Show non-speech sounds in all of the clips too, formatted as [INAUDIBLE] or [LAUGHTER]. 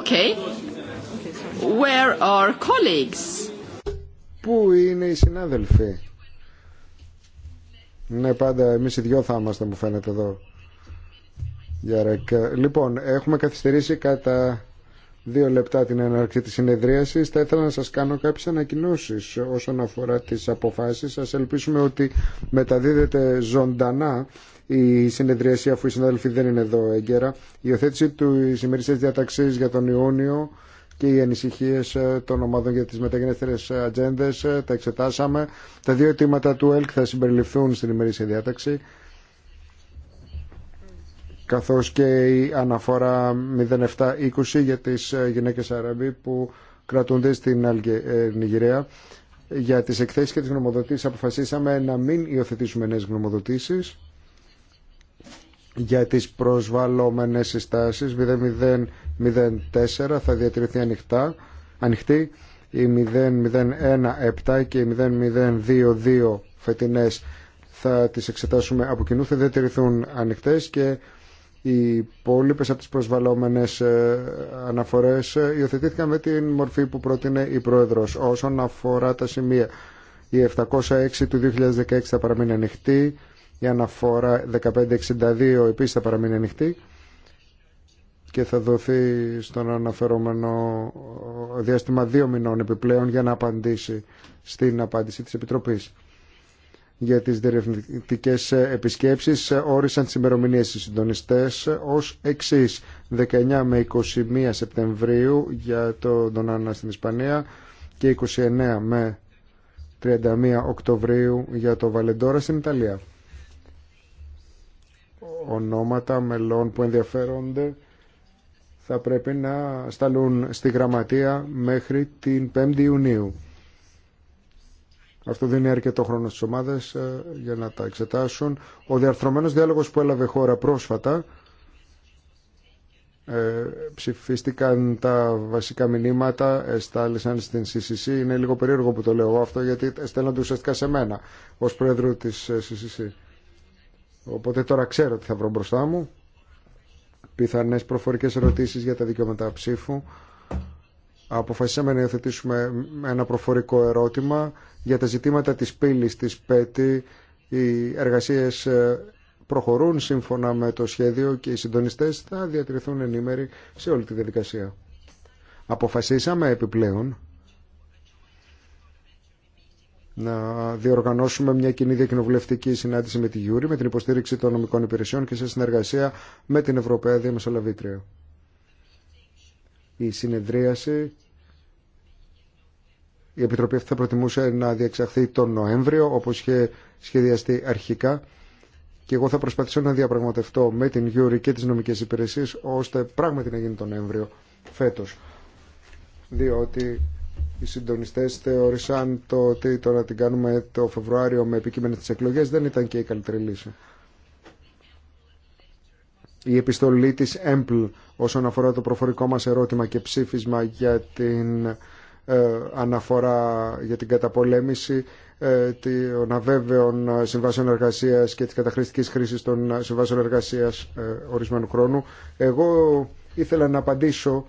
Okay. Where are colleagues? Πού είναι οι συνάδελφοι? Ναι, πάντα εμείς οι δυο θα είμαστε, μου φαίνεται εδώ. Λοιπόν, έχουμε καθυστερήσει κατά δύο λεπτά την έναρξη της συνεδρίασης. Θα ήθελα να σας κάνω κάποιες ανακοινώσεις όσον αφορά τις αποφάσεις σας. Ελπίσουμε ότι μεταδίδεται ζωντανά η συνεδρίαση αφού οι συνάδελφοι δεν είναι εδώ έγκαιρα. Η υιοθέτηση του ημερήσια διαταξή για τον Ιούνιο και οι ανησυχίε ε, των ομάδων για τι μεταγενέστερε ατζέντε ε, τα εξετάσαμε. Τα δύο αιτήματα του ΕΛΚ θα συμπεριληφθούν στην ημερήσια διάταξη Καθώ και η αναφορά 0720 για τι ε, γυναίκε Αραμπή που κρατούνται στην Νιγηρία. Για τι εκθέσει και τι γνωμοδοτήσεις αποφασίσαμε να μην υιοθετήσουμε νέε γνωμοδοτήσει για τις προσβαλλόμενες συστάσεις 0004 θα διατηρηθεί ανοιχτά, ανοιχτή η 0017 και η 0022 φετινές θα τις εξετάσουμε από κοινού θα διατηρηθούν ανοιχτές και οι υπόλοιπε από τις προσβαλλόμενες ε, αναφορές ε, υιοθετήθηκαν με την μορφή που πρότεινε η Πρόεδρος όσον αφορά τα σημεία η 706 του 2016 θα παραμείνει ανοιχτή η αναφορά 1562 επίσης θα παραμείνει ανοιχτή και θα δοθεί στον αναφερόμενο ε, διάστημα δύο μηνών επιπλέον για να απαντήσει στην απάντηση της Επιτροπής. Για τις διερευνητικές επισκέψεις ε, όρισαν τις ημερομηνίες οι συντονιστές ως εξής 19 με 21 Σεπτεμβρίου για το Ντονάνα στην Ισπανία και 29 με 31 Οκτωβρίου για το Βαλεντόρα στην Ιταλία ονόματα μελών που ενδιαφέρονται θα πρέπει να σταλούν στη γραμματεία μέχρι την 5η Ιουνίου. Αυτό δίνει αρκετό χρόνο στις ομάδες ε, για να τα εξετάσουν. Ο διαρθρωμένος διάλογος που έλαβε χώρα πρόσφατα ε, ψηφίστηκαν τα βασικά μηνύματα, εστάλησαν στην CCC. Είναι λίγο περίεργο που το λέω αυτό γιατί στέλνονται ουσιαστικά σε μένα ως πρόεδρο της CCC. Ε, Οπότε τώρα ξέρω τι θα βρω μπροστά μου. Πιθανές προφορικές ερωτήσεις για τα δικαιώματα ψήφου. Αποφασίσαμε να υιοθετήσουμε ένα προφορικό ερώτημα για τα ζητήματα της πύλης της ΠΕΤΗ. Οι εργασίες ε, προχωρούν σύμφωνα με το σχέδιο και οι συντονιστές θα διατηρηθούν ενήμεροι σε όλη τη διαδικασία. Αποφασίσαμε επιπλέον να διοργανώσουμε μια κοινή διακοινοβουλευτική συνάντηση με τη Γιούρη, με την υποστήριξη των νομικών υπηρεσιών και σε συνεργασία με την Ευρωπαία Διαμεσολαβήτρια. Η συνεδρίαση, η Επιτροπή αυτή θα προτιμούσε να διεξαχθεί τον Νοέμβριο, όπως είχε σχεδιαστεί αρχικά, και εγώ θα προσπαθήσω να διαπραγματευτώ με την Γιούρη και τις νομικές υπηρεσίες, ώστε πράγματι να γίνει τον Νοέμβριο φέτος. Διότι οι συντονιστέ θεώρησαν το ότι το να την κάνουμε το Φεβρουάριο με επικείμενε τι εκλογέ δεν ήταν και η καλύτερη λύση. Η επιστολή της ΕΜΠΛ όσον αφορά το προφορικό μας ερώτημα και ψήφισμα για την ε, αναφορά για την καταπολέμηση ε, των αβέβαιων συμβάσεων εργασίας και της καταχρηστικής χρήσης των συμβάσεων εργασίας ε, ορισμένου χρόνου. Εγώ ήθελα να απαντήσω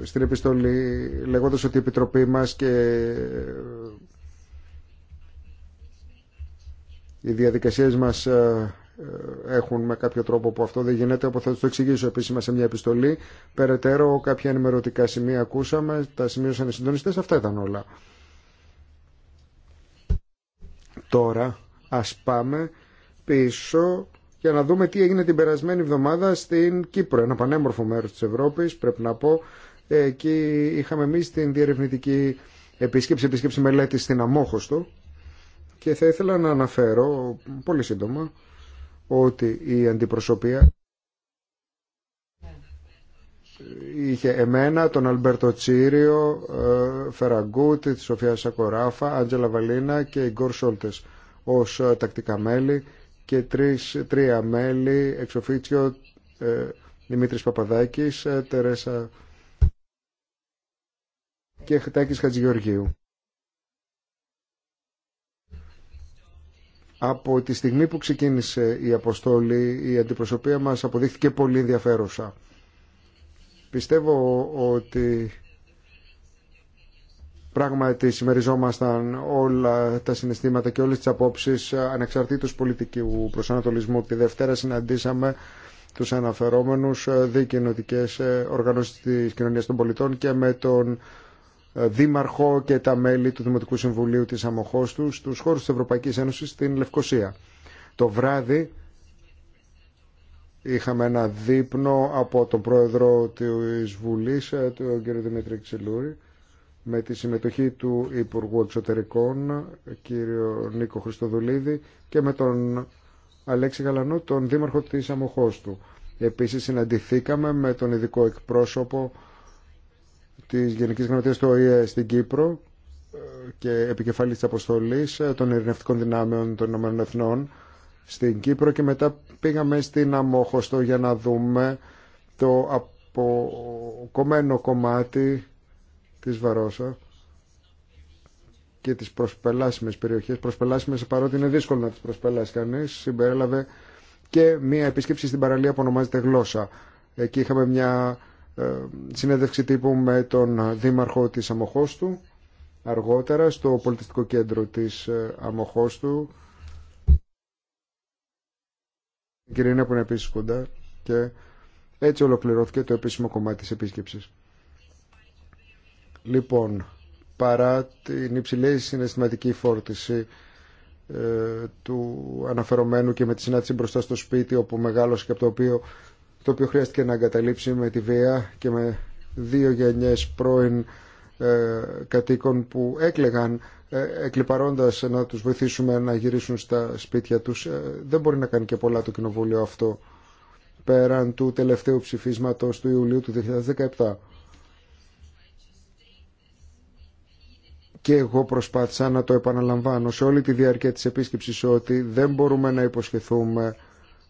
ε, στην επιστολή λέγοντας ότι η Επιτροπή μας και ε, οι διαδικασίες μας ε, έχουν με κάποιο τρόπο που αυτό δεν γίνεται, όπως θα το εξηγήσω επίσημα σε μια επιστολή. Περαιτέρω κάποια ενημερωτικά σημεία ακούσαμε, τα σημείωσαν οι συντονιστές, αυτά ήταν όλα. Τώρα ας πάμε πίσω για να δούμε τι έγινε την περασμένη εβδομάδα στην Κύπρο, ένα πανέμορφο μέρος της Ευρώπης, πρέπει να πω. Εκεί είχαμε εμεί την διερευνητική επίσκεψη, επίσκεψη μελέτη στην Αμόχωστο και θα ήθελα να αναφέρω πολύ σύντομα ότι η αντιπροσωπεία είχε εμένα, τον Αλμπέρτο Τσίριο, ε, Φεραγκούτη, τη Σοφία Σακοράφα, Άντζελα Βαλίνα και η Γκορ Σόλτες ως ε, τακτικά μέλη και τρεις, τρία μέλη, εξοφίτσιο ε, Δημήτρης Παπαδάκης, ε, Τερέσα και Χτάκης Χατζηγεωργίου. Από τη στιγμή που ξεκίνησε η αποστόλη, η αντιπροσωπεία μας αποδείχθηκε πολύ ενδιαφέρουσα. Πιστεύω ότι Πράγματι συμμεριζόμασταν όλα τα συναισθήματα και όλες τις απόψεις ανεξαρτήτως πολιτικού προσανατολισμού. Τη Δευτέρα συναντήσαμε τους αναφερόμενους δικαινοτικές ε, οργανώσεις της κοινωνίας των πολιτών και με τον ε, Δήμαρχο και τα μέλη του Δημοτικού Συμβουλίου της Αμοχώστου στους χώρους της Ευρωπαϊκής Ένωσης στην Λευκοσία. Το βράδυ είχαμε ένα δείπνο από τον πρόεδρο της Βουλής, ε, τον κ. Δημήτρη Ξυλούρη, με τη συμμετοχή του Υπουργού Εξωτερικών, κύριο Νίκο Χριστοδουλίδη, και με τον Αλέξη Γαλανό τον δήμαρχο της Αμοχώστου. του. Επίσης συναντηθήκαμε με τον ειδικό εκπρόσωπο της Γενικής Γραμματείας του ΟΗΕ στην Κύπρο και επικεφαλής της αποστολής των ειρηνευτικών δυνάμεων των Ηνωμένων Εθνών στην Κύπρο και μετά πήγαμε στην Αμόχωστο για να δούμε το αποκομμένο κομμάτι της Βαρόσα και τις προσπελάσιμες περιοχές, προσπελάσιμες παρότι είναι δύσκολο να τις προσπελάσει κανείς, συμπερέλαβε και μία επίσκεψη στην παραλία που ονομάζεται Γλώσσα. Εκεί είχαμε μια ε, συνέντευξη τύπου με τον δήμαρχο της Αμοχώστου αργότερα στο πολιτιστικό κέντρο της ε, Αμοχώστου η κυρία που είναι επίσης κοντά και έτσι ολοκληρώθηκε το επίσημο κομμάτι της επίσκεψης. Λοιπόν, παρά την υψηλή συναισθηματική φόρτιση ε, του αναφερομένου και με τη συνάντηση μπροστά στο σπίτι όπου μεγάλωσε και από το οποίο, το οποίο χρειάστηκε να εγκαταλείψει με τη βία και με δύο γενιές πρώην ε, κατοίκων που έκλεγαν ε, εκλυπαρώντας να τους βοηθήσουμε να γυρίσουν στα σπίτια τους ε, δεν μπορεί να κάνει και πολλά το κοινοβούλιο αυτό πέραν του τελευταίου ψηφίσματος του Ιουλίου του 2017 και εγώ προσπάθησα να το επαναλαμβάνω σε όλη τη διάρκεια της επίσκεψης ότι δεν μπορούμε να υποσχεθούμε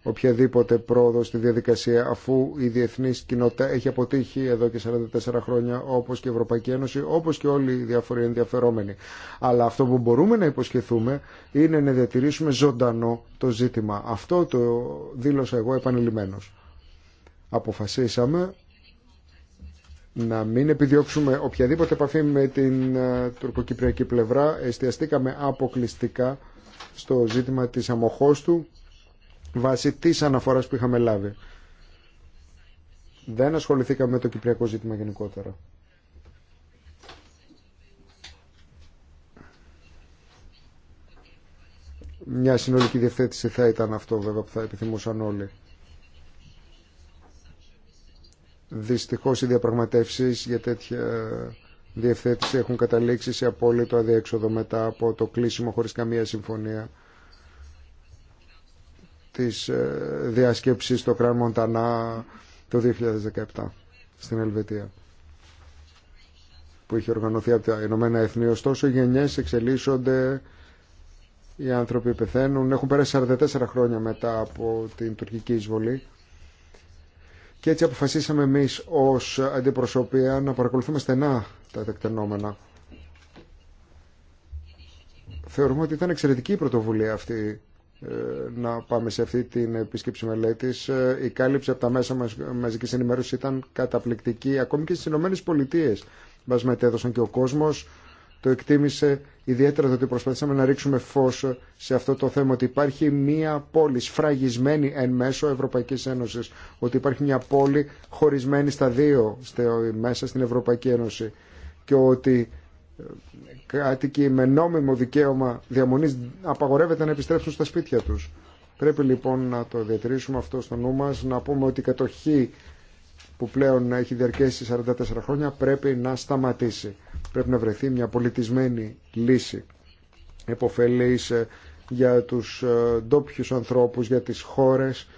οποιαδήποτε πρόοδο στη διαδικασία αφού η διεθνή κοινότητα έχει αποτύχει εδώ και 44 χρόνια όπως και η Ευρωπαϊκή Ένωση, όπως και όλοι οι διάφοροι ενδιαφερόμενοι. Αλλά αυτό που μπορούμε να υποσχεθούμε είναι να διατηρήσουμε ζωντανό το ζήτημα. Αυτό το δήλωσα εγώ επανειλημμένος. Αποφασίσαμε να μην επιδιώξουμε οποιαδήποτε επαφή με την ε, τουρκοκυπριακή πλευρά. Εστιαστήκαμε αποκλειστικά στο ζήτημα της αμοχώστου βάσει της αναφοράς που είχαμε λάβει. Δεν ασχοληθήκαμε με το κυπριακό ζήτημα γενικότερα. Μια συνολική διευθέτηση θα ήταν αυτό βέβαια που θα επιθυμούσαν όλοι. Δυστυχώς οι διαπραγματεύσεις για τέτοια διευθέτηση έχουν καταλήξει σε απόλυτο αδιέξοδο μετά από το κλείσιμο χωρίς καμία συμφωνία της ε, διασκέψης στο Κραν Μοντανά το 2017 στην Ελβετία που είχε οργανωθεί από τα Ηνωμένα Εθνή. Ωστόσο, οι γενιές εξελίσσονται, οι άνθρωποι πεθαίνουν. Έχουν πέρασει 44 χρόνια μετά από την τουρκική εισβολή και έτσι αποφασίσαμε εμείς ως αντιπροσωπεία να παρακολουθούμε στενά τα τεκτενόμενα. Θεωρούμε ότι ήταν εξαιρετική η πρωτοβουλία αυτή ε, να πάμε σε αυτή την επίσκεψη μελέτη. Ε, η κάλυψη από τα μέσα μαζική ενημέρωση ήταν καταπληκτική. Ακόμη και στι Ηνωμένε Πολιτείε μα μετέδωσαν και ο κόσμο το εκτίμησε ιδιαίτερα το ότι προσπαθήσαμε να ρίξουμε φως σε αυτό το θέμα ότι υπάρχει μια πόλη σφραγισμένη εν μέσω Ευρωπαϊκής Ένωσης ότι υπάρχει μια πόλη χωρισμένη στα δύο μέσα στην Ευρωπαϊκή Ένωση και ότι ε, κάτοικοι με νόμιμο δικαίωμα διαμονής απαγορεύεται να επιστρέψουν στα σπίτια τους. Πρέπει λοιπόν να το διατηρήσουμε αυτό στο νου μας, να πούμε ότι η κατοχή που πλέον έχει διαρκέσει 44 χρόνια πρέπει να σταματήσει. Πρέπει να βρεθεί μια πολιτισμένη λύση εποφελής ε, για τους ε, ντόπιου ανθρώπους, για τις χώρες,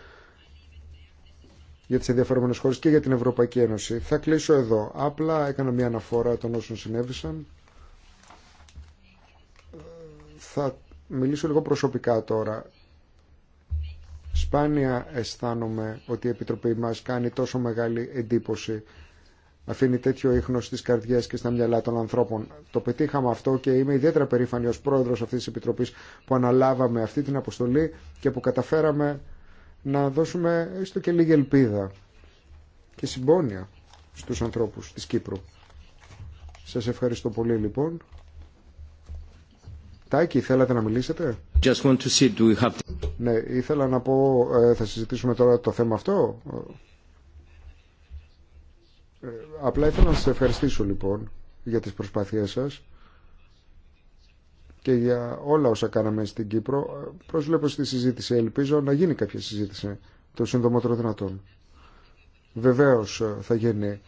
για τις ενδιαφέρομενες χώρες και για την Ευρωπαϊκή Ένωση. Θα κλείσω εδώ. Απλά έκανα μια αναφορά των όσων συνέβησαν. Ε, θα μιλήσω λίγο προσωπικά τώρα. Σπάνια αισθάνομαι ότι η Επιτροπή μας κάνει τόσο μεγάλη εντύπωση. Αφήνει τέτοιο ίχνος στις καρδιές και στα μυαλά των ανθρώπων. Το πετύχαμε αυτό και είμαι ιδιαίτερα περήφανη ως πρόεδρος αυτής της Επιτροπής που αναλάβαμε αυτή την αποστολή και που καταφέραμε να δώσουμε έστω και λίγη ελπίδα και συμπόνια στους ανθρώπους της Κύπρου. Σας ευχαριστώ πολύ λοιπόν. Τάκη, θέλατε να μιλήσετε. Ναι, ήθελα να πω, ε, θα συζητήσουμε τώρα το θέμα αυτό. Ε, απλά ήθελα να σας ευχαριστήσω λοιπόν για τις προσπάθειές σας και για όλα όσα κάναμε στην Κύπρο. Ε, προσβλέπω στη συζήτηση. Ελπίζω να γίνει κάποια συζήτηση το συντομότερο δυνατόν. Βεβαίω θα γίνει.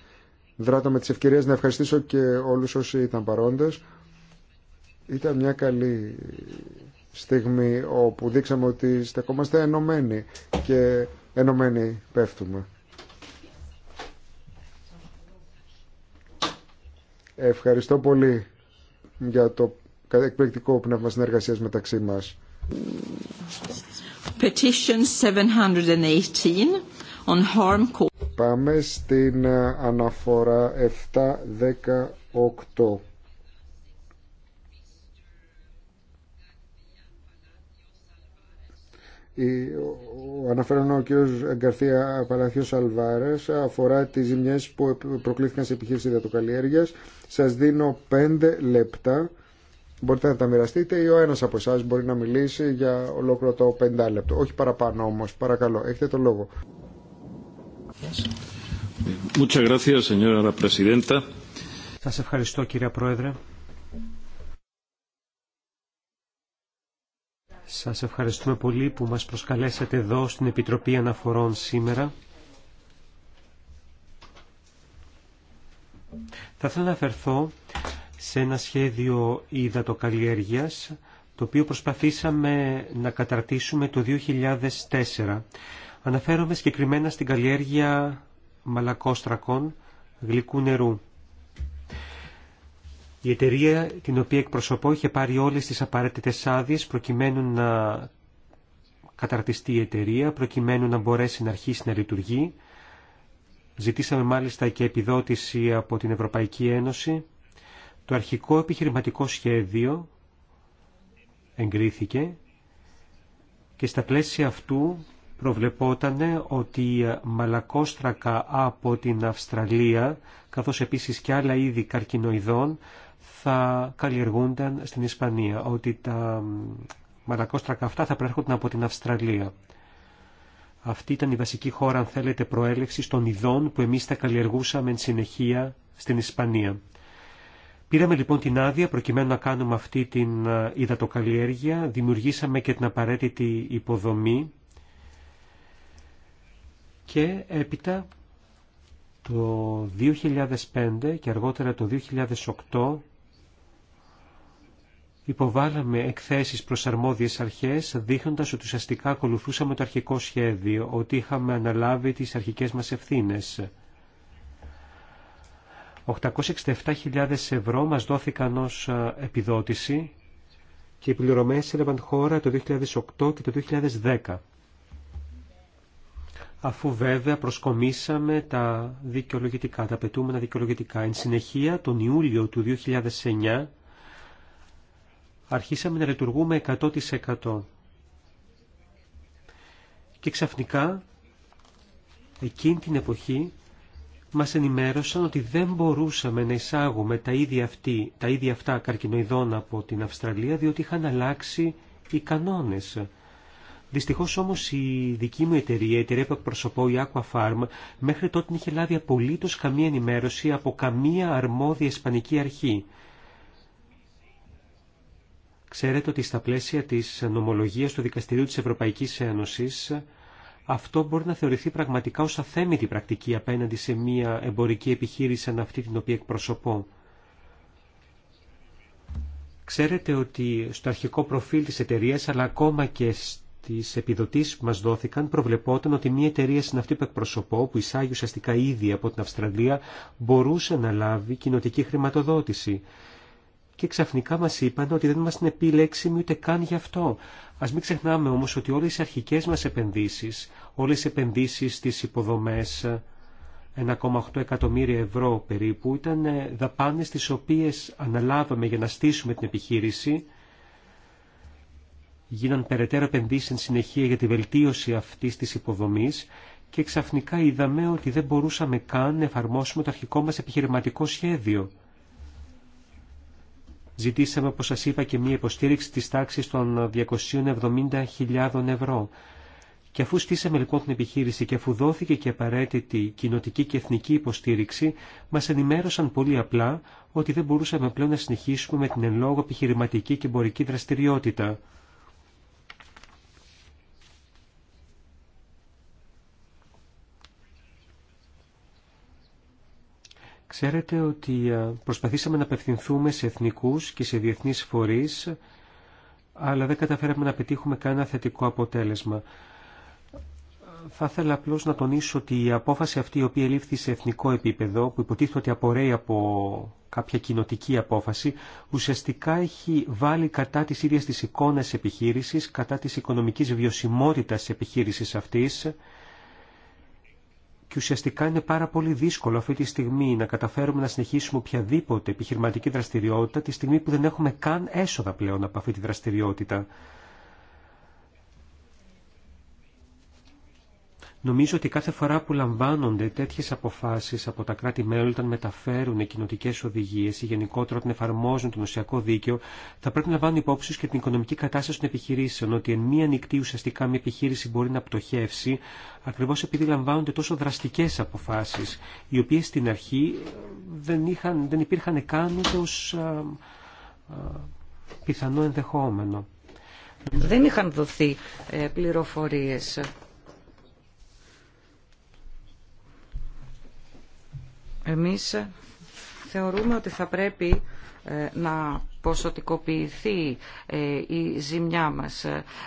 Δράτω με τις ευκαιρίες να ευχαριστήσω και όλους όσοι ήταν παρόντες ήταν μια καλή στιγμή όπου δείξαμε ότι στεκόμαστε ενωμένοι και ενωμένοι πέφτουμε. Ευχαριστώ πολύ για το εκπληκτικό πνεύμα συνεργασίας μεταξύ μας. 718 on harm Πάμε στην ε, αναφορά 718. ο αναφέρον ο κ. Γκαρθία Παλαθιός Αλβάρες αφορά τις ζημιές που προκλήθηκαν σε επιχείρηση υδατοκαλλιέργειας. Σας δίνω πέντε λεπτά. Μπορείτε να τα μοιραστείτε ή ο ένας από εσά μπορεί να μιλήσει για ολόκληρο το λεπτό Όχι παραπάνω όμως. Παρακαλώ, έχετε το λόγο. Σας ευχαριστώ κύριε Πρόεδρε. Σας ευχαριστούμε πολύ που μας προσκαλέσατε εδώ στην Επιτροπή Αναφορών σήμερα. Θα ήθελα να αφαιρθώ σε ένα σχέδιο υδατοκαλλιέργειας, το οποίο προσπαθήσαμε να καταρτήσουμε το 2004. Αναφέρομαι συγκεκριμένα στην καλλιέργεια μαλακόστρακων γλυκού νερού. Η εταιρεία την οποία εκπροσωπώ είχε πάρει όλες τις απαραίτητες άδειε προκειμένου να καταρτιστεί η εταιρεία, προκειμένου να μπορέσει να αρχίσει να λειτουργεί. Ζητήσαμε μάλιστα και επιδότηση από την Ευρωπαϊκή Ένωση. Το αρχικό επιχειρηματικό σχέδιο εγκρίθηκε και στα πλαίσια αυτού προβλεπόταν ότι μαλακόστρακα από την Αυστραλία, καθώς επίσης και άλλα είδη καρκινοειδών, θα καλλιεργούνταν στην Ισπανία, ότι τα μαλακόστρακα αυτά θα προέρχονταν από την Αυστραλία. Αυτή ήταν η βασική χώρα, αν θέλετε, προέλευση των ειδών που εμείς θα καλλιεργούσαμε εν συνεχεία στην Ισπανία. Πήραμε λοιπόν την άδεια προκειμένου να κάνουμε αυτή την υδατοκαλλιέργεια, δημιουργήσαμε και την απαραίτητη υποδομή και έπειτα το 2005 και αργότερα το 2008 υποβάλαμε εκθέσεις προς αρμόδιες αρχές, δείχνοντας ότι ουσιαστικά ακολουθούσαμε το αρχικό σχέδιο, ότι είχαμε αναλάβει τις αρχικές μας ευθύνες. 867.000 ευρώ μας δόθηκαν ως επιδότηση και οι πληρωμές έλαβαν χώρα το 2008 και το 2010 αφού βέβαια προσκομίσαμε τα δικαιολογητικά, τα απαιτούμενα δικαιολογητικά. Εν συνεχεία, τον Ιούλιο του 2009, αρχίσαμε να λειτουργούμε 100%. Και ξαφνικά, εκείνη την εποχή, μας ενημέρωσαν ότι δεν μπορούσαμε να εισάγουμε τα ίδια, αυτή, τα ίδια αυτά καρκινοειδών από την Αυστραλία, διότι είχαν αλλάξει οι κανόνες. Δυστυχώς όμως η δική μου εταιρεία, η εταιρεία που εκπροσωπώ, η Aqua Farm, μέχρι τότε είχε λάβει απολύτως καμία ενημέρωση από καμία αρμόδια ισπανική αρχή. Ξέρετε ότι στα πλαίσια της νομολογίας του Δικαστηρίου της Ευρωπαϊκής Ένωσης αυτό μπορεί να θεωρηθεί πραγματικά ως αθέμητη πρακτική απέναντι σε μια εμπορική επιχείρηση σαν αυτή την οποία εκπροσωπώ. Ξέρετε ότι στο αρχικό προφίλ της εταιρεία, αλλά ακόμα και στις επιδοτήσεις που μας δόθηκαν προβλεπόταν ότι μια εταιρεία σαν αυτή που εκπροσωπώ, που εισάγει ουσιαστικά ήδη από την Αυστραλία, μπορούσε να λάβει κοινοτική χρηματοδότηση και ξαφνικά μας είπαν ότι δεν ήμασταν επιλέξιμοι ούτε καν γι' αυτό. Ας μην ξεχνάμε όμως ότι όλες οι αρχικές μας επενδύσεις, όλες οι επενδύσεις στις υποδομές, 1,8 εκατομμύρια ευρώ περίπου, ήταν ε, δαπάνες τις οποίες αναλάβαμε για να στήσουμε την επιχείρηση, γίναν περαιτέρω επενδύσεις εν συνεχεία για τη βελτίωση αυτής της υποδομής και ξαφνικά είδαμε ότι δεν μπορούσαμε καν να εφαρμόσουμε το αρχικό μας επιχειρηματικό σχέδιο. Ζητήσαμε, όπως σας είπα, και μία υποστήριξη της τάξης των 270.000 ευρώ. Και αφού στήσαμε λοιπόν την επιχείρηση και αφού δόθηκε και απαραίτητη κοινοτική και εθνική υποστήριξη, μας ενημέρωσαν πολύ απλά ότι δεν μπορούσαμε πλέον να συνεχίσουμε με την εν λόγω επιχειρηματική και εμπορική δραστηριότητα. Ξέρετε ότι ε, προσπαθήσαμε να απευθυνθούμε σε εθνικούς και σε διεθνείς φορείς, αλλά δεν καταφέραμε να πετύχουμε κανένα θετικό αποτέλεσμα. Θα ήθελα απλώ να τονίσω ότι η απόφαση αυτή η οποία λήφθη σε εθνικό επίπεδο, που υποτίθεται ότι απορρέει από κάποια κοινοτική απόφαση, ουσιαστικά έχει βάλει κατά τις ίδιες της εικόνας επιχείρησης, κατά της οικονομικής βιωσιμότητας επιχείρησης αυτής, και ουσιαστικά είναι πάρα πολύ δύσκολο αυτή τη στιγμή να καταφέρουμε να συνεχίσουμε οποιαδήποτε επιχειρηματική δραστηριότητα τη στιγμή που δεν έχουμε καν έσοδα πλέον από αυτή τη δραστηριότητα. Νομίζω ότι κάθε φορά που λαμβάνονται τέτοιες αποφάσεις από τα κράτη-μέλη όταν μεταφέρουν κοινοτικέ οδηγίες ή γενικότερα όταν εφαρμόζουν το νοσιακό δίκαιο, θα πρέπει να λαμβάνουν υπόψη και την οικονομική κατάσταση των επιχειρήσεων, ότι εν μία νυχτή ουσιαστικά μια επιχείρηση μπορεί να πτωχεύσει, ακριβώς επειδή λαμβάνονται τόσο δραστικές αποφάσεις, οι οποίες στην αρχή ε, δεν, είχαν, δεν υπήρχαν καν α, α, ε, ε, πιθανό ενδεχόμενο. Δεν είχαν δοθεί ε, πληροφορίες Εμείς θεωρούμε ότι θα πρέπει ε, να ποσοτικοποιηθεί ε, η ζημιά μας,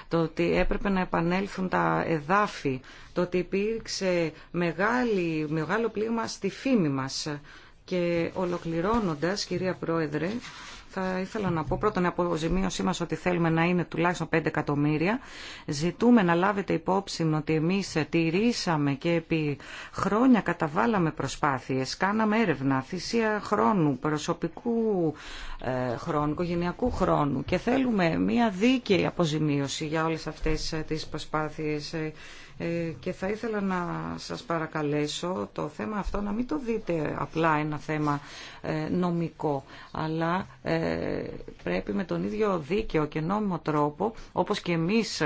το ότι έπρεπε να επανέλθουν τα εδάφη, το ότι υπήρξε μεγάλη, μεγάλο πλήγμα στη φήμη μας. Και ολοκληρώνοντας, κυρία Πρόεδρε, θα ήθελα να πω πρώτον η αποζημίωσή μας ότι θέλουμε να είναι τουλάχιστον 5 εκατομμύρια. Ζητούμε να λάβετε υπόψη ότι εμείς τηρήσαμε και επί χρόνια καταβάλαμε προσπάθειες, κάναμε έρευνα, θυσία χρόνου, προσωπικού ε, χρόνου, οικογενειακού χρόνου και θέλουμε μια δίκαιη αποζημίωση για όλες αυτές τις προσπάθειε ε, και θα ήθελα να σας παρακαλέσω το θέμα αυτό να μην το δείτε απλά ένα θέμα ε, νομικό, αλλά ε, πρέπει με τον ίδιο δίκαιο και νόμιμο τρόπο, όπως και εμείς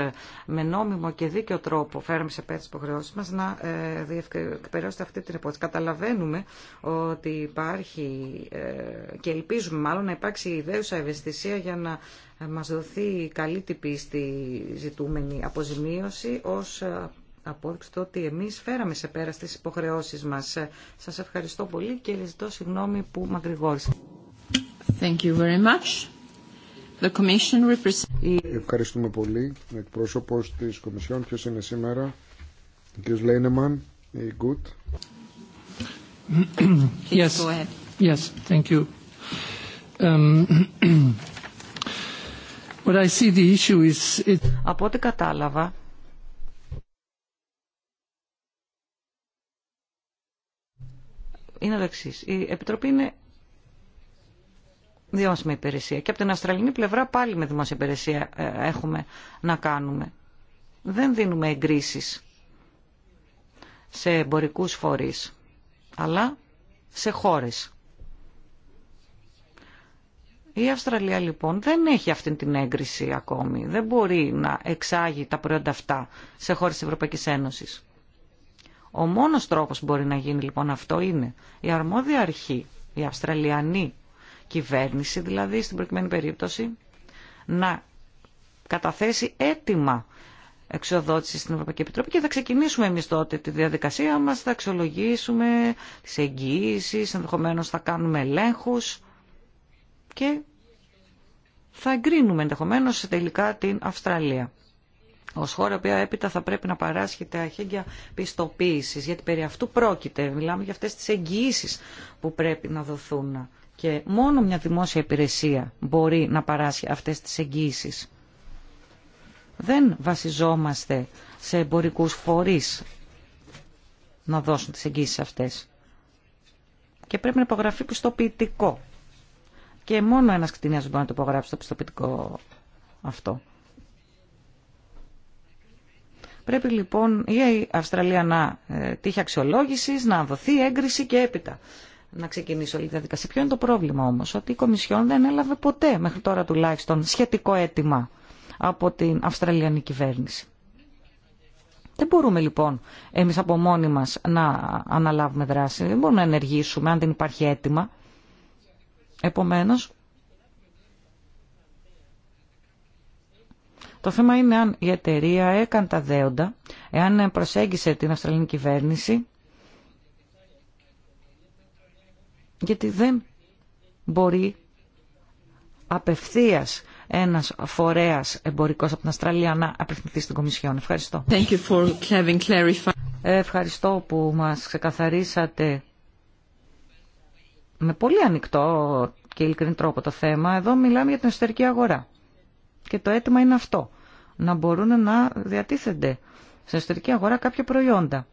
με νόμιμο και δίκαιο τρόπο φέραμε σε πέρα τις υποχρεώσεις μας, να διευκαιριώσετε αυτή την υπόθεση. Καταλαβαίνουμε ότι υπάρχει και ελπίζουμε μάλλον να υπάρξει ιδέουσα ευαισθησία για να μας δοθεί καλή τυπή στη ζητούμενη αποζημίωση ως απόδειξη το ότι εμείς φέραμε σε πέρα στις υποχρεώσεις μας. Σας ευχαριστώ πολύ και ζητώ συγγνώμη που μακρηγόρησα. Thank you very much. The Commission Ευχαριστούμε πολύ. Εκπρόσωπος της Κομισιόν, ποιος είναι σήμερα, ο κ. Λέινεμαν, η Γκουτ. Yes. Yes, thank you. Um, [CLEARS THROAT] what I see the issue is... Από ό,τι κατάλαβα, είναι το εξή. Η Επιτροπή είναι δημόσια υπηρεσία. Και από την Αυστραλινή πλευρά πάλι με δημόσια υπηρεσία ε, έχουμε να κάνουμε. Δεν δίνουμε εγκρίσει σε εμπορικού φορεί, αλλά σε χώρε. Η Αυστραλία λοιπόν δεν έχει αυτή την έγκριση ακόμη. Δεν μπορεί να εξάγει τα προϊόντα αυτά σε χώρες της Ευρωπαϊκής Ένωσης. Ο μόνος τρόπος που μπορεί να γίνει λοιπόν αυτό είναι η αρμόδια αρχή, η Αυστραλιανή κυβέρνηση δηλαδή στην προκειμένη περίπτωση, να καταθέσει έτοιμα εξοδότηση στην Ευρωπαϊκή Επιτροπή και θα ξεκινήσουμε εμείς τότε τη διαδικασία μας, θα αξιολογήσουμε τις εγγυήσεις, ενδεχομένως θα κάνουμε ελέγχους και θα εγκρίνουμε ενδεχομένως τελικά την Αυστραλία. Ω χώρα η έπειτα θα πρέπει να παράσχει τα χέγγια πιστοποίηση, γιατί περί αυτού πρόκειται. Μιλάμε για αυτέ τι εγγυήσει που πρέπει να δοθούν. Και μόνο μια δημόσια υπηρεσία μπορεί να παράσχει αυτέ τι εγγυήσει. Δεν βασιζόμαστε σε εμπορικού φορεί να δώσουν τι εγγύσει αυτέ. Και πρέπει να υπογραφεί πιστοποιητικό. Και μόνο ένα κτηνίας μπορεί να το υπογράψει το πιστοποιητικό αυτό. Πρέπει λοιπόν η Αυστραλία να ε, τύχει αξιολόγηση, να δοθεί έγκριση και έπειτα να ξεκινήσει όλη η διαδικασία. Ποιο είναι το πρόβλημα όμω, ότι η Κομισιόν δεν έλαβε ποτέ μέχρι τώρα τουλάχιστον σχετικό αίτημα από την Αυστραλιανή κυβέρνηση. Δεν μπορούμε λοιπόν εμείς από μόνοι μα να αναλάβουμε δράση, δεν μπορούμε να ενεργήσουμε αν δεν υπάρχει αίτημα. Επομένως, Το θέμα είναι αν η εταιρεία έκανε τα δέοντα, εάν προσέγγισε την Αυστραλινή κυβέρνηση, γιατί δεν μπορεί απευθείας ένας φορέας εμπορικός από την Αυστραλία να απευθυνθεί στην Κομισιόν. Ευχαριστώ. Thank you for Ευχαριστώ που μας ξεκαθαρίσατε με πολύ ανοιχτό και ειλικρινή τρόπο το θέμα. Εδώ μιλάμε για την εσωτερική αγορά. Και το αίτημα είναι αυτό. Να μπορούν να διατίθενται στην εσωτερική αγορά κάποια προϊόντα.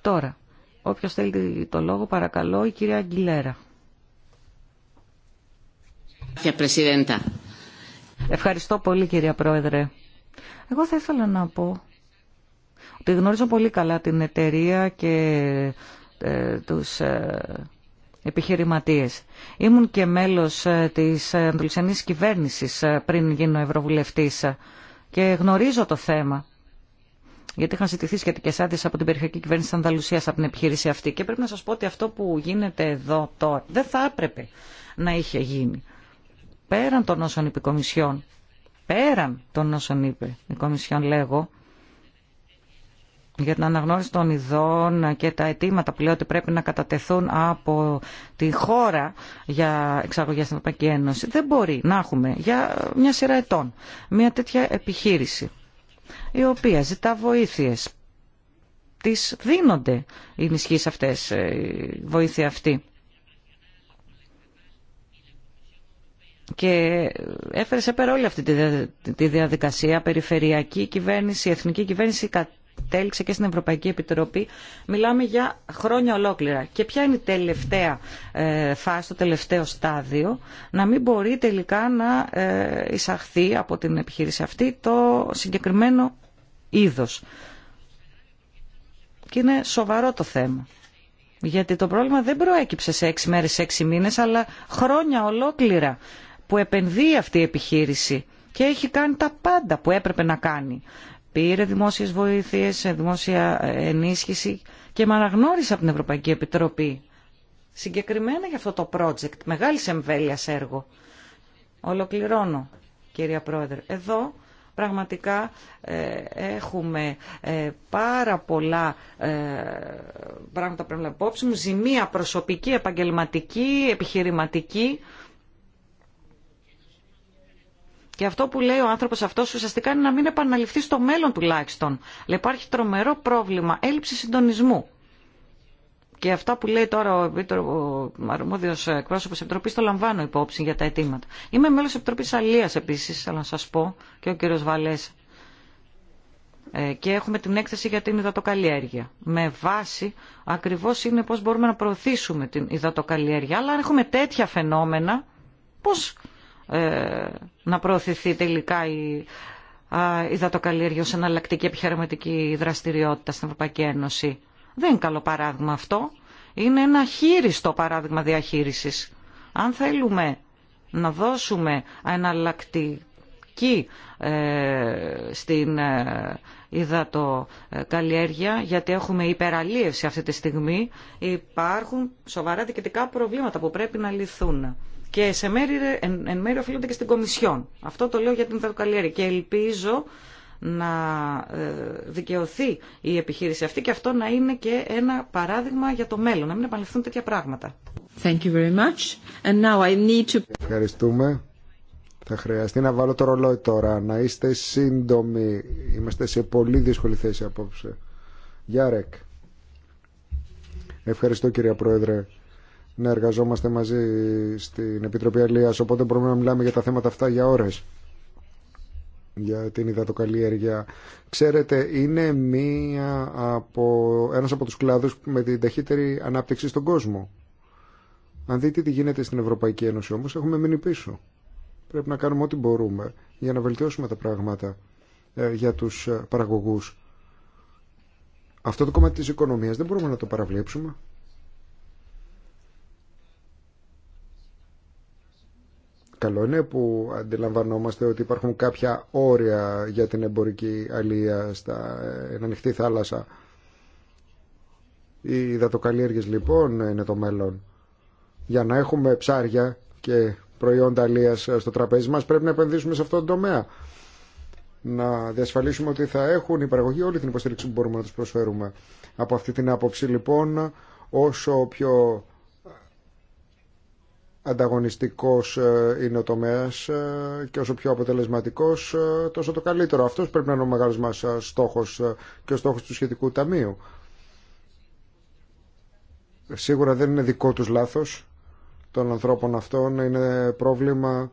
Τώρα, όποιος θέλει το λόγο, παρακαλώ, η κυρία Αγγιλέρα. Ευχαριστώ πολύ κυρία Πρόεδρε. Εγώ θα ήθελα να πω ότι γνωρίζω πολύ καλά την εταιρεία και ε, τους ε, επιχειρηματίες. Ήμουν και μέλος ε, της Αντολουσιανής Κυβέρνησης ε, πριν γίνω Ευρωβουλευτής ε, και γνωρίζω το θέμα. Γιατί είχαν ζητηθεί σχετικέ άδειε από την περιφερειακή κυβέρνηση τη Ανταλουσία από την επιχείρηση αυτή. Και πρέπει να σα πω ότι αυτό που γίνεται εδώ τώρα δεν θα έπρεπε να είχε γίνει. Πέραν των όσων είπε η Κομισιόν, πέραν των όσων είπε η Κομισιόν, λέγω, για την αναγνώριση των ειδών και τα αιτήματα που λέω ότι πρέπει να κατατεθούν από τη χώρα για εξαγωγή στην Ευρωπαϊκή Ένωση. Δεν μπορεί να έχουμε για μια σειρά ετών μια τέτοια επιχείρηση η οποία ζητά βοήθειες. Τις δίνονται οι ενισχύσεις αυτές, ε, η βοήθεια αυτή. και έφερε σε πέρα όλη αυτή τη διαδικασία περιφερειακή κυβέρνηση, εθνική κυβέρνηση τέλειξε και στην Ευρωπαϊκή Επιτροπή. Μιλάμε για χρόνια ολόκληρα. Και ποια είναι η τελευταία ε, φάση, το τελευταίο στάδιο, να μην μπορεί τελικά να ε, εισαχθεί από την επιχείρηση αυτή το συγκεκριμένο είδος. Και είναι σοβαρό το θέμα. Γιατί το πρόβλημα δεν προέκυψε σε έξι μέρες, σε έξι μήνες, αλλά χρόνια ολόκληρα που επενδύει αυτή η επιχείρηση και έχει κάνει τα πάντα που έπρεπε να κάνει πήρε δημόσιες βοήθειες, ε, δημόσια ε, ενίσχυση και με αναγνώρισε από την Ευρωπαϊκή Επιτροπή συγκεκριμένα για αυτό το project, μεγάλη εμβέλεια έργο. Ολοκληρώνω, κυρία Πρόεδρε. Εδώ πραγματικά ε, έχουμε πάρα πολλά ε, πράγματα πρέπει να υπόψη Ζημία προσωπική, επαγγελματική, επιχειρηματική. Και αυτό που λέει ο άνθρωπο αυτό ουσιαστικά είναι να μην επαναληφθεί στο μέλλον τουλάχιστον. Λέει υπάρχει τρομερό πρόβλημα έλλειψη συντονισμού. Και αυτά που λέει τώρα ο, ο αρμόδιο εκπρόσωπο Επιτροπή το λαμβάνω υπόψη για τα αιτήματα. Είμαι μέλο Επιτροπή Αλία επίση, θέλω να σα πω, και ο κύριο Βαλέ. Ε, και έχουμε την έκθεση για την υδατοκαλλιέργεια. Με βάση ακριβώ είναι πώ μπορούμε να προωθήσουμε την υδατοκαλλιέργεια. Αλλά αν έχουμε τέτοια φαινόμενα, πώ ε, να προωθηθεί τελικά η υδατοκαλλιέργεια ως εναλλακτική επιχειρηματική δραστηριότητα στην Ευρωπαϊκή Ένωση. Δεν είναι καλό παράδειγμα αυτό. Είναι ένα χείριστο παράδειγμα διαχείρισης. Αν θέλουμε να δώσουμε εναλλακτική ε, στην υδατοκαλλιέργεια, ε, γιατί έχουμε υπεραλίευση αυτή τη στιγμή, υπάρχουν σοβαρά διοικητικά προβλήματα που πρέπει να λυθούν. Και σε μέρη, εν, οφείλονται και στην Κομισιόν. Αυτό το λέω για την υδατοκαλλιέργεια. Και ελπίζω να ε, δικαιωθεί η επιχείρηση αυτή και αυτό να είναι και ένα παράδειγμα για το μέλλον, να μην επαναληφθούν τέτοια πράγματα. Ευχαριστούμε. Θα χρειαστεί να βάλω το ρολόι τώρα. Να είστε σύντομοι. Είμαστε σε πολύ δύσκολη θέση απόψε. Γιάρεκ. Ευχαριστώ κυρία Πρόεδρε να εργαζόμαστε μαζί στην Επιτροπή Αλίας, οπότε μπορούμε να μιλάμε για τα θέματα αυτά για ώρες για την υδατοκαλλιέργεια. Ξέρετε, είναι μία από, ένας από τους κλάδους με την ταχύτερη ανάπτυξη στον κόσμο. Αν δείτε τι γίνεται στην Ευρωπαϊκή Ένωση όμως, έχουμε μείνει πίσω. Πρέπει να κάνουμε ό,τι μπορούμε για να βελτιώσουμε τα πράγματα ε, για τους ε, παραγωγούς. Αυτό το κομμάτι της οικονομίας δεν μπορούμε να το παραβλέψουμε. Καλό είναι που αντιλαμβανόμαστε ότι υπάρχουν κάποια όρια για την εμπορική αλία στα ανοιχτή θάλασσα. Οι υδατοκαλλιέργειες λοιπόν είναι το μέλλον. Για να έχουμε ψάρια και προϊόντα αλίας στο τραπέζι μας πρέπει να επενδύσουμε σε αυτό το τομέα. Να διασφαλίσουμε ότι θα έχουν η παραγωγή όλη την υποστήριξη που μπορούμε να τους προσφέρουμε. Από αυτή την άποψη λοιπόν όσο πιο ανταγωνιστικός ε, είναι ο τομέας ε, και όσο πιο αποτελεσματικός ε, τόσο το καλύτερο. Αυτός πρέπει να είναι ο μεγάλος μας στόχος και ο στόχος του σχετικού ταμείου. Σίγουρα δεν είναι δικό τους λάθος των ανθρώπων αυτών, είναι πρόβλημα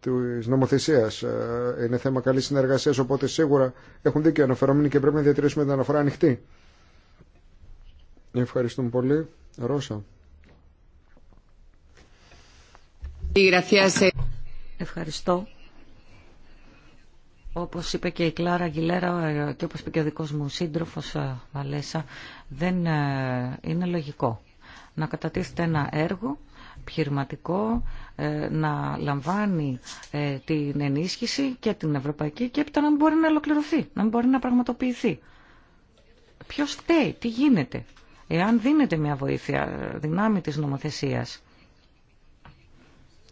της νομοθεσίας, είναι θέμα καλής συνεργασίας, οπότε σίγουρα έχουν δίκιο αναφερόμενοι και πρέπει να διατηρήσουμε την αναφορά ανοιχτή. Ευχαριστούμε πολύ. Ρώσα. Eh. Ευχαριστώ. Όπως είπε και η Κλάρα Αγγιλέρα ε, και όπως είπε και ο δικός μου σύντροφος ε, Βαλέσα, δεν ε, είναι λογικό να κατατίθεται ένα έργο επιχειρηματικό να λαμβάνει την ενίσχυση και την ευρωπαϊκή και έπειτα να μην μπορεί να ολοκληρωθεί, να μην μπορεί να πραγματοποιηθεί. Ποιος φταίει, τι γίνεται, εάν δίνεται μια βοήθεια δυνάμει της νομοθεσίας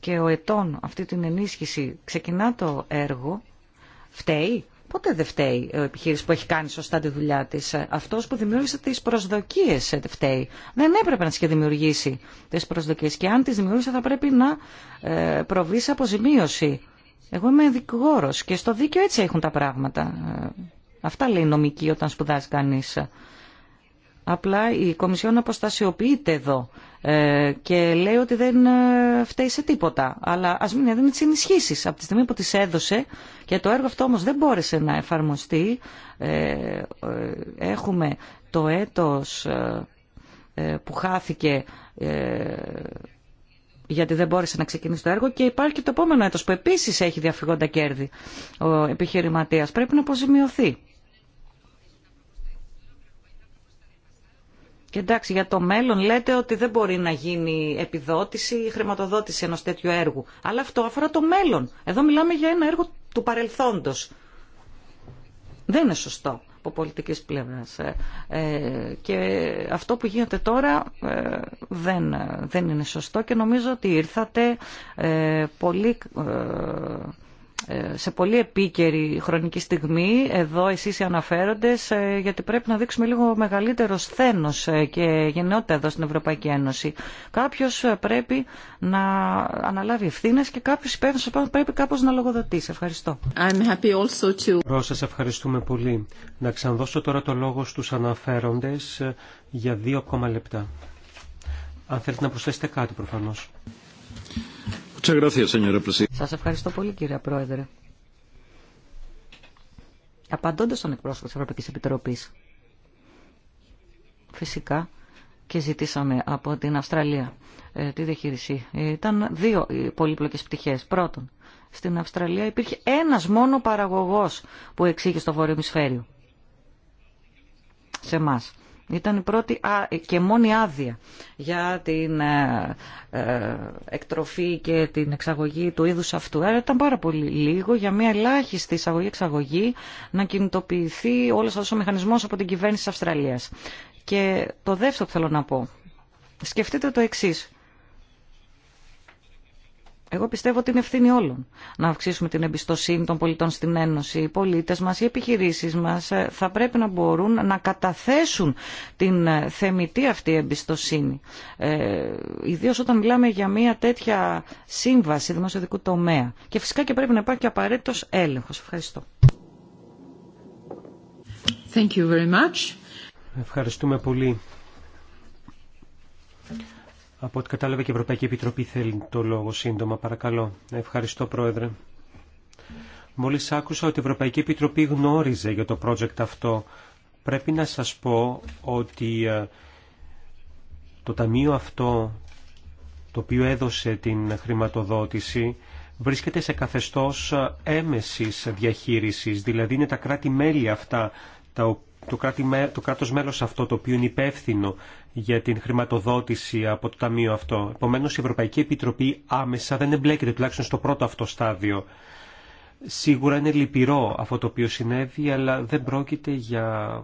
και ο ετών αυτή την ενίσχυση ξεκινά το έργο, φταίει. Πότε δεν φταίει ο επιχείρηση που έχει κάνει σωστά τη δουλειά τη. Αυτό που δημιούργησε τι προσδοκίε ε, φταίει. Δεν έπρεπε να τι και δημιουργήσει τι προσδοκίε. Και αν τι δημιούργησε, θα πρέπει να ε, προβεί σε αποζημίωση. Εγώ είμαι δικηγόρο και στο δίκαιο έτσι έχουν τα πράγματα. Ε, αυτά λέει η νομική όταν σπουδάζει κανεί. Απλά η Κομισιόν αποστασιοποιείται εδώ ε, και λέει ότι δεν ε, φταίει σε τίποτα. Αλλά ας μην έδινε τις ενισχύσεις από τη στιγμή που τις έδωσε και το έργο αυτό όμως δεν μπόρεσε να εφαρμοστεί. Ε, έχουμε το έτος που χάθηκε γιατί δεν μπόρεσε να ξεκινήσει το έργο και υπάρχει και το επόμενο έτος που επίσης έχει διαφυγόντα κέρδη ο επιχειρηματίας. Πρέπει να αποζημιωθεί. Και εντάξει, για το μέλλον λέτε ότι δεν μπορεί να γίνει επιδότηση ή χρηματοδότηση ενός τέτοιου έργου. Αλλά αυτό αφορά το μέλλον. Εδώ μιλάμε για ένα έργο του παρελθόντος. Δεν είναι σωστό από πολιτικής πλευράς. Ε, ε και αυτό που γίνεται τώρα ε, δεν, ε, δεν είναι σωστό και νομίζω ότι ήρθατε πολύ ε, σε πολύ επίκαιρη χρονική στιγμή εδώ εσείς οι αναφέροντες ε, γιατί πρέπει να δείξουμε λίγο μεγαλύτερο σθένος ε, και γενναιότητα εδώ στην Ευρωπαϊκή Ένωση. Κάποιος πρέπει να αναλάβει ευθύνε και κάποιος υπεύθυνος πρέπει κάπως να λογοδοτήσει. Ευχαριστώ. I'm happy also Σας ευχαριστούμε πολύ. Να ξανδώσω τώρα το λόγο στους αναφέροντες για δύο ακόμα λεπτά. Αν θέλετε να προσθέσετε κάτι προφανώς. Σας ευχαριστώ πολύ κύριε Πρόεδρε. Απαντώντας στον εκπρόσωπο της Ευρωπαϊκής Επιτροπής, φυσικά και ζητήσαμε από την Αυστραλία ε, τη διαχείριση. Ήταν δύο οι πολύπλοκες πτυχές. Πρώτον, στην Αυστραλία υπήρχε ένας μόνο παραγωγός που εξήγησε στο Βόρειο Μισφαίριο. Σε εμάς. Ήταν η πρώτη και μόνη άδεια για την ε, ε, εκτροφή και την εξαγωγή του είδους αυτού. Άρα ήταν πάρα πολύ λίγο για μια ελάχιστη εισαγωγή-εξαγωγή να κινητοποιηθεί όλος αυτός ο μηχανισμός από την κυβέρνηση της Αυστραλίας. Και το δεύτερο που θέλω να πω. Σκεφτείτε το εξής. Εγώ πιστεύω ότι είναι ευθύνη όλων να αυξήσουμε την εμπιστοσύνη των πολιτών στην Ένωση. Οι πολίτε μα, οι επιχειρήσει μα ε, θα πρέπει να μπορούν να καταθέσουν την ε, θεμητή αυτή εμπιστοσύνη. Ε, Ιδίω όταν μιλάμε για μια τέτοια σύμβαση δημοσιοδικού τομέα. Και φυσικά και πρέπει να υπάρχει και απαραίτητο έλεγχο. Ευχαριστώ. Thank you very much. Ευχαριστούμε πολύ. Από ό,τι κατάλαβα και η Ευρωπαϊκή Επιτροπή θέλει το λόγο σύντομα, παρακαλώ. Ευχαριστώ, Πρόεδρε. Μόλις άκουσα ότι η Ευρωπαϊκή Επιτροπή γνώριζε για το project αυτό. Πρέπει να σας πω ότι ε, το ταμείο αυτό, το οποίο έδωσε την χρηματοδότηση, βρίσκεται σε καθεστώς έμεσης διαχείρισης, δηλαδή είναι τα κράτη-μέλη αυτά τα οποία το, κράτη, το κράτος μέλος αυτό το οποίο είναι υπεύθυνο για την χρηματοδότηση από το Ταμείο αυτό. Επομένως η Ευρωπαϊκή Επιτροπή άμεσα δεν εμπλέκεται τουλάχιστον στο πρώτο αυτό στάδιο. Σίγουρα είναι λυπηρό αυτό το οποίο συνέβη, αλλά δεν πρόκειται για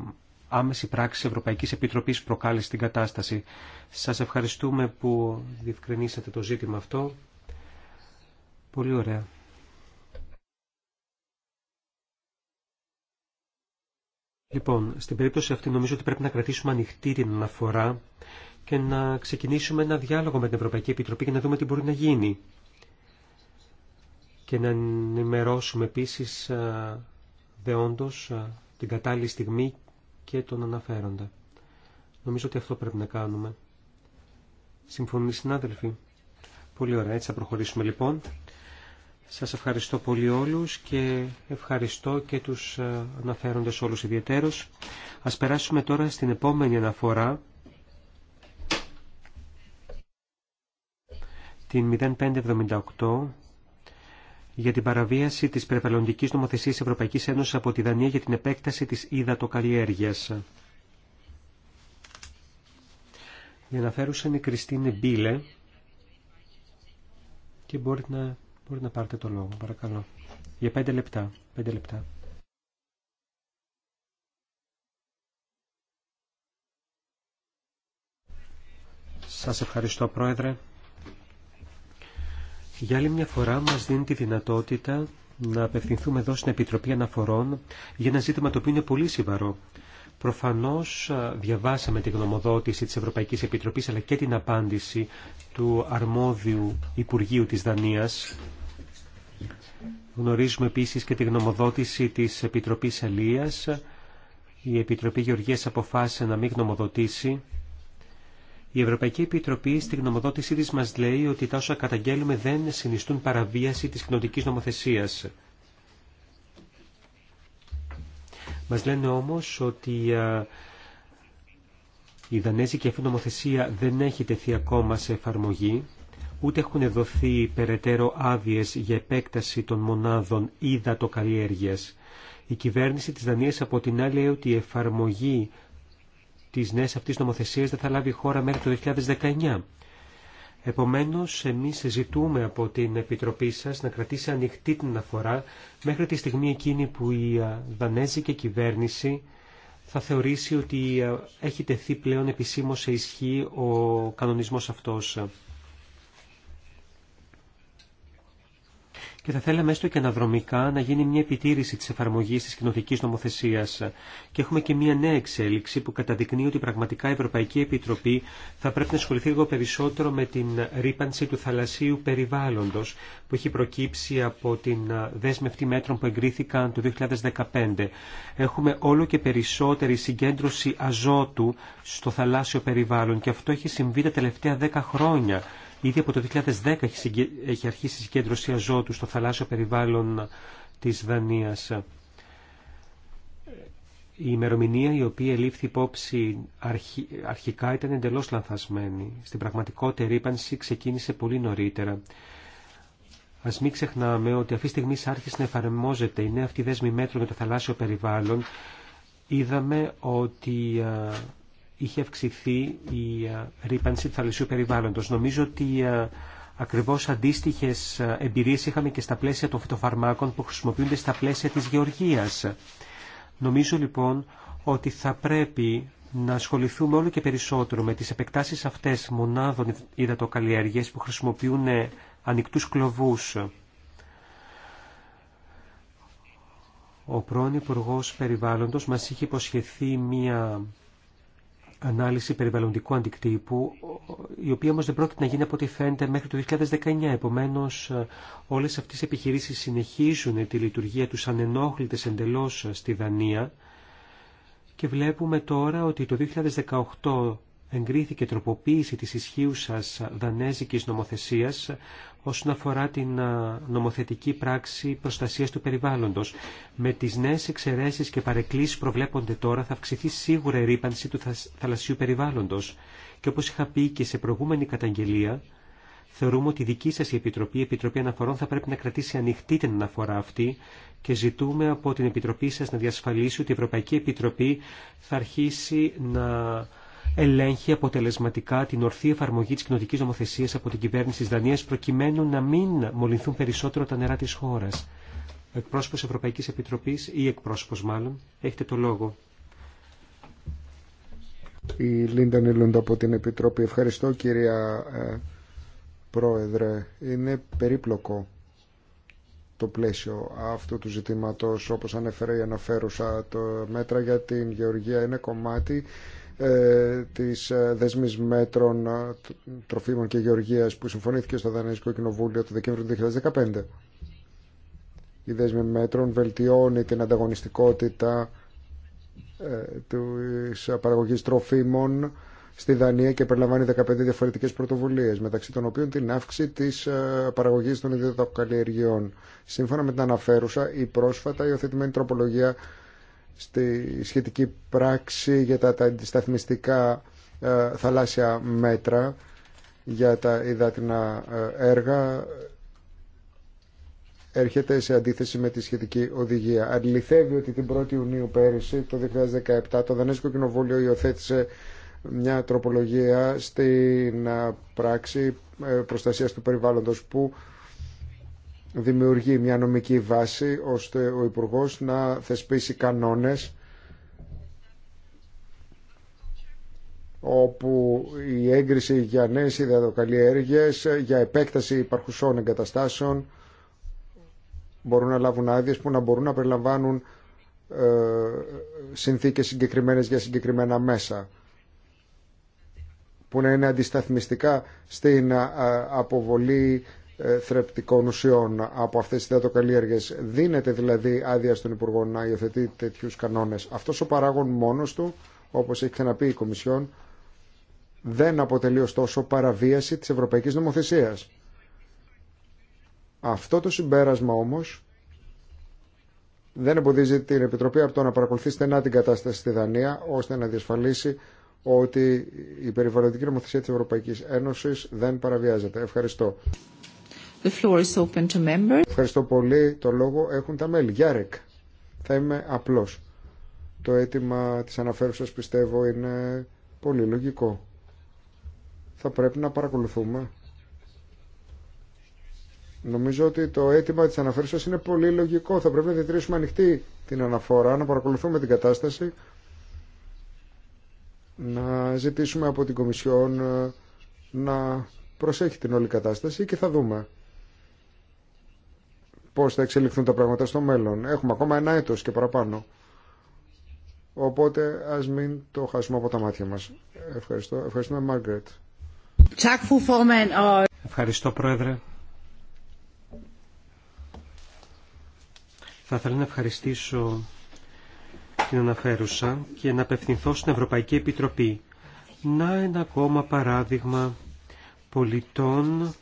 άμεση πράξη Ευρωπαϊκής Επιτροπής προκάλεσε την κατάσταση. Σας ευχαριστούμε που διευκρινίσατε το ζήτημα αυτό. Πολύ ωραία. Λοιπόν, στην περίπτωση αυτή νομίζω ότι πρέπει να κρατήσουμε ανοιχτή την αναφορά και να ξεκινήσουμε ένα διάλογο με την Ευρωπαϊκή Επιτροπή και να δούμε τι μπορεί να γίνει. Και να ενημερώσουμε επίσης δεόντως την κατάλληλη στιγμή και τον αναφέροντα. Νομίζω ότι αυτό πρέπει να κάνουμε. Συμφωνούν οι συνάδελφοι. Πολύ ωραία, έτσι θα προχωρήσουμε λοιπόν. Σας ευχαριστώ πολύ όλους και ευχαριστώ και τους ε, αναφέροντες όλους ιδιαιτέρως. Ας περάσουμε τώρα στην επόμενη αναφορά. Την 0578 για την παραβίαση της περιβαλλοντικής νομοθεσίας Ευρωπαϊκής Ένωσης από τη Δανία για την επέκταση της υδατοκαλλιέργειας. Η αναφέρουσα είναι η Κριστίνε Μπίλε και μπορεί να Μπορείτε να πάρετε το λόγο, παρακαλώ. Για πέντε λεπτά. Πέντε λεπτά. Σας ευχαριστώ, Πρόεδρε. Για άλλη μια φορά μας δίνει τη δυνατότητα να απευθυνθούμε εδώ στην Επιτροπή Αναφορών για ένα ζήτημα το οποίο είναι πολύ σύμβαρο. Προφανώς διαβάσαμε τη γνωμοδότηση της Ευρωπαϊκής Επιτροπής αλλά και την απάντηση του αρμόδιου Υπουργείου της Δανίας Γνωρίζουμε επίσης και τη γνωμοδότηση της Επιτροπής Αλίας. Η Επιτροπή Γεωργίας αποφάσισε να μην γνωμοδοτήσει. Η Ευρωπαϊκή Επιτροπή στη γνωμοδότησή της μας λέει ότι τα όσα καταγγέλουμε δεν συνιστούν παραβίαση της κοινωτική νομοθεσίας. Μας λένε όμως ότι η Δανέζικη αυτή νομοθεσία δεν έχει τεθεί ακόμα σε εφαρμογή ούτε έχουν δοθεί περαιτέρω άδειες για επέκταση των μονάδων υδατοκαλλιέργειας. Η κυβέρνηση της Δανίας από την άλλη λέει ότι η εφαρμογή της νέας αυτής νομοθεσίας δεν θα λάβει χώρα μέχρι το 2019. Επομένως, εμείς ζητούμε από την Επιτροπή σας να κρατήσει ανοιχτή την αναφορά μέχρι τη στιγμή εκείνη που η Δανέζικη κυβέρνηση θα θεωρήσει ότι έχει τεθεί πλέον επισήμως σε ισχύ ο κανονισμός αυτός. και θα θέλαμε έστω και αναδρομικά να γίνει μια επιτήρηση της εφαρμογής της κοινοτικής νομοθεσίας. Και έχουμε και μια νέα εξέλιξη που καταδεικνύει ότι πραγματικά η Ευρωπαϊκή Επιτροπή θα πρέπει να ασχοληθεί λίγο περισσότερο με την ρήπανση του θαλασσίου περιβάλλοντος που έχει προκύψει από την δέσμευτη μέτρων που εγκρίθηκαν το 2015. Έχουμε όλο και περισσότερη συγκέντρωση αζότου στο θαλάσσιο περιβάλλον και αυτό έχει συμβεί τα τελευταία 10 χρόνια Ήδη από το 2010 έχει αρχίσει η συγκέντρωση αζότου στο θαλάσσιο περιβάλλον της Δανίας. Η ημερομηνία η οποία λήφθη υπόψη αρχικά ήταν εντελώς λανθασμένη. Στην πραγματικότητα η ρήπανση ξεκίνησε πολύ νωρίτερα. Ας μην ξεχνάμε ότι αυτή τη στιγμή άρχισε να εφαρμόζεται η νέα αυτή δέσμη μέτρων για το θαλάσσιο περιβάλλον. Είδαμε ότι είχε αυξηθεί η ρήπανση του θαλασσιού περιβάλλοντος. Νομίζω ότι ακριβώς αντίστοιχες εμπειρίες είχαμε και στα πλαίσια των φυτοφαρμάκων που χρησιμοποιούνται στα πλαίσια της γεωργίας. Νομίζω λοιπόν ότι θα πρέπει να ασχοληθούμε όλο και περισσότερο με τις επεκτάσεις αυτές μονάδων υδατοκαλλιέργειας που χρησιμοποιούν ε, ανοιχτού κλωβούς. Ο πρώην Υπουργό Περιβάλλοντος μας είχε υποσχεθεί μία ανάλυση περιβαλλοντικού αντικτύπου, η οποία όμως δεν πρόκειται να γίνει από ό,τι φαίνεται μέχρι το 2019. Επομένως, όλες αυτές οι επιχειρήσεις συνεχίζουν τη λειτουργία του ανενόχλητες εντελώς στη Δανία και βλέπουμε τώρα ότι το 2018 εγκρίθηκε τροποποίηση της ισχύουσας δανέζικης νομοθεσίας όσον αφορά την νομοθετική πράξη προστασίας του περιβάλλοντος. Με τις νέες εξαιρέσεις και παρεκκλήσεις προβλέπονται τώρα θα αυξηθεί σίγουρα η ρήπανση του θαλασσίου περιβάλλοντος. Και όπως είχα πει και σε προηγούμενη καταγγελία, θεωρούμε ότι η δική σας η Επιτροπή, η Επιτροπή Αναφορών, θα πρέπει να κρατήσει ανοιχτή την αναφορά αυτή και ζητούμε από την Επιτροπή σας να διασφαλίσει ότι η Ευρωπαϊκή Επιτροπή θα αρχίσει να ελέγχει αποτελεσματικά την ορθή εφαρμογή της κοινοτικής νομοθεσίας από την κυβέρνηση της Δανίας προκειμένου να μην μολυνθούν περισσότερο τα νερά της χώρας. Εκπρόσωπος Ευρωπαϊκής Επιτροπής ή εκπρόσωπος μάλλον, έχετε το λόγο. Η Λίντα Νίλουντ από την Επιτροπή. Ευχαριστώ κυρία ε, Πρόεδρε. Είναι περίπλοκο το πλαίσιο αυτού του ζητήματος όπως ανέφερε η λιντα νιλουντα απο την επιτροπη ευχαριστω κυρια προεδρε ειναι περιπλοκο το μέτρα για την γεωργία είναι κομμάτι ε, της ε, δεσμής μέτρων ε, τροφίμων και γεωργίας που συμφωνήθηκε στο Δανέζικο Κοινοβούλιο το Δεκέμβριο του 2015. Η δέσμη μέτρων βελτιώνει την ανταγωνιστικότητα της παραγωγής τροφίμων στη Δανία και περιλαμβάνει 15 διαφορετικές πρωτοβουλίες, μεταξύ των οποίων την αύξηση της παραγωγής των ιδιωτικών καλλιεργειών. Σύμφωνα με την αναφέρουσα, η πρόσφατα υιοθετημένη τροπολογία στη σχετική πράξη για τα, τα αντισταθμιστικά ε, θαλάσσια μέτρα για τα υδάτινα ε, έργα έρχεται σε αντίθεση με τη σχετική οδηγία. Αντιληθεύει ότι την 1η Ιουνίου πέρυσι, το 2017, το Δανέζικο Κοινοβούλιο υιοθέτησε μια τροπολογία στην ε, πράξη προστασίας του περιβάλλοντος που δημιουργεί μια νομική βάση ώστε ο Υπουργός να θεσπίσει κανόνες όπου η έγκριση για νέες ιδεοκαλλιέργειες, για επέκταση υπαρχουσών εγκαταστάσεων μπορούν να λάβουν άδειες που να μπορούν να περιλαμβάνουν ε, συνθήκες συγκεκριμένες για συγκεκριμένα μέσα που να είναι αντισταθμιστικά στην ε, αποβολή ε, θρεπτικών ουσιών από αυτέ τι θεατοκαλλιέργειες. Δίνεται δηλαδή άδεια στον Υπουργό να υιοθετεί τέτοιου κανόνε. Αυτό ο παράγων μόνο του, όπω έχει ξαναπεί η Κομισιόν, δεν αποτελεί ωστόσο παραβίαση τη Ευρωπαϊκή νομοθεσία. Αυτό το συμπέρασμα όμω δεν εμποδίζει την Επιτροπή από το να παρακολουθεί στενά την κατάσταση στη Δανία ώστε να διασφαλίσει ότι η περιβαλλοντική νομοθεσία της Ευρωπαϊκής Ένωσης δεν παραβιάζεται. Ευχαριστώ. The floor is open to members. Ευχαριστώ πολύ. Το λόγο έχουν τα μέλη. Γιάρεκ, θα είμαι απλός. Το αίτημα της αναφέρουσας πιστεύω είναι πολύ λογικό. Θα πρέπει να παρακολουθούμε. Νομίζω ότι το αίτημα της αναφέρουσας είναι πολύ λογικό. Θα πρέπει να διατηρήσουμε ανοιχτή την αναφορά, να παρακολουθούμε την κατάσταση, να ζητήσουμε από την Κομισιόν ε, να προσέχει την όλη κατάσταση και θα δούμε πώς θα εξελιχθούν τα πράγματα στο μέλλον. Έχουμε ακόμα ένα έτος και παραπάνω. Οπότε α μην το χάσουμε από τα μάτια μας. Ευχαριστώ. Ευχαριστούμε, Μάργκρετ. Ευχαριστώ, Πρόεδρε. Θα ήθελα να ευχαριστήσω την αναφέρουσα και να απευθυνθώ στην Ευρωπαϊκή Επιτροπή. Να ένα ακόμα παράδειγμα πολιτών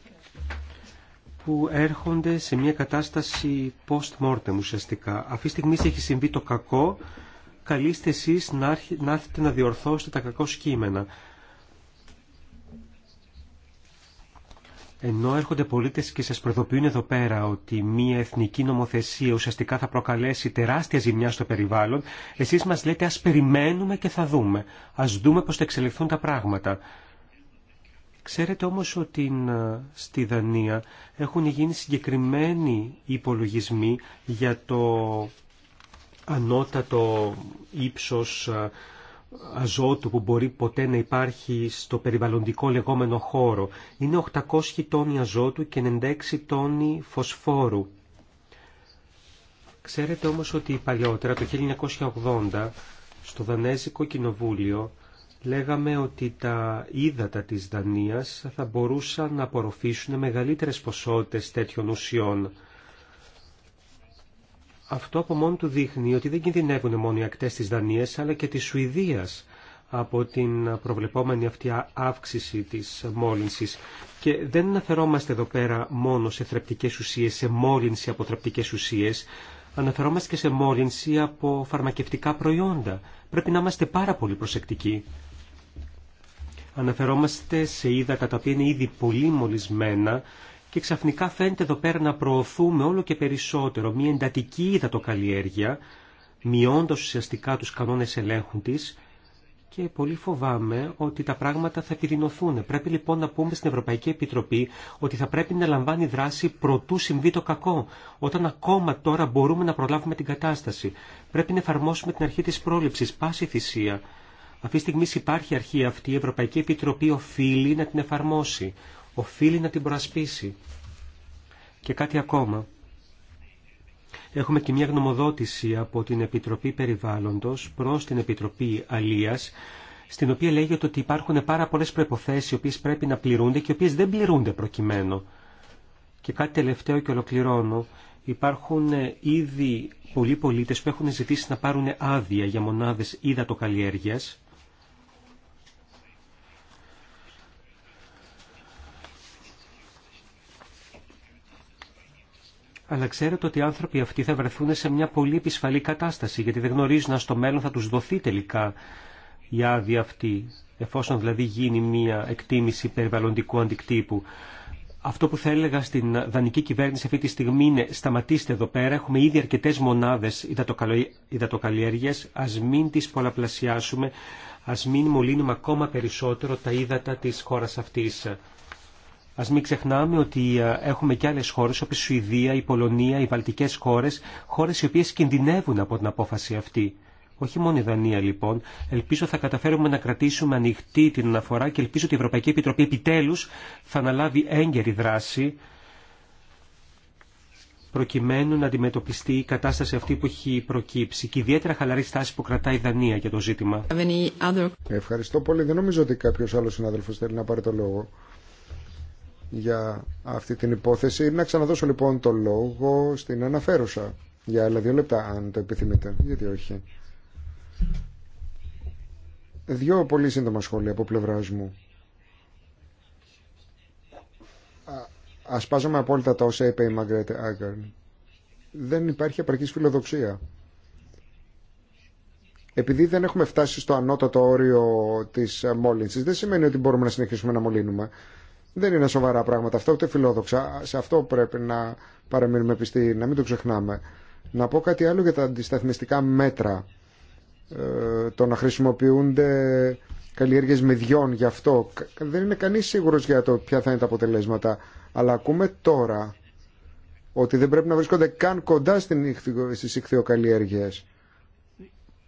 που έρχονται σε μια κατάσταση post-mortem ουσιαστικά. Αυτή τη στιγμή έχει συμβεί το κακό, καλείστε εσείς να, να έρθετε να διορθώσετε τα κακό σκήμενα. Ενώ έρχονται πολίτες και σας προειδοποιούν εδώ πέρα ότι μια εθνική νομοθεσία ουσιαστικά θα προκαλέσει τεράστια ζημιά στο περιβάλλον, εσείς μας λέτε ας περιμένουμε και θα δούμε. Ας δούμε πώς θα εξελιχθούν τα πράγματα. Ξέρετε όμως ότι στη Δανία έχουν γίνει συγκεκριμένοι υπολογισμοί για το ανώτατο ύψος ε, αζότου που μπορεί ποτέ να υπάρχει στο περιβαλλοντικό λεγόμενο χώρο. Είναι 800 τόνοι αζότου και 96 τόνοι φωσφόρου. Ξέρετε όμως ότι παλιότερα, το 1980, στο Δανέζικο Κοινοβούλιο, λέγαμε ότι τα ύδατα της Δανίας θα μπορούσαν να απορροφήσουν μεγαλύτερες ποσότητες τέτοιων ουσιών. Αυτό από μόνο του δείχνει ότι δεν κινδυνεύουν μόνο οι ακτές της Δανίας αλλά και της Σουηδίας από την προβλεπόμενη αυτή αύξηση της μόλυνσης. Και δεν αναφερόμαστε εδώ πέρα μόνο σε θρεπτικές ουσίες, σε μόλυνση από θρεπτικές ουσίες, αναφερόμαστε και σε μόλυνση από φαρμακευτικά προϊόντα. Πρέπει να είμαστε πάρα πολύ προσεκτικοί. Αναφερόμαστε σε ύδατα τα οποία είναι ήδη πολύ μολυσμένα και ξαφνικά φαίνεται εδώ πέρα να προωθούμε όλο και περισσότερο μια εντατική καλλιέργεια μειώντα ουσιαστικά τους κανόνες ελέγχου της και πολύ φοβάμαι ότι τα πράγματα θα επιδεινωθούν. Πρέπει λοιπόν να πούμε στην Ευρωπαϊκή Επιτροπή ότι θα πρέπει να λαμβάνει δράση προτού συμβεί το κακό, όταν ακόμα τώρα μπορούμε να προλάβουμε την κατάσταση. Πρέπει να εφαρμόσουμε την αρχή της πρόληψης, πάση θυσία, αυτή τη στιγμή υπάρχει αρχή αυτή, η Ευρωπαϊκή Επιτροπή οφείλει να την εφαρμόσει, οφείλει να την προασπίσει. Και κάτι ακόμα. Έχουμε και μια γνωμοδότηση από την Επιτροπή Περιβάλλοντος προς την Επιτροπή Αλίας, στην οποία λέγεται ότι υπάρχουν πάρα πολλές προϋποθέσεις οι οποίες πρέπει να πληρούνται και οι οποίες δεν πληρούνται προκειμένου. Και κάτι τελευταίο και ολοκληρώνω. Υπάρχουν ε, ήδη πολλοί πολίτες που έχουν ζητήσει να πάρουν άδεια για μονάδες καλλιέργειας, αλλά ξέρετε ότι οι άνθρωποι αυτοί θα βρεθούν σε μια πολύ επισφαλή κατάσταση, γιατί δεν γνωρίζουν αν στο μέλλον θα τους δοθεί τελικά η άδεια αυτή, εφόσον δηλαδή γίνει μια εκτίμηση περιβαλλοντικού αντικτύπου. Αυτό που θα έλεγα στην δανική κυβέρνηση αυτή τη στιγμή είναι σταματήστε εδώ πέρα, έχουμε ήδη αρκετές μονάδες υδατοκαλλιέργειας, ας μην τις πολλαπλασιάσουμε, ας μην μολύνουμε ακόμα περισσότερο τα ύδατα της χώρας αυτής. Ας μην ξεχνάμε ότι ε, έχουμε και άλλες χώρες όπως η Σουηδία, η Πολωνία, οι Βαλτικές χώρες, χώρες οι οποίες κινδυνεύουν από την απόφαση αυτή. Όχι μόνο η Δανία λοιπόν. Ελπίζω θα καταφέρουμε να κρατήσουμε ανοιχτή την αναφορά και ελπίζω ότι η Ευρωπαϊκή Επιτροπή επιτέλους θα αναλάβει έγκαιρη δράση προκειμένου να αντιμετωπιστεί η κατάσταση αυτή που έχει προκύψει και ιδιαίτερα χαλαρή στάση που κρατάει η Δανία για το ζήτημα. Ευχαριστώ πολύ. Δεν νομίζω ότι κάποιο άλλο συνάδελφο θέλει να πάρει το λόγο για αυτή την υπόθεση. Να ξαναδώσω λοιπόν το λόγο στην αναφέρουσα για άλλα δύο λεπτά αν το επιθυμείτε. Γιατί όχι. Δύο πολύ σύντομα σχόλια από πλευρά μου. Ασπάζομαι απόλυτα τα όσα είπε η Μαγκρέτε Άγκαρν. Δεν υπάρχει απαρκή φιλοδοξία. Επειδή δεν έχουμε φτάσει στο ανώτατο όριο της μόλυνσης, δεν σημαίνει ότι μπορούμε να συνεχίσουμε να μολύνουμε. Δεν είναι σοβαρά πράγματα αυτό, ούτε φιλόδοξα. Σε αυτό πρέπει να παραμείνουμε πιστοί, να μην το ξεχνάμε. Να πω κάτι άλλο για τα αντισταθμιστικά μέτρα. Ε, το να χρησιμοποιούνται καλλιέργειε με γι' αυτό. Δεν είναι κανεί σίγουρος για το ποια θα είναι τα αποτελέσματα. Αλλά ακούμε τώρα ότι δεν πρέπει να βρίσκονται καν κοντά στι ηχθειοκαλλιέργειε.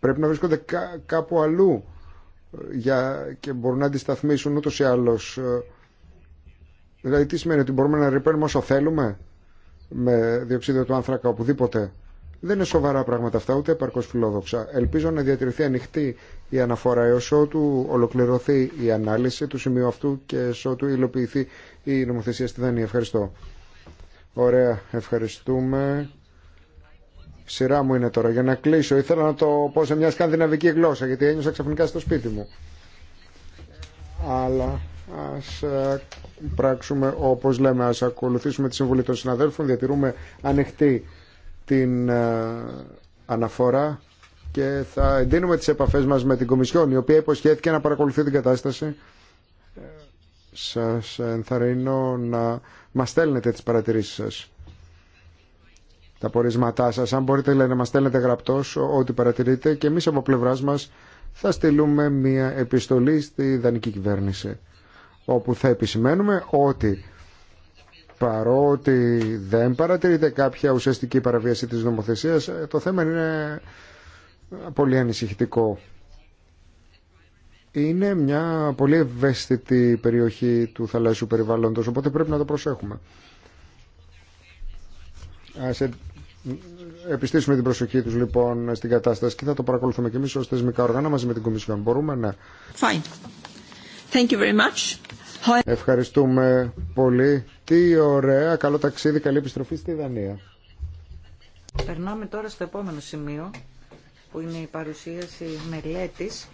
Πρέπει να βρίσκονται κάπου αλλού ε, για, και μπορούν να αντισταθμίσουν ούτω ή άλλως ε, Δηλαδή τι σημαίνει ότι μπορούμε να ρηπαίνουμε όσο θέλουμε με διοξίδιο του άνθρακα οπουδήποτε. Δεν είναι σοβαρά πράγματα αυτά, ούτε επαρκώ φιλόδοξα. Ελπίζω να διατηρηθεί ανοιχτή η αναφορά έω ότου ολοκληρωθεί η ανάλυση του σημείου αυτού και έω ότου υλοποιηθεί η νομοθεσία στη Δανία. Ευχαριστώ. Ωραία, ευχαριστούμε. Σειρά μου είναι τώρα για να κλείσω. Ήθελα να το πω σε μια σκανδιναβική γλώσσα γιατί ένιωσα ξαφνικά στο σπίτι μου. Αλλά Ας ε, πράξουμε όπως λέμε, ας ακολουθήσουμε τη συμβουλή των συναδέλφων, διατηρούμε ανοιχτή την ε, αναφορά και θα εντείνουμε τις επαφές μας με την Κομισιόν, η οποία υποσχέθηκε να παρακολουθεί την κατάσταση. Ε, σας ενθαρρύνω να μας στέλνετε τις παρατηρήσεις σας τα πορίσματά σας. Αν μπορείτε να μας στέλνετε γραπτός ό,τι παρατηρείτε και εμείς από πλευράς μας θα στείλουμε μια επιστολή στη δανική κυβέρνηση όπου θα επισημαίνουμε ότι παρότι δεν παρατηρείται κάποια ουσιαστική παραβίαση της νομοθεσίας, ε, το θέμα είναι πολύ ανησυχητικό. Είναι μια πολύ ευαίσθητη περιοχή του θαλάσσιου περιβάλλοντος, οπότε πρέπει να το προσέχουμε. Ας επιστήσουμε την προσοχή τους λοιπόν στην κατάσταση και θα το παρακολουθούμε και εμείς ως θεσμικά οργάνα μαζί με την Κομισιόν. Μπορούμε να... Fine. Ευχαριστούμε πολύ. Τι ωραία. Καλό ταξίδι. Καλή επιστροφή στη Δανία. Περνάμε τώρα στο επόμενο σημείο που είναι η παρουσίαση μελέτης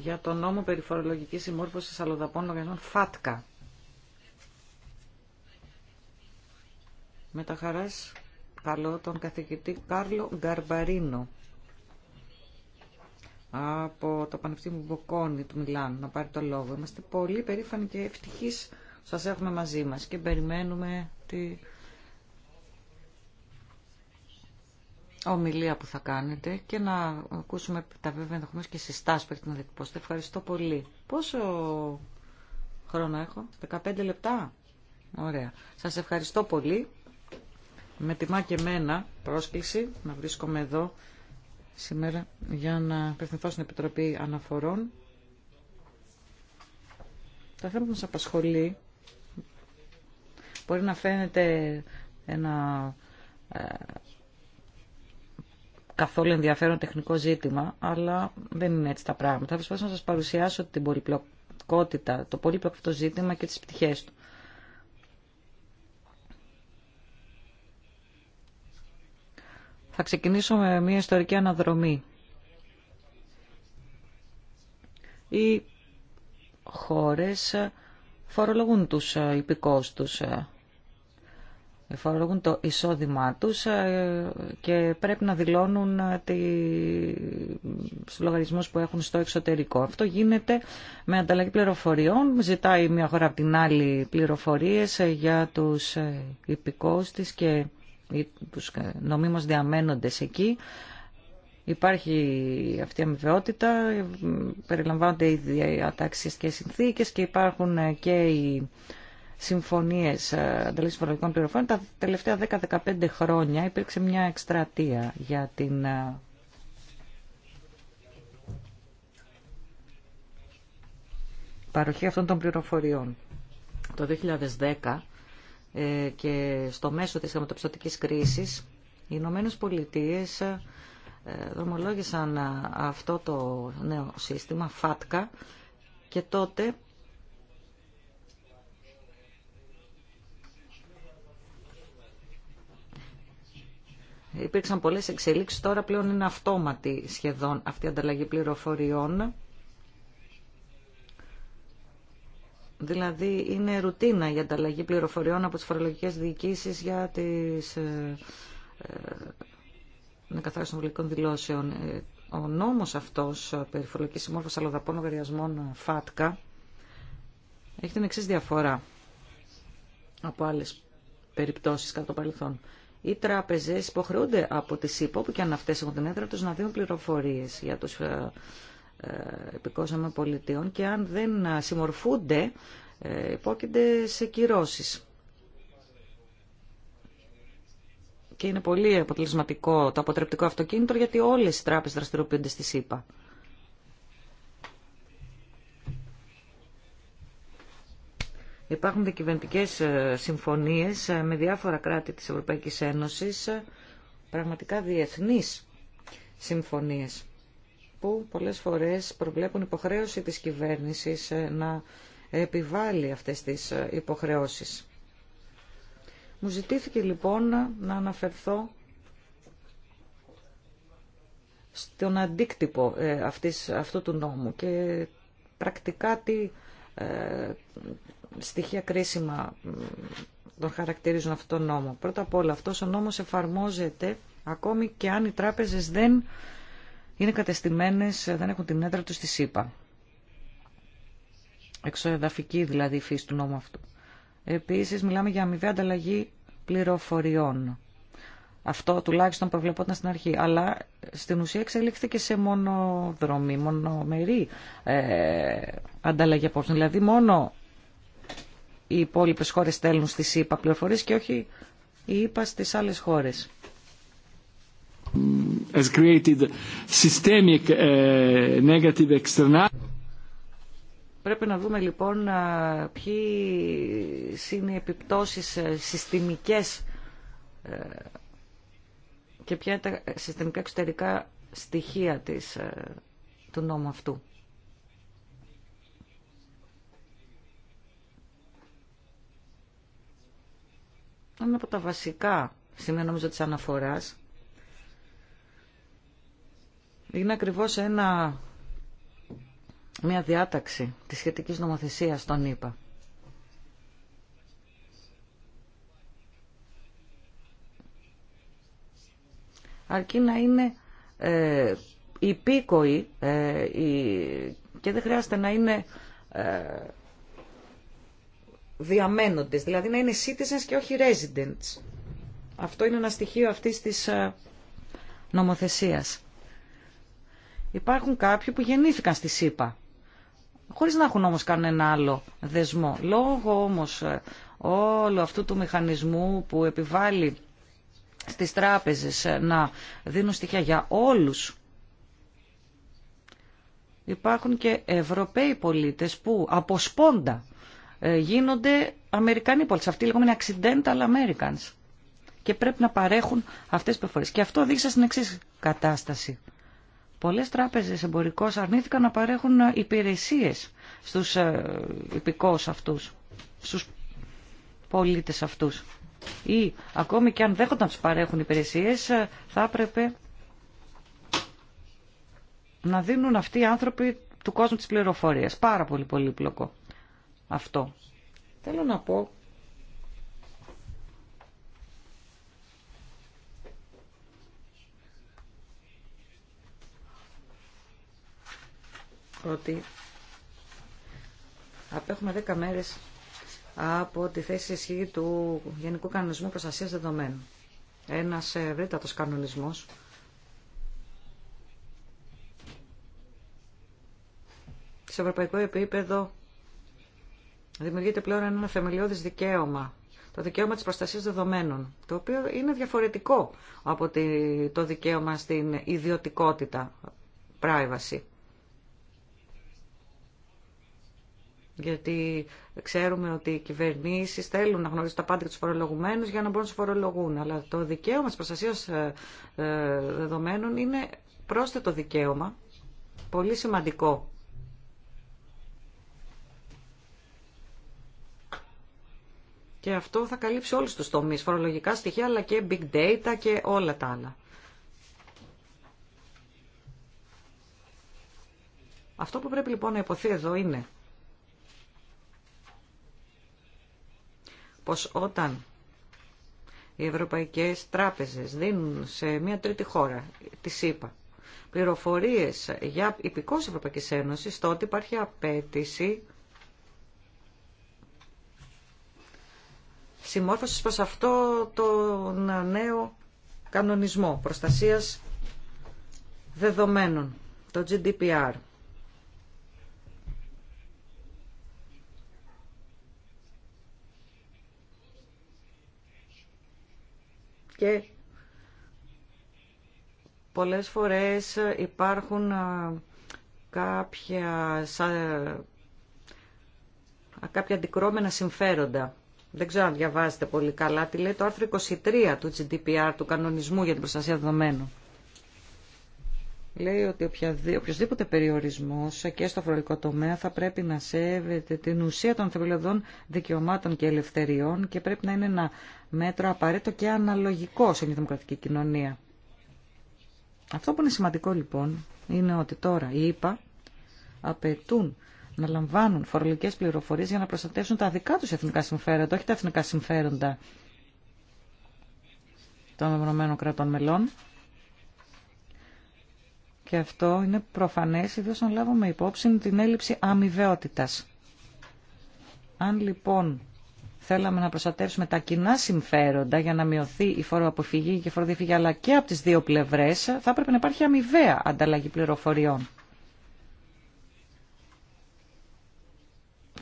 για τον νόμο περιφορολογικής συμμόρφωσης αλλοδαπών οργανών ΦΑΤΚΑ. Με τα χαράς καλώ τον καθηγητή Κάρλο Γκαρμπαρίνο από το Πανεπιστήμιο Μποκόνη του Μιλάνου να πάρει το λόγο. Είμαστε πολύ περήφανοι και ευτυχείς σας έχουμε μαζί μας και περιμένουμε τη ομιλία που θα κάνετε και να ακούσουμε τα βέβαια ενδεχομένω και συστάσεις που έχετε να διατυπώσετε. Ευχαριστώ πολύ. Πόσο χρόνο έχω, 15 λεπτά. Ωραία. Σας ευχαριστώ πολύ. Με τιμά και εμένα πρόσκληση να βρίσκομαι εδώ σήμερα για να απευθυνθώ στην Επιτροπή Αναφορών. Το θέμα που μας απασχολεί μπορεί να φαίνεται ένα ε, καθόλου ενδιαφέρον τεχνικό ζήτημα, αλλά δεν είναι έτσι τα πράγματα. Θα προσπαθήσω να σας παρουσιάσω την πολυπλοκότητα, το πολύπλοκο αυτό ζήτημα και τις πτυχές του. Θα ξεκινήσω με μια ιστορική αναδρομή. Οι χώρες φορολογούν τους υπηκόους τους φορολογούν το εισόδημά τους και πρέπει να δηλώνουν τη... στους λογαριασμούς που έχουν στο εξωτερικό. Αυτό γίνεται με ανταλλαγή πληροφοριών. Ζητάει μια χώρα από την άλλη πληροφορίες για τους υπηκόους της και τους νομίμως διαμένοντες εκεί. Υπάρχει αυτή η αμοιβαιότητα, περιλαμβάνονται οι διαταξίες και οι συνθήκες και υπάρχουν και οι συμφωνίες ε, ανταλήσεις φορολογικών πληροφόρων. Τα τελευταία 10-15 χρόνια υπήρξε μια εκστρατεία για την ε, παροχή αυτών των πληροφοριών. Το 2010 ε, και στο μέσο της χρηματοπιστωτικής κρίσης οι Ηνωμένε Πολιτείε ε, δρομολόγησαν ε, αυτό το νέο σύστημα, ΦΑΤΚΑ, και τότε υπήρξαν πολλές εξελίξεις, τώρα πλέον είναι αυτόματη σχεδόν αυτή η ανταλλαγή πληροφοριών Δηλαδή είναι ρουτίνα η ανταλλαγή πληροφοριών από τις φορολογικές διοικήσεις για τις ε, ε, των βουλικών δηλώσεων. Ε, ο νόμος αυτός ε, περί φορολογικής συμμόρφωσης αλλοδαπών λογαριασμών ε, ΦΑΤΚΑ έχει την εξής διαφορά από άλλες περιπτώσεις κατά το παρελθόν. Οι τράπεζες υποχρεούνται από τις ΥΠΟ που και αν αυτές έχουν την έδρα τους, να δίνουν πληροφορίες για τους ε, επικόσαμε πολιτείων και αν δεν συμμορφούνται ε, υπόκεινται σε κυρώσεις. Και είναι πολύ αποτελεσματικό το αποτρεπτικό αυτοκίνητο γιατί όλες οι τράπεζες δραστηριοποιούνται στη ΣΥΠΑ. Υπάρχουν δικυβερνητικέ ε, συμφωνίες με διάφορα κράτη της Ευρωπαϊκής Ένωσης, πραγματικά διεθνείς συμφωνίες που πολλές φορές προβλέπουν υποχρέωση της κυβέρνησης ε, να επιβάλλει αυτές τις ε, υποχρεώσεις. Μου ζητήθηκε λοιπόν να αναφερθώ στον αντίκτυπο ε, αυτού του νόμου και πρακτικά τι στοιχεία κρίσιμα τον χαρακτηρίζουν αυτόν τον νόμο. Πρώτα απ' όλα αυτός ο νόμος εφαρμόζεται ακόμη και αν οι τράπεζες δεν είναι κατεστημένες, ε, δεν έχουν την έδρα τους στη ΣΥΠΑ. Εξοεδαφική δηλαδή η φύση του νόμου αυτού. Επίσης μιλάμε για αμοιβή ανταλλαγή πληροφοριών. Αυτό τουλάχιστον προβλεπόταν στην αρχή. Αλλά στην ουσία εξελίχθηκε σε μονοδρομή, μονομερή ε, ανταλλαγή απόψεων. Δηλαδή μόνο οι υπόλοιπε χώρε στέλνουν στη ΣΥΠΑ πληροφορίε και όχι οι ΥΠΑ στι άλλε χώρε. Mm, has created uh, Πρέπει να δούμε λοιπόν ποιες είναι οι επιπτώσεις ε, συστημικές ε, και ποια είναι τα συστημικά εξωτερικά στοιχεία της, ε, του νόμου αυτού. Είναι από τα βασικά σημεία νομίζω της αναφοράς είναι ακριβώς ένα, μια διάταξη της σχετικής νομοθεσίας, τον είπα. Αρκεί να είναι ε, υπήκοοι ε, και δεν χρειάζεται να είναι ε, διαμένοντες, δηλαδή να είναι citizens και όχι residents. Αυτό είναι ένα στοιχείο αυτής της ε, νομοθεσίας. Υπάρχουν κάποιοι που γεννήθηκαν στη ΣΥΠΑ, χωρίς να έχουν όμως κανένα άλλο δεσμό. Λόγω όμως ε, όλου αυτού του μηχανισμού που επιβάλλει στις τράπεζες ε, να δίνουν στοιχεία για όλους, υπάρχουν και Ευρωπαίοι πολίτες που από σπόντα ε, γίνονται Αμερικανοί πολίτες. Αυτοί λεγόμενοι accidental Americans. Και πρέπει να παρέχουν αυτές τις προφορές. Και αυτό δείξα στην εξή κατάσταση. Πολλές τράπεζες εμπορικώς αρνήθηκαν να παρέχουν ε, υπηρεσίες στους ε, υπηκόους αυτούς, στους πολίτες αυτούς. Ή ακόμη και αν δέχονταν να τους παρέχουν υπηρεσίες, ε, θα έπρεπε να δίνουν αυτοί οι άνθρωποι του κόσμου της πληροφορίας. Πάρα πολύ πολύπλοκο αυτό. Θέλω να πω ότι απέχουμε 10 μέρες από τη θέση ισχύ του Γενικού Κανονισμού Προστασίας Δεδομένων. Ένας ευρύτατος κανονισμός σε ευρωπαϊκό επίπεδο δημιουργείται πλέον ένα θεμελιώδη δικαίωμα το δικαίωμα της προστασίας δεδομένων, το οποίο είναι διαφορετικό από το δικαίωμα στην ιδιωτικότητα, privacy. γιατί ξέρουμε ότι οι κυβερνήσεις θέλουν να γνωρίζουν τα πάντα και τους φορολογουμένους για να μπορούν να του φορολογούν. Αλλά το δικαίωμα της προστασίας ε, ε, δεδομένων είναι πρόσθετο δικαίωμα, πολύ σημαντικό. Και αυτό θα καλύψει όλους τους τομείς, φορολογικά στοιχεία αλλά και big data και όλα τα άλλα. Αυτό που πρέπει λοιπόν να υποθεί εδώ είναι πως όταν οι ευρωπαϊκές τράπεζες δίνουν σε μια τρίτη χώρα, τη ΣΥΠΑ, πληροφορίες για υπηκός Ευρωπαϊκής Ένωσης, τότε υπάρχει απέτηση συμμόρφωσης προς αυτό τον νέο κανονισμό προστασίας δεδομένων, το GDPR. και πολλές φορές υπάρχουν κάποια, κάποια αντικρώμενα συμφέροντα. Δεν ξέρω αν διαβάζετε πολύ καλά τι λέει το άρθρο 23 του GDPR, του κανονισμού για την προστασία δεδομένων λέει ότι οποιοδήποτε περιορισμό και στο φορολογικό τομέα θα πρέπει να σέβεται την ουσία των θεμελιωδών δικαιωμάτων και ελευθεριών και πρέπει να είναι ένα μέτρο απαραίτητο και αναλογικό σε μια δημοκρατική κοινωνία. Αυτό που είναι σημαντικό λοιπόν είναι ότι τώρα οι ΙΠΑ απαιτούν να λαμβάνουν φορολογικέ πληροφορίε για να προστατεύσουν τα δικά του εθνικά συμφέροντα, όχι τα εθνικά συμφέροντα των ΗΠΑ κρατών μελών και αυτό είναι προφανές, ιδίως αν λάβουμε υπόψη την έλλειψη αμοιβαιότητα. Αν λοιπόν θέλαμε να προστατεύσουμε τα κοινά συμφέροντα για να μειωθεί η φοροαποφυγή και η φοροδίφυγη, αλλά και από τις δύο πλευρές, θα έπρεπε να υπάρχει αμοιβαία ανταλλαγή πληροφοριών.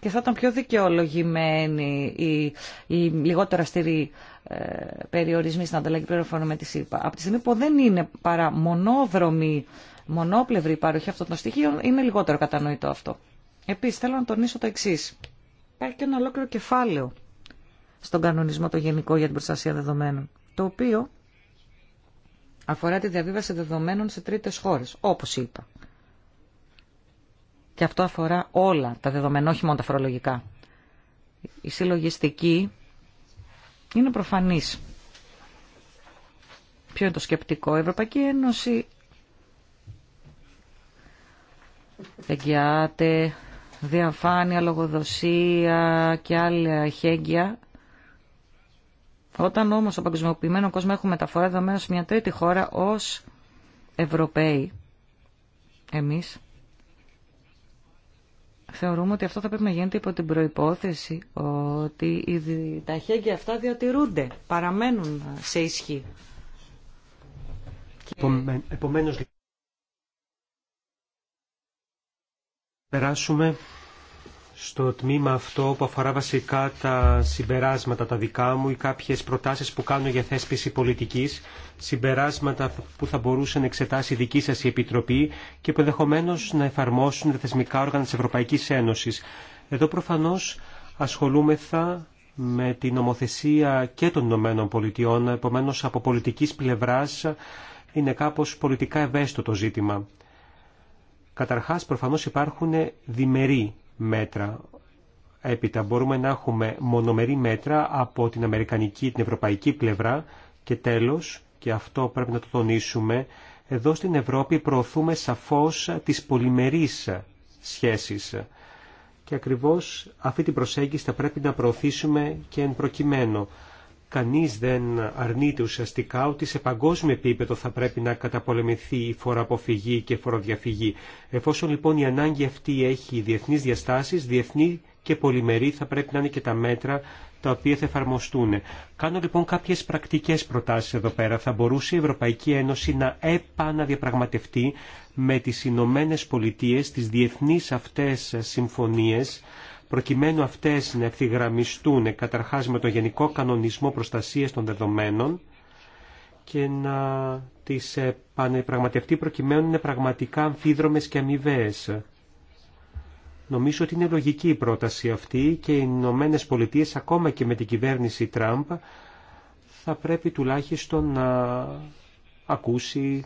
και θα ήταν πιο δικαιολογημένη η, η λιγότερα αστήρη ε, περιορισμή στην ανταλλαγή πληροφοριών με τη ΣΥΠΑ. Από τη στιγμή που δεν είναι παρά μονόδρομη μονόπλευρη παροχή αυτών των στοιχείων, είναι λιγότερο κατανοητό αυτό. Επίσης, θέλω να τονίσω το εξή. Υπάρχει και ένα ολόκληρο κεφάλαιο στον κανονισμό το γενικό για την προστασία δεδομένων, το οποίο αφορά τη διαβίβαση δεδομένων σε τρίτες χώρες, όπως είπα. Και αυτό αφορά όλα τα δεδομένα, όχι μόνο τα φορολογικά. Η συλλογιστική είναι προφανής. Ποιο είναι το σκεπτικό. Η Ευρωπαϊκή Ένωση εγγυάται διαφάνεια, λογοδοσία και άλλα χέγγια. Όταν όμως ο παγκοσμιοποιημένο κόσμο έχουμε μεταφορά μέσα σε μια τρίτη χώρα ως Ευρωπαίοι, εμείς θεωρούμε ότι αυτό θα πρέπει να γίνεται υπό την προϋπόθεση ότι τα χέγγια αυτά διατηρούνται, παραμένουν σε ισχύ. Περάσουμε στο τμήμα αυτό που αφορά βασικά τα συμπεράσματα τα δικά μου ή κάποιες προτάσεις που κάνω για θέσπιση πολιτικής, συμπεράσματα που θα μπορούσε να εξετάσει η δική σας η Επιτροπή και που ενδεχομένω να εφαρμόσουν τα θεσμικά όργανα της Ευρωπαϊκής Ένωσης. Εδώ προφανώς ασχολούμεθα με την νομοθεσία και των Ηνωμένων Πολιτειών, επομένως από πολιτικής πλευράς είναι κάπως πολιτικά ευαίσθητο το ζήτημα. Καταρχάς, προφανώς υπάρχουν διμερεί μέτρα. Έπειτα μπορούμε να έχουμε μονομερή μέτρα από την αμερικανική, την ευρωπαϊκή πλευρά και τέλος, και αυτό πρέπει να το τονίσουμε, εδώ στην Ευρώπη προωθούμε σαφώς τις πολυμερείς σχέσεις. Και ακριβώς αυτή την προσέγγιση θα πρέπει να προωθήσουμε και εν προκειμένου. Κανείς δεν αρνείται ουσιαστικά ότι σε παγκόσμιο επίπεδο θα πρέπει να καταπολεμηθεί η φοροαποφυγή και η φοροδιαφυγή. Εφόσον λοιπόν η ανάγκη αυτή έχει διεθνείς διαστάσεις, διεθνή και πολυμερή θα πρέπει να είναι και τα μέτρα τα οποία θα εφαρμοστούν. Κάνω λοιπόν κάποιες πρακτικές προτάσεις εδώ πέρα. Θα μπορούσε η Ευρωπαϊκή Ένωση να επαναδιαπραγματευτεί με τις Ηνωμένε Πολιτείες τις διεθνείς αυτές συμφωνίες προκειμένου αυτές να ευθυγραμμιστούν καταρχάς με το Γενικό Κανονισμό Προστασίας των Δεδομένων και να τις επανεπραγματευτεί προκειμένου να είναι πραγματικά αμφίδρομες και αμοιβαίε. Νομίζω ότι είναι λογική η πρόταση αυτή και οι Ηνωμένε Πολιτείε ακόμα και με την κυβέρνηση Τραμπ θα πρέπει τουλάχιστον να ακούσει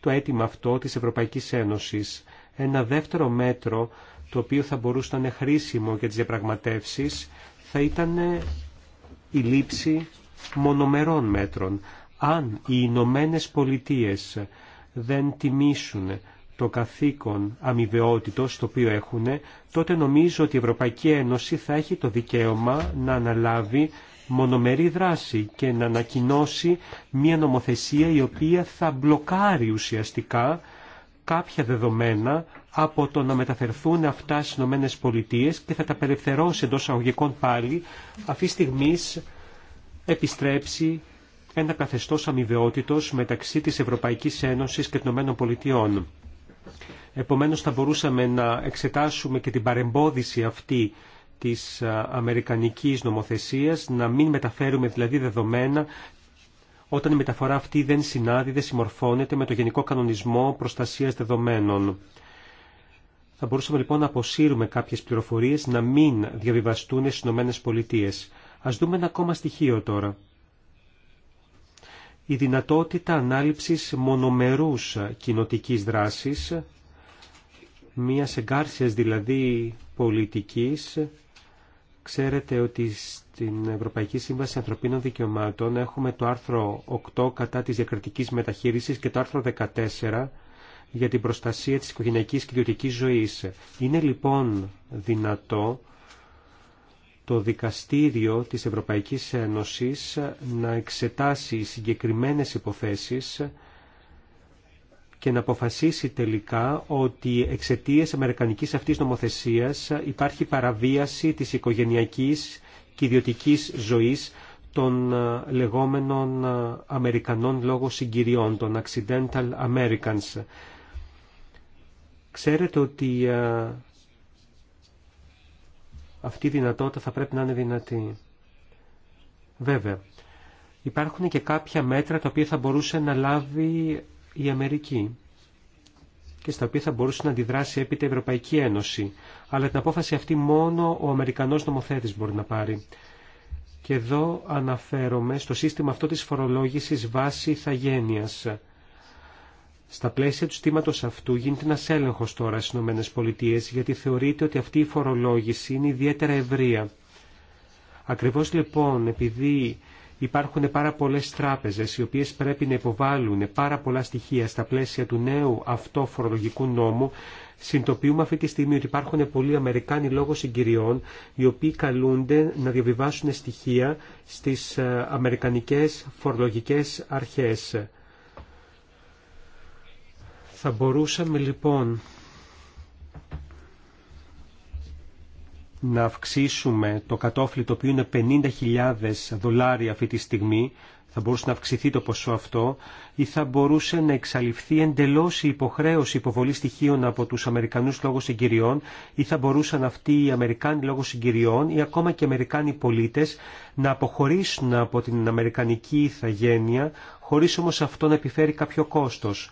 το αίτημα αυτό της Ευρωπαϊκής Ένωσης. Ένα δεύτερο μέτρο το οποίο θα μπορούσε να είναι χρήσιμο για τις διαπραγματεύσεις θα ήταν η λήψη μονομερών μέτρων. Αν οι Ηνωμένε Πολιτείε δεν τιμήσουν το καθήκον αμοιβαιότητος το οποίο έχουν, τότε νομίζω ότι η Ευρωπαϊκή Ένωση θα έχει το δικαίωμα να αναλάβει μονομερή δράση και να ανακοινώσει μια νομοθεσία η οποία θα μπλοκάρει ουσιαστικά κάποια δεδομένα από το να μεταφερθούν αυτά στι Ηνωμένε Πολιτείες και θα τα απελευθερώσει εντό αγωγικών πάλι αυτή τη στιγμή επιστρέψει ένα καθεστώς αμοιβαιότητος μεταξύ της Ευρωπαϊκής Ένωσης και των Ηνωμένων Πολιτειών. Επομένως θα μπορούσαμε να εξετάσουμε και την παρεμπόδιση αυτή της Αμερικανικής νομοθεσίας, να μην μεταφέρουμε δηλαδή δεδομένα όταν η μεταφορά αυτή δεν συνάδει, δεν συμμορφώνεται με το Γενικό Κανονισμό Προστασίας Δεδομένων. Θα μπορούσαμε λοιπόν να αποσύρουμε κάποιες πληροφορίες να μην διαβιβαστούν στι Ηνωμένες Πολιτείες. Ας δούμε ένα ακόμα στοιχείο τώρα. Η δυνατότητα ανάληψης μονομερούς κοινοτική δράσης, μιας εγκάρσιας δηλαδή πολιτικής, ξέρετε ότι στην Ευρωπαϊκή Σύμβαση Ανθρωπίνων Δικαιωμάτων έχουμε το άρθρο 8 κατά της διακριτικής μεταχείρισης και το άρθρο 14 για την προστασία της οικογενειακής και ιδιωτικής ζωής. Είναι λοιπόν δυνατό το Δικαστήριο της Ευρωπαϊκής Ένωσης να εξετάσει συγκεκριμένες υποθέσεις και να αποφασίσει τελικά ότι εξαιτίας αμερικανικής αυτής νομοθεσίας υπάρχει παραβίαση της οικογενειακής και ιδιωτική ζωής των ε, λεγόμενων ε, Αμερικανών λόγω συγκυριών, των Accidental Americans. Ξέρετε ότι ε, αυτή η δυνατότητα θα πρέπει να είναι δυνατή. Βέβαια, υπάρχουν και κάποια μέτρα τα οποία θα μπορούσε να λάβει η Αμερική και στα οποία θα μπορούσε να αντιδράσει έπειτα η Ευρωπαϊκή Ένωση. Αλλά την απόφαση αυτή μόνο ο Αμερικανός νομοθέτης μπορεί να πάρει. Και εδώ αναφέρομαι στο σύστημα αυτό της φορολόγησης βάση ηθαγένειας. Στα πλαίσια του στήματο αυτού γίνεται ένα έλεγχο τώρα στι ΗΠΑ γιατί θεωρείται ότι αυτή η φορολόγηση είναι ιδιαίτερα ευρεία. Ακριβώς λοιπόν επειδή Υπάρχουν πάρα πολλές τράπεζες οι οποίες πρέπει να υποβάλουν πάρα πολλά στοιχεία στα πλαίσια του νέου αυτό φορολογικού νόμου. Συντοποιούμε αυτή τη στιγμή ότι υπάρχουν πολλοί Αμερικάνοι λόγω συγκυριών οι οποίοι καλούνται να διαβιβάσουν στοιχεία στις ε, Αμερικανικές φορολογικές αρχές. Θα μπορούσαμε λοιπόν να αυξήσουμε το κατόφλι το οποίο είναι 50.000 δολάρια αυτή τη στιγμή, θα μπορούσε να αυξηθεί το ποσό αυτό ή θα μπορούσε να εξαλειφθεί εντελώς η υποχρέωση υποβολή στοιχείων από τους Αμερικανούς λόγους συγκυριών ή θα μπορούσαν αυτοί οι Αμερικάνοι λόγους συγκυριών ή ακόμα και οι Αμερικάνοι πολίτες να αποχωρήσουν από την Αμερικανική ηθαγένεια χωρίς όμως αυτό να επιφέρει κάποιο κόστος.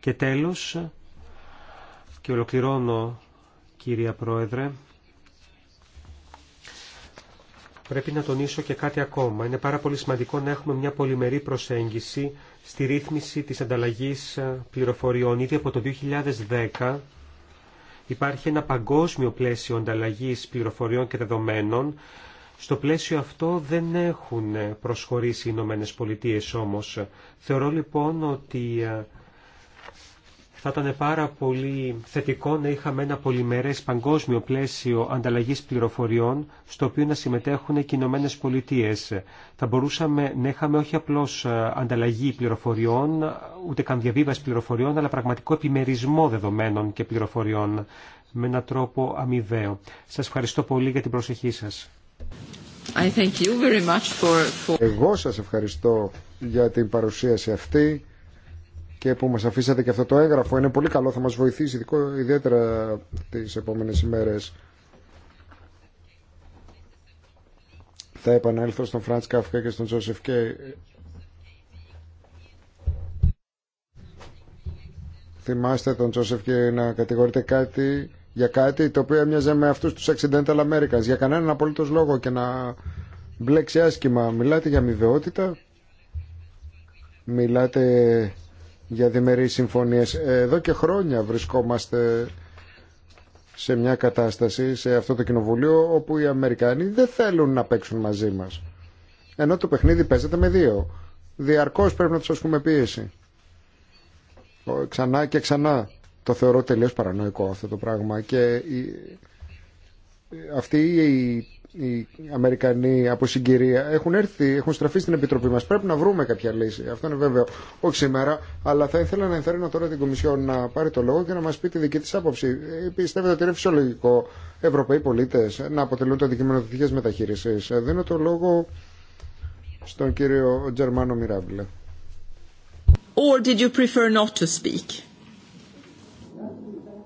Και τέλος, και ολοκληρώνω κύρια Πρόεδρε, Πρέπει να τονίσω και κάτι ακόμα. Είναι πάρα πολύ σημαντικό να έχουμε μια πολυμερή προσέγγιση στη ρύθμιση της ανταλλαγής ε, πληροφοριών. Ήδη από το 2010 υπάρχει ένα παγκόσμιο πλαίσιο ανταλλαγής πληροφοριών και δεδομένων. Στο πλαίσιο αυτό δεν έχουν προσχωρήσει οι Ηνωμένε Πολιτείε όμως. Θεωρώ λοιπόν ότι ε, θα ήταν πάρα πολύ θετικό να είχαμε ένα πολυμερές παγκόσμιο πλαίσιο ανταλλαγής πληροφοριών, στο οποίο να συμμετέχουν και οι Πολιτείε. Θα μπορούσαμε να είχαμε όχι απλώς ε, ανταλλαγή πληροφοριών, ούτε καν διαβίβαση πληροφοριών, αλλά πραγματικό επιμερισμό δεδομένων και πληροφοριών με έναν τρόπο αμοιβαίο. Σας ευχαριστώ πολύ για την προσοχή σας. Εγώ σας ευχαριστώ για την παρουσίαση αυτή και που μας αφήσατε και αυτό το έγγραφο. Είναι πολύ καλό, θα μας βοηθήσει ειδικό, ιδιαίτερα τις επόμενες ημέρες. Θα επανέλθω στον Φραντς Κάφκα και στον Τζόσεφ Κέι. Θυμάστε τον Τζόσεφ Κέι να κατηγορείται κάτι για κάτι το οποίο έμοιαζε με αυτούς τους Accidental Americans για κανέναν απολύτως λόγο και να μπλέξει άσχημα. Μιλάτε για αμοιβαιότητα, μιλάτε για διμερείς συμφωνίες. Εδώ και χρόνια βρισκόμαστε σε μια κατάσταση, σε αυτό το κοινοβουλίο, όπου οι Αμερικάνοι δεν θέλουν να παίξουν μαζί μας. Ενώ το παιχνίδι παίζεται με δύο. Διαρκώς πρέπει να τους ασκούμε πίεση. Ξανά και ξανά. Το θεωρώ τελείως παρανοϊκό αυτό το πράγμα. Και αυτή η οι Αμερικανοί από συγκυρία έχουν έρθει, έχουν στραφεί στην Επιτροπή μας. Πρέπει να βρούμε κάποια λύση. Αυτό είναι βέβαιο. Όχι σήμερα, αλλά θα ήθελα να ενθαρρύνω τώρα την Κομισιόν να πάρει το λόγο και να μας πει τη δική της άποψη. Ε, πιστεύετε ότι είναι φυσιολογικό Ευρωπαίοι πολίτες να αποτελούν το αντικείμενο δυτικής μεταχείρισης. Ε, δίνω το λόγο στον κύριο Τζερμάνο Μιράμπλε. Or did you prefer not to speak?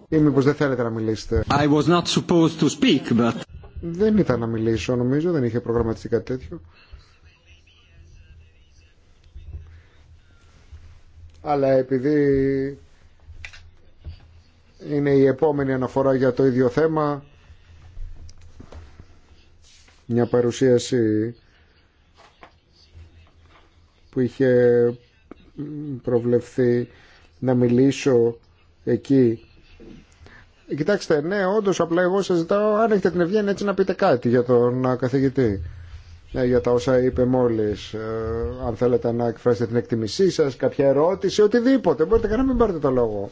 Ή μήπως δεν θέλετε να μιλήσετε. I was not supposed to speak, but... Δεν ήταν να μιλήσω νομίζω, δεν είχε προγραμματιστεί κάτι τέτοιο. Αλλά επειδή είναι η επόμενη αναφορά για το ίδιο θέμα, μια παρουσίαση που είχε προβλεφθεί να μιλήσω εκεί Κοιτάξτε, ναι, όντω, απλά εγώ σα ζητάω αν έχετε την ευγένεια έτσι να πείτε κάτι για τον καθηγητή. Ναι, για τα όσα είπε μόλι. Ε, αν θέλετε να εκφράσετε την εκτιμήσή σα, κάποια ερώτηση, οτιδήποτε. Μπορείτε και να μην πάρετε το λόγο.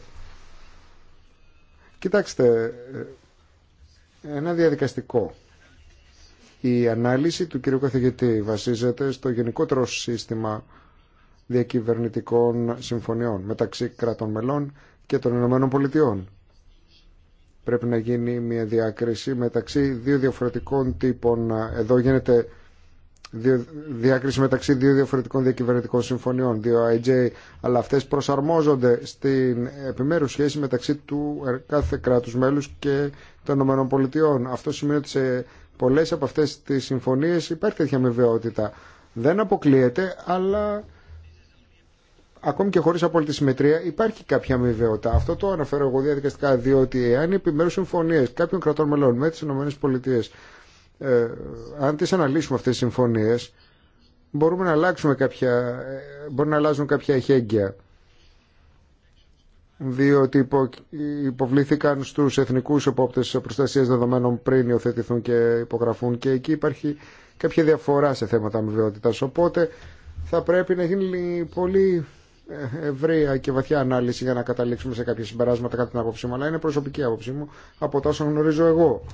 Κοιτάξτε, ε, ένα διαδικαστικό. Η ανάλυση του κυρίου καθηγητή βασίζεται στο γενικότερο σύστημα διακυβερνητικών συμφωνιών μεταξύ κρατών μελών και των Ηνωμένων Πολιτειών πρέπει να γίνει μια διάκριση μεταξύ δύο διαφορετικών τύπων. Εδώ γίνεται διάκριση μεταξύ δύο διαφορετικών διακυβερνητικών συμφωνιών, δύο IJ, αλλά αυτές προσαρμόζονται στην επιμέρους σχέση μεταξύ του ε, κάθε κράτους μέλους και των ΗΠΑ. Αυτό σημαίνει ότι σε πολλές από αυτές τις συμφωνίες υπάρχει τέτοια αμοιβαιότητα. Δεν αποκλείεται, αλλά ακόμη και χωρί απόλυτη συμμετρία υπάρχει κάποια αμοιβαιότητα. Αυτό το αναφέρω εγώ διαδικαστικά, διότι εάν οι επιμέρου συμφωνίες κάποιων κρατών μελών με τι ΗΠΑ, ε, αν τι αναλύσουμε αυτέ τι συμφωνίε μπορούμε να αλλάξουμε κάποια, ε, μπορεί να αλλάζουν κάποια εχέγγυα διότι υπο, υποβλήθηκαν στου εθνικού επόπτε προστασία δεδομένων πριν υιοθετηθούν και υπογραφούν και εκεί υπάρχει κάποια διαφορά σε θέματα αμοιβαιότητα. Οπότε θα πρέπει να γίνει πολύ ευρεία και βαθιά ανάλυση για να καταλήξουμε σε κάποια συμπεράσματα κατά την άποψή μου, αλλά είναι προσωπική άποψή μου από τα όσα γνωρίζω εγώ.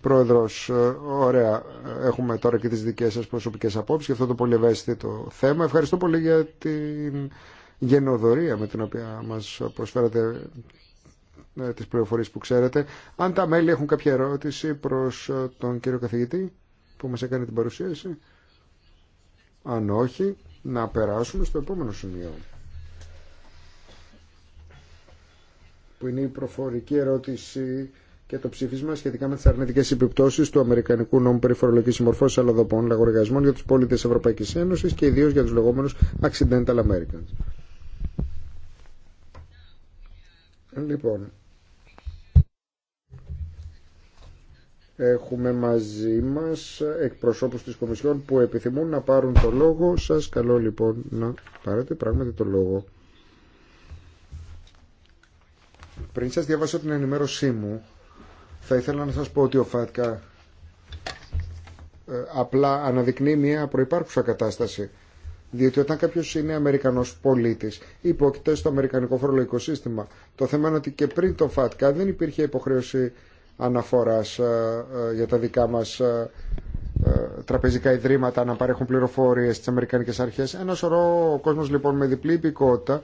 Πρόεδρο ε, ωραία, έχουμε τώρα και τι δικέ σα προσωπικέ απόψει για αυτό το πολύ ευαίσθητο θέμα. Ευχαριστώ πολύ για την γενοδορία με την οποία μα προσφέρατε ε, τι πληροφορίε που ξέρετε. Αν τα μέλη έχουν κάποια ερώτηση προ ε, τον κύριο καθηγητή που μα έκανε την παρουσίαση. Αν όχι, να περάσουμε στο επόμενο σημείο που είναι η προφορική ερώτηση και το ψήφισμα σχετικά με τις αρνητικές επιπτώσεις του Αμερικανικού νόμου περιφορολογική Συμμορφώσης αλλοδοπών λαγοργασμών για του πολίτε Ευρωπαϊκής Ένωσης και ιδίως για τους λεγόμενους Accidental Americans. Λοιπόν, Έχουμε μαζί μας εκπροσώπους της Κομισιόν που επιθυμούν να πάρουν το λόγο. Σας καλώ λοιπόν να πάρετε πράγματι το λόγο. Πριν σας διαβάσω την ενημέρωσή μου, θα ήθελα να σας πω ότι ο ΦΑΤΚΑ ε, απλά αναδεικνύει μια προϋπάρχουσα κατάσταση. Διότι όταν κάποιο είναι Αμερικανό πολίτη, υπόκειται στο Αμερικανικό φορολογικό σύστημα. Το θέμα είναι ότι και πριν το ΦΑΤΚΑ δεν υπήρχε υποχρέωση αναφοράς ε, ε, για τα δικά μας ε, τραπεζικά ιδρύματα να παρέχουν πληροφορίες στις Αμερικανικές Αρχές. Ένα σωρό ο κόσμος λοιπόν με διπλή υπηκότητα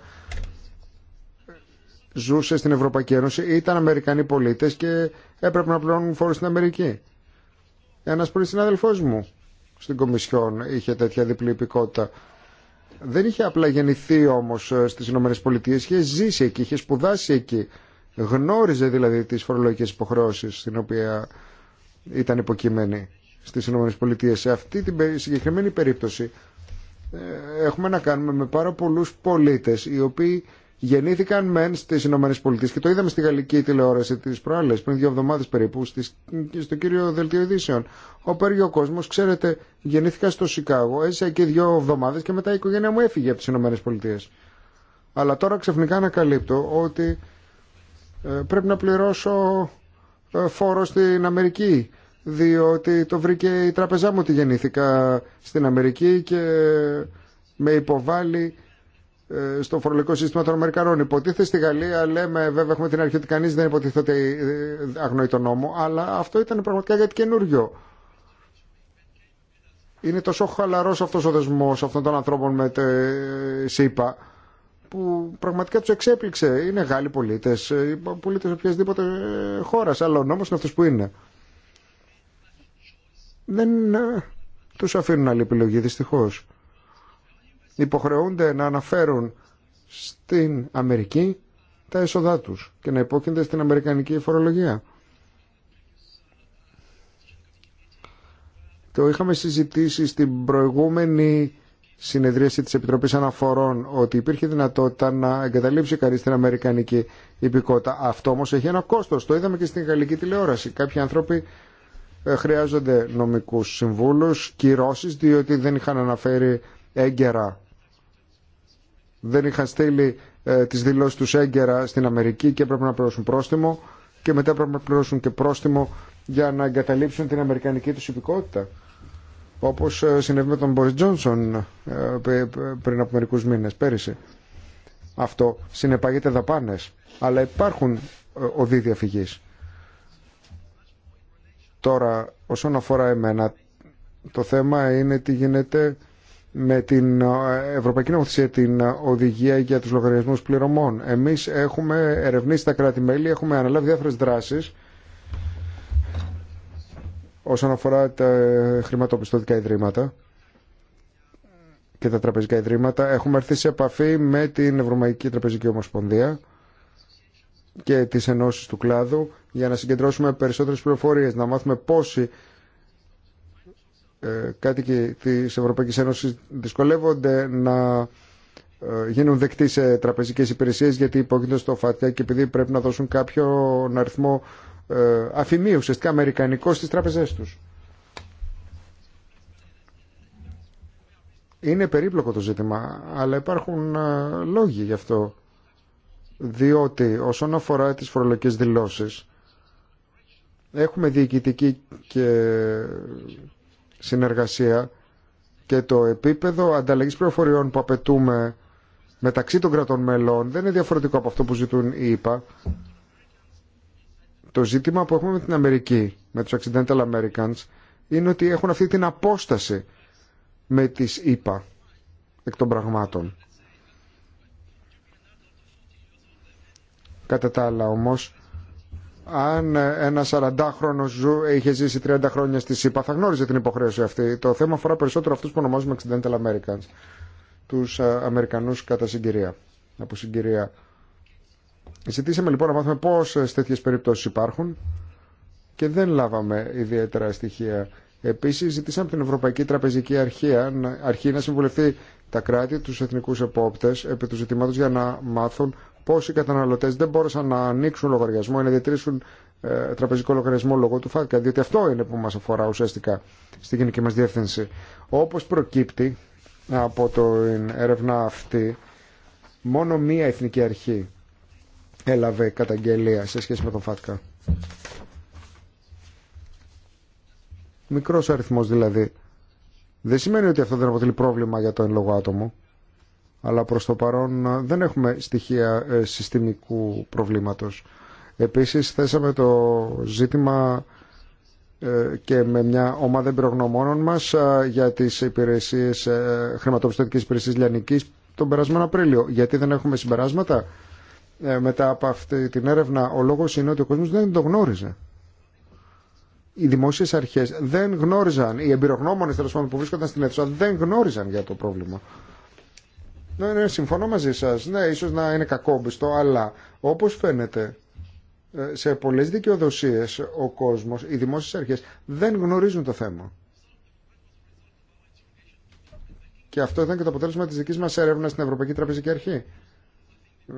ζούσε στην Ευρωπαϊκή Ένωση, ήταν Αμερικανοί πολίτες και έπρεπε να πληρώνουν φόρους στην Αμερική. Ένας πολύ συνάδελφός μου στην Κομισιόν είχε τέτοια διπλή υπηκότητα. Δεν είχε απλά γεννηθεί όμως στις Ηνωμένες Πολιτείες, είχε ζήσει εκεί, είχε σπουδάσει εκεί γνώριζε δηλαδή τις φορολογικές υποχρεώσεις στην οποία ήταν υποκειμένη στις ΗΠΑ. Σε αυτή την συγκεκριμένη περίπτωση ε, έχουμε να κάνουμε με πάρα πολλούς πολίτες οι οποίοι γεννήθηκαν μεν στις ΗΠΑ και το είδαμε στη γαλλική τηλεόραση τις προάλλες πριν δύο εβδομάδες περίπου στις, στο κύριο Δελτίο Ειδήσεων ο Πέργιο Κόσμος ξέρετε γεννήθηκα στο Σικάγο έζησα εκεί δύο εβδομάδες και μετά η οικογένεια μου έφυγε από τι ΗΠΑ. αλλά τώρα ξαφνικά ανακαλύπτω ότι ε, πρέπει να πληρώσω ε, φόρο στην Αμερική διότι το βρήκε η τραπεζά μου ότι γεννήθηκα στην Αμερική και με υποβάλλει ε, στο φορολογικό σύστημα των Αμερικανών. Υποτίθεται στη Γαλλία, λέμε βέβαια έχουμε την αρχή ότι κανείς δεν υποτίθεται αγνοεί τον νόμο, αλλά αυτό ήταν πραγματικά γιατί καινούριο. Είναι τόσο χαλαρός αυτός ο δεσμός αυτών των ανθρώπων με τη ΣΥΠΑ που πραγματικά του εξέπληξε. Είναι Γάλλοι πολίτε, πολίτε οποιασδήποτε χώρα, αλλά ο νόμο είναι αυτό που είναι. Δεν ε, του αφήνουν άλλη επιλογή, δυστυχώ. Υποχρεούνται να αναφέρουν στην Αμερική τα έσοδά τους και να υπόκεινται στην Αμερικανική φορολογία. Το είχαμε συζητήσει στην προηγούμενη συνεδρίαση της Επιτροπής Αναφορών ότι υπήρχε δυνατότητα να εγκαταλείψει κανείς την Αμερικανική υπηκότητα. Αυτό όμως έχει ένα κόστος. Το είδαμε και στην γαλλική τηλεόραση. Κάποιοι άνθρωποι ε, χρειάζονται νομικούς συμβούλους, κυρώσεις, διότι δεν είχαν αναφέρει έγκαιρα. Δεν είχαν στείλει ε, τις δηλώσεις τους έγκαιρα στην Αμερική και έπρεπε να πληρώσουν πρόστιμο και μετά έπρεπε να πληρώσουν και πρόστιμο για να εγκαταλείψουν την Αμερικανική του υπηκότητα. Όπω ε, συνέβη με τον Μπόρι Τζόνσον ε, πριν από μερικού μήνε πέρυσι. Αυτό συνεπάγεται δαπάνε, αλλά υπάρχουν ε, οδοί διαφυγή. Τώρα, όσον αφορά εμένα, το θέμα είναι τι γίνεται με την Ευρωπαϊκή Νομοθεσία, την Οδηγία για τους Λογαριασμούς Πληρωμών. Εμείς έχουμε ερευνήσει τα κράτη-μέλη, έχουμε αναλάβει διάφορες δράσεις όσον αφορά τα χρηματοπιστωτικά ιδρύματα και τα τραπεζικά ιδρύματα. Έχουμε έρθει σε επαφή με την Ευρωπαϊκή Τραπεζική Ομοσπονδία και τις ενώσεις του κλάδου για να συγκεντρώσουμε περισσότερες πληροφορίες, να μάθουμε πόσοι ε, κάτοικοι της Ευρωπαϊκής Ένωσης δυσκολεύονται να ε, γίνουν δεκτοί σε τραπεζικές υπηρεσίες γιατί υπόκειται στο φάτια και επειδή πρέπει να δώσουν κάποιο αριθμό ε, αφημίου, ουσιαστικά αμερικανικό στις τράπεζές τους. Είναι περίπλοκο το ζήτημα, αλλά υπάρχουν ε, λόγοι γι' αυτό. Διότι όσον αφορά τις φορολογικές δηλώσεις, έχουμε διοικητική και συνεργασία και το επίπεδο ανταλλαγής πληροφοριών που απαιτούμε μεταξύ των κρατών μελών δεν είναι διαφορετικό από αυτό που ζητούν οι ΙΠΑ. Το ζήτημα που έχουμε με την Αμερική, με τους Accidental Americans, είναι ότι έχουν αυτή την απόσταση με τις ΗΠΑ εκ των πραγμάτων. Κατά τα άλλα όμως, αν ένα 40χρονο ζού είχε ζήσει 30 χρόνια στη ΣΥΠΑ, θα γνώριζε την υποχρέωση αυτή. Το θέμα αφορά περισσότερο αυτού που ονομάζουμε Accidental Americans, του ε, Αμερικανού κατά συγκυρία, από συγκυρία. Ζητήσαμε λοιπόν να μάθουμε πόσε τέτοιε περιπτώσει υπάρχουν και δεν λάβαμε ιδιαίτερα στοιχεία. Επίση, ζητήσαμε την Ευρωπαϊκή Τραπεζική Αρχή, αρχή να συμβουλευτεί τα κράτη, του εθνικού επόπτε επί του ζητήματο για να μάθουν πόσοι οι καταναλωτέ δεν μπόρεσαν να ανοίξουν λογαριασμό ή να διατηρήσουν ε, τραπεζικό λογαριασμό λόγω του ΦΑΤΚΑ, διότι αυτό είναι που μα αφορά ουσιαστικά στη γενική μα διεύθυνση. Όπω προκύπτει από την έρευνα αυτή, μόνο μία εθνική αρχή έλαβε καταγγελία σε σχέση με τον ΦΑΤΚΑ. Μικρός αριθμός δηλαδή. Δεν σημαίνει ότι αυτό δεν αποτελεί πρόβλημα για το εν λόγω άτομο, αλλά προς το παρόν ε, δεν έχουμε στοιχεία ε, συστημικού προβλήματος. Επίσης θέσαμε το ζήτημα ε, και με μια ομάδα εμπειρογνωμόνων μας για τις υπηρεσίες, χρηματοπιστωτικές υπηρεσίες Λιανικής τον περασμένο Απρίλιο. Γιατί δεν έχουμε συμπεράσματα. Ε, μετά από αυτή την έρευνα ο λόγος είναι ότι ο κόσμος δεν το γνώριζε. Οι δημόσιες αρχές δεν γνώριζαν, οι εμπειρογνώμονες τέλος πάντων που βρίσκονταν στην αίθουσα δεν γνώριζαν για το πρόβλημα. Ναι, ναι, συμφωνώ μαζί σας. Ναι, ίσως να είναι κακόμπιστο, αλλά όπως φαίνεται ε, σε πολλές δικαιοδοσίες ο κόσμος, οι δημόσιες αρχές δεν γνωρίζουν το θέμα. Και αυτό ήταν και το αποτέλεσμα της δικής μας έρευνας στην Ευρωπαϊκή Τραπεζική Αρχή. Ε,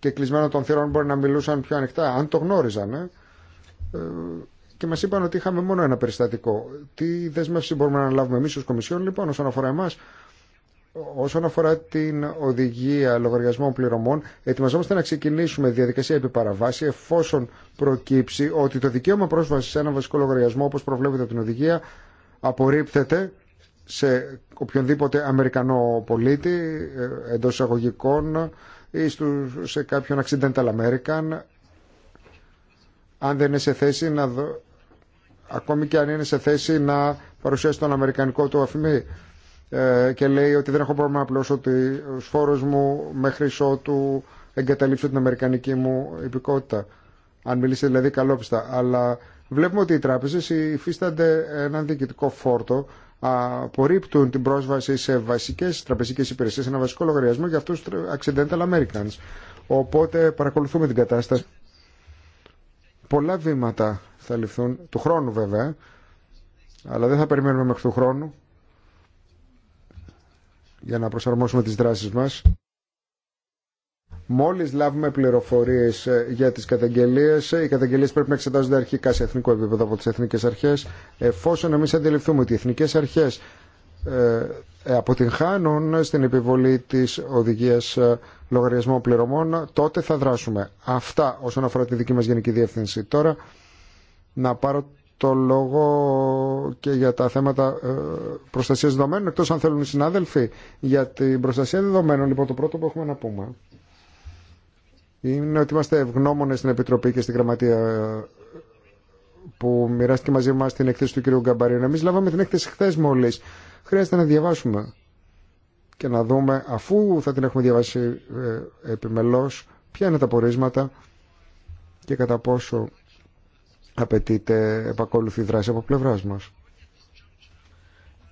και κλεισμένο των θύρων μπορεί να μιλούσαν πιο ανοιχτά, αν το γνώριζαν. Ε, και μα είπαν ότι είχαμε μόνο ένα περιστατικό. Τι δέσμευση μπορούμε να λάβουμε εμεί ω Κομισιόν, λοιπόν, όσον αφορά εμά. Όσον αφορά την οδηγία λογαριασμών πληρωμών, ετοιμαζόμαστε να ξεκινήσουμε διαδικασία επιπαραβάση εφόσον προκύψει ότι το δικαίωμα πρόσβαση σε ένα βασικό λογαριασμό, όπω προβλέπεται από την οδηγία, απορρίπτεται σε οποιονδήποτε Αμερικανό πολίτη ε, εντό εισαγωγικών ή σε κάποιον accidental American αν δεν είναι σε θέση να δω... ακόμη και αν είναι σε θέση να παρουσιάσει τον αμερικανικό του αφημί ε, και λέει ότι δεν έχω πρόβλημα να ότι ο φόρους μου μέχρι ότου εγκαταλείψω την αμερικανική μου υπηκότητα. Αν μιλήσει δηλαδή καλόπιστα. Αλλά βλέπουμε ότι οι τράπεζες υφίστανται έναν διοικητικό φόρτο απορρίπτουν την πρόσβαση σε βασικές τραπεζικές υπηρεσίες, ένα βασικό λογαριασμό για αυτούς του accidental Americans. Οπότε παρακολουθούμε την κατάσταση. Πολλά βήματα θα ληφθούν, του χρόνου βέβαια, αλλά δεν θα περιμένουμε μέχρι του χρόνου για να προσαρμόσουμε τις δράσεις μας. Μόλι λάβουμε πληροφορίε ε, για τι καταγγελίε, ε, οι καταγγελίε πρέπει να εξετάζονται αρχικά σε εθνικό επίπεδο από τι εθνικέ αρχέ. Εφόσον εμεί αντιληφθούμε ότι οι εθνικέ αρχέ ε, ε, αποτυγχάνουν στην επιβολή της οδηγίας λογαριασμών πληρωμών, τότε θα δράσουμε. Αυτά όσον αφορά τη δική μας Γενική Διεύθυνση. Τώρα να πάρω το λόγο και για τα θέματα προστασίας δεδομένων, εκτός αν θέλουν οι συνάδελφοι, για την προστασία δεδομένων, λοιπόν, το πρώτο που έχουμε να πούμε είναι ότι είμαστε ευγνώμονες στην Επιτροπή και στην Γραμματεία ε, που μοιράστηκε μαζί μας την εκθέση του κ. Γκαμπαρίνα. Εμείς λάβαμε την έκθεση χθε μόλι. Χρειάζεται να διαβάσουμε και να δούμε, αφού θα την έχουμε διαβάσει ε, επιμελώς, ποια είναι τα πορίσματα και κατά πόσο απαιτείται επακόλουθη δράση από πλευρά μα.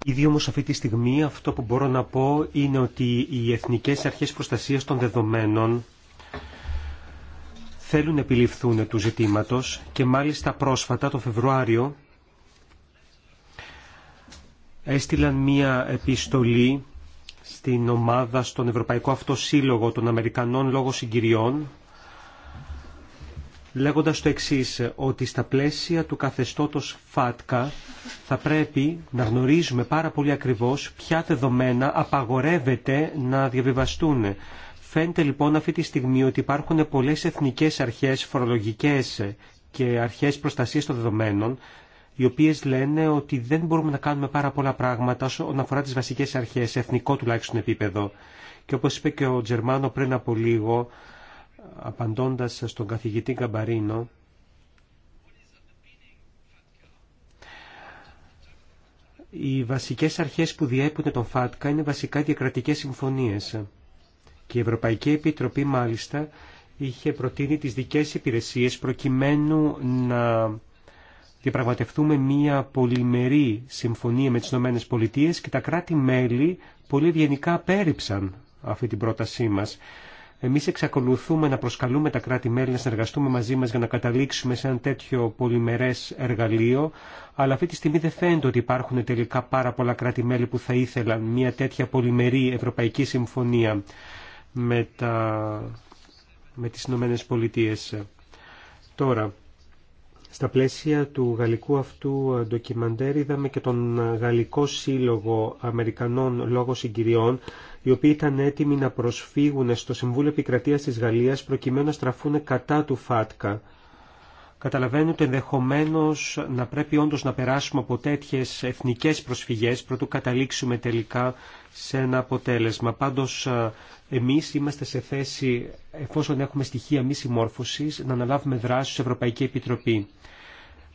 Ήδη όμω αυτή τη στιγμή αυτό που μπορώ να πω είναι ότι οι εθνικές αρχές προστασίας των δεδομένων θέλουν να επιληφθούν του ζητήματος και μάλιστα πρόσφατα το Φεβρουάριο έστειλαν μία επιστολή στην ομάδα στον Ευρωπαϊκό Αυτοσύλλογο των Αμερικανών Λόγω Συγκυριών λέγοντας το εξής, ότι στα πλαίσια του καθεστώτος ΦΑΤΚΑ θα πρέπει να γνωρίζουμε πάρα πολύ ακριβώς ποια δεδομένα απαγορεύεται να διαβιβαστούν Φαίνεται λοιπόν αυτή τη στιγμή ότι υπάρχουν πολλές εθνικές αρχές φορολογικές και αρχές προστασίας των δεδομένων οι οποίες λένε ότι δεν μπορούμε να κάνουμε πάρα πολλά πράγματα όσον αφορά τις βασικές αρχές, εθνικό τουλάχιστον επίπεδο. Και όπως είπε και ο Τζερμάνο πριν από λίγο, απαντώντας στον καθηγητή Καμπαρίνο, οι βασικές αρχές που διέπουν τον ΦΑΤΚΑ είναι βασικά διακρατικές συμφωνίες. Και η Ευρωπαϊκή Επιτροπή μάλιστα είχε προτείνει τις δικές υπηρεσίες προκειμένου να διαπραγματευτούμε μία πολυμερή συμφωνία με τις Ηνωμένες Πολιτείες και τα κράτη-μέλη πολύ ευγενικά πέριψαν αυτή την πρότασή μας. Εμείς εξακολουθούμε να προσκαλούμε τα κράτη-μέλη να συνεργαστούμε μαζί μας για να καταλήξουμε σε ένα τέτοιο πολυμερές εργαλείο, αλλά αυτή τη στιγμή δεν φαίνεται ότι υπάρχουν τελικά πάρα πολλά κράτη-μέλη που θα ήθελαν μια τέτοια πολυμερή ευρωπαϊκή συμφωνία με, τα, με τις Ηνωμένε Πολιτείε. Τώρα, στα πλαίσια του γαλλικού αυτού ντοκιμαντέρ είδαμε και τον Γαλλικό Σύλλογο Αμερικανών Λόγω Συγκυριών, οι οποίοι ήταν έτοιμοι να προσφύγουν στο Συμβούλιο Επικρατείας της Γαλλίας προκειμένου να στραφούν κατά του ΦΑΤΚΑ. Καταλαβαίνω ότι ενδεχομένω να πρέπει όντω να περάσουμε από τέτοιε εθνικέ προσφυγέ πρωτού καταλήξουμε τελικά σε ένα αποτέλεσμα. Πάντω, ε, εμεί είμαστε σε θέση, εφόσον έχουμε στοιχεία μη συμμόρφωση, να αναλάβουμε δράση στην Ευρωπαϊκή Επιτροπή.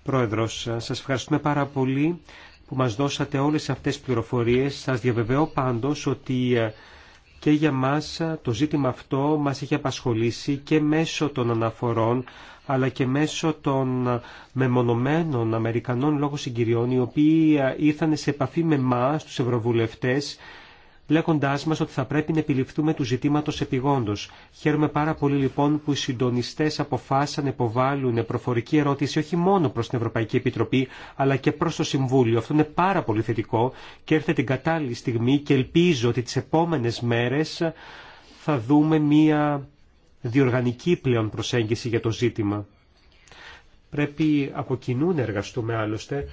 Πρόεδρο, ε, σας ευχαριστούμε πάρα πολύ που μας δώσατε όλες αυτές τις πληροφορίες. Σας διαβεβαιώ πάντως ότι ε, και για μας το ζήτημα αυτό μας έχει απασχολήσει και μέσω των αναφορών αλλά και μέσω των μεμονωμένων Αμερικανών λόγω συγκυριών οι οποίοι ήρθαν σε επαφή με εμά τους Ευρωβουλευτές λέγοντά μα ότι θα πρέπει να επιληφθούμε του ζητήματο επιγόντω. Χαίρομαι πάρα πολύ λοιπόν που οι συντονιστέ αποφάσισαν να υποβάλουν προφορική ερώτηση όχι μόνο προ την Ευρωπαϊκή Επιτροπή, αλλά και προ το Συμβούλιο. Αυτό είναι πάρα πολύ θετικό και έρθε την κατάλληλη στιγμή και ελπίζω ότι τι επόμενε μέρε θα δούμε μία διοργανική πλέον προσέγγιση για το ζήτημα. Πρέπει από κοινού να εργαστούμε άλλωστε,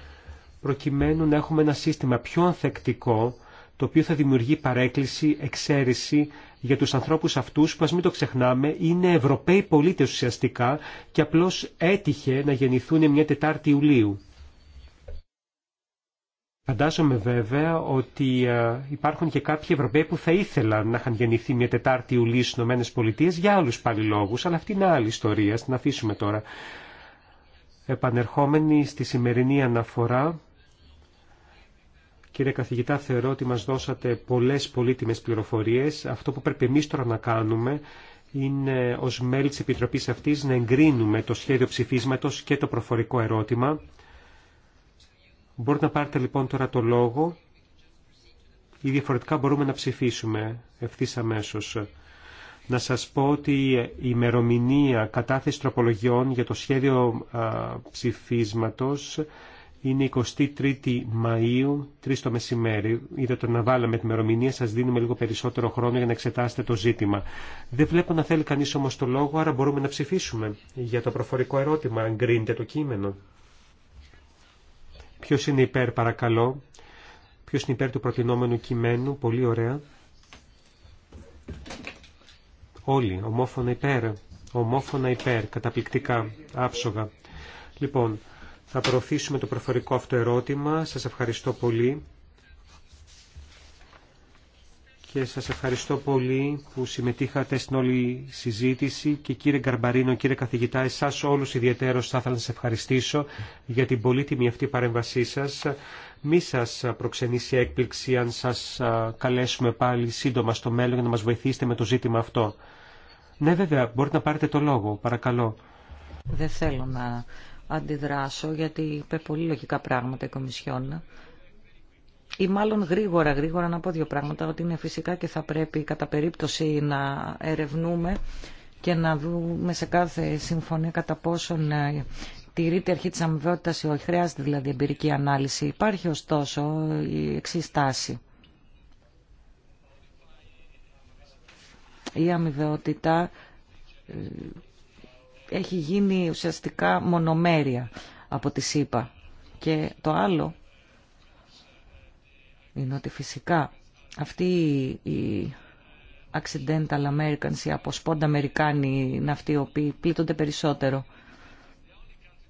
προκειμένου να έχουμε ένα σύστημα πιο ανθεκτικό, το οποίο θα δημιουργεί παρέκκληση, εξαίρεση για τους ανθρώπους αυτούς που, ας μην το ξεχνάμε, είναι Ευρωπαίοι πολίτες ουσιαστικά και απλώς έτυχε να γεννηθούν μια Τετάρτη Ιουλίου. Φαντάζομαι βέβαια ότι ε, υπάρχουν και κάποιοι Ευρωπαίοι που θα ήθελαν να είχαν γεννηθεί μια Τετάρτη Ιουλίου στι ΗΠΑ για άλλου πάλι λόγους, αλλά αυτή είναι άλλη ιστορία, στην αφήσουμε τώρα. Επανερχόμενοι στη σημερινή αναφορά, Κύριε καθηγητά, θεωρώ ότι μας δώσατε πολλές πολύτιμες πληροφορίες. Αυτό που πρέπει εμείς τώρα να κάνουμε είναι ως μέλη της Επιτροπής αυτής να εγκρίνουμε το σχέδιο ψηφίσματος και το προφορικό ερώτημα. Μπορείτε να πάρετε λοιπόν τώρα το λόγο ή διαφορετικά μπορούμε να ψηφίσουμε ευθύ αμέσω. Να σας πω ότι η ημερομηνία κατάθεση τροπολογιών για το σχέδιο ψηφίσματος είναι 23η Μαΐου, 3 το μεσημέρι. Είδατε να βάλαμε τη ημερομηνία, σας δίνουμε λίγο περισσότερο χρόνο για να εξετάσετε το ζήτημα. Δεν βλέπω να θέλει κανείς όμως το λόγο, άρα μπορούμε να ψηφίσουμε για το προφορικό ερώτημα, αν γκρίνετε το κείμενο. Ποιο είναι υπέρ παρακαλώ, Ποιο είναι υπέρ του προτινόμενου κειμένου, πολύ ωραία. Όλοι, ομόφωνα υπέρ, ομόφωνα υπέρ, καταπληκτικά, άψογα. Λοιπόν, θα προωθήσουμε το προφορικό αυτό ερώτημα. Σας ευχαριστώ πολύ. Και σας ευχαριστώ πολύ που συμμετείχατε στην όλη συζήτηση και κύριε Γκαρμπαρίνο, κύριε καθηγητά, εσάς όλους ιδιαίτερος θα ήθελα να σας ευχαριστήσω για την πολύτιμη αυτή παρέμβασή σας. Μη σας προξενήσει έκπληξη αν σας καλέσουμε πάλι σύντομα στο μέλλον για να μας βοηθήσετε με το ζήτημα αυτό. Ναι βέβαια, μπορείτε να πάρετε το λόγο, παρακαλώ. Δεν θέλω να αντιδράσω, γιατί είπε πολύ λογικά πράγματα η Κομισιόν. Ή μάλλον γρήγορα, γρήγορα να πω δύο πράγματα, ότι είναι φυσικά και θα πρέπει κατά περίπτωση να ερευνούμε και να δούμε σε κάθε συμφωνία κατά πόσον ε, τηρείται η αρχή της αμοιβαιότητας ή όχι. Χρειάζεται δηλαδή εμπειρική ανάλυση. Υπάρχει ωστόσο η εξή στάση. Η εξη ταση η αμοιβαιοτητα ε, έχει γίνει ουσιαστικά μονομέρεια από τη ΣΥΠΑ. Και το άλλο είναι ότι φυσικά αυτή η accidental Americans, οι αποσπόντα Αμερικάνοι είναι αυτοί οι οποίοι πλήττονται περισσότερο.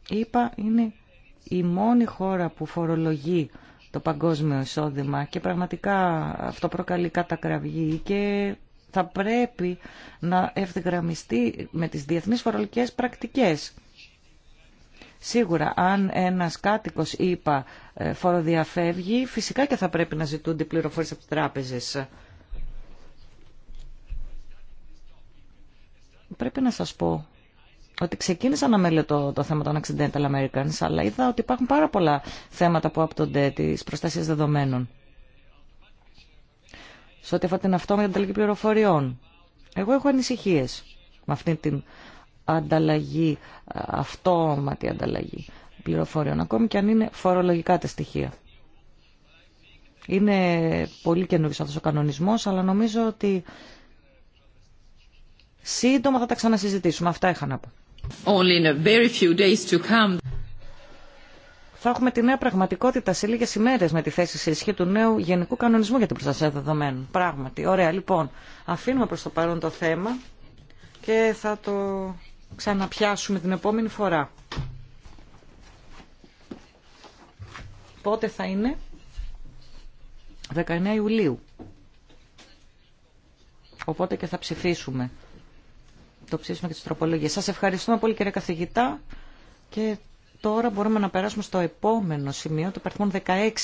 Είπα είναι η μόνη χώρα που φορολογεί το παγκόσμιο εισόδημα και πραγματικά αυτό προκαλεί κατακραυγή και θα πρέπει να ευθυγραμμιστεί με τις διεθνείς φορολογικές πρακτικές. Σίγουρα, αν ένας κάτοικος, είπα, ε, φοροδιαφεύγει, φυσικά και θα πρέπει να ζητούνται πληροφορίες από τις τράπεζες. Πρέπει να σας πω ότι ξεκίνησα να μελετώ το θέμα των Accidental Americans, αλλά είδα ότι υπάρχουν πάρα πολλά θέματα που άπτονται της προστασίας δεδομένων σε ό,τι αφορά την αυτόματη ανταλλαγή πληροφοριών. Εγώ έχω ανησυχίες με αυτή την ανταλλαγή, αυτόματη ανταλλαγή πληροφοριών, ακόμη και αν είναι φορολογικά τα στοιχεία. Είναι πολύ καινούριο αυτό ο κανονισμό, αλλά νομίζω ότι σύντομα θα τα ξανασυζητήσουμε. Αυτά είχα να πω. very few days to come θα έχουμε τη νέα πραγματικότητα σε λίγε ημέρε με τη θέση σε ισχύ του νέου Γενικού Κανονισμού για την Προστασία Δεδομένων. Πράγματι. Ωραία, λοιπόν, αφήνουμε προ το παρόν το θέμα και θα το ξαναπιάσουμε την επόμενη φορά. Πότε θα είναι? 19 Ιουλίου. Οπότε και θα ψηφίσουμε. Το ψήφισμα και τις τροπολογίε. Σα ευχαριστούμε πολύ κύριε καθηγητά και Τώρα μπορούμε να περάσουμε στο επόμενο σημείο, το παρθμόν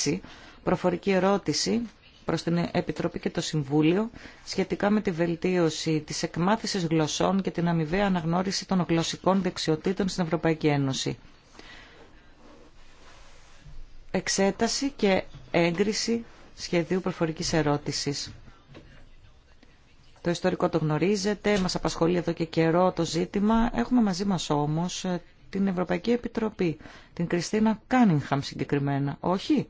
16, προφορική ερώτηση προς την Επιτροπή και το Συμβούλιο σχετικά με τη βελτίωση της εκμάθησης γλωσσών και την αμοιβαία αναγνώριση των γλωσσικών δεξιοτήτων στην Ευρωπαϊκή Ένωση. Εξέταση και έγκριση σχεδίου προφορικής ερώτησης. Το ιστορικό το γνωρίζετε, μας απασχολεί εδώ και καιρό το ζήτημα. Έχουμε μαζί μας όμως την Ευρωπαϊκή Επιτροπή, την Κριστίνα Κάνιγχαμ συγκεκριμένα, όχι.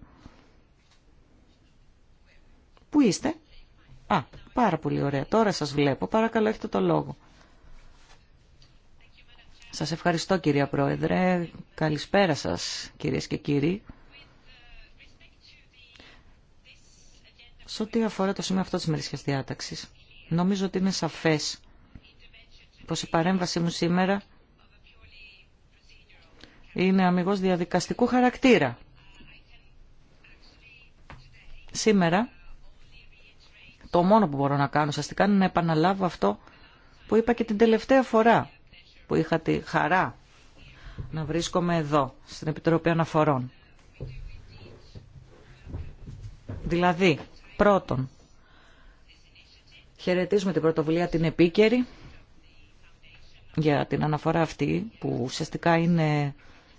Πού είστε? Α, πάρα πολύ ωραία. Τώρα σας βλέπω. Παρακαλώ, έχετε το λόγο. Σας ευχαριστώ κυρία Πρόεδρε. Καλησπέρα σας κυρίες και κύριοι. Σε ό,τι αφορά το σημείο αυτό της μερικής διάταξης, νομίζω ότι είναι σαφές πως η παρέμβαση μου σήμερα είναι αμυγός διαδικαστικού χαρακτήρα. Σήμερα το μόνο που μπορώ να κάνω ουσιαστικά είναι να επαναλάβω αυτό που είπα και την τελευταία φορά που είχα τη χαρά να βρίσκομαι εδώ, στην Επιτροπή Αναφορών. Δηλαδή, πρώτον, χαιρετίζουμε την πρωτοβουλία την επίκαιρη για την αναφορά αυτή που ουσιαστικά είναι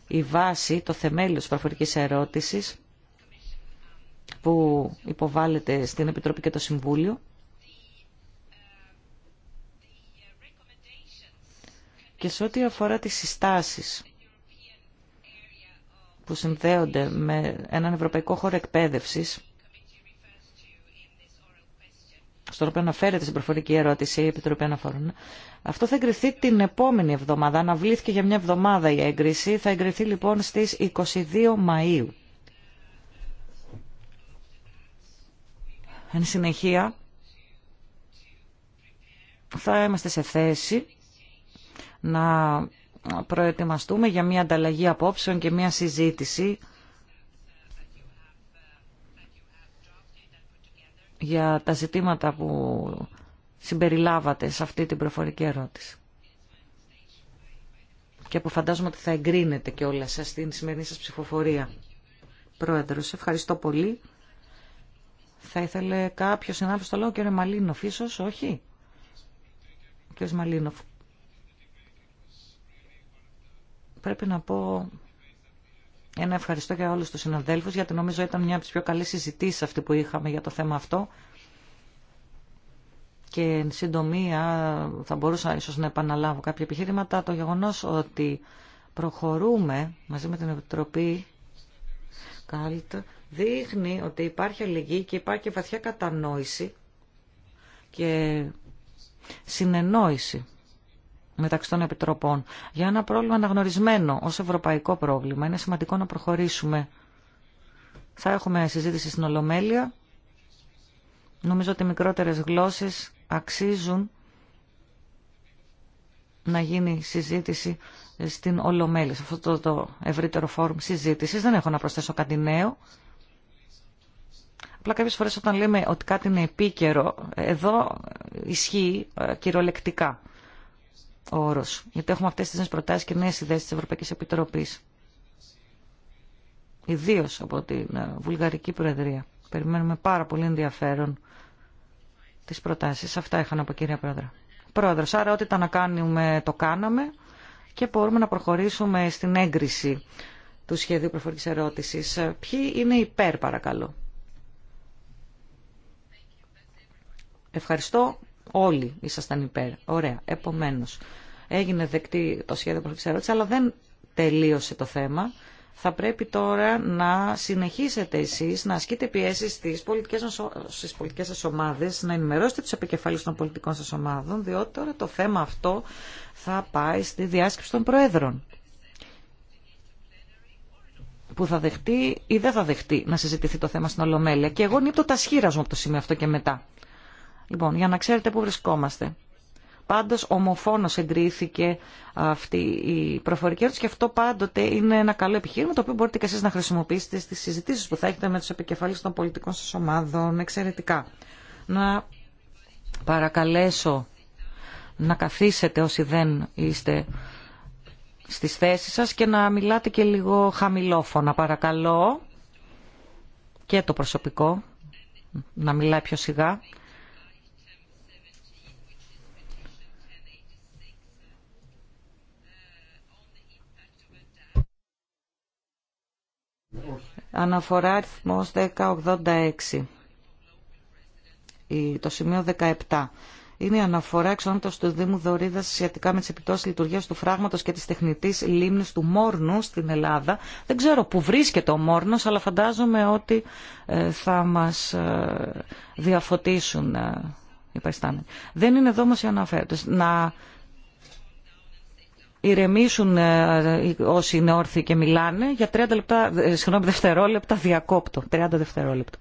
η βάση, το θεμέλιο της προφορικής ερώτησης που υποβάλλεται στην Επιτροπή και το Συμβούλιο. Και σε ό,τι αφορά τις συστάσεις που συνδέονται με έναν ευρωπαϊκό χώρο εκπαίδευσης, στο οποίο αναφέρεται στην προφορική ερώτηση η Επιτροπή Αναφορών, αυτό θα εγκριθεί την επόμενη εβδομάδα. Αναβλήθηκε για μια εβδομάδα η έγκριση. Θα εγκριθεί λοιπόν στις 22 Μαΐου. Εν συνεχεία, θα είμαστε σε θέση να προετοιμαστούμε για μια ανταλλαγή απόψεων και μια συζήτηση για τα ζητήματα που συμπεριλάβατε σε αυτή την προφορική ερώτηση. Και που φαντάζομαι ότι θα εγκρίνετε και όλα σας στην σημερινή σας ψηφοφορία. σε ευχαριστώ πολύ. Θα ήθελε κάποιο συνάδελφο το λόγο, κύριε Μαλίνοφ, ίσω, όχι. Κύριε Μαλίνοφ. Πρέπει να πω ένα ευχαριστώ για όλους τους συναδέλφους, γιατί νομίζω ήταν μια από τις πιο καλές συζητήσεις αυτή που είχαμε για το θέμα αυτό. Και εν συντομία θα μπορούσα ίσως να επαναλάβω κάποια επιχείρηματα. Το γεγονός ότι προχωρούμε μαζί με την Επιτροπή Καλτ δείχνει ότι υπάρχει αλληλεγγύη και υπάρχει βαθιά κατανόηση και συνεννόηση μεταξύ των επιτροπών. Για ένα πρόβλημα αναγνωρισμένο ως ευρωπαϊκό πρόβλημα είναι σημαντικό να προχωρήσουμε. Θα έχουμε συζήτηση στην Ολομέλεια. Νομίζω ότι μικρότερες γλώσσες αξίζουν να γίνει συζήτηση στην Ολομέλεια, σε αυτό το, ευρύτερο φόρουμ συζήτησης. Δεν έχω να προσθέσω κάτι νέο. Απλά κάποιες φορές όταν λέμε ότι κάτι είναι επίκαιρο, εδώ ισχύει ε, κυριολεκτικά όρος. Γιατί έχουμε αυτές τις νέες προτάσεις και νέες ιδέες τη Ευρωπαϊκή Επιτροπή. Ιδίω από την ε, Βουλγαρική Προεδρία. Περιμένουμε πάρα πολύ ενδιαφέρον τι προτάσεις. Αυτά είχα να πω κυρία Πρόεδρε. Πρόεδρο. άρα ό,τι ήταν να κάνουμε το κάναμε και μπορούμε να προχωρήσουμε στην έγκριση του σχεδίου προφορικής ερώτηση. Ε, ποιοι είναι υπέρ παρακαλώ. Ευχαριστώ. Όλοι ήσασταν υπέρ. Ωραία. επομένω. έγινε δεκτή το σχέδιο προ αλλά δεν τελείωσε το θέμα. Θα πρέπει τώρα να συνεχίσετε εσεί να ασκείτε πιέσει στι πολιτικέ σα πολιτικές να ενημερώσετε του επικεφαλεί των πολιτικών σα ομάδων, διότι τώρα το θέμα αυτό θα πάει στη διάσκεψη των Προέδρων που θα δεχτεί ή δεν θα δεχτεί να συζητηθεί το θέμα στην Ολομέλεια. Και εγώ νύπτω τα σχήρα μου από το σημείο αυτό και μετά. Λοιπόν, για να ξέρετε πού βρισκόμαστε. Πάντως ομοφόνος εγκρίθηκε αυτή η προφορική ερώτηση και αυτό πάντοτε είναι ένα καλό επιχείρημα το οποίο μπορείτε και εσείς να χρησιμοποιήσετε στις συζητήσεις που θα έχετε με τους επικεφαλής των πολιτικών σας ομάδων εξαιρετικά. Να παρακαλέσω να καθίσετε όσοι δεν είστε στις θέσεις σας και να μιλάτε και λίγο χαμηλόφωνα παρακαλώ και το προσωπικό να μιλάει πιο σιγά Αναφορά αριθμός 1086. Το σημείο 17. Είναι η αναφορά εξ του Δήμου Δωρίδα σχετικά με τι επιπτώσει λειτουργία του φράγματο και τη τεχνητή λίμνη του Μόρνου στην Ελλάδα. Δεν ξέρω πού βρίσκεται ο Μόρνο, αλλά φαντάζομαι ότι ε, θα μα ε, διαφωτίσουν ε, οι παριστάμενοι. Δεν είναι εδώ όμω οι Να ηρεμήσουν ε, ε, όσοι είναι όρθιοι και μιλάνε. Για 30 λεπτά, ε, συγγνώμη, δευτερόλεπτα διακόπτω. 30 δευτερόλεπτα.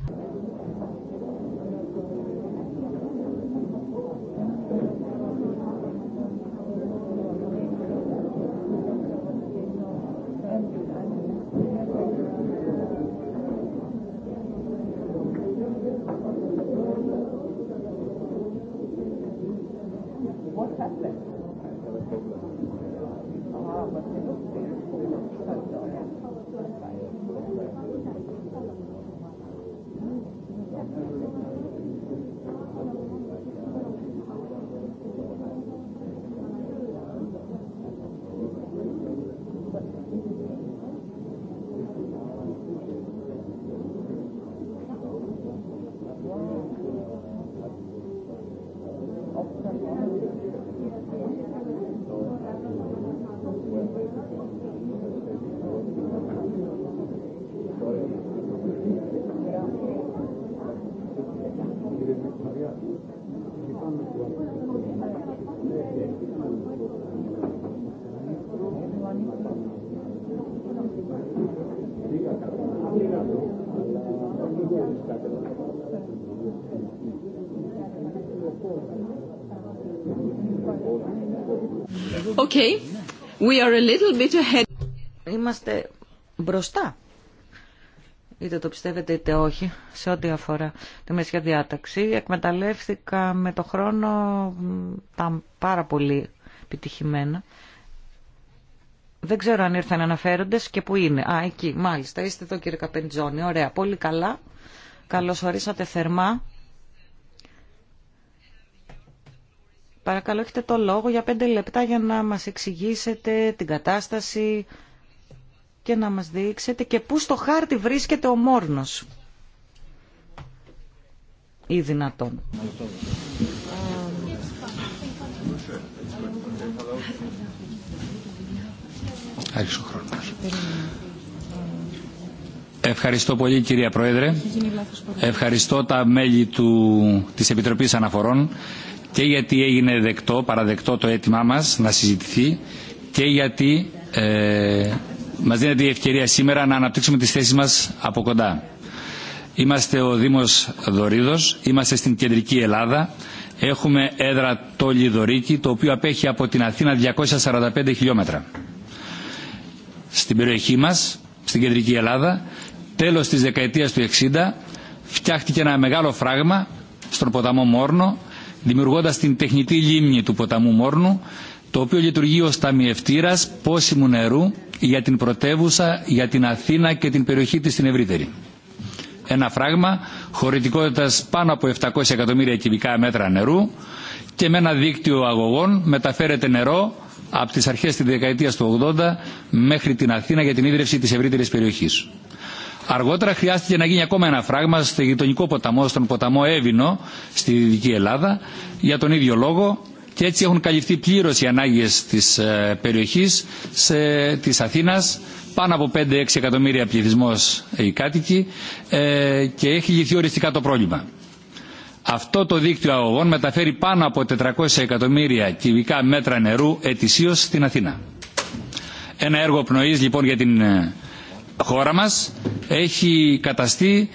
We are a little bit ahead. Είμαστε μπροστά, είτε το πιστεύετε είτε όχι, σε ό,τι αφορά τη μεσιά διάταξη. Εκμεταλλεύτηκα με το χρόνο τα πάρα πολύ επιτυχημένα. Δεν ξέρω αν ήρθαν αναφέροντες και που είναι. Α, εκεί, μάλιστα. Είστε εδώ κύριε Καπεντζόνη. Ωραία, πολύ καλά. Καλώς ορίσατε θερμά Παρακαλώ, έχετε το λόγο για πέντε λεπτά για να μας εξηγήσετε την κατάσταση και να μας δείξετε και πού στο χάρτη βρίσκεται ο Μόρνος ή δυνατόν. Ευχαριστώ πολύ κυρία Πρόεδρε. Ευχαριστώ τα μέλη του, της Επιτροπής Αναφορών και γιατί έγινε δεκτό, παραδεκτό το αίτημά μας να συζητηθεί και γιατί ε, μας δίνεται η ευκαιρία σήμερα να αναπτύξουμε τις θέσεις μας από κοντά. Είμαστε ο Δήμος Δωρίδος, είμαστε στην κεντρική Ελλάδα, έχουμε έδρα το Λιδωρίκι, το οποίο απέχει από την Αθήνα 245 χιλιόμετρα. Στην περιοχή μας, στην κεντρική Ελλάδα, τέλος της δεκαετίας του 60, φτιάχτηκε ένα μεγάλο φράγμα στον ποταμό Μόρνο, δημιουργώντας την τεχνητή λίμνη του ποταμού Μόρνου, το οποίο λειτουργεί ως ταμιευτήρας πόσιμου νερού για την πρωτεύουσα, για την Αθήνα και την περιοχή της στην ευρύτερη. Ένα φράγμα χωρητικότητας πάνω από 700 εκατομμύρια κυβικά μέτρα νερού και με ένα δίκτυο αγωγών μεταφέρεται νερό από τις αρχές της δεκαετίας του 80 μέχρι την Αθήνα για την ίδρυυση της ευρύτερης περιοχής. Αργότερα χρειάστηκε να γίνει ακόμα ένα φράγμα στο γειτονικό ποταμό, στον ποταμό Εύινο, στη Δυτική Ελλάδα, για τον ίδιο λόγο και έτσι έχουν καλυφθεί πλήρω οι ανάγκε τη ε, περιοχής τη αθηνα Αθήνας, πάνω από 5-6 εκατομμύρια πληθυσμό ε, οι κάτοικοι ε, και έχει λυθεί οριστικά το πρόβλημα. Αυτό το δίκτυο αγωγών μεταφέρει πάνω από 400 εκατομμύρια κυβικά μέτρα νερού ετησίω στην Αθήνα. Ένα έργο πνοή λοιπόν για την ε, χώρα μας έχει καταστεί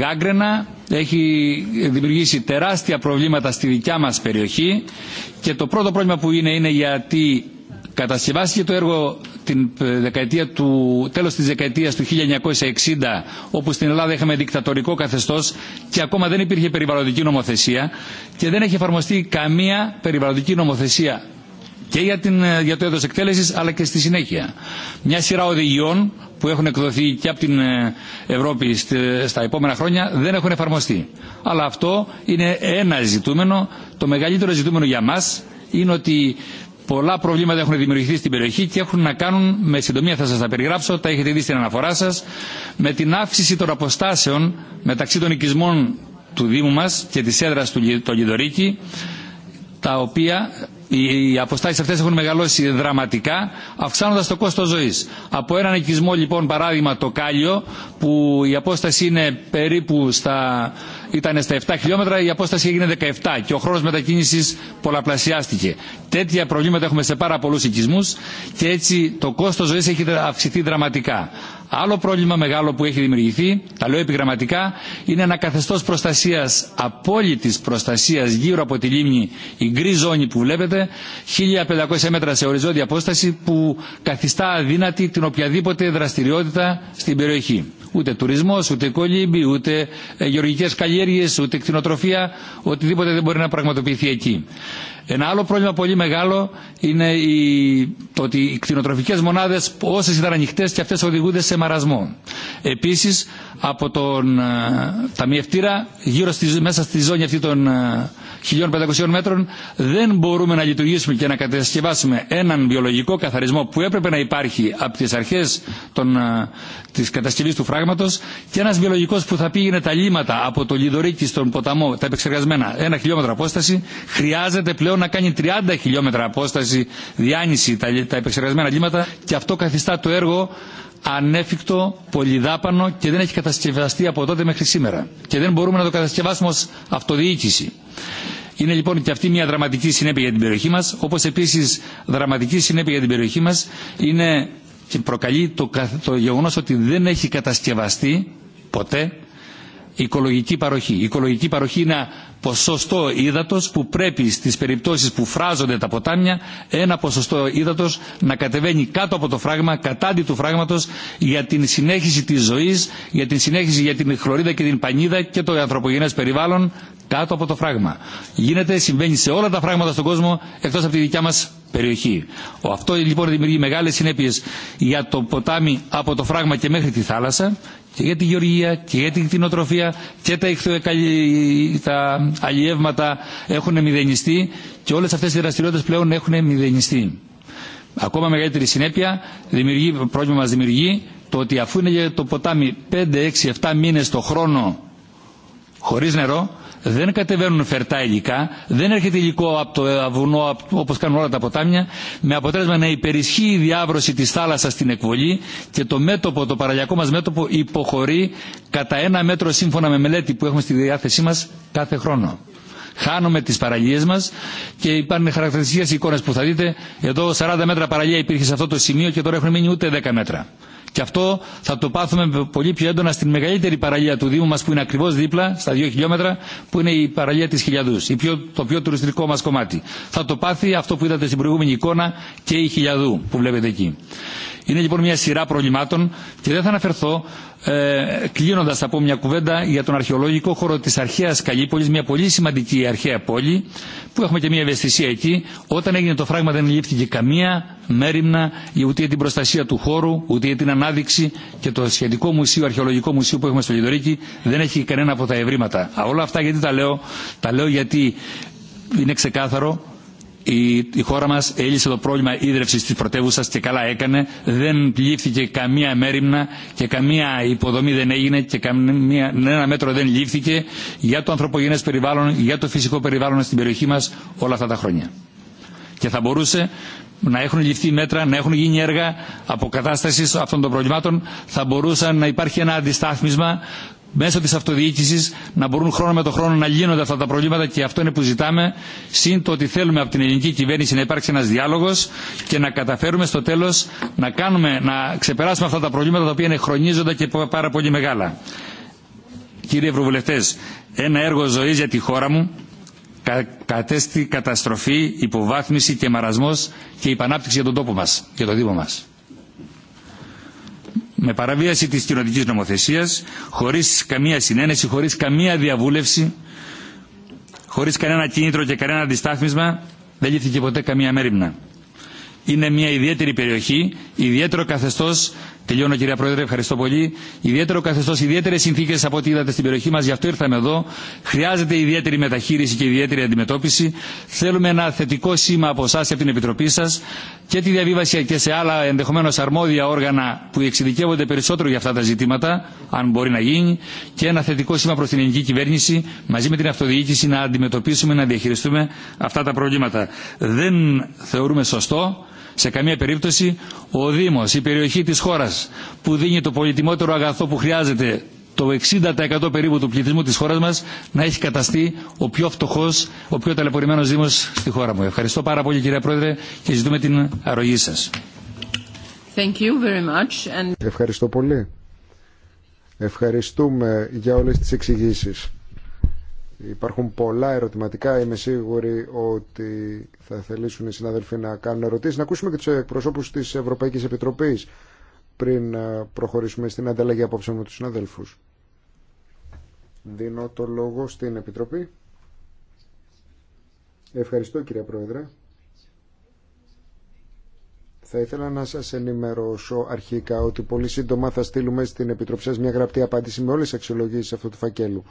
γάγκρενα, έχει δημιουργήσει τεράστια προβλήματα στη δικιά μας περιοχή και το πρώτο πρόβλημα που είναι είναι γιατί κατασκευάστηκε το έργο την δεκαετία του, τέλος της δεκαετίας του 1960 όπου στην Ελλάδα είχαμε δικτατορικό καθεστώς και ακόμα δεν υπήρχε περιβαλλοντική νομοθεσία και δεν έχει εφαρμοστεί καμία περιβαλλοντική νομοθεσία και για, την, ε, για το έδος εκτέλεσης αλλά και στη συνέχεια. Μια σειρά οδηγιών που έχουν εκδοθεί και από την ε, Ευρώπη στα επόμενα χρόνια δεν έχουν εφαρμοστεί. Αλλά αυτό είναι ένα ζητούμενο. Το μεγαλύτερο ζητούμενο για μας είναι ότι πολλά προβλήματα έχουν δημιουργηθεί στην περιοχή και έχουν να κάνουν, με συντομία θα σας τα περιγράψω, τα έχετε δει στην αναφορά σας, με την αύξηση των αποστάσεων μεταξύ των οικισμών του Δήμου μας και της έδρας του, Λιδωρίκη, τα οποία οι αποστάσει αυτέ έχουν μεγαλώσει δραματικά, αυξάνοντα το κόστο ζωή. Από έναν οικισμό, λοιπόν, παράδειγμα το Κάλιο, που η απόσταση είναι περίπου στα ήταν στα 7 χιλιόμετρα, η απόσταση έγινε 17 και ο χρόνος μετακίνηση πολλαπλασιάστηκε. Τέτοια προβλήματα έχουμε σε πάρα πολλού οικισμού και έτσι το κόστο ζωή έχει αυξηθεί δραματικά. Άλλο πρόβλημα μεγάλο που έχει δημιουργηθεί, τα λέω επιγραμματικά, είναι ένα καθεστώ προστασία, απόλυτη προστασία γύρω από τη λίμνη, η γκρι ζώνη που βλέπετε, 1500 μέτρα σε οριζόντια απόσταση που καθιστά αδύνατη την οποιαδήποτε δραστηριότητα στην περιοχή. Ούτε τουρισμός, ούτε κολύμπι, ούτε ε, γεωργικέ καλλιέργειες, ούτε κτηνοτροφία, οτιδήποτε δεν μπορεί να πραγματοποιηθεί εκεί. Ένα άλλο πρόβλημα πολύ μεγάλο είναι η... το ότι οι κτηνοτροφικέ μονάδε όσε ήταν ανοιχτέ και αυτέ οδηγούνται σε μαρασμό. Επίση, από τον ε, ταμιευτήρα γύρω στη... μέσα στη ζώνη αυτή των 1500 ε, μέτρων δεν μπορούμε να λειτουργήσουμε και να κατασκευάσουμε έναν βιολογικό καθαρισμό που έπρεπε να υπάρχει από τι αρχέ των, ε, της κατασκευής του φράγματος και ένα βιολογικό που θα πήγαινε τα λίματα από το λιδωρίκι στον ποταμό, τα επεξεργασμένα, ένα χιλιόμετρο απόσταση, χρειάζεται πλέον να κάνει 30 χιλιόμετρα απόσταση διάνυση τα επεξεργασμένα λίματα και αυτό καθιστά το έργο ανέφικτο, πολυδάπανο και δεν έχει κατασκευαστεί από τότε μέχρι σήμερα. Και δεν μπορούμε να το κατασκευάσουμε ως αυτοδιοίκηση. Είναι λοιπόν και αυτή μια δραματική συνέπεια για την περιοχή μας, όπως επίσης δραματική συνέπεια για την περιοχή μας είναι και προκαλεί το, το γεγονός ότι δεν έχει κατασκευαστεί ποτέ οικολογική παροχή. Η οικολογική παροχή είναι ποσοστό ύδατος που πρέπει στις περιπτώσεις που φράζονται τα ποτάμια ένα ποσοστό ύδατος να κατεβαίνει κάτω από το φράγμα, κατάντι του φράγματος για την συνέχιση της ζωής, για την συνέχιση για την χλωρίδα και την πανίδα και το ανθρωπογενές περιβάλλον κάτω από το φράγμα. Γίνεται, συμβαίνει σε όλα τα φράγματα στον κόσμο εκτός από τη δικιά μας περιοχή. Αυτό λοιπόν δημιουργεί μεγάλες συνέπειες για το ποτάμι από το φράγμα και μέχρι τη θάλασσα και για τη γεωργία και για την κτηνοτροφία και τα, τα αλλιεύματα έχουν μηδενιστεί και όλες αυτές οι δραστηριότητες πλέον έχουν μηδενιστεί. Ακόμα μεγαλύτερη συνέπεια δημιουργεί, πρόβλημα μας δημιουργεί το ότι αφού είναι το ποτάμι 5, 6, 7 μήνες το χρόνο χωρίς νερό δεν κατεβαίνουν φερτά υλικά, δεν έρχεται υλικό από το βουνό όπως κάνουν όλα τα ποτάμια, με αποτέλεσμα να υπερισχύει η διάβρωση της θάλασσας στην εκβολή και το μέτωπο, το παραλιακό μας μέτωπο υποχωρεί κατά ένα μέτρο σύμφωνα με μελέτη που έχουμε στη διάθεσή μας κάθε χρόνο. Χάνουμε τις παραλίες μας και υπάρχουν χαρακτηριστικές εικόνες που θα δείτε. Εδώ 40 μέτρα παραλία υπήρχε σε αυτό το σημείο και τώρα έχουν μείνει ούτε 10 μέτρα. Και αυτό θα το πάθουμε πολύ πιο έντονα στην μεγαλύτερη παραλία του Δήμου μα που είναι ακριβώ δίπλα, στα 2 χιλιόμετρα, που είναι η παραλία τη Χιλιαδού, το πιο τουριστικό μα κομμάτι. Θα το πάθει αυτό που είδατε στην προηγούμενη εικόνα και η Χιλιαδού που βλέπετε εκεί. Είναι λοιπόν μια σειρά προβλημάτων και δεν θα αναφερθώ ε, κλείνοντα από μια κουβέντα για τον αρχαιολογικό χώρο τη αρχαία Καλύπολη, μια πολύ σημαντική αρχαία πόλη, που έχουμε και μια ευαισθησία εκεί. Όταν έγινε το φράγμα δεν λήφθηκε καμία μέρημνα ούτε για την προστασία του χώρου, ούτε για την ανάδειξη και το σχετικό μουσείο, αρχαιολογικό μουσείο που έχουμε στο Λιδωρίκι δεν έχει κανένα από τα ευρήματα. Α, όλα αυτά γιατί τα λέω, τα λέω γιατί είναι ξεκάθαρο η χώρα μας έλυσε το πρόβλημα ίδρυυσης της πρωτεύουσας και καλά έκανε. Δεν λήφθηκε καμία μέρημνα και καμία υποδομή δεν έγινε και ένα μέτρο δεν λήφθηκε για το ανθρωπογενές περιβάλλον, για το φυσικό περιβάλλον στην περιοχή μας όλα αυτά τα χρόνια. Και θα μπορούσε να έχουν ληφθεί μέτρα, να έχουν γίνει έργα αποκατάστασης αυτών των προβλημάτων, θα μπορούσε να υπάρχει ένα αντιστάθμισμα μέσω της αυτοδιοίκησης να μπορούν χρόνο με το χρόνο να λύνονται αυτά τα προβλήματα και αυτό είναι που ζητάμε συν το ότι θέλουμε από την ελληνική κυβέρνηση να υπάρξει ένας διάλογος και να καταφέρουμε στο τέλος να, κάνουμε, να ξεπεράσουμε αυτά τα προβλήματα τα οποία είναι χρονίζοντα και πάρα πολύ μεγάλα. Κύριε Ευρωβουλευτές, ένα έργο ζωής για τη χώρα μου κατέστη καταστροφή, υποβάθμιση και μαρασμός και υπανάπτυξη για τον τόπο μας, για το Δήμο μας με παραβίαση της κοινοτικής νομοθεσίας, χωρίς καμία συνένεση, χωρίς καμία διαβούλευση, χωρίς κανένα κίνητρο και κανένα αντιστάθμισμα, δεν λύθηκε ποτέ καμία μέρημνα. Είναι μια ιδιαίτερη περιοχή, ιδιαίτερο καθεστώς Τελειώνω κυρία Πρόεδρε, ευχαριστώ πολύ. Ιδιαίτερο καθεστώ, ιδιαίτερε συνθήκε από ό,τι είδατε στην περιοχή μα, γι' αυτό ήρθαμε εδώ. Χρειάζεται ιδιαίτερη μεταχείριση και ιδιαίτερη αντιμετώπιση. Θέλουμε ένα θετικό σήμα από εσά και από την Επιτροπή σα και τη διαβίβαση και σε άλλα ενδεχομένω αρμόδια όργανα που εξειδικεύονται περισσότερο για αυτά τα ζητήματα, αν μπορεί να γίνει, και ένα θετικό σήμα προ την ελληνική κυβέρνηση μαζί με την αυτοδιοίκηση να αντιμετωπίσουμε, να διαχειριστούμε αυτά τα προβλήματα. Δεν θεωρούμε σωστό σε καμία περίπτωση ο Δήμος, η περιοχή της χώρας που δίνει το πολυτιμότερο αγαθό που χρειάζεται το 60% περίπου του πληθυσμού της χώρας μας να έχει καταστεί ο πιο φτωχός, ο πιο ταλαιπωρημένος Δήμος στη χώρα μου. Ευχαριστώ πάρα πολύ κυρία Πρόεδρε και ζητούμε την αρρωγή σας. Thank you very much. And... Ευχαριστώ πολύ. Ευχαριστούμε για όλες τις εξηγήσεις. Υπάρχουν πολλά ερωτηματικά. Είμαι σίγουρη ότι θα θελήσουν οι συναδελφοί να κάνουν ερωτήσει Να ακούσουμε και του εκπροσώπους τη Ευρωπαϊκή Επιτροπή πριν ε, προχωρήσουμε στην ανταλλαγή απόψεων με του συναδέλφου. Δίνω το λόγο στην Επιτροπή. Ευχαριστώ κύριε Πρόεδρε. Θα ήθελα να σας ενημερώσω αρχικά ότι πολύ σύντομα θα στείλουμε στην Επιτροπή σας μια γραπτή απάντηση με όλες τις αξιολογήσει αυτού του φακέλου.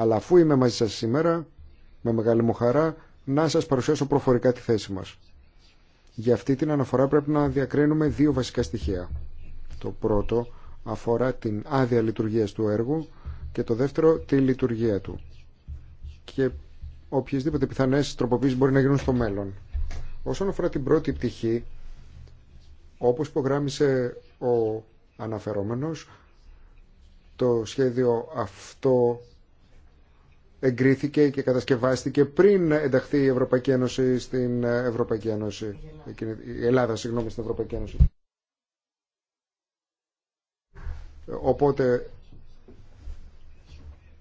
Αλλά αφού είμαι μαζί σας σήμερα, με μεγάλη μου χαρά, να σας παρουσιάσω προφορικά τη θέση μας. Για αυτή την αναφορά πρέπει να διακρίνουμε δύο βασικά στοιχεία. Το πρώτο αφορά την άδεια λειτουργίας του έργου και το δεύτερο τη λειτουργία του. Και οποιασδήποτε πιθανές τροποποίησεις μπορεί να γίνουν στο μέλλον. Όσον αφορά την πρώτη πτυχή, όπως υπογράμισε ο αναφερόμενος, το σχέδιο αυτό εγκρίθηκε και κατασκευάστηκε πριν ενταχθεί η Ευρωπαϊκή Ένωση στην Ευρωπαϊκή Ένωση. Η Ελλάδα, συγγνώμη, στην Ευρωπαϊκή Ένωση. Οπότε,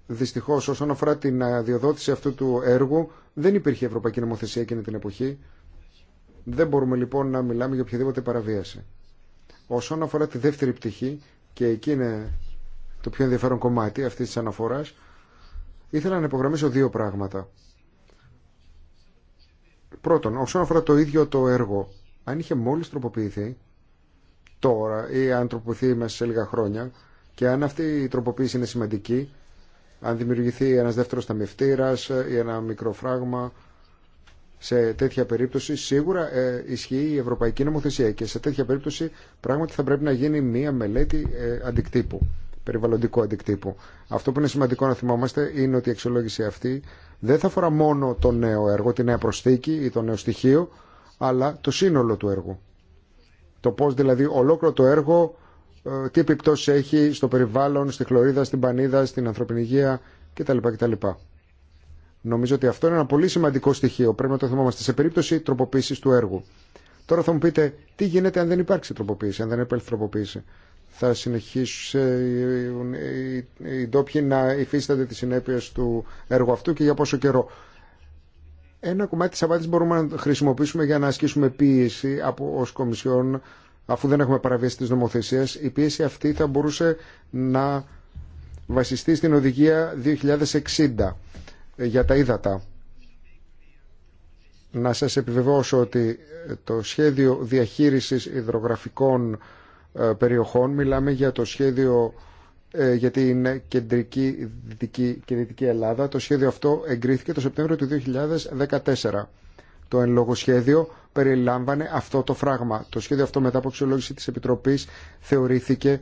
δυστυχώς, όσον αφορά την αδειοδότηση αυτού του έργου, δεν υπήρχε Ευρωπαϊκή Νομοθεσία εκείνη την εποχή. Δεν μπορούμε λοιπόν να μιλάμε για οποιαδήποτε παραβίαση. Όσον αφορά τη δεύτερη πτυχή, και εκεί είναι το πιο ενδιαφέρον κομμάτι αυτής της αναφοράς, ήθελα να υπογραμμίσω δύο πράγματα. Πρώτον, όσον αφορά το ίδιο το έργο, αν είχε μόλις τροποποιηθεί τώρα ή αν τροποποιηθεί μέσα σε λίγα χρόνια και αν αυτή η τροποποίηση είναι σημαντική, αν δημιουργηθεί ένας δεύτερος αμοιβήρα ή ένα μικρό πράγμα σε περίπτωση σίγουρα ε, ισχύει η ευρωπαϊκή σιγουρα ισχυει η ευρωπαικη νομοθεσια και σε τέτοια περίπτωση πράγματι θα πρέπει να γίνει μία μελέτη ε, αντικτύπου περιβαλλοντικού αντικτύπου. Αυτό που είναι σημαντικό να θυμόμαστε είναι ότι η αξιολόγηση αυτή δεν θα αφορά μόνο το νέο έργο, τη νέα προσθήκη ή το νέο στοιχείο, αλλά το σύνολο του έργου. Το πώ δηλαδή ολόκληρο το έργο, ε, τι επιπτώσει έχει στο περιβάλλον, στη χλωρίδα, στην πανίδα, στην ανθρωπινή υγεία κτλ. κτλ. Νομίζω ότι αυτό είναι ένα πολύ σημαντικό στοιχείο. Πρέπει να το θυμόμαστε σε περίπτωση τροποποίηση του έργου. Τώρα θα μου πείτε τι γίνεται αν δεν υπάρξει τροποποίηση, αν δεν επέλθει τροποποίηση θα συνεχίσουν οι ντόπιοι να υφίστανται τις συνέπειες του έργου αυτού και για πόσο καιρό. Ένα κομμάτι της απάντησης μπορούμε να χρησιμοποιήσουμε για να ασκήσουμε πίεση από, ως Κομισιόν αφού δεν έχουμε παραβίαση της νομοθεσίας. Η πίεση αυτή θα μπορούσε να βασιστεί στην οδηγία 2060 για τα ύδατα. Να σας επιβεβαιώσω ότι το σχέδιο διαχείρισης υδρογραφικών ε, περιοχών. Μιλάμε για το σχέδιο ε, για την κεντρική δυτική και δυτική Ελλάδα. Το σχέδιο αυτό εγκρίθηκε το Σεπτέμβριο του 2014. Το εν λόγω σχέδιο περιλάμβανε αυτό το φράγμα. Το σχέδιο αυτό μετά από αξιολόγηση της Επιτροπής θεωρήθηκε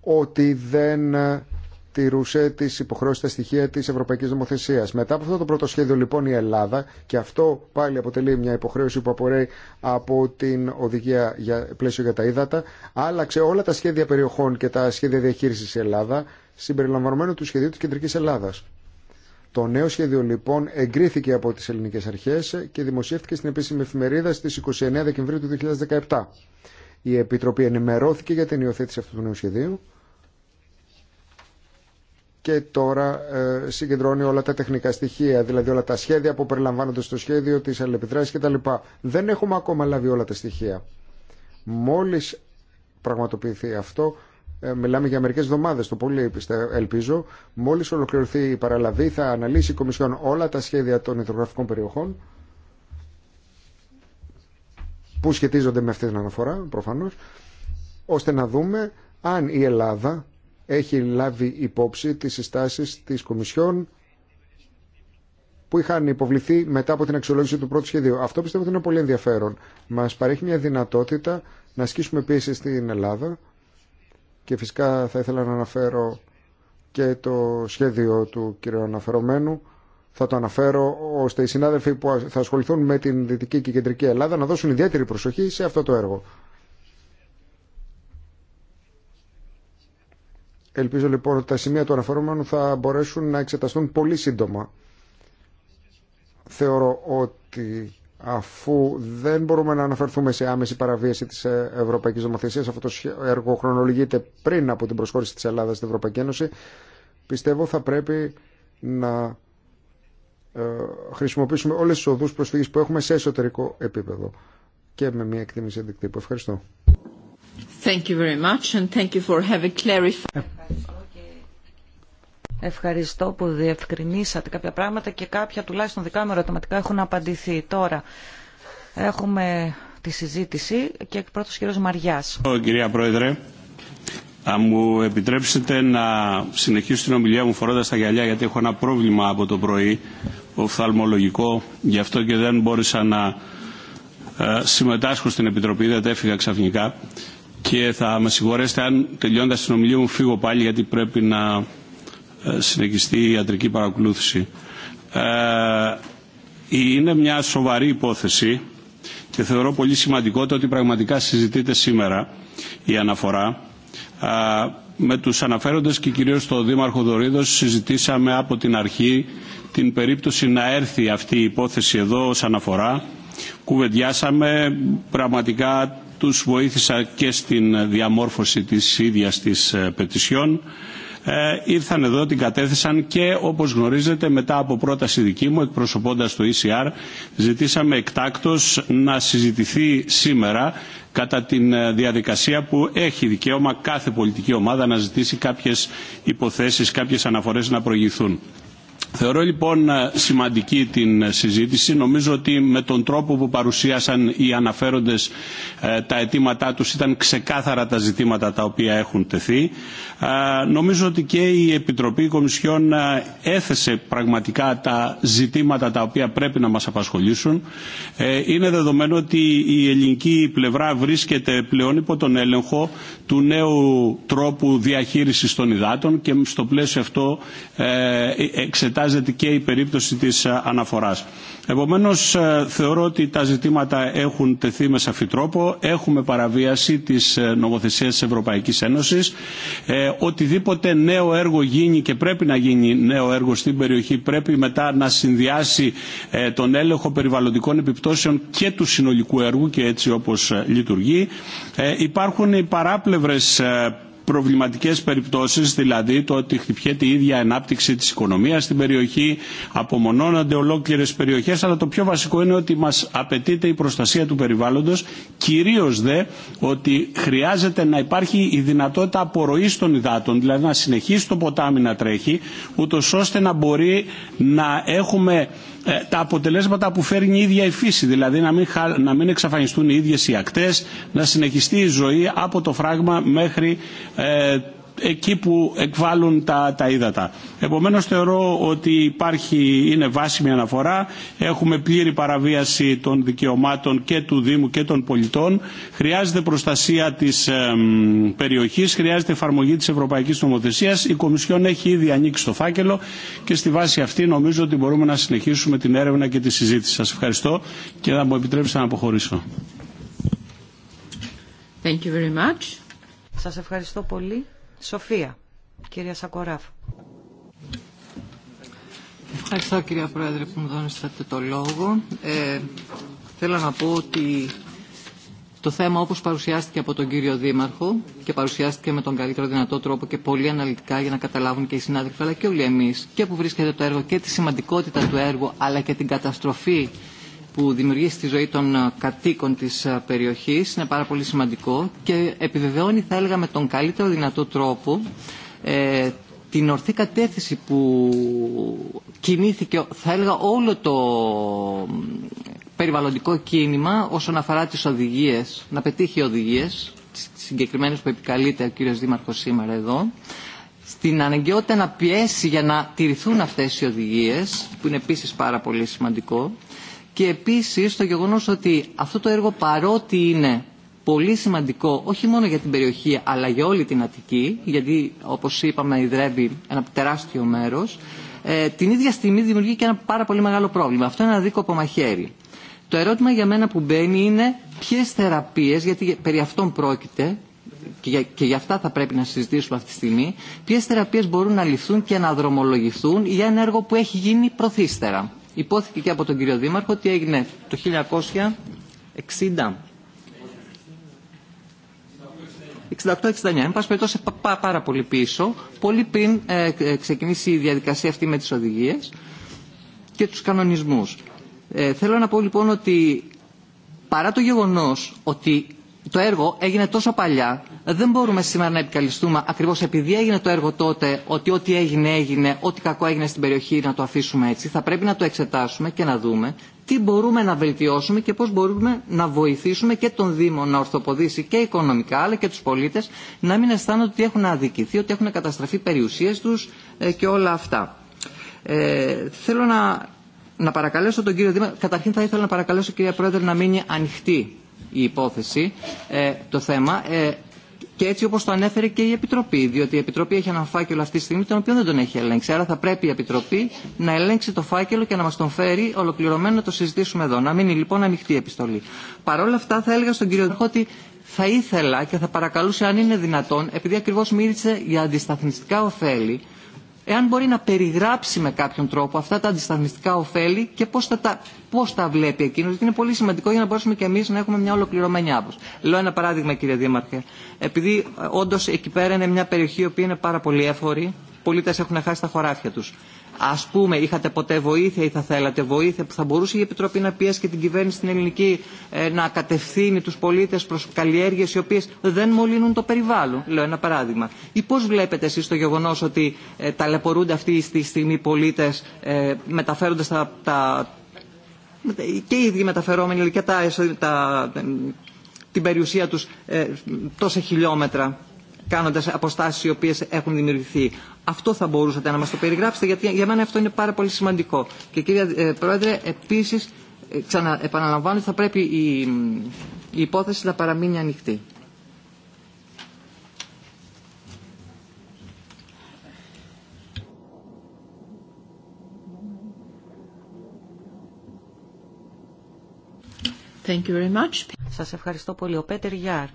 ότι δεν ε, τηρούσε τι υποχρεώσει τα στοιχεία τη Ευρωπαϊκή Νομοθεσία. Μετά από αυτό το πρώτο σχέδιο, λοιπόν, η Ελλάδα, και αυτό πάλι αποτελεί μια υποχρέωση που απορρέει από την οδηγία για, πλαίσιο για τα ύδατα, άλλαξε όλα τα σχέδια περιοχών και τα σχέδια διαχείριση η Ελλάδα, συμπεριλαμβανομένου του σχεδίου τη Κεντρική Ελλάδα. Το νέο σχέδιο λοιπόν εγκρίθηκε από τις ελληνικές αρχές και δημοσιεύτηκε στην επίσημη εφημερίδα στις 29 Δεκεμβρίου του 2017. Η Επιτροπή ενημερώθηκε για την υιοθέτηση αυτού του νέου σχεδίου και τώρα ε, συγκεντρώνει όλα τα τεχνικά στοιχεία, δηλαδή όλα τα σχέδια που περιλαμβάνονται στο σχέδιο, τις αλληλεπιδράσεις κτλ. Δεν έχουμε ακόμα λάβει όλα τα στοιχεία. Μόλις πραγματοποιηθεί αυτό, ε, μιλάμε για μερικές εβδομάδες, το πολύ ελπίζω, μόλις ολοκληρωθεί η παραλαβή θα αναλύσει η Κομισιόν όλα τα σχέδια των υδρογραφικών περιοχών που σχετίζονται με αυτή την αναφορά προφανώς, ώστε να δούμε αν η Ελλάδα έχει λάβει υπόψη τις συστάσεις της Κομισιόν που είχαν υποβληθεί μετά από την αξιολόγηση του πρώτου σχεδίου. Αυτό πιστεύω ότι είναι πολύ ενδιαφέρον. Μας παρέχει μια δυνατότητα να ασκήσουμε πίεση στην Ελλάδα και φυσικά θα ήθελα να αναφέρω και το σχέδιο του κύριου Αναφερομένου. Θα το αναφέρω ώστε οι συνάδελφοι που θα ασχοληθούν με την Δυτική και Κεντρική Ελλάδα να δώσουν ιδιαίτερη προσοχή σε αυτό το έργο. Ελπίζω λοιπόν ότι τα σημεία του αναφερόμενου θα μπορέσουν να εξεταστούν πολύ σύντομα. Θεωρώ ότι αφού δεν μπορούμε να αναφερθούμε σε άμεση παραβίαση της ε, Ευρωπαϊκής Δομοθεσίας, αυτό το έργο χρονολογείται πριν από την προσχώρηση της Ελλάδας στην Ευρωπαϊκή Ένωση, πιστεύω θα πρέπει να ε, χρησιμοποιήσουμε όλες τις οδούς προσφυγής που έχουμε σε εσωτερικό επίπεδο και με μια εκτίμηση αντικτύπου. Ευχαριστώ. Ευχαριστώ που διευκρινίσατε κάποια πράγματα και κάποια τουλάχιστον δικά μου ερωτηματικά έχουν απαντηθεί. Τώρα έχουμε τη συζήτηση και πρώτο κύριο Μαριάς. Κυρία Πρόεδρε, θα μου επιτρέψετε να συνεχίσω την ομιλία μου φορώντας τα γυαλιά γιατί έχω ένα πρόβλημα από το πρωί οφθαλμολογικό γι' αυτό και δεν μπόρεσα να ε, συμμετάσχω στην Επιτροπή, δεν έφυγα ξαφνικά και θα με συγχωρέσετε αν τελειώντας την ομιλία μου φύγω πάλι γιατί πρέπει να ε, συνεχιστεί η ιατρική παρακολούθηση. Ε, είναι μια σοβαρή υπόθεση και θεωρώ πολύ σημαντικό το ότι πραγματικά συζητείται σήμερα η αναφορά. Με τους αναφέροντες και κυρίως τον Δήμαρχο Δωρίδος συζητήσαμε από την αρχή την περίπτωση να έρθει αυτή η υπόθεση εδώ ως αναφορά κουβεντιάσαμε πραγματικά τους βοήθησα και στην διαμόρφωση της ίδιας της ε, πετησιών. Ε, ήρθαν εδώ, την κατέθεσαν και όπως γνωρίζετε μετά από πρόταση δική μου εκπροσωπώντας το ECR ζητήσαμε εκτάκτως να συζητηθεί σήμερα κατά την ε, διαδικασία που έχει δικαίωμα κάθε πολιτική ομάδα να ζητήσει κάποιες υποθέσεις, κάποιες αναφορές να προηγηθούν. Θεωρώ λοιπόν σημαντική την συζήτηση. Νομίζω ότι με τον τρόπο που παρουσίασαν οι αναφέροντες ε, τα αιτήματά τους ήταν ξεκάθαρα τα ζητήματα τα οποία έχουν τεθεί. Ε, νομίζω ότι και η Επιτροπή Κομισιών ε, έθεσε πραγματικά τα ζητήματα τα οποία πρέπει να μας απασχολήσουν. Είναι δεδομένο ότι η ελληνική πλευρά βρίσκεται πλέον υπό τον έλεγχο του νέου τρόπου διαχείρισης των υδάτων και στο πλαίσιο αυτό εξετάζεται και η περίπτωση της ε, αναφοράς. Επομένως ε, θεωρώ ότι τα ζητήματα έχουν τεθεί με σαφή τρόπο, έχουμε παραβίαση της ε, νομοθεσίας της Ευρωπαϊκής Ένωσης, οτιδήποτε νέο έργο γίνει και πρέπει να γίνει νέο έργο στην περιοχή πρέπει μετά να συνδυάσει τον έλεγχο περιβαλλοντικών επιπτώσεων και του συνολικού έργου και έτσι όπως λειτουργεί. υπάρχουν οι παράπλευρες προβληματικές περιπτώσεις, δηλαδή το ότι χτυπιέται η ίδια ανάπτυξη της οικονομίας στην περιοχή, απομονώνονται ολόκληρες περιοχές, αλλά το πιο βασικό είναι ότι μας απαιτείται η προστασία του περιβάλλοντος, κυρίως δε ότι χρειάζεται να υπάρχει η δυνατότητα απορροής των υδάτων, δηλαδή να συνεχίσει το ποτάμι να τρέχει, ούτως ώστε να μπορεί να έχουμε ε, τα αποτελέσματα που φέρνει η ίδια η φύση, δηλαδή να μην, να μην εξαφανιστούν οι ίδιες οι ακτές, να συνεχιστεί η ζωή από το φράγμα μέχρι ε, εκεί που εκβάλλουν τα, τα ύδατα. Επομένως θεωρώ ότι υπάρχει, είναι βάσιμη αναφορά, έχουμε πλήρη παραβίαση των δικαιωμάτων και του Δήμου και των πολιτών, χρειάζεται προστασία της περιοχής, χρειάζεται εφαρμογή της Ευρωπαϊκής Νομοθεσίας, η Κομισιόν έχει ήδη ανοίξει το φάκελο και στη βάση αυτή νομίζω ότι μπορούμε να συνεχίσουμε την έρευνα και τη συζήτηση. Σας ευχαριστώ και θα μου επιτρέψετε να αποχωρήσω. Thank you very much. Σας ευχαριστώ πολύ. Σοφία, κυρία Σακοράφ. Ευχαριστώ κυρία Πρόεδρε που μου δώσατε το λόγο. Ε, θέλω να πω ότι το θέμα όπως παρουσιάστηκε από τον κύριο Δήμαρχο και παρουσιάστηκε με τον καλύτερο δυνατό τρόπο και πολύ αναλυτικά για να καταλάβουν και οι συνάδελφοι αλλά και όλοι εμείς και που βρίσκεται το έργο και τη σημαντικότητα του έργου αλλά και την καταστροφή που δημιουργεί στη ζωή των ε, κατοίκων της ε, περιοχής είναι πάρα πολύ σημαντικό και επιβεβαιώνει θα έλεγα με τον καλύτερο δυνατό τρόπο ε, την ορθή κατεύθυνση που κινήθηκε θα έλεγα όλο το περιβαλλοντικό κίνημα όσον αφορά τις οδηγίες, να πετύχει οδηγίες, τις συγκεκριμένες που επικαλείται ο κύριος Δήμαρχος σήμερα εδώ, στην αναγκαιότητα να πιέσει για να τηρηθούν αυτές οι οδηγίες, που είναι επίσης πάρα πολύ σημαντικό, και επίσης το γεγονός ότι αυτό το έργο παρότι είναι πολύ σημαντικό όχι μόνο για την περιοχή αλλά για όλη την Αττική γιατί όπως είπαμε ιδρεύει ένα τεράστιο μέρος ε, την ίδια στιγμή δημιουργεί και ένα πάρα πολύ μεγάλο πρόβλημα. Αυτό είναι ένα δίκοπο μαχαίρι. Το ερώτημα για μένα που μπαίνει είναι ποιες θεραπείες, γιατί περί αυτών πρόκειται και για, αυτά θα πρέπει να συζητήσουμε αυτή τη στιγμή, ποιες θεραπείες μπορούν να ληφθούν και να δρομολογηθούν για ένα έργο που έχει γίνει προθύστερα. Υπόθηκε και από τον κύριο Δήμαρχο ότι έγινε το 1960. 68-69. Εν πάση περιπτώσει πάρα πολύ πίσω, πολύ πριν ε, ε, ξεκινήσει η διαδικασία αυτή με τις οδηγίες και τους κανονισμούς. Ε, θέλω να πω λοιπόν ότι παρά το γεγονός ότι το έργο έγινε τόσο παλιά, δεν μπορούμε σήμερα να επικαλυστούμε ακριβώ επειδή έγινε το έργο τότε ότι ό,τι έγινε έγινε, ό,τι κακό έγινε στην περιοχή να το αφήσουμε έτσι. Θα πρέπει να το εξετάσουμε και να δούμε τι μπορούμε να βελτιώσουμε και πώ μπορούμε να βοηθήσουμε και τον Δήμο να ορθοποδήσει και οικονομικά αλλά και του πολίτε να μην αισθάνονται ότι έχουν αδικηθεί, ότι έχουν καταστραφεί περιουσίε του ε, και όλα αυτά. Ε, θέλω να, να παρακαλέσω τον κύριο Δήμα. Καταρχήν θα ήθελα να παρακαλέσω κυρία Πρόεδρε να μείνει ανοιχτή η υπόθεση, ε, το θέμα, ε, και έτσι όπως το ανέφερε και η Επιτροπή, διότι η Επιτροπή έχει ένα φάκελο αυτή τη στιγμή τον οποίο δεν τον έχει ελέγξει. Άρα θα πρέπει η Επιτροπή να ελέγξει το φάκελο και να μας τον φέρει ολοκληρωμένο να το συζητήσουμε εδώ. Να μείνει λοιπόν ανοιχτή η επιστολή. Παρ' όλα αυτά θα έλεγα στον κύριο ότι θα ήθελα και θα παρακαλούσε αν είναι δυνατόν, επειδή ακριβώς μίλησε για αντισταθμιστικά ωφέλη, εάν μπορεί να περιγράψει με κάποιον τρόπο αυτά τα αντισταθμιστικά ωφέλη και πώς, τα, πώς τα βλέπει εκείνος, γιατί είναι πολύ σημαντικό για να μπορέσουμε και εμείς να έχουμε μια ολοκληρωμένη άποψη. Λέω ένα παράδειγμα κύριε Δήμαρχε, επειδή όντως εκεί πέρα είναι μια περιοχή η οποία είναι πάρα πολύ έφορη, πολίτες έχουν χάσει τα χωράφια τους ας πούμε είχατε ποτέ βοήθεια ή θα θέλατε βοήθεια που θα μπορούσε η Επιτροπή να πιέσει και την κυβέρνηση στην ελληνική ε, να κατευθύνει τους πολίτες προ καλλιέργειες οι οποίες δεν μολύνουν το περιβάλλον, λέω ένα παράδειγμα. Ή πώς βλέπετε εσεί το γεγονό ότι ε, ταλαιπωρούνται αυτή τη στιγμή οι πολίτες ε, μεταφέροντα τα, τα και οι ίδιοι μεταφερόμενοι δηλαδή και τα, την περιουσία τους τόσα χιλιόμετρα κάνοντα αποστάσει οι οποίε έχουν δημιουργηθεί. Αυτό θα μπορούσατε να μα το περιγράψετε, γιατί για μένα αυτό είναι πάρα πολύ σημαντικό. Και κύριε ε, Πρόεδρε, επίση, ε, ξαναεπαναλαμβάνω ότι θα πρέπει η, υπόθεση να παραμείνει ανοιχτή. Thank you very much. Σας ευχαριστώ πολύ. Ο Πέτερ Γιάρ.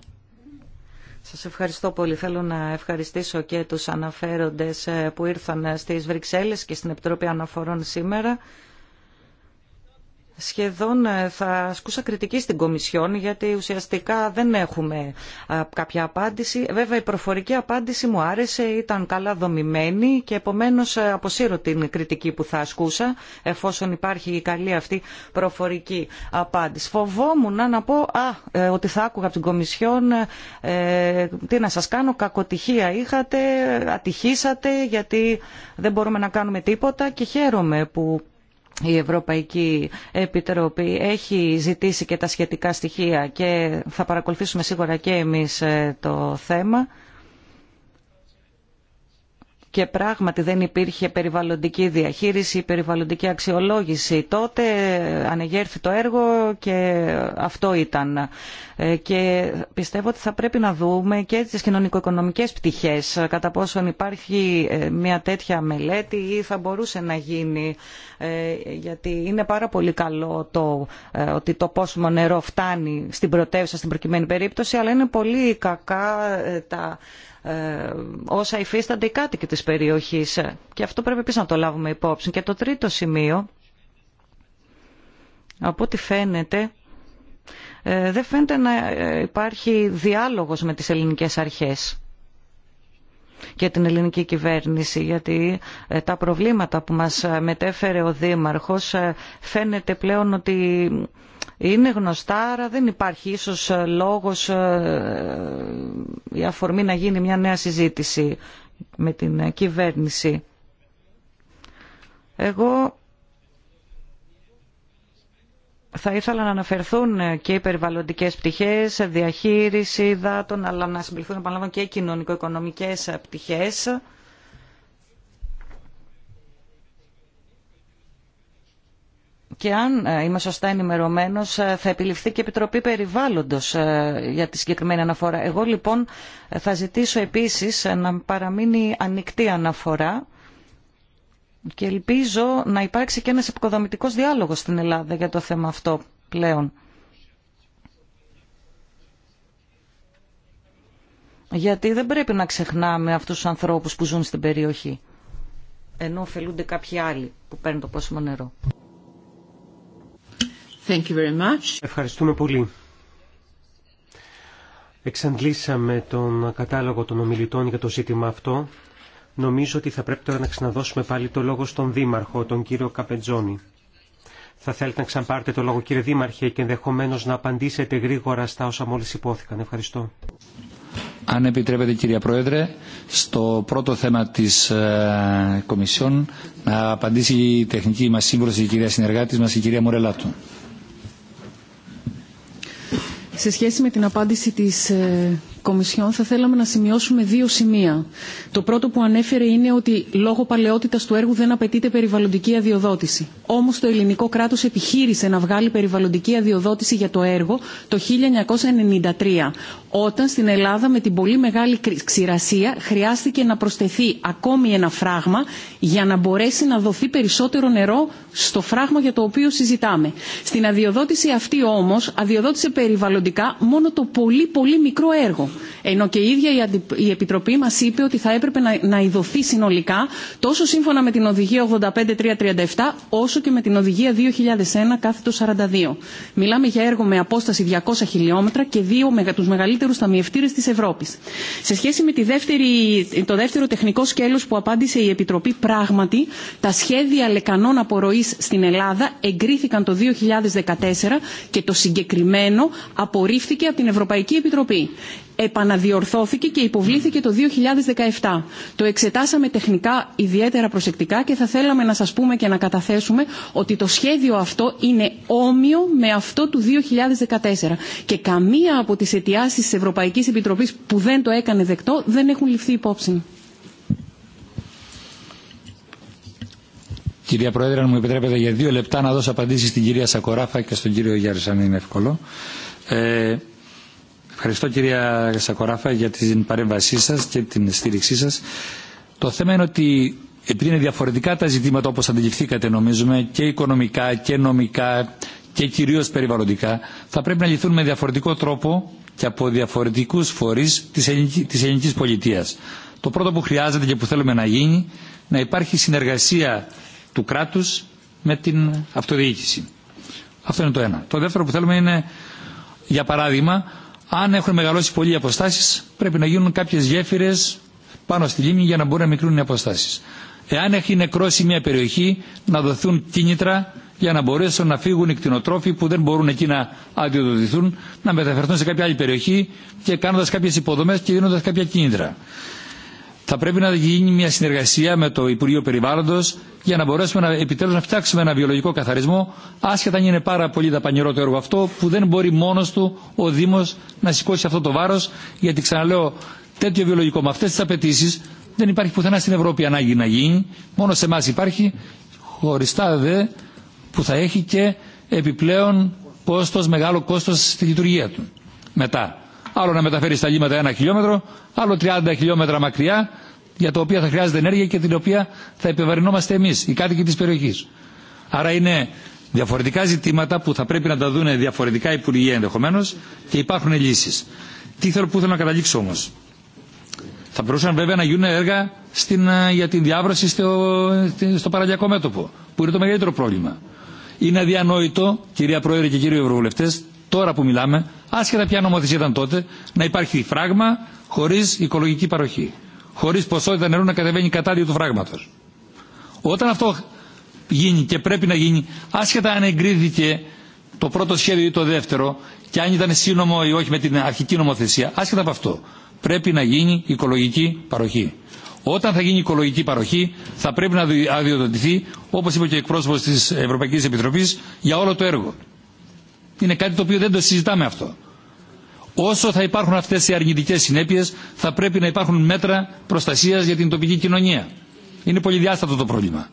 Σας ευχαριστώ πολύ. Θέλω να ευχαριστήσω και τους αναφέροντες ε, που ήρθαν ε, στις Βρυξέλλες και στην Επιτροπή Αναφορών σήμερα σχεδόν ε, θα ασκούσα κριτική στην Κομισιόν γιατί ουσιαστικά δεν έχουμε κάποια απάντηση. Βέβαια η προφορική απάντηση μου άρεσε, ήταν καλά δομημένη και επομένως ε, αποσύρω την κριτική που θα ασκούσα εφόσον υπάρχει η καλή αυτή προφορική απάντηση. Φοβόμουν να πω α, ε, ότι θα άκουγα από την Κομισιόν τι να σας κάνω, κακοτυχία είχατε, ατυχήσατε γιατί δεν μπορούμε να κάνουμε τίποτα και χαίρομαι που η Ευρωπαϊκή Επιτροπή έχει ζητήσει και τα σχετικά στοιχεία και θα παρακολουθήσουμε σίγουρα και εμείς ε, το θέμα και πράγματι δεν υπήρχε περιβαλλοντική διαχείριση ή περιβαλλοντική αξιολόγηση τότε ανεγέρθη το έργο και αυτό ήταν. Ε, και πιστεύω ότι θα πρέπει να δούμε και τις κοινωνικο-οικονομικές πτυχές κατά πόσον υπάρχει ε, μια τέτοια μελέτη ή θα μπορούσε να γίνει ε, γιατί είναι πάρα πολύ καλό το ότι το πόσιμο νερό φτάνει στην πρωτεύουσα στην προκειμένη περίπτωση αλλά είναι πολύ κακά τα ε, όσα υφίστανται οι κάτοικοι της περιοχής. Και αυτό πρέπει επίσης να το λάβουμε υπόψη. Και το τρίτο σημείο, από ό,τι φαίνεται, ε, δεν φαίνεται να ε, υπάρχει διάλογος με τις ελληνικές αρχές και την ελληνική κυβέρνηση γιατί τα προβλήματα που μας μετέφερε ο Δήμαρχος φαίνεται πλέον ότι είναι γνωστά, άρα δεν υπάρχει ίσως ε, λόγος ε, ε, η αφορμή να γίνει μια νέα συζήτηση με την κυβέρνηση. Εγώ θα ήθελα να αναφερθούν και οι περιβαλλοντικές πτυχές, διαχείριση υδάτων, αλλά να συμπληθούν επαναλαμβάνω και οι κοινωνικο-οικονομικές πτυχές και αν ε, είμαι σωστά ενημερωμένο, ε, θα επιληφθεί και η Επιτροπή Περιβάλλοντο ε, για τη συγκεκριμένη αναφορά. Εγώ λοιπόν θα ζητήσω επίση να παραμείνει ανοιχτή αναφορά και ελπίζω να υπάρξει και ένα επικοδομητικός διάλογος στην Ελλάδα για το θέμα αυτό πλέον. Γιατί δεν πρέπει να ξεχνάμε αυτούς τους ανθρώπους που ζουν στην περιοχή, ενώ ωφελούνται κάποιοι άλλοι που παίρνουν το πόσιμο νερό. Ευχαριστούμε πολύ. Εξαντλήσαμε τον κατάλογο των ομιλητών για το ζήτημα αυτό. Νομίζω ότι θα πρέπει τώρα να ξαναδώσουμε πάλι το λόγο στον Δήμαρχο, τον κύριο Καπετζόνη. Θα θέλετε να ξαναπάρτε το λόγο κύριε Δήμαρχε και ενδεχομένω να απαντήσετε γρήγορα στα όσα μόλι υπόθηκαν. Ευχαριστώ. Αν επιτρέπετε κυρία Πρόεδρε, στο πρώτο θέμα της ε, Κομισιόν να απαντήσει η τεχνική μας σύμβουλος η κυρία συνεργάτη μας, η κυρία Μορελάτου. Σε σχέση με την απάντηση της ε, Κομισιόν θα θέλαμε να σημειώσουμε δύο σημεία. Το πρώτο που ανέφερε είναι ότι λόγω παλαιότητα του έργου δεν απαιτείται περιβαλλοντική αδειοδότηση. Όμω το ελληνικό κράτο επιχείρησε να βγάλει περιβαλλοντική αδειοδότηση για το έργο το 1993, όταν στην Ελλάδα με την πολύ μεγάλη ξηρασία χρειάστηκε να προσθεθεί ακόμη ένα φράγμα για να μπορέσει να δοθεί περισσότερο νερό στο φράγμα για το οποίο συζητάμε. Στην αδειοδότηση αυτή όμω αδειοδότησε περιβαλλοντικά μόνο το πολύ πολύ μικρό έργο ενώ και η ίδια η Επιτροπή μας είπε ότι θα έπρεπε να ειδωθεί συνολικά τόσο σύμφωνα με την Οδηγία 85337 όσο και με την Οδηγία 2001 κάθετο 42. Μιλάμε για έργο με απόσταση 200 χιλιόμετρα και δύο με τους μεγαλύτερους ταμιευτήρες της Ευρώπης. Σε σχέση με τη δεύτερη, το δεύτερο τεχνικό σκέλος που απάντησε η Επιτροπή πράγματι, τα σχέδια λεκανών απορροής στην Ελλάδα εγκρίθηκαν το 2014 και το συγκεκριμένο απορρίφθηκε από την Ευρωπαϊκή Επιτροπή επαναδιορθώθηκε και υποβλήθηκε το 2017. Το εξετάσαμε τεχνικά ιδιαίτερα προσεκτικά και θα θέλαμε να σας πούμε και να καταθέσουμε ότι το σχέδιο αυτό είναι όμοιο με αυτό του 2014 και καμία από τις αιτιάσεις της Ευρωπαϊκής Επιτροπής που δεν το έκανε δεκτό δεν έχουν ληφθεί υπόψη. Κυρία Πρόεδρε, αν μου επιτρέπετε για δύο λεπτά να δώσω απαντήσεις στην κυρία Σακοράφα και στον κύριο Γιάρης, αν είναι εύκολο. Ε, Ευχαριστώ κυρία Σακοράφα για την παρέμβασή σας και την στήριξή σας. Το θέμα είναι ότι επειδή είναι διαφορετικά τα ζητήματα όπως αντιληφθήκατε νομίζουμε και οικονομικά και νομικά και κυρίως περιβαλλοντικά θα πρέπει να λυθούν με διαφορετικό τρόπο και από διαφορετικούς φορείς της ελληνική της πολιτείας. Το πρώτο που χρειάζεται και που θέλουμε να γίνει να υπάρχει συνεργασία του κράτους με την αυτοδιοίκηση. Αυτό είναι το ένα. Το δεύτερο που θέλουμε είναι για παράδειγμα αν έχουν μεγαλώσει πολύ οι αποστάσει, πρέπει να γίνουν κάποιε γέφυρε πάνω στη λίμνη για να μπορούν να μικρούν οι αποστάσει. Εάν έχει νεκρώσει μια περιοχή, να δοθούν κίνητρα για να μπορέσουν να φύγουν οι κτηνοτρόφοι που δεν μπορούν εκεί να αδειοδοτηθούν, να μεταφερθούν σε κάποια άλλη περιοχή και κάνοντα κάποιε υποδομέ και δίνοντα κάποια κίνητρα θα πρέπει να γίνει μια συνεργασία με το Υπουργείο Περιβάλλοντο για να μπορέσουμε να, επιτέλου να φτιάξουμε ένα βιολογικό καθαρισμό, άσχετα αν είναι πάρα πολύ δαπανηρό το έργο αυτό, που δεν μπορεί μόνο του ο Δήμο να σηκώσει αυτό το βάρο, γιατί ξαναλέω, τέτοιο βιολογικό με αυτέ τι απαιτήσει δεν υπάρχει πουθενά στην Ευρώπη ανάγκη να γίνει, μόνο σε εμά υπάρχει, χωριστά δε, που θα έχει και επιπλέον κόστο μεγάλο κόστο στη λειτουργία του. Μετά, άλλο να μεταφέρει στα λίμματα ένα χιλιόμετρο, άλλο 30 χιλιόμετρα μακριά για τα οποία θα χρειάζεται ενέργεια και την οποία θα επιβαρυνόμαστε εμείς, οι κάτοικοι της περιοχής. Άρα είναι διαφορετικά ζητήματα που θα πρέπει να τα δουν διαφορετικά υπουργεία ενδεχομένω και υπάρχουν λύσεις. Τι θέλω που θέλω να καταλήξω όμως. Θα μπορούσαν βέβαια να γίνουν έργα στην, ε, για την διάβρωση στο, ε, στο παραλιακό μέτωπο, που είναι το μεγαλύτερο πρόβλημα. Είναι αδιανόητο, κυρία Πρόεδρε και κύριοι Ευρωβουλευτέ, τώρα που μιλάμε, άσχετα ποια νομοθεσία ήταν τότε, να υπάρχει φράγμα χωρί οικολογική παροχή. Χωρί ποσότητα νερού να κατεβαίνει κατάλληλη του φράγματος. Όταν αυτό γίνει και πρέπει να γίνει, άσχετα αν εγκρίθηκε το πρώτο σχέδιο ή το δεύτερο και αν ήταν σύνομο ή όχι με την αρχική νομοθεσία, άσχετα από αυτό, πρέπει να γίνει οικολογική παροχή. Όταν θα γίνει οικολογική παροχή, θα πρέπει να αδειοδοτηθεί, όπω είπε και ο εκπρόσωπο τη Ευρωπαϊκή Επιτροπή, για όλο το έργο. Είναι κάτι το οποίο δεν το συζητάμε αυτό. Όσο θα υπάρχουν αυτέ οι αρνητικέ συνέπειες θα πρέπει να υπάρχουν μέτρα προστασία για την τοπική κοινωνία. Είναι πολυδιάστατο το πρόβλημα.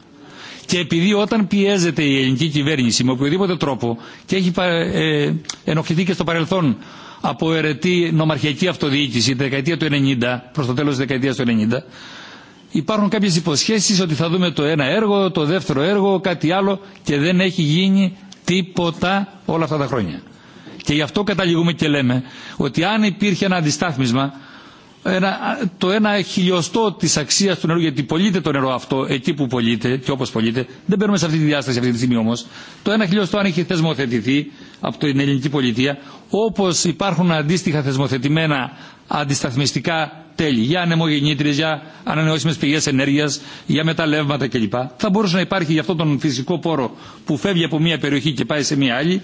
Και επειδή όταν πιέζεται η ελληνική κυβέρνηση με οποιοδήποτε τρόπο και έχει ε, ε, ενοχληθεί και στο παρελθόν από αιρετή νομαρχιακή αυτοδιοίκηση τη δεκαετία του 90 προς το τέλος της δεκαετίας του 90 υπάρχουν κάποιες υποσχέσεις ότι θα δούμε το ένα έργο, το δεύτερο έργο, κάτι άλλο και δεν έχει γίνει τίποτα όλα αυτά τα χρόνια. Και γι' αυτό καταλήγουμε και λέμε ότι αν υπήρχε ένα αντιστάθμισμα, ένα, το ένα χιλιοστό τη αξία του νερού, γιατί πωλείται το νερό αυτό εκεί που πωλείται και όπω πωλείται, δεν παίρνουμε σε αυτή τη διάσταση αυτή τη στιγμή όμω. Το ένα χιλιοστό, αν είχε θεσμοθετηθεί από την ελληνική πολιτεία, όπω υπάρχουν αντίστοιχα θεσμοθετημένα αντισταθμιστικά τέλη για ανεμογεννήτριε, για ανανεώσιμε πηγέ ενέργεια, για μεταλλεύματα κλπ. Θα μπορούσε να υπάρχει γι' αυτόν τον φυσικό πόρο που φεύγει από μία περιοχή και πάει σε μία άλλη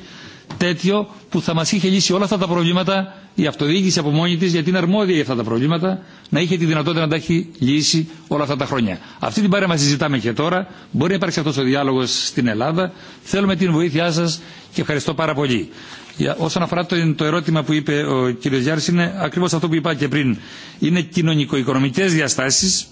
τέτοιο που θα μας είχε λύσει όλα αυτά τα προβλήματα η αυτοδιοίκηση από μόνη της γιατί είναι αρμόδια για αυτά τα προβλήματα να είχε τη δυνατότητα να τα έχει λύσει όλα αυτά τα χρόνια. Αυτή την παρέμβαση συζητάμε και τώρα. Μπορεί να υπάρξει αυτός ο διάλογος στην Ελλάδα. Θέλουμε την βοήθειά σας και ευχαριστώ πάρα πολύ. Για, όσον αφορά το, το ερώτημα που είπε ο κ. Γιάρης είναι ακριβώς αυτό που είπα και πριν. Είναι κοινωνικο-οικονομικές διαστάσεις.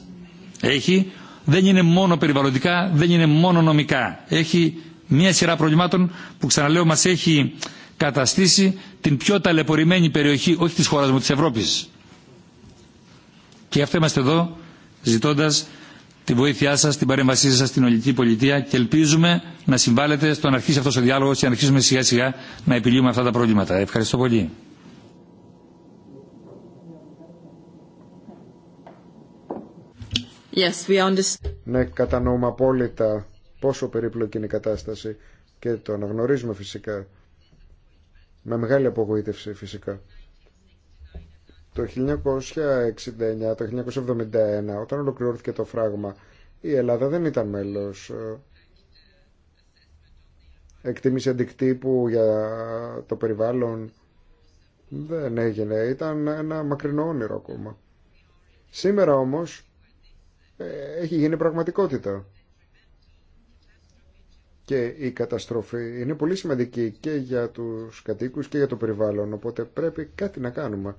Έχει. Δεν είναι μόνο περιβαλλοντικά, δεν είναι μόνο νομικά. Έχει μια σειρά προβλημάτων που ξαναλέω μας έχει καταστήσει την πιο ταλαιπωρημένη περιοχή όχι της χώρας μου, της Ευρώπης. Και γι' αυτό είμαστε εδώ ζητώντας τη βοήθειά σας, την παρέμβασή σας στην ολική πολιτεία και ελπίζουμε να συμβάλλετε στο να αρχίσει αυτός ο διάλογος και να αρχίσουμε σιγά σιγά να επιλύουμε αυτά τα προβλήματα. Ευχαριστώ πολύ. Yes, we understand. Ναι, απόλυτα πόσο περίπλοκη είναι η κατάσταση και το αναγνωρίζουμε φυσικά. Με μεγάλη απογοήτευση φυσικά. Το 1969, το 1971, όταν ολοκληρώθηκε το φράγμα, η Ελλάδα δεν ήταν μέλος. Ε, εκτίμηση αντικτύπου για το περιβάλλον δεν έγινε. Ήταν ένα μακρινό όνειρο ακόμα. Σήμερα όμως ε, έχει γίνει πραγματικότητα και η καταστροφή είναι πολύ σημαντική και για τους κατοίκους και για το περιβάλλον οπότε πρέπει κάτι να κάνουμε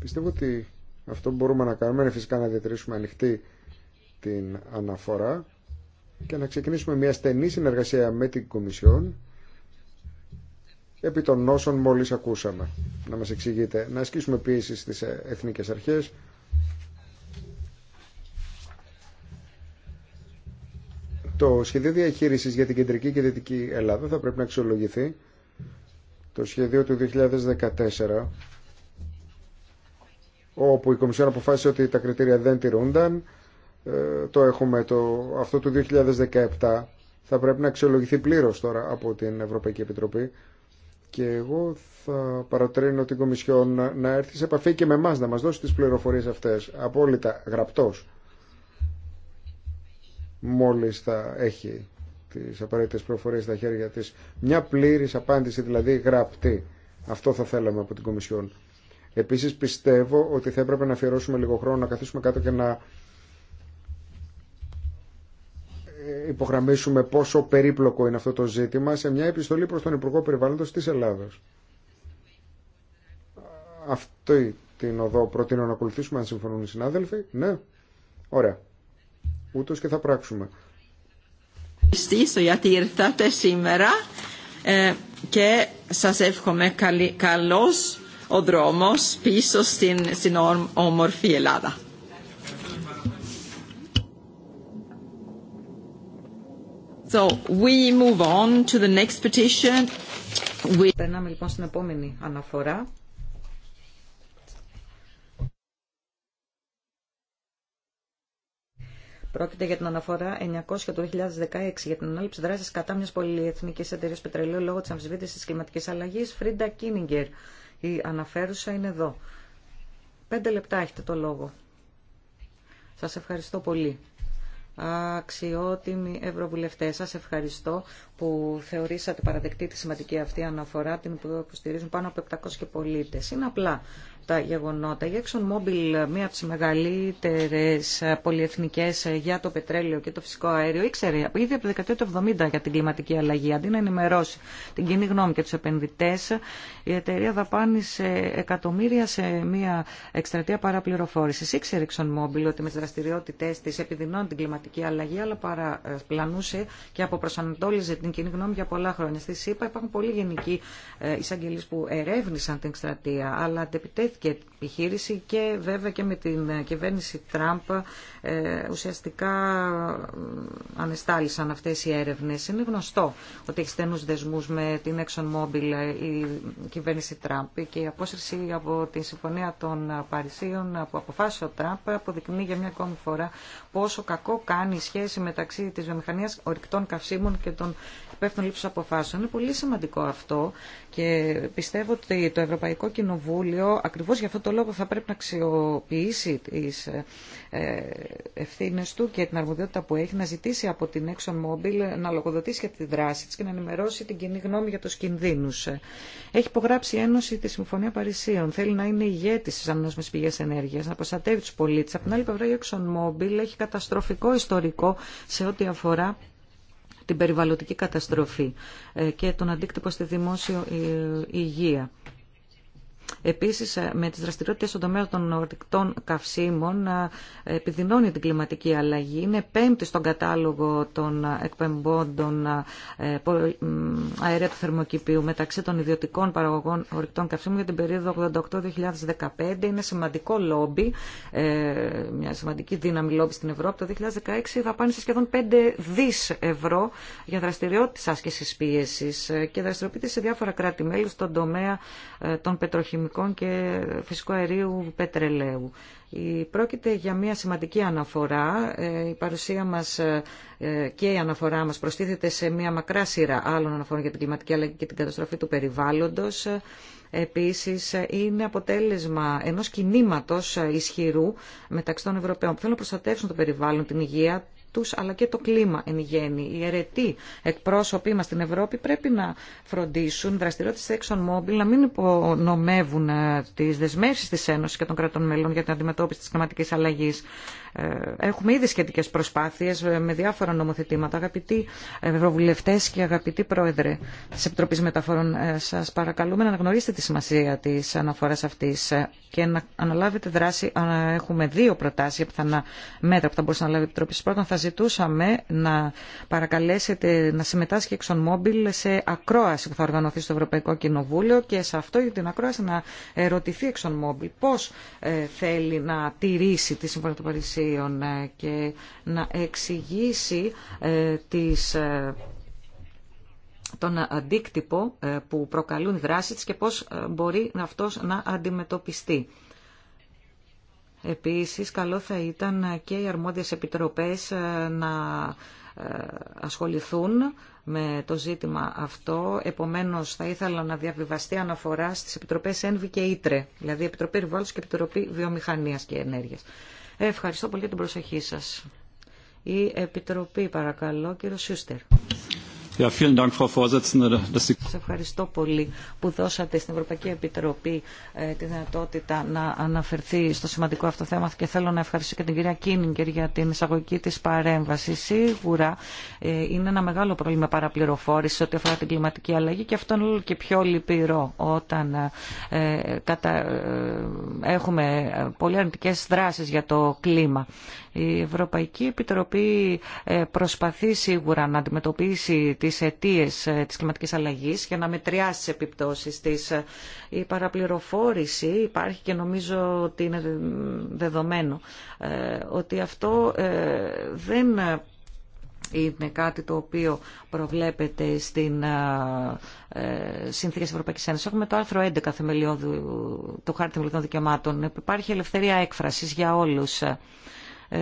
πιστεύω ότι αυτό που μπορούμε να κάνουμε είναι φυσικά να διατηρήσουμε ανοιχτή την αναφορά και να ξεκινήσουμε μια στενή συνεργασία με την Κομισιόν επί των όσων μόλις ακούσαμε να μας εξηγείτε να ασκήσουμε πίεση στις εθνικές αρχές Το σχέδιο διαχείρισης για την κεντρική και δυτική Ελλάδα θα πρέπει να αξιολογηθεί. Το σχέδιο του 2014 όπου η Κομισιόν αποφάσισε ότι τα κριτήρια δεν τηρούνταν. Ε, το έχουμε το, αυτό του 2017 θα πρέπει να αξιολογηθεί πλήρως τώρα από την Ευρωπαϊκή Επιτροπή και εγώ θα παρατρύνω την Κομισιόν να έρθει σε επαφή και με εμά να μας δώσει τις πληροφορίες αυτές απόλυτα γραπτός μόλις θα έχει τις απαραίτητες προφορές στα χέρια της. Μια πλήρης απάντηση, δηλαδή γραπτή. Αυτό θα θέλαμε από την Κομισιόν. Επίσης πιστεύω ότι θα έπρεπε να αφιερώσουμε λίγο χρόνο να καθίσουμε κάτω και να υπογραμμίσουμε πόσο περίπλοκο είναι αυτό το ζήτημα σε μια επιστολή προς τον Υπουργό Περιβάλλοντος της Ελλάδος. Αυτή την οδό προτείνω να ακολουθήσουμε αν συμφωνούν οι συνάδελφοι. Ναι. Ωραία ούτως και θα πράξουμε. Ευχαριστήσω γιατί ήρθατε σήμερα ε, και σας εύχομαι καλός ο δρόμος πίσω στην, στην όμορφη Ελλάδα. So we move on to the next petition. We... Περνάμε λοιπόν στην επόμενη αναφορά. Πρόκειται για την αναφορά 900 του 2016 για την ανάληψη δράση κατά μια πολυεθνική εταιρεία πετρελαίου λόγω τη αμφισβήτηση τη κλιματική αλλαγή. Φρίντα Κίνιγκερ, η αναφέρουσα, είναι εδώ. Πέντε λεπτά έχετε το λόγο. Σας ευχαριστώ πολύ. Αξιότιμοι Ευρωβουλευτέ, σας ευχαριστώ που θεωρήσατε παραδεκτή τη σημαντική αυτή αναφορά, την οποία υποστηρίζουν πάνω από 700 και πολίτες. Είναι απλά τα γεγονότα. Η ExxonMobil, μία από τι μεγαλύτερε πολυεθνικέ για το πετρέλαιο και το φυσικό αέριο, ήξερε ήδη από το δεκαετία του για την κλιματική αλλαγή. Αντί να ενημερώσει την κοινή γνώμη και του επενδυτέ, η εταιρεία δαπάνησε εκατομμύρια σε μία εκστρατεία παραπληροφόρησης. Ήξερε ExxonMobil ότι με τι δραστηριότητέ της επιδεινώνει την κλιματική αλλαγή, αλλά παραπλανούσε και αποπροσανατόλιζε την κοινή γνώμη για πολλά χρόνια. Στη ΣΥΠΑ υπάρχουν πολλοί γενικοί ε, εισαγγελεί που ερεύνησαν την εκστρατεία, αλλά και επιχείρηση και βέβαια και με την ε, κυβέρνηση Τραμπ ε, ουσιαστικά ε, ανεστάλησαν αυτές οι έρευνες. Είναι γνωστό ότι έχει στενούς δεσμούς με την ExxonMobil η κυβέρνηση Τραμπ και η απόσυρση από την Συμφωνία των Παρισίων που αποφάσισε ο Τραμπ αποδεικνύει για μια ακόμη φορά πόσο κακό κάνει η σχέση μεταξύ της βιομηχανίας ορυκτών καυσίμων και των πέφτουν λήψεις αποφάσεων. Είναι πολύ σημαντικό αυτό και πιστεύω ότι το Ευρωπαϊκό Κοινοβούλιο ακριβώ για αυτό το λόγο θα πρέπει να αξιοποιήσει τι ε, ε, ευθύνε του και την αρμοδιότητα που έχει να ζητήσει από την ExxonMobil να λογοδοτήσει για τη δράση τη και να ενημερώσει την κοινή γνώμη για του κινδύνου. Έχει υπογράψει η Ένωση τη Συμφωνία Παρισίων. Θέλει να είναι ηγέτη τη ανώσιμε πηγέ ενέργεια, να προστατεύει του πολίτε. Από την άλλη πλευρά η ExxonMobil έχει καταστροφικό ιστορικό σε ό,τι αφορά την περιβαλλοντική καταστροφή ε, και τον αντίκτυπο στη δημόσια ε, υγεία. Επίση, ε, με τι δραστηριότητε στον τομέα των ορεικτών καυσίμων ε, επιδεινώνει την κλιματική αλλαγή. Είναι πέμπτη στον κατάλογο των εκπαιμπόντων ε, αερία του θερμοκηπίου μεταξύ των ιδιωτικών παραγωγών ορεικτών καυσίμων για την περίοδο 88-2015. Είναι σημαντικό λόμπι, μια σημαντική δύναμη λόμπι στην Ευρώπη. Το 2016 θα πάνε σε σχεδόν 5 δι ευρώ για δραστηριότητε άσκηση πίεση και δραστηριοποιείται σε διάφορα κράτη-μέλη στον τομέα των πετροχημών χημικών και φυσικού αερίου πετρελαίου. Πρόκειται για μια σημαντική αναφορά. Ε, η παρουσία μας ε, και η αναφορά μας προστίθεται σε μια μακρά σειρά άλλων αναφορών για την κλιματική αλλαγή και την καταστροφή του περιβάλλοντος. Επίσης, είναι αποτέλεσμα ενός κινήματος ισχυρού μεταξύ των Ευρωπαίων που θέλουν να προστατεύσουν το περιβάλλον, την υγεία, αλλά και το κλίμα εν γέννη. Οι αιρετοί εκπρόσωποι μας στην Ευρώπη πρέπει να φροντίσουν δραστηριότητες Exxon Mobil να μην υπονομεύουν ε, τις δεσμεύσεις της Ένωσης και των κρατών μελών για την αντιμετώπιση της κλιματικής αλλαγής. Ε, έχουμε ήδη σχετικέ προσπάθειε με διάφορα νομοθετήματα. Αγαπητοί Ευρωβουλευτέ και αγαπητοί Πρόεδρε τη Επιτροπή Μεταφορών, ε, σα παρακαλούμε να γνωρίσετε τη σημασία τη αναφορά αυτή ε, και να αναλάβετε δράση. Έχουμε δύο προτάσει για πιθανά μέτρα που θα μπορούσε να λάβει η Επιτροπή. Πρώτον, θα ζητούσαμε να παρακαλέσετε να συμμετάσχει η ExxonMobil σε ακρόαση που θα οργανωθεί στο Ευρωπαϊκό Κοινοβούλιο και σε αυτό για την ακρόαση να ερωτηθεί η ExxonMobil πώ θέλει να τηρήσει τη Σύμφωνα του ε, και να εξηγήσει ε, τις ε, τον αντίκτυπο που προκαλούν οι δράσεις της και πώς μπορεί αυτός να αντιμετωπιστεί. Επίσης, καλό θα ήταν και οι αρμόδιες επιτροπές να ασχοληθούν με το ζήτημα αυτό. Επομένως, θα ήθελα να διαβιβαστεί αναφορά στις επιτροπές ΕΝΒΙ και ΙΤΡΕ, δηλαδή Επιτροπή Ριβάλλους και Επιτροπή Βιομηχανίας και Ενέργειας. Ευχαριστώ πολύ για την προσοχή σας. Η Επιτροπή παρακαλώ, κύριο Σούστερ. Σας ευχαριστώ πολύ που δώσατε στην Ευρωπαϊκή Επιτροπή ε, τη δυνατότητα να αναφερθεί στο σημαντικό αυτό θέμα και θέλω να ευχαριστήσω και την κυρία Κίνιγκερ για την εισαγωγική της παρέμβαση. Σίγουρα ε, είναι ένα μεγάλο πρόβλημα παραπληροφόρηση ό,τι αφορά την κλιματική αλλαγή και αυτό είναι όλο και πιο λυπηρό όταν ε, έχουμε πολύ αρνητικέ δράσεις για το κλίμα. Η Ευρωπαϊκή Επιτροπή προσπαθεί σίγουρα να αντιμετωπίσει τη τις αιτίες ε, της κλιματικής αλλαγής για να μετριάσει τις επιπτώσεις της. Ε, η παραπληροφόρηση υπάρχει και νομίζω ότι είναι δεδομένο ε, ότι αυτό δεν είναι κάτι το οποίο προβλέπεται στην Σύνθηκη της Ευρωπαϊκής Ένωσης. Έχουμε το άρθρο 11 του Χάρτη Θεμελιωδών Δικαιωμάτων. Υπάρχει ελευθερία έκφρασης για όλους.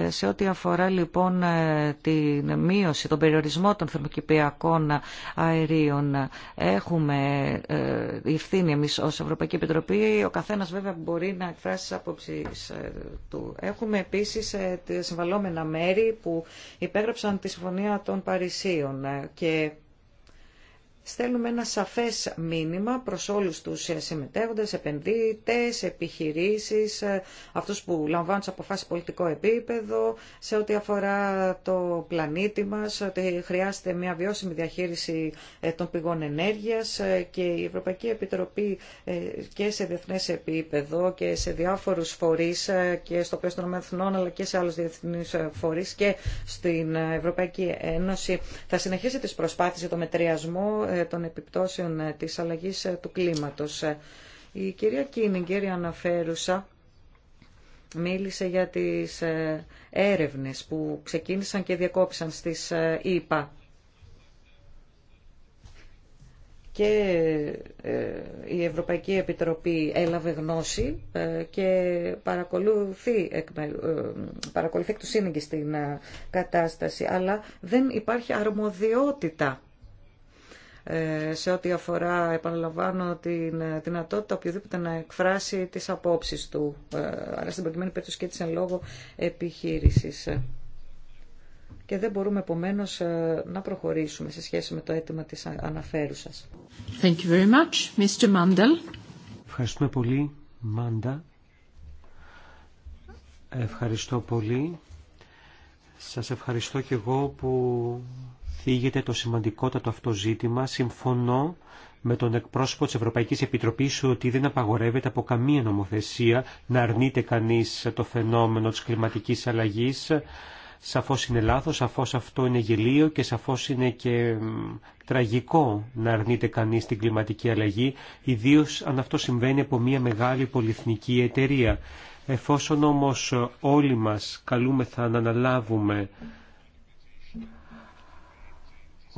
Σε ό,τι αφορά λοιπόν ε, την μείωση, τον περιορισμό των θερμοκηπιακών αερίων, έχουμε ε, ευθύνη εμεί ω Ευρωπαϊκή Επιτροπή. Ο καθένα βέβαια μπορεί να εκφράσει τι απόψει ε, του. Έχουμε επίση τα συμβαλόμενα μέρη που υπέγραψαν τη Συμφωνία των Παρισίων και στέλνουμε ένα σαφές μήνυμα προς όλους τους συμμετέχοντες, επενδύτες, επιχειρήσεις, ε, αυτούς που λαμβάνουν τις αποφάσεις πολιτικό επίπεδο, σε ό,τι αφορά το πλανήτη μας, ότι χρειάζεται μια βιώσιμη διαχείριση ε, των πηγών ενέργειας ε, και η Ευρωπαϊκή Επιτροπή και σε διεθνές επίπεδο και σε διάφορους φορείς και στο πλαίσιο των Εθνών αλλά και σε άλλους διεθνείς φορείς και στην Ευρωπαϊκή Ένωση θα συνεχίσει τις προσπάθειες για το μετριασμό ε, των επιπτώσεων ε, της αλλαγής ε, του κλίματος. Η κυρία Κίνιγκερ, αναφέρουσα, μίλησε για τις έρευνες που ξεκίνησαν και διακόπησαν στις ίπα Και η Ευρωπαϊκή Επιτροπή έλαβε γνώση και παρακολουθεί, παρακολουθεί εκ του σύνεγγυ στην κατάσταση, αλλά δεν υπάρχει αρμοδιότητα σε ό,τι αφορά, επαναλαμβάνω, την δυνατότητα οποιοδήποτε να εκφράσει τις απόψεις του, ε, αλλά στην προκειμένη περίπτωση και της εν λόγω επιχείρησης. Και δεν μπορούμε επομένω ε, να προχωρήσουμε σε σχέση με το αίτημα της αναφέρουσας. Thank you very much, Ευχαριστούμε πολύ, Μάντα. Ευχαριστώ πολύ. Σας ευχαριστώ και εγώ που θίγεται το σημαντικότατο αυτό ζήτημα. Συμφωνώ με τον εκπρόσωπο της Ευρωπαϊκής Επιτροπής ότι δεν απαγορεύεται από καμία νομοθεσία να αρνείται κανείς το φαινόμενο της κλιματικής αλλαγής. Σαφώς είναι λάθος, σαφώς αυτό είναι γελίο και σαφώς είναι και τραγικό να αρνείται κανείς την κλιματική αλλαγή, ιδίως αν αυτό συμβαίνει από μια μεγάλη πολυεθνική εταιρεία. Εφόσον όμως όλοι μας καλούμεθα να αναλάβουμε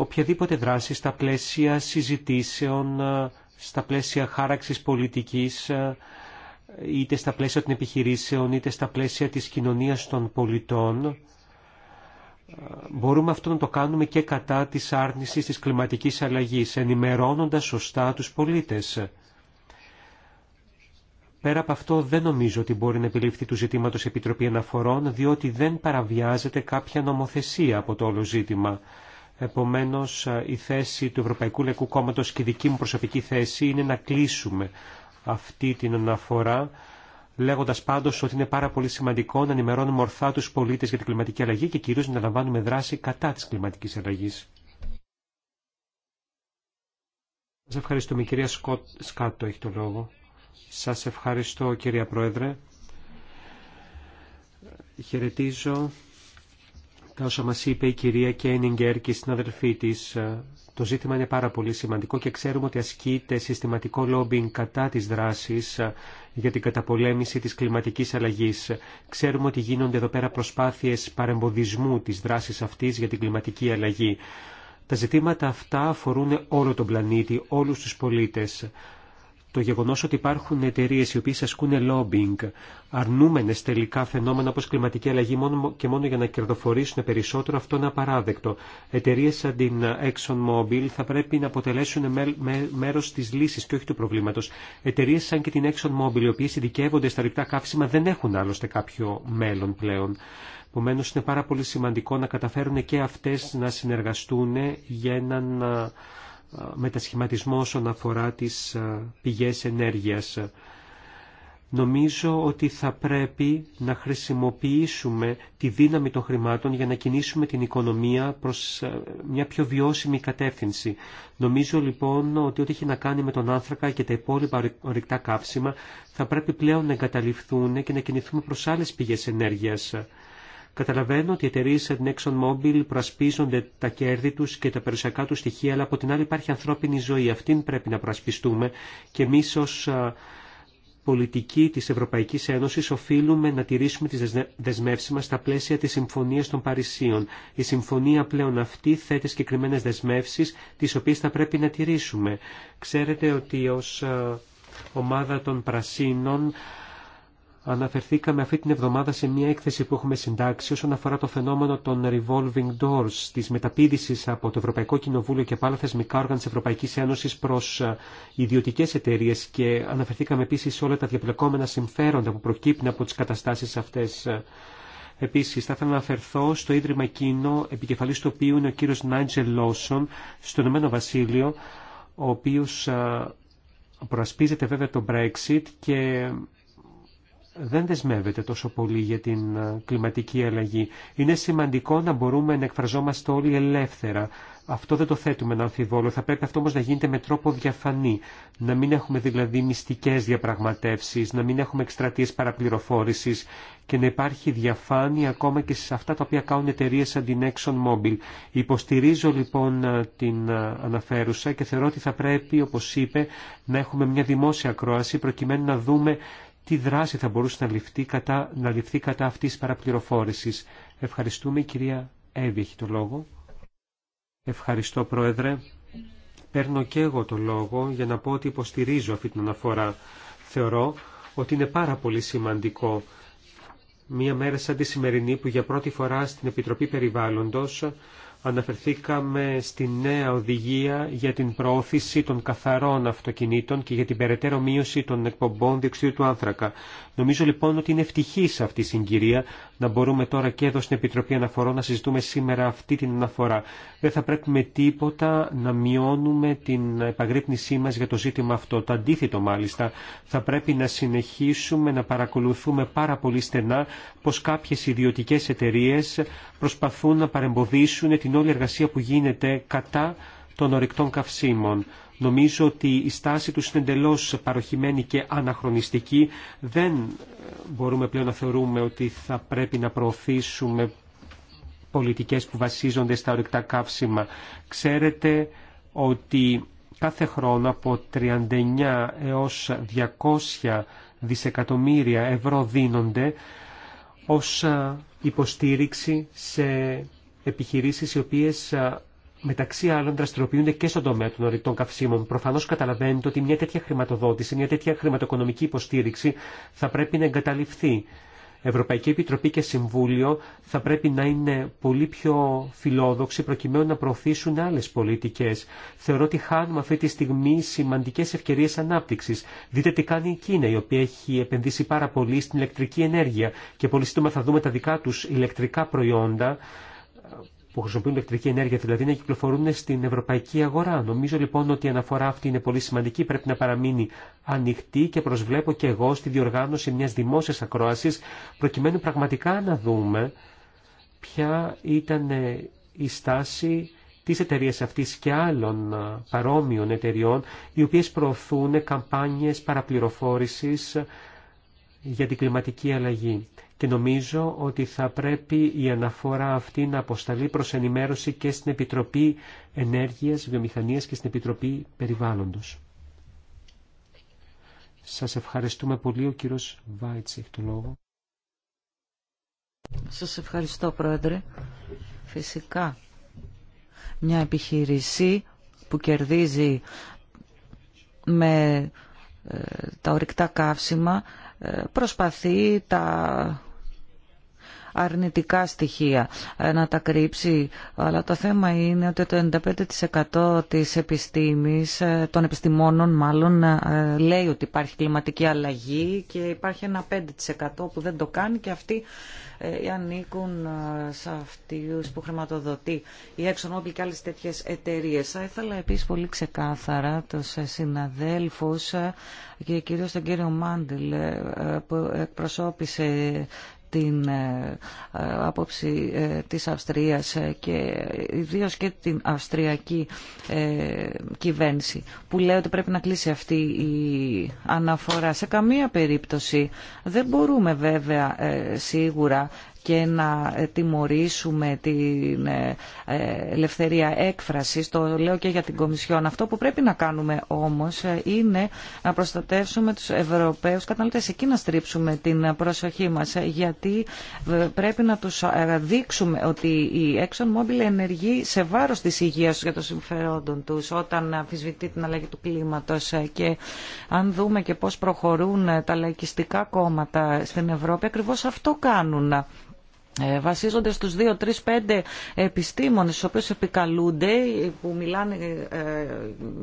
οποιαδήποτε δράση στα πλαίσια συζητήσεων, ε, στα πλαίσια χάραξης πολιτικής, ε, είτε στα πλαίσια των επιχειρήσεων, είτε στα πλαίσια της κοινωνίας των πολιτών. Ε, μπορούμε αυτό να το κάνουμε και κατά της άρνησης της κλιματικής αλλαγής, ενημερώνοντας σωστά τους πολίτες. Πέρα από αυτό δεν νομίζω ότι μπορεί να επιλήφθει του ζητήματος Επιτροπή Αναφορών, διότι δεν παραβιάζεται κάποια νομοθεσία από το όλο ζήτημα. Επομένως, η θέση του Ευρωπαϊκού Λαϊκού Κόμματος και η δική μου προσωπική θέση είναι να κλείσουμε αυτή την αναφορά, λέγοντας πάντως ότι είναι πάρα πολύ σημαντικό να ενημερώνουμε ορθά τους πολίτες για την κλιματική αλλαγή και κυρίως να λαμβάνουμε δράση κατά της κλιματικής αλλαγής. Σας ευχαριστούμε. κυρία Σκοτ, Σκάτο έχει το λόγο. Σας ευχαριστώ κυρία Πρόεδρε. Χαιρετίζω τα όσα μας είπε η κυρία Κένιγκερ και η συναδελφή της. Ε, το ζήτημα είναι πάρα πολύ σημαντικό και ξέρουμε ότι ασκείται συστηματικό λόμπινγκ κατά της δράσης ε, για την καταπολέμηση της κλιματικής αλλαγής. Ξέρουμε ότι γίνονται εδώ πέρα προσπάθειες παρεμποδισμού της δράσης αυτής για την κλιματική αλλαγή. Τα ζητήματα αυτά αφορούν όλο τον πλανήτη, όλους τους πολίτες το γεγονό ότι υπάρχουν εταιρείε οι οποίε ασκούν λόμπινγκ, αρνούμενες τελικά φαινόμενα όπω κλιματική αλλαγή μόνο και μόνο για να κερδοφορήσουν περισσότερο, αυτό είναι απαράδεκτο. Εταιρείε σαν την ExxonMobil θα πρέπει να αποτελέσουν μέρο τη λύση και όχι του προβλήματο. Εταιρείε σαν και την ExxonMobil, οι οποίε ειδικεύονται στα ρηπτά καύσιμα, δεν έχουν άλλωστε κάποιο μέλλον πλέον. Επομένω είναι πάρα πολύ σημαντικό να καταφέρουν και αυτέ να συνεργαστούν για έναν μετασχηματισμό όσον αφορά τις ε, πηγές ενέργειας. Νομίζω ότι θα πρέπει να χρησιμοποιήσουμε τη δύναμη των χρημάτων για να κινήσουμε την οικονομία προς ε, μια πιο βιώσιμη κατεύθυνση. Νομίζω λοιπόν ότι ό,τι έχει να κάνει με τον άνθρακα και τα υπόλοιπα ορυκτά καύσιμα θα πρέπει πλέον να εγκαταλειφθούν και να κινηθούμε προς άλλες πηγές ενέργειας. Καταλαβαίνω ότι οι εταιρείε την ExxonMobil προασπίζονται τα κέρδη του και τα περιουσιακά του στοιχεία, αλλά από την άλλη υπάρχει ανθρώπινη ζωή. Αυτήν πρέπει να προασπιστούμε και εμεί ω πολιτικοί της Ευρωπαϊκής Ένωσης οφείλουμε να τηρήσουμε τι δεσμεύσει μα στα πλαίσια τη συμφωνία των Παρισίων. Η Συμφωνία πλέον αυτή θέτει συγκεκριμένε δεσμεύσει τι οποίε θα πρέπει να τηρήσουμε. Ξέρετε ότι ω ομάδα των Πρασίνων αναφερθήκαμε αυτή την εβδομάδα σε μια έκθεση που έχουμε συντάξει όσον αφορά το φαινόμενο των revolving doors, τη μεταπίδηση από το Ευρωπαϊκό Κοινοβούλιο και από άλλα θεσμικά όργανα τη Ευρωπαϊκή Ένωση προ ε, ιδιωτικέ εταιρείε. και αναφερθήκαμε επίση σε όλα τα διαπλεκόμενα συμφέροντα που προκύπτουν από τι καταστάσει αυτέ. Ε, επίση, θα ήθελα να αναφερθώ στο Ίδρυμα εκείνο, επικεφαλής του οποίου είναι ο κύριο Νάιτζελ Λόσον, στο Ηνωμένο Βασίλειο, ο οποίο ε, προασπίζεται βέβαια το Brexit και δεν δεσμεύεται τόσο πολύ για την ε, κλιματική αλλαγή. Είναι σημαντικό να μπορούμε να εκφραζόμαστε όλοι ελεύθερα. Αυτό δεν το θέτουμε να αμφιβόλω. Θα πρέπει αυτό όμως να γίνεται με τρόπο διαφανή. Να μην έχουμε δηλαδή μυστικές διαπραγματεύσεις, να μην έχουμε εκστρατείες παραπληροφόρησης και να υπάρχει διαφάνεια ακόμα και σε αυτά τα οποία κάνουν εταιρείε σαν την ExxonMobil. Υποστηρίζω λοιπόν ε, την ε, αναφέρουσα και θεωρώ ότι θα πρέπει, όπως είπε, να έχουμε μια δημόσια ακρόαση προκειμένου να δούμε τι δράση θα μπορούσε να ληφθεί κατά, να ληφθεί κατά αυτής της παραπληροφόρησης. Ευχαριστούμε, κυρία Εύη έχει το λόγο. Ευχαριστώ, Πρόεδρε. Παίρνω και εγώ το λόγο για να πω ότι υποστηρίζω αυτή την αναφορά. Θεωρώ ότι είναι πάρα πολύ σημαντικό μία μέρα σαν τη σημερινή που για πρώτη φορά στην Επιτροπή Περιβάλλοντος αναφερθήκαμε στη νέα οδηγία για την προώθηση των καθαρών αυτοκινήτων και για την περαιτέρω μείωση των εκπομπών διοξιδίου του άνθρακα. Νομίζω λοιπόν ότι είναι ευτυχή αυτή η συγκυρία να μπορούμε τώρα και εδώ στην Επιτροπή Αναφορών να συζητούμε σήμερα αυτή την αναφορά. Δεν θα πρέπει με τίποτα να μειώνουμε την επαγρύπνησή μα για το ζήτημα αυτό. Το αντίθετο μάλιστα θα πρέπει να συνεχίσουμε να παρακολουθούμε πάρα πολύ στενά πω κάποιε ιδιωτικέ εταιρείε προσπαθούν να παρεμποδίσουν την όλη εργασία που γίνεται κατά των ορεικτών καυσίμων. Νομίζω ότι η στάση τους είναι εντελώ παροχημένη και αναχρονιστική. Δεν ε, μπορούμε πλέον να θεωρούμε ότι θα πρέπει να προωθήσουμε πολιτικές που βασίζονται στα ορεικτά καύσιμα. Ξέρετε ότι κάθε χρόνο από 39 έως 200 δισεκατομμύρια ευρώ δίνονται ως ε, υποστήριξη σε επιχειρήσεις οι οποίες μεταξύ άλλων δραστηριοποιούνται και στον τομέα των ορεικτών καυσίμων. Προφανώς καταλαβαίνετε ότι μια τέτοια χρηματοδότηση, μια τέτοια χρηματοοικονομική υποστήριξη θα πρέπει να εγκαταλειφθεί. Ευρωπαϊκή Επιτροπή και Συμβούλιο θα πρέπει να είναι πολύ πιο φιλόδοξοι προκειμένου να προωθήσουν άλλες πολιτικές. Θεωρώ ότι χάνουμε αυτή τη στιγμή σημαντικές ευκαιρίες ανάπτυξης. Δείτε τι κάνει η Κίνα η οποία έχει επενδύσει πάρα πολύ στην ηλεκτρική ενέργεια και πολύ σύντομα θα δούμε τα δικά τους ηλεκτρικά προϊόντα που χρησιμοποιούν ηλεκτρική ενέργεια, δηλαδή να κυκλοφορούν στην ευρωπαϊκή αγορά. Νομίζω λοιπόν ότι η αναφορά αυτή είναι πολύ σημαντική, πρέπει να παραμείνει ανοιχτή και προσβλέπω και εγώ στη διοργάνωση μιας δημόσιας ακρόασης, προκειμένου πραγματικά να δούμε ποια ήταν ε, η στάση τη εταιρεία αυτή και άλλων ε, παρόμοιων εταιρεών, οι οποίε προωθούν καμπάνιες παραπληροφόρηση ε, για την κλιματική αλλαγή και νομίζω ότι θα πρέπει η αναφορά αυτή να αποσταλεί προς ενημέρωση και στην Επιτροπή Ενέργειας, Βιομηχανίας και στην Επιτροπή Περιβάλλοντος. Σας ευχαριστούμε πολύ. Ο κύριος Βάιτς έχει το λόγο. Σας ευχαριστώ Πρόεδρε. Φυσικά μια επιχείρηση που κερδίζει με ε, τα ορυκτά καύσιμα ε, προσπαθεί τα αρνητικά στοιχεία ε, να τα κρύψει, αλλά το θέμα είναι ότι το 95% της επιστήμης, ε, των επιστημόνων μάλλον, ε, λέει ότι υπάρχει κλιματική αλλαγή και υπάρχει ένα 5% που δεν το κάνει και αυτοί ανήκουν σε αυτούς που χρηματοδοτεί η ExxonMobil και άλλες τέτοιες εταιρείες. Θα ήθελα επίσης πολύ ξεκάθαρα τους συναδέλφους και κυρίως τον κύριο Μάντιλ που εκπροσώπησε την ε, ε, άποψη ε, της Αυστρίας και ιδίως και την αυστριακή κυβέρνηση που λέει ότι πρέπει να κλείσει αυτή η αναφορά. Σε καμία περίπτωση δεν μπορούμε βέβαια σίγουρα και να τιμωρήσουμε την ε, ελευθερία έκφρασης, το λέω και για την Κομισιόν. Αυτό που πρέπει να κάνουμε όμως ε, είναι να προστατεύσουμε τους Ευρωπαίους καταναλωτές. Εκεί να στρίψουμε την προσοχή μας, ε, γιατί πρέπει να τους δείξουμε ότι η Mobil ενεργεί σε βάρος της υγεία τους για το συμφερόντων τους όταν αμφισβητεί την αλλαγή του κλίματος και αν δούμε και πώς προχωρούν τα λαϊκιστικά κόμματα στην Ευρώπη, ακριβώς αυτό κάνουν ε, βασίζονται στους 2, 3, 5 επιστήμονες στους οποίους επικαλούνται που μιλάνε ε,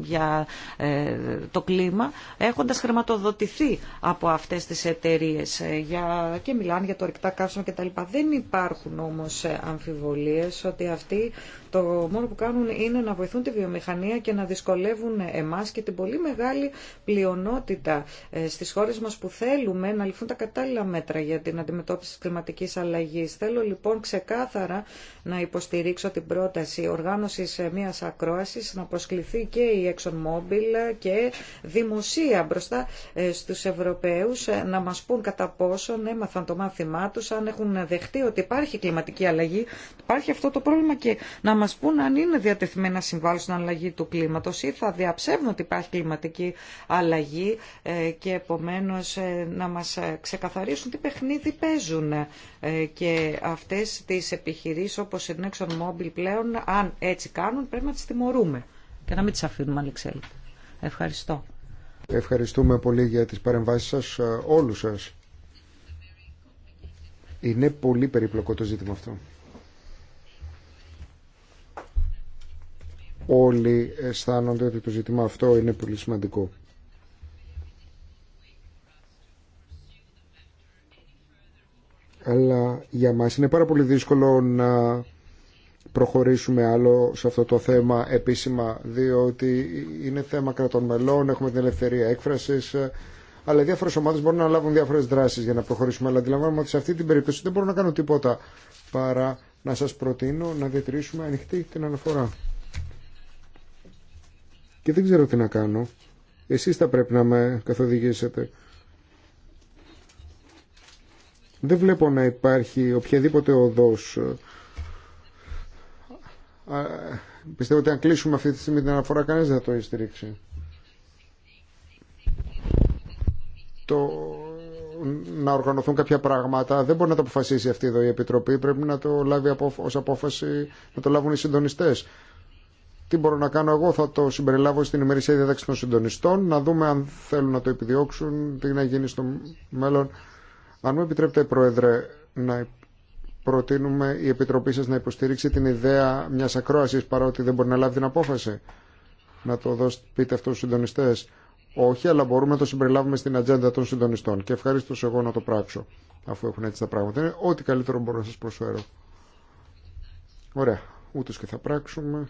για ε, το κλίμα έχοντας χρηματοδοτηθεί από αυτές τις εταιρείες για, και μιλάνε για το ρηκτά τα κτλ. Δεν υπάρχουν όμως αμφιβολίες ότι αυτοί το μόνο που κάνουν είναι να βοηθούν τη βιομηχανία και να δυσκολεύουν εμάς και την πολύ μεγάλη πλειονότητα στις χώρες μας που θέλουμε να ληφθούν τα κατάλληλα μέτρα για την αντιμετώπιση της κλιματικής αλλαγής Θέλω λοιπόν ξεκάθαρα να υποστηρίξω την πρόταση οργάνωσης μιας ακρόασης, να προσκληθεί και η ExxonMobil και δημοσία μπροστά ε, στους Ευρωπαίους ε, να μας πούν κατά πόσον έμαθαν το μάθημά τους, αν έχουν δεχτεί ότι υπάρχει κλιματική αλλαγή, υπάρχει αυτό το πρόβλημα και να μας πούν αν είναι διατεθειμένα να συμβάλλουν στην αλλαγή του κλίματος ή θα διαψεύουν ότι υπάρχει κλιματική αλλαγή ε, και επομένως να μας ξεκαθαρίσουν τι παιχνίδι παίζουν και αυτές τις επιχειρήσεις όπως η Nexon Mobile πλέον, αν έτσι κάνουν, πρέπει να τις τιμωρούμε και να μην τις αφήνουμε αλεξέλιτα. Ευχαριστώ. Ευχαριστούμε πολύ για τις παρεμβάσεις σας, ε, όλους σας. Είναι πολύ περίπλοκο το ζήτημα αυτό. Όλοι αισθάνονται ότι το ζήτημα αυτό είναι πολύ σημαντικό. αλλά για μας είναι πάρα πολύ δύσκολο να προχωρήσουμε άλλο σε αυτό το θέμα επίσημα, διότι είναι θέμα κρατών μελών, έχουμε την ελευθερία έκφρασης, αλλά οι διάφορε ομάδε μπορούν να λάβουν διάφορες δράσεις για να προχωρήσουμε. Αλλά αντιλαμβάνομαι ότι σε αυτή την περίπτωση δεν μπορώ να κάνω τίποτα παρά να σας προτείνω να διατηρήσουμε ανοιχτή την αναφορά. Και δεν ξέρω τι να κάνω. Εσείς θα πρέπει να με καθοδηγήσετε. Δεν βλέπω να υπάρχει οποιαδήποτε οδός. Πιστεύω ότι αν κλείσουμε αυτή τη στιγμή την αναφορά κανείς δεν θα το ειστηρίξει. Το να οργανωθούν κάποια πράγματα δεν μπορεί να το αποφασίσει αυτή εδώ η Επιτροπή. Πρέπει να το λάβει ως απόφαση να το λάβουν οι συντονιστές. Τι μπορώ να κάνω εγώ, θα το συμπεριλάβω στην ημερησία των συντονιστών, να δούμε αν θέλουν να το επιδιώξουν, τι να γίνει στο μέλλον. Αν μου επιτρέπετε, Πρόεδρε, να προτείνουμε η Επιτροπή σας να υποστηρίξει την ιδέα μιας ακρόασης παρότι δεν μπορεί να λάβει την απόφαση. Να το δώσετε, πείτε αυτό στους συντονιστές. Όχι, αλλά μπορούμε να το συμπεριλάβουμε στην ατζέντα των συντονιστών και ευχαρίστω εγώ να το πράξω αφού έχουν έτσι τα πράγματα. Είναι ό,τι καλύτερο μπορώ να σας προσφέρω. Ωραία, ούτως και θα πράξουμε.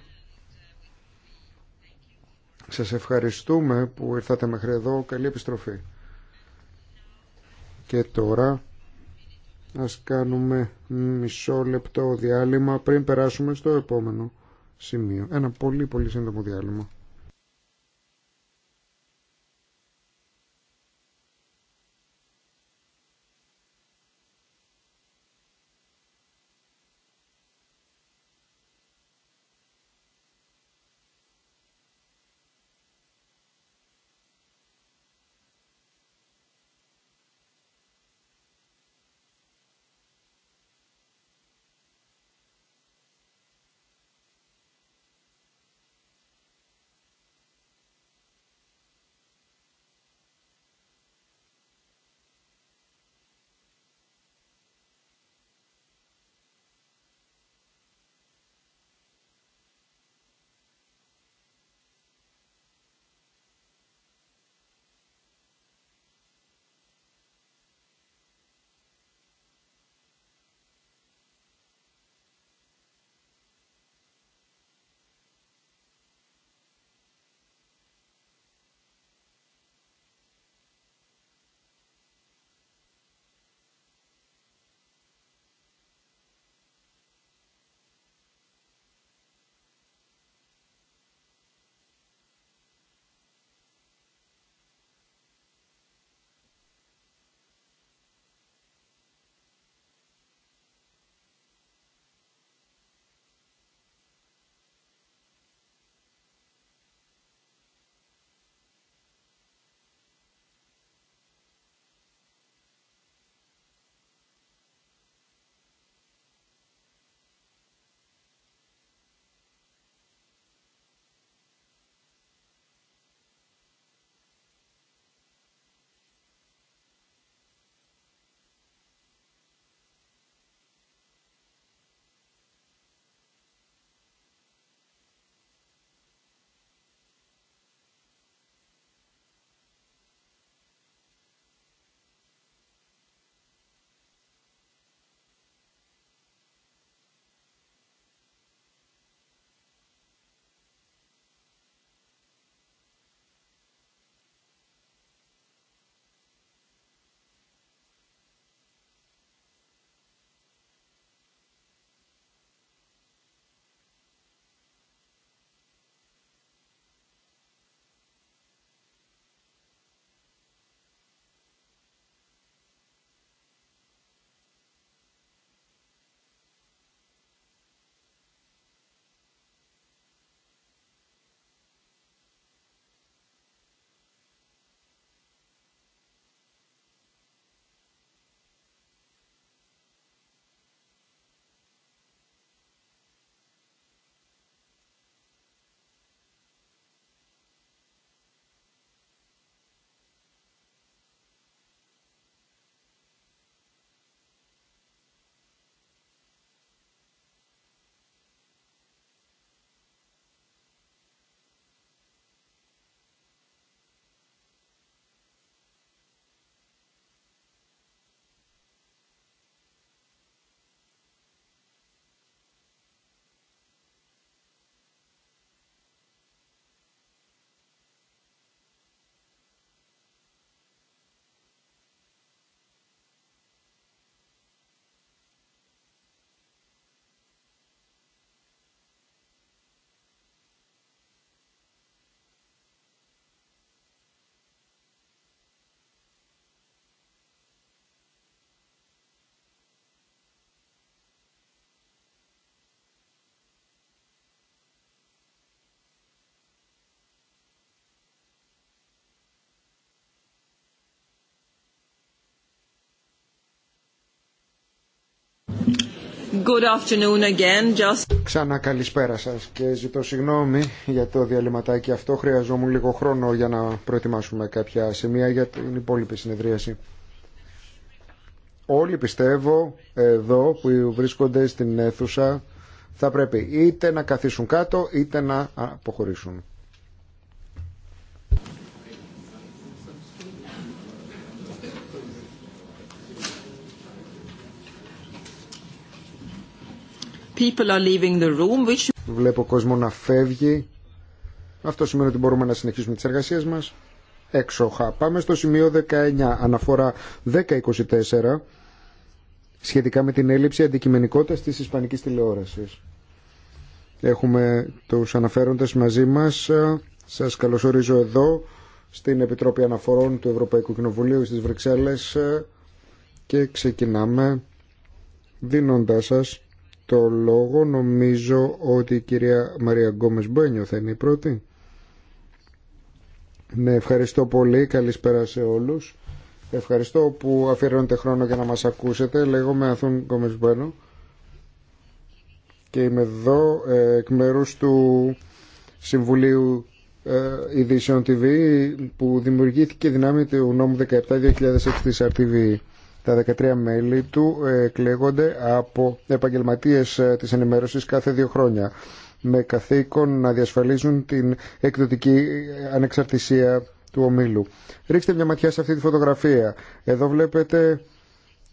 Σας ευχαριστούμε που ήρθατε μέχρι εδώ. Καλή επιστροφή. Και τώρα ας κάνουμε μισό λεπτό διάλειμμα πριν περάσουμε στο επόμενο σημείο. Ένα πολύ πολύ σύντομο διάλειμμα. Ξανά καλησπέρα σας και ζητώ συγγνώμη για το διαλυματάκι αυτό. Χρειαζόμουν λίγο χρόνο για να προετοιμάσουμε κάποια σημεία για την υπόλοιπη συνεδρίαση. Όλοι πιστεύω εδώ που βρίσκονται στην αίθουσα θα πρέπει είτε να καθίσουν κάτω είτε να αποχωρήσουν. People are leaving the room, which... Βλέπω κόσμο να φεύγει. Αυτό σημαίνει ότι μπορούμε να συνεχίσουμε τις εργασίες μας. Έξοχα. Πάμε στο σημείο 19, αναφορά 1024, σχετικά με την έλλειψη αντικειμενικότητας της ισπανικής τηλεόρασης. Έχουμε τους αναφέροντες μαζί μας. Σας καλωσορίζω εδώ στην Επιτρόπη Αναφορών του Ευρωπαϊκού Κοινοβουλίου στις Βρυξέλλες και ξεκινάμε δίνοντάς σας το λόγο. Νομίζω ότι η κυρία Μαρία Γκόμες Μπένιο θα είναι η πρώτη. Ναι, ευχαριστώ πολύ. Καλησπέρα σε όλους. Ευχαριστώ που αφιερώνετε χρόνο για να μας ακούσετε. Λέγομαι Αθούν Γκόμες Μπένιο και είμαι εδώ ε, εκ μέρους του Συμβουλίου ε, Ειδήσεων TV που δημιουργήθηκε δυνάμει του νόμου 17-2006 της RTV. Τα 13 μέλη του ε, εκλέγονται από επαγγελματίες ε, της ενημέρωσης κάθε δύο χρόνια με καθήκον να διασφαλίζουν την εκδοτική ε, ανεξαρτησία του ομίλου. Ρίξτε μια ματιά σε αυτή τη φωτογραφία. Εδώ βλέπετε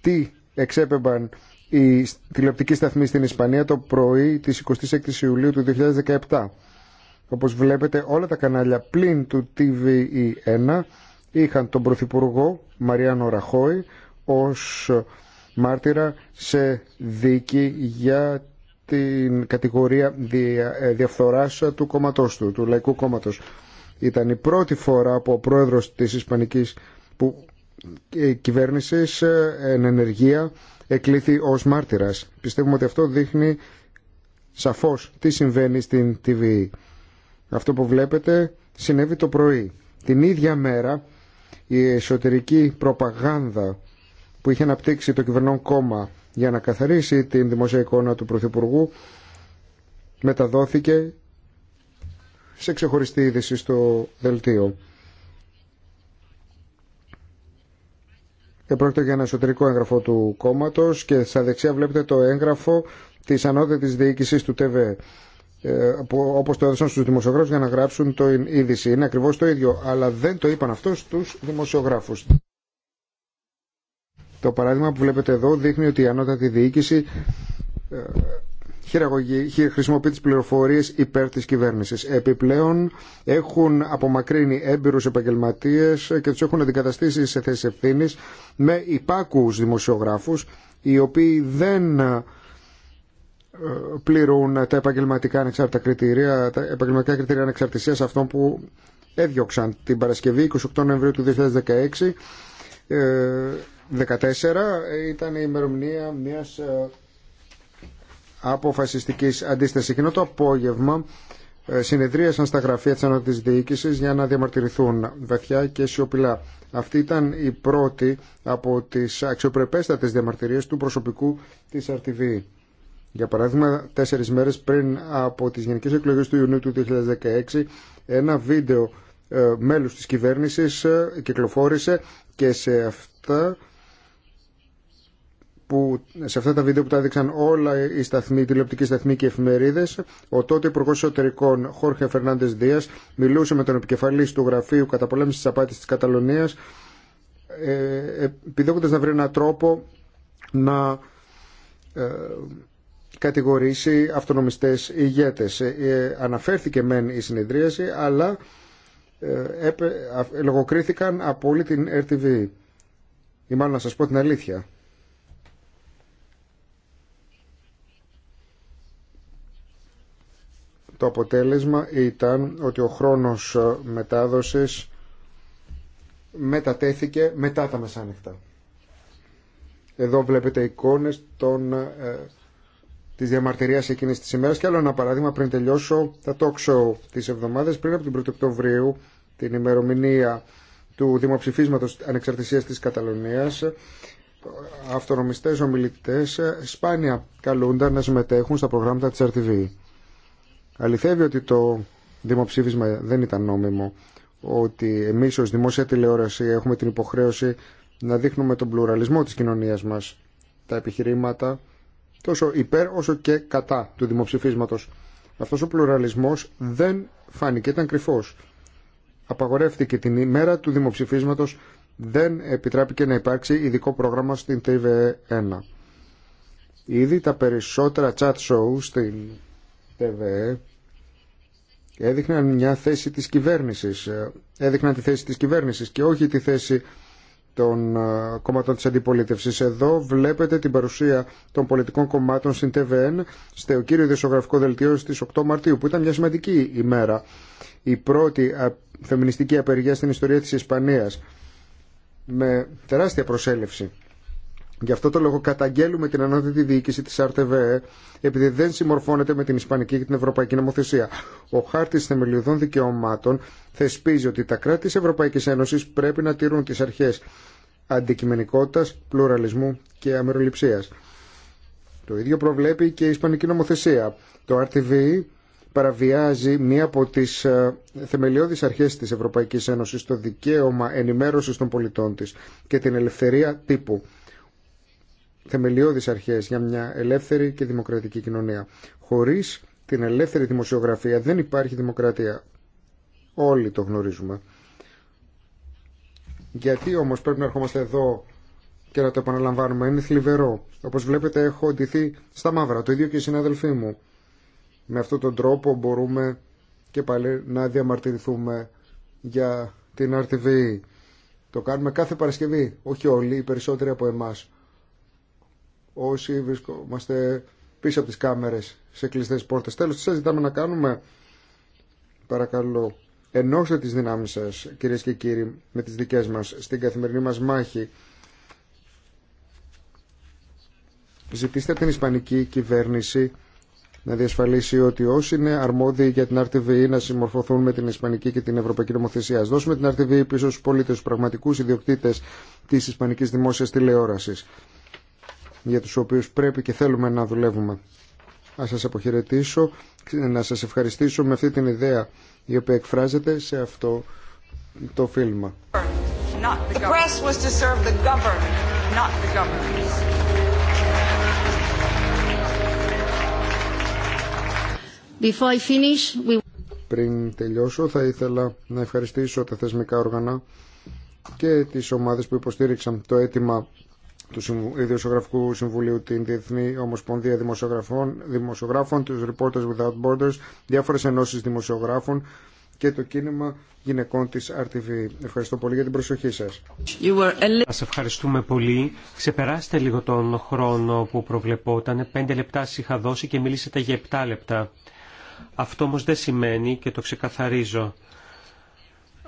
τι εξέπεμπαν οι τηλεοπτικοί σταθμοί στην Ισπανία το πρωί της 26 Ιουλίου του 2017. Όπως βλέπετε όλα τα κανάλια πλην του TVE1 είχαν τον Πρωθυπουργό Μαριάνο Ραχώη, ως μάρτυρα σε δίκη για την κατηγορία ε, διαφθοράς του κόμματός του, του Λαϊκού Κόμματος. Ήταν η πρώτη φορά που ο πρόεδρος της Ισπανικής που, ε, κυβέρνησης ε, εν ενεργεία εκλήθη ως μάρτυρας. Πιστεύουμε ότι αυτό δείχνει σαφώς τι συμβαίνει στην TV. Αυτό που βλέπετε συνέβη το πρωί. Την ίδια μέρα η εσωτερική προπαγάνδα που είχε αναπτύξει το κυβερνόν κόμμα για να καθαρίσει την δημοσία εικόνα του Πρωθυπουργού μεταδόθηκε σε ξεχωριστή είδηση στο δελτίο. Επρόκειτο για ένα εσωτερικό έγγραφο του κόμματο και στα δεξιά βλέπετε το έγγραφο της ανώτατη διοίκησης του TV, όπω ε, όπως το έδωσαν στου δημοσιογράφου για να γράψουν το είδηση. Είναι ακριβώ το ίδιο, αλλά δεν το είπαν αυτό στου δημοσιογράφου. Το παράδειγμα που βλέπετε εδώ δείχνει ότι η ανώτατη διοίκηση ε, χρησιμοποιεί τις πληροφορίες υπέρ της κυβέρνησης. Επιπλέον έχουν απομακρύνει έμπειρους επαγγελματίες και τους έχουν αντικαταστήσει σε θέσεις ευθύνη με υπάκους δημοσιογράφους οι οποίοι δεν ε, πληρούν τα επαγγελματικά ανεξάρτητα κριτήρια, τα επαγγελματικά κριτήρια ανεξαρτησίας αυτών που έδιωξαν την Παρασκευή 28 Νοεμβρίου του 2016 14 ε, ήταν η ημερομηνία μιας ε, αποφασιστικής αντίστασης. Εκείνο το απόγευμα ε, συνεδρίασαν στα γραφεία της Ανώτατης Διοίκησης για να διαμαρτυρηθούν βαθιά και σιωπηλά. Αυτή ήταν η πρώτη από τις αξιοπρεπέστατες διαμαρτυρίες του προσωπικού της RTV. Για παράδειγμα, τέσσερις μέρες πριν από τις γενικές εκλογές του Ιουνίου του 2016, ένα βίντεο μέλους της κυβέρνησης κυκλοφόρησε και σε αυτά που σε αυτά τα βίντεο που τα έδειξαν όλα οι σταθμοί, τηλεοπτικοί σταθμοί και εφημερίδε, ο τότε Υπουργό Εσωτερικών Χόρχε Φερνάντε Δία μιλούσε με τον επικεφαλή του Γραφείου Καταπολέμηση τη Απάτη τη Καταλωνία, ε, επιδόκοντα να βρει έναν τρόπο να ε, κατηγορήσει αυτονομιστές ηγέτες. Ε, αναφέρθηκε μεν η συνεδρίαση, αλλά λογοκρίθηκαν από όλη την RTV. Ή μάλλον να σας πω την αλήθεια. Το αποτέλεσμα ήταν ότι ο χρόνος ε, μετάδοσης μετατέθηκε μετά τα μεσάνυχτα. Εδώ βλέπετε εικόνες των, ε, της διαμαρτυρίας εκείνης της ημέρας και άλλο ένα παράδειγμα πριν τελειώσω τα talk show της εβδομάδας πριν από την 1η Οκτωβρίου την ημερομηνία του δημοψηφίσματος ανεξαρτησίας της Καταλωνίας αυτονομιστές ομιλητές ε, σπάνια καλούνταν να συμμετέχουν στα προγράμματα της RTV αληθεύει ότι το δημοψήφισμα δεν ήταν νόμιμο, ότι εμείς ως δημόσια τηλεόραση έχουμε την υποχρέωση να δείχνουμε τον πλουραλισμό της κοινωνίας μας, τα επιχειρήματα τόσο υπέρ όσο και κατά του δημοψηφίσματος. Αυτός ο πλουραλισμός δεν φάνηκε, ήταν κρυφός. Απαγορεύτηκε την ημέρα του δημοψηφίσματος, δεν επιτράπηκε να υπάρξει ειδικό πρόγραμμα στην TV1. Ήδη τα περισσότερα chat shows στην έδειχναν μια θέση της κυβέρνησης ε, έδειχναν τη θέση της κυβέρνησης και όχι τη θέση των ε, κόμματων της αντιπολίτευσης. Εδώ βλέπετε την παρουσία των πολιτικών κομμάτων στην ΤΒΕΝ στο κύριο δεσογραφικό δελτίο στις 8 Μαρτίου που ήταν μια σημαντική ημέρα. Η πρώτη φεμινιστική απεργία στην ιστορία της Ισπανίας με τεράστια προσέλευση. Γι' αυτό το λόγο καταγγέλουμε την ανώτατη διοίκηση τη ΑΡΤΕΒΕ, επειδή δεν συμμορφώνεται με την Ισπανική και την Ευρωπαϊκή νομοθεσία. Ο χάρτη θεμελιωδών δικαιωμάτων θεσπίζει ότι τα κράτη τη Ευρωπαϊκή Ένωση πρέπει να τηρούν τι αρχέ αντικειμενικότητα, πλουραλισμού και αμεροληψία. Το ίδιο προβλέπει και η Ισπανική νομοθεσία. Το RTV παραβιάζει μία από τις ε, θεμελιώδεις αρχές της Ευρωπαϊκής Ένωσης το δικαίωμα ενημέρωσης των πολιτών τη και την ελευθερία τύπου θεμελιώδεις αρχές για μια ελεύθερη και δημοκρατική κοινωνία. Χωρίς την ελεύθερη δημοσιογραφία δεν υπάρχει δημοκρατία. Όλοι το γνωρίζουμε. Γιατί όμως πρέπει να ερχόμαστε εδώ και να το επαναλαμβάνουμε. Είναι θλιβερό. Όπως βλέπετε έχω ντυθεί στα μαύρα. Το ίδιο και οι συνάδελφοί μου. Με αυτόν τον τρόπο μπορούμε και πάλι να διαμαρτυρηθούμε για την RTV. Το κάνουμε κάθε Παρασκευή. Όχι όλοι, οι περισσότεροι από εμάς όσοι βρισκόμαστε πίσω από τις κάμερες σε κλειστές πόρτες. Τέλος, τι σας ζητάμε να κάνουμε. Παρακαλώ, ενώστε τις δυνάμεις σας, κυρίες και κύριοι, με τις δικές μας, στην καθημερινή μας μάχη. Ζητήστε την Ισπανική κυβέρνηση να διασφαλίσει ότι όσοι είναι αρμόδιοι για την RTV να συμμορφωθούν με την Ισπανική και την Ευρωπαϊκή Νομοθεσία. Α δώσουμε την RTV πίσω στους πολίτες, στους πραγματικούς ιδιοκτήτες της Ισπανική Δημόσια Τηλεόραση για τους οποίους πρέπει και θέλουμε να δουλεύουμε. Να σας αποχαιρετήσω, να σας ευχαριστήσω με αυτή την ιδέα η οποία εκφράζεται σε αυτό το φίλμα. Before I finish, Πριν τελειώσω θα ήθελα να ευχαριστήσω τα θεσμικά όργανα και τις ομάδες που υποστήριξαν το αίτημα του Ιδιοσιογραφικού Συμβουλίου, την Διεθνή Ομοσπονδία Δημοσιογραφών, Δημοσιογράφων, τους Reporters Without Borders, διάφορες ενώσει δημοσιογράφων και το κίνημα γυναικών της RTV. Ευχαριστώ πολύ για την προσοχή σας. Σας ευχαριστούμε πολύ. Ξεπεράστε λίγο τον χρόνο που προβλεπόταν. Πέντε λεπτά σας είχα δώσει και μιλήσατε για επτά λεπτά. Αυτό όμω δεν σημαίνει, και το ξεκαθαρίζω,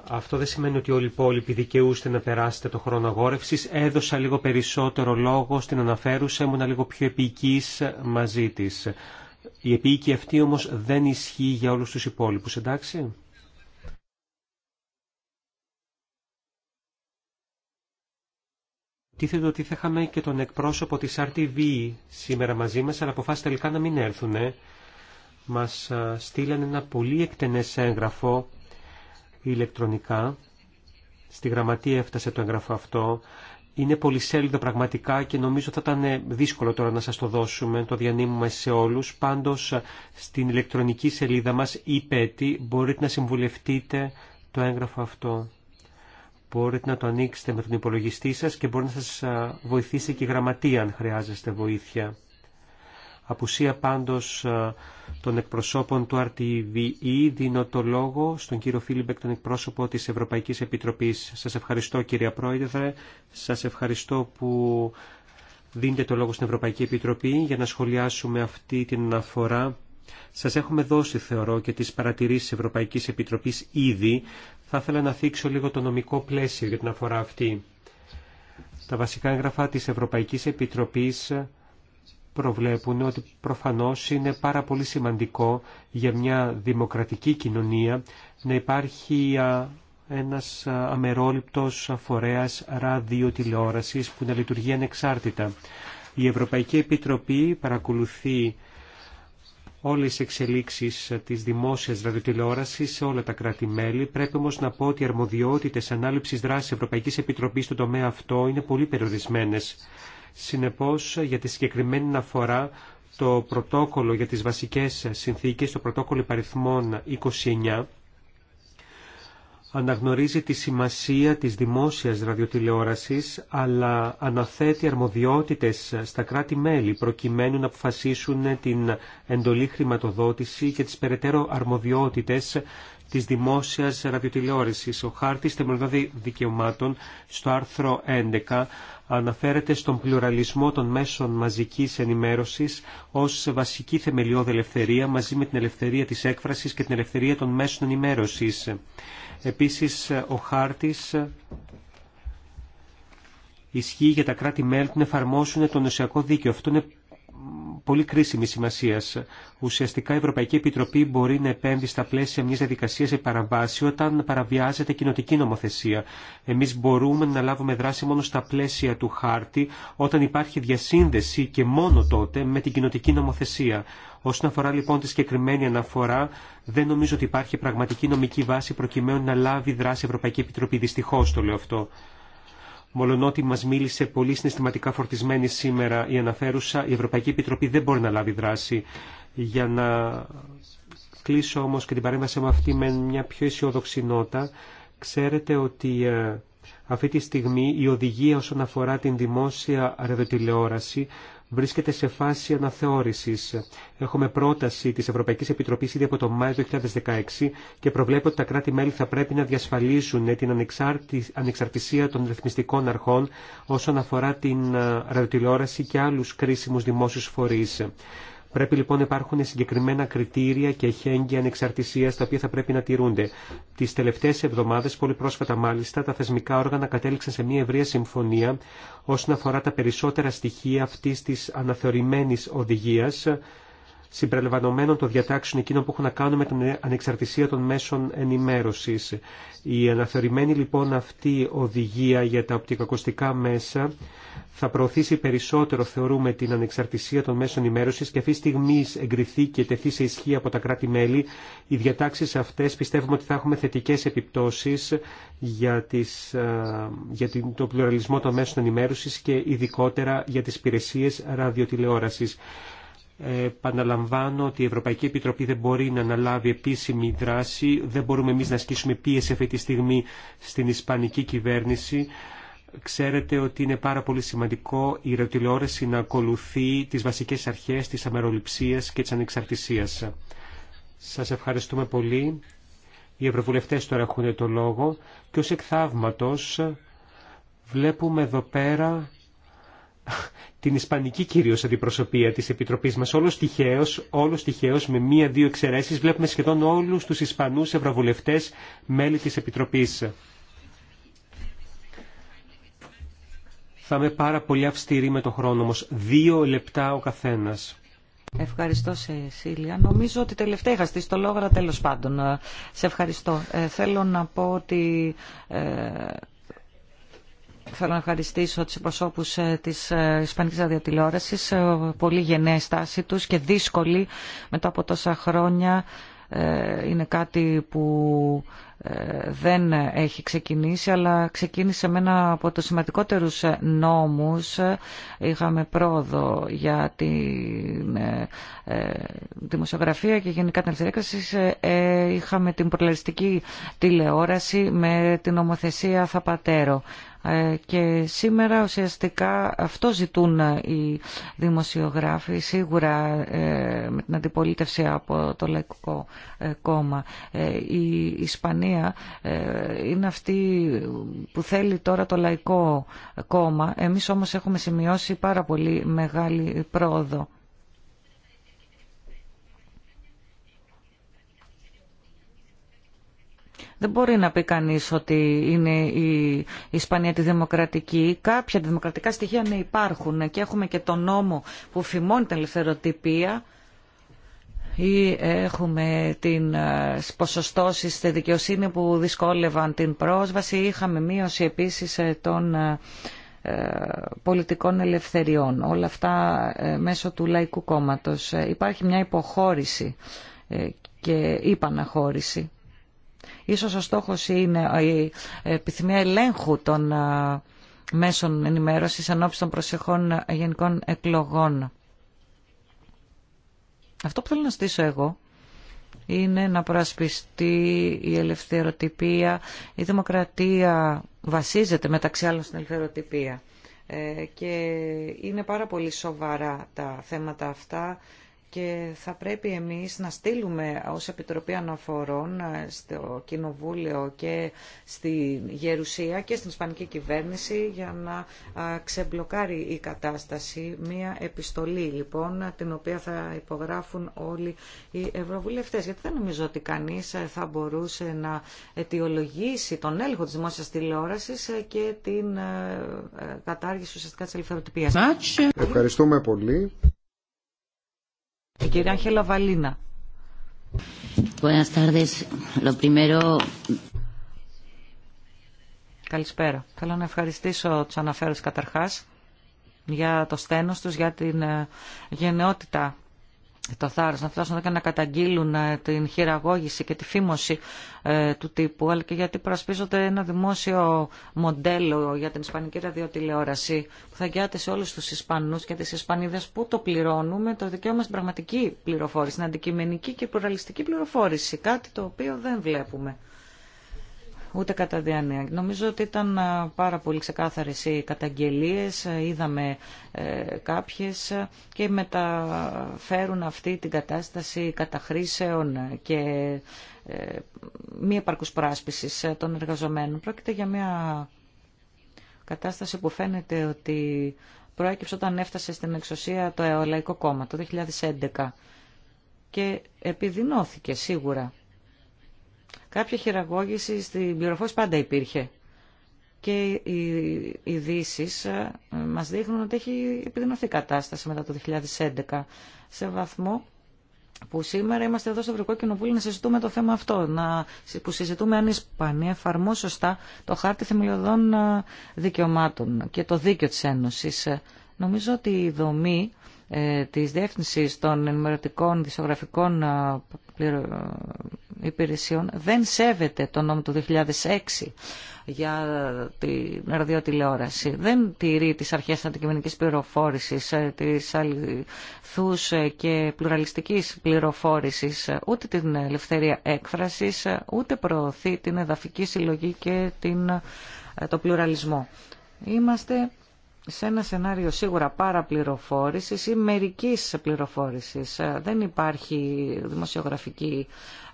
αυτό δεν σημαίνει ότι όλοι οι υπόλοιποι δικαιούστε να περάσετε το χρόνο αγόρευση. Έδωσα λίγο περισσότερο λόγο στην αναφέρουσα, ήμουν λίγο πιο επίκη μαζί τη. Η επίκη αυτή όμω δεν ισχύει για όλου του υπόλοιπου. εντάξει. Τίθεται ότι θα είχαμε και τον εκπρόσωπο της RTV σήμερα μαζί μας, αλλά αποφάσισε τελικά να μην έρθουν. Μας στείλανε ένα πολύ εκτενές έγγραφο ηλεκτρονικά. Στη γραμματεία έφτασε το έγγραφο αυτό. Είναι πολυσέλιδο πραγματικά και νομίζω θα ήταν ε, δύσκολο τώρα να σας το δώσουμε, το διανύμουμε σε όλους. Πάντως στην ηλεκτρονική σελίδα μας ή πέτη μπορείτε να συμβουλευτείτε το έγγραφο αυτό. Μπορείτε να το ανοίξετε με τον υπολογιστή σας και μπορεί να σας βοηθήσει και η γραμματεία αν χρειάζεστε βοήθεια. Απουσία πάντως ε, των εκπροσώπων του RTVE δίνω το λόγο στον κύριο Φίλιμπεκ, τον εκπρόσωπο της Ευρωπαϊκής Επιτροπής. Σας ευχαριστώ κύριε Πρόεδρε, σας ευχαριστώ που δίνετε το λόγο στην Ευρωπαϊκή Επιτροπή για να σχολιάσουμε αυτή την αναφορά. Σας έχουμε δώσει, θεωρώ, και τις παρατηρήσεις της Ευρωπαϊκής Επιτροπής ήδη. Θα ήθελα να θίξω λίγο το νομικό πλαίσιο για την αφορά αυτή. Τα βασικά έγγραφα της Ευρωπαϊκής Επιτροπής προβλέπουν ότι προφανώς είναι πάρα πολύ σημαντικό για μια δημοκρατική κοινωνία να υπάρχει ένας αμερόληπτος φορέας ραδιοτηλεόρασης που να λειτουργεί ανεξάρτητα. Η Ευρωπαϊκή Επιτροπή παρακολουθεί όλες τις εξελίξεις της δημόσιας ραδιοτηλεόρασης σε όλα τα κράτη-μέλη. Πρέπει όμως να πω ότι οι αρμοδιότητες ανάληψης δράσης Ευρωπαϊκής Επιτροπής στον τομέα αυτό είναι πολύ περιορισμένες. Συνεπώς, για τη συγκεκριμένη αναφορά, το πρωτόκολλο για τις βασικές συνθήκες, το πρωτόκολλο υπαριθμών 29, αναγνωρίζει τη σημασία της δημόσιας ραδιοτηλεόρασης, αλλά αναθέτει αρμοδιότητες στα κράτη-μέλη προκειμένου να αποφασίσουν την εντολή χρηματοδότηση και τις περαιτέρω αρμοδιότητες Τη δημόσια ραδιοτηλεόρηση. Ο Χάρτη θεμελιωδών δικαιωμάτων στο άρθρο 11 αναφέρεται στον πλουραλισμό των μέσων μαζικής ενημέρωσης ως βασική θεμελιώδη ελευθερία μαζί με την ελευθερία της έκφρασης και την ελευθερία των μέσων ενημέρωσης. Επίσης, ο χάρτης ισχύει για τα κράτη-μέλη που εφαρμόσουν το νοσιακό δίκαιο. Αυτό πολύ κρίσιμη σημασία. Ουσιαστικά η Ευρωπαϊκή Επιτροπή μπορεί να επέμβει στα πλαίσια μια διαδικασία σε παραβάση όταν παραβιάζεται κοινοτική νομοθεσία. Εμεί μπορούμε να λάβουμε δράση μόνο στα πλαίσια του χάρτη όταν υπάρχει διασύνδεση και μόνο τότε με την κοινοτική νομοθεσία. Όσον αφορά λοιπόν τη συγκεκριμένη αναφορά, δεν νομίζω ότι υπάρχει πραγματική νομική βάση προκειμένου να λάβει δράση η Ευρωπαϊκή Επιτροπή. Δυστυχώ το λέω αυτό. Μολονότι μα μίλησε πολύ συναισθηματικά φορτισμένη σήμερα η αναφέρουσα, η Ευρωπαϊκή Επιτροπή δεν μπορεί να λάβει δράση. Για να κλείσω όμω και την παρέμβαση μου αυτή με μια πιο αισιόδοξη ξέρετε ότι ε, αυτή τη στιγμή η οδηγία όσον αφορά την δημόσια ραδιοτηλεόραση βρίσκεται σε φάση αναθεώρησης. Έχουμε πρόταση της Ευρωπαϊκής Επιτροπής ήδη από το Μάιο του 2016 και προβλέπει ότι τα κράτη-μέλη θα πρέπει να διασφαλίσουν την ανεξαρτησία των ρυθμιστικών αρχών όσον αφορά την ε, ραδιοτηλεόραση και άλλους κρίσιμους δημόσιους φορείς. Πρέπει λοιπόν να υπάρχουν συγκεκριμένα κριτήρια και χέγγια ανεξαρτησία τα οποία θα πρέπει να τηρούνται. Τι τελευταίε εβδομάδε, πολύ πρόσφατα μάλιστα, τα θεσμικά όργανα κατέληξαν σε μια ευρεία συμφωνία όσον αφορά τα περισσότερα στοιχεία αυτή τη αναθεωρημένη οδηγία συμπεριλαμβανομένων των διατάξεων εκείνων που έχουν να κάνουν με την ανεξαρτησία των μέσων ενημέρωση. Η αναθεωρημένη λοιπόν αυτή οδηγία για τα οπτικοακουστικά μέσα θα προωθήσει περισσότερο, θεωρούμε, την ανεξαρτησία των μέσων ενημέρωση και αυτή τη στιγμή εγκριθεί και τεθεί σε ισχύ από τα κράτη-μέλη. Οι διατάξει αυτέ πιστεύουμε ότι θα έχουμε θετικέ επιπτώσει για, τις, ε, για τον πλουραλισμό των μέσων ενημέρωση και ειδικότερα για τι υπηρεσίε ραδιοτηλεόραση. Επαναλαμβάνω ότι η Ευρωπαϊκή Επιτροπή δεν μπορεί να αναλάβει επίσημη δράση, δεν μπορούμε εμείς να ασκήσουμε πίεση αυτή τη στιγμή στην Ισπανική κυβέρνηση. Ξέρετε ότι είναι πάρα πολύ σημαντικό η ρεοτηλεόραση να ακολουθεί τις βασικές αρχές της αμεροληψίας και της ανεξαρτησίας. Σας ευχαριστούμε πολύ. Οι ευρωβουλευτές τώρα έχουν το λόγο και ως εκθαύματος βλέπουμε εδώ πέρα την ισπανική κυρίως αντιπροσωπεία της Επιτροπής μας. Όλος τυχαίως, όλος τυχαίως με μία-δύο εξαιρέσεις βλέπουμε σχεδόν όλους τους Ισπανούς ευρωβουλευτές μέλη της Επιτροπής. Θα είμαι πάρα πολύ αυστηρή με το χρόνο όμως. Δύο λεπτά ο καθένας. Ευχαριστώ Σίλια. Νομίζω ότι τελευταία είχα στήσει το λόγο, αλλά τέλος πάντων. Ε, σε ευχαριστώ. Ε, θέλω να πω ότι... Ε, Θέλω να ευχαριστήσω τους προσώπους ε, της ε, Ισπανικής Ραδιοτηλεόρασης. Ε, πολύ γενναία στάση τους και δύσκολη μετά από τόσα χρόνια. Είναι κάτι που δεν έχει ξεκινήσει, αλλά ξεκίνησε με ένα από τους σημαντικότερους νόμους. Είχαμε πρόοδο για τη δημοσιογραφία και γενικά την ελευθερία Είχαμε την προλαριστική τηλεόραση με την ομοθεσία Θαπατέρο. Ε, και σήμερα ουσιαστικά αυτό ζητούν ε, οι δημοσιογράφοι σίγουρα ε, με την αντιπολίτευση από το Λαϊκό Κόμμα. Η Ισπανία είναι αυτή που θέλει τώρα το Λαϊκό Κόμμα. Εμείς όμως έχουμε σημειώσει πάρα πολύ μεγάλη πρόοδο. Δεν μπορεί να πει κανείς ότι είναι η Ισπανία τη δημοκρατική. Κάποια δημοκρατικά στοιχεία ναι υπάρχουν και έχουμε και τον νόμο που φημώνει την ελευθεροτυπία ή έχουμε την ε, ποσοστώσει στη δικαιοσύνη που δυσκόλευαν την πρόσβαση. Είχαμε μείωση επίσης ε, των ε, πολιτικών ελευθεριών. Όλα αυτά μέσω του Λαϊκού Κόμματος. Υπάρχει μια υποχώρηση και υπαναχώρηση Ίσως ο στόχος είναι η επιθυμία ελέγχου των μέσων ενημέρωσης ανώπιση των προσεχών γενικών εκλογών. Αυτό που θέλω να στήσω εγώ είναι να προασπιστεί η ελευθεροτυπία. Η δημοκρατία βασίζεται μεταξύ άλλων στην ελευθεροτυπία. Ε, και είναι πάρα πολύ σοβαρά τα θέματα αυτά και θα πρέπει εμείς να στείλουμε ως Επιτροπή Αναφορών ε, στο Κοινοβούλιο και στη Γερουσία και στην Ισπανική Κυβέρνηση για να ε, ξεμπλοκάρει η κατάσταση. Μία επιστολή λοιπόν την οποία θα υπογράφουν όλοι οι Ευρωβουλευτές. Γιατί δεν νομίζω ότι κανείς ε, θα μπορούσε να αιτιολογήσει τον έλεγχο της δημόσιας τηλεόρασης και την κατάργηση ουσιαστικά της ελευθεροτυπίας. Ευχαριστούμε πολύ. Η κυρία Άγγελα Βαλίνα. Καλησπέρα. Θέλω να ευχαριστήσω τους αναφέρους καταρχάς για το στένος τους, για την ε, γενναιότητα το θάρρος να φτάσουν εδώ και να καταγγείλουν ε, την χειραγώγηση και τη φήμωση ε, του τύπου, αλλά και γιατί προασπίζονται ένα δημόσιο μοντέλο για την Ισπανική ραδιοτηλεόραση που θα γιάται σε όλους τους Ισπανούς και τις Ισπανίδες που το πληρώνουμε το δικαίωμα στην πραγματική πληροφόρηση, στην αντικειμενική και πλουραλιστική πληροφόρηση, κάτι το οποίο δεν βλέπουμε ούτε κατά διάνοια. Νομίζω ότι ήταν ε, πάρα πολύ ξεκάθαρες οι καταγγελίες, ε, είδαμε ε, κάποιες και μεταφέρουν αυτή την κατάσταση καταχρήσεων και μη επαρκούς πράσπισης των εργαζομένων. Πρόκειται για μια κατάσταση που φαίνεται ότι προέκυψε όταν έφτασε στην εξουσία το Λαϊκό Κόμμα το 2011 και επιδεινώθηκε σίγουρα Κάποια χειραγώγηση στην πληροφόρηση πάντα υπήρχε. Και οι ειδήσει ε, μας δείχνουν ότι έχει επιδεινωθεί η κατάσταση μετά το 2011 σε βαθμό που σήμερα είμαστε εδώ στο Ευρωπαϊκό Κοινοβούλιο να συζητούμε το θέμα αυτό, να, που συζητούμε αν η Ισπανία εφαρμόζει σωστά το χάρτη θεμελιωδών ε, δικαιωμάτων και το δίκαιο της Ένωσης. Ε, νομίζω ότι η δομή ε, της Διεύθυνσης των Ενημερωτικών Δισογραφικών ε, ε, Υπηρεσιών δεν σέβεται τον νόμο του 2006 για την ραδιοτηλεόραση. Δεν τηρεί τις αρχές αντικειμενικής πληροφόρησης, της αληθούς και πλουραλιστικής πληροφόρησης, ούτε την ελευθερία έκφρασης, ούτε προωθεί την εδαφική συλλογή και την, το πλουραλισμό. Είμαστε σε ένα σενάριο σίγουρα παραπληροφόρησης ή μερικής πληροφόρησης. Ε, δεν υπάρχει δημοσιογραφική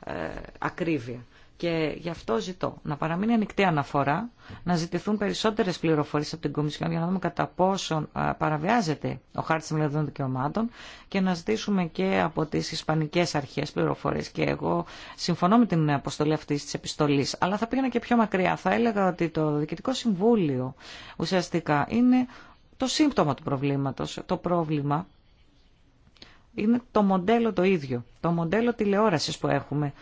ε, ακρίβεια. Και γι' αυτό ζητώ να παραμείνει ανοιχτή αναφορά, να ζητηθούν περισσότερε πληροφορίε από την Κομισιόν για να δούμε κατά πόσο παραβιάζεται ο χάρτη των μελετών δικαιωμάτων και να ζητήσουμε και από τι Ισπανικέ αρχέ πληροφορίες. Και εγώ συμφωνώ με την αποστολή αυτή τη επιστολή, αλλά θα πήγαινα και πιο μακριά. Θα έλεγα ότι το Διοικητικό Συμβούλιο ουσιαστικά είναι το σύμπτωμα του προβλήματο. το πρόβλημα είναι το μοντέλο το ίδιο, το μοντέλο τηλεόραση που έχουμε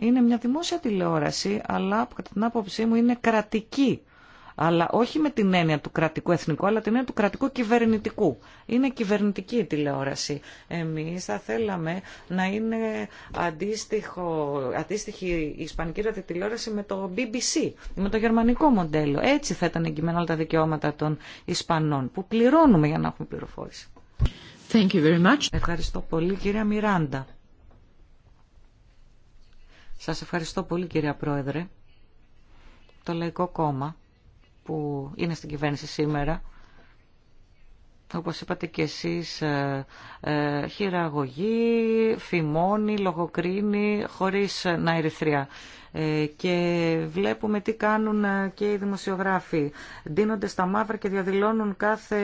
είναι μια δημόσια τηλεόραση, αλλά κατά την άποψή μου είναι κρατική. Αλλά όχι με την έννοια του κρατικού εθνικού, αλλά την έννοια του κρατικού κυβερνητικού. Είναι κυβερνητική η τηλεόραση. Εμείς θα θέλαμε να είναι αντίστοιχο, αντίστοιχη η ισπανική ραδιοτηλεόραση με το BBC, με το γερμανικό μοντέλο. Έτσι θα ήταν εγκυμένα όλα τα δικαιώματα των Ισπανών, που πληρώνουμε για να έχουμε πληροφόρηση. Thank you very much. Ευχαριστώ πολύ, κυρία Μιράντα. Σας ευχαριστώ πολύ κυρία Πρόεδρε. Το Λαϊκό Κόμμα που είναι στην κυβέρνηση σήμερα, όπως είπατε και εσείς, ε, ε, χειραγωγεί, φημώνει, λογοκρίνει, χωρίς να ερυθριά. Ε, και βλέπουμε τι κάνουν ε, και οι δημοσιογράφοι. Ντύνονται στα μαύρα και διαδηλώνουν κάθε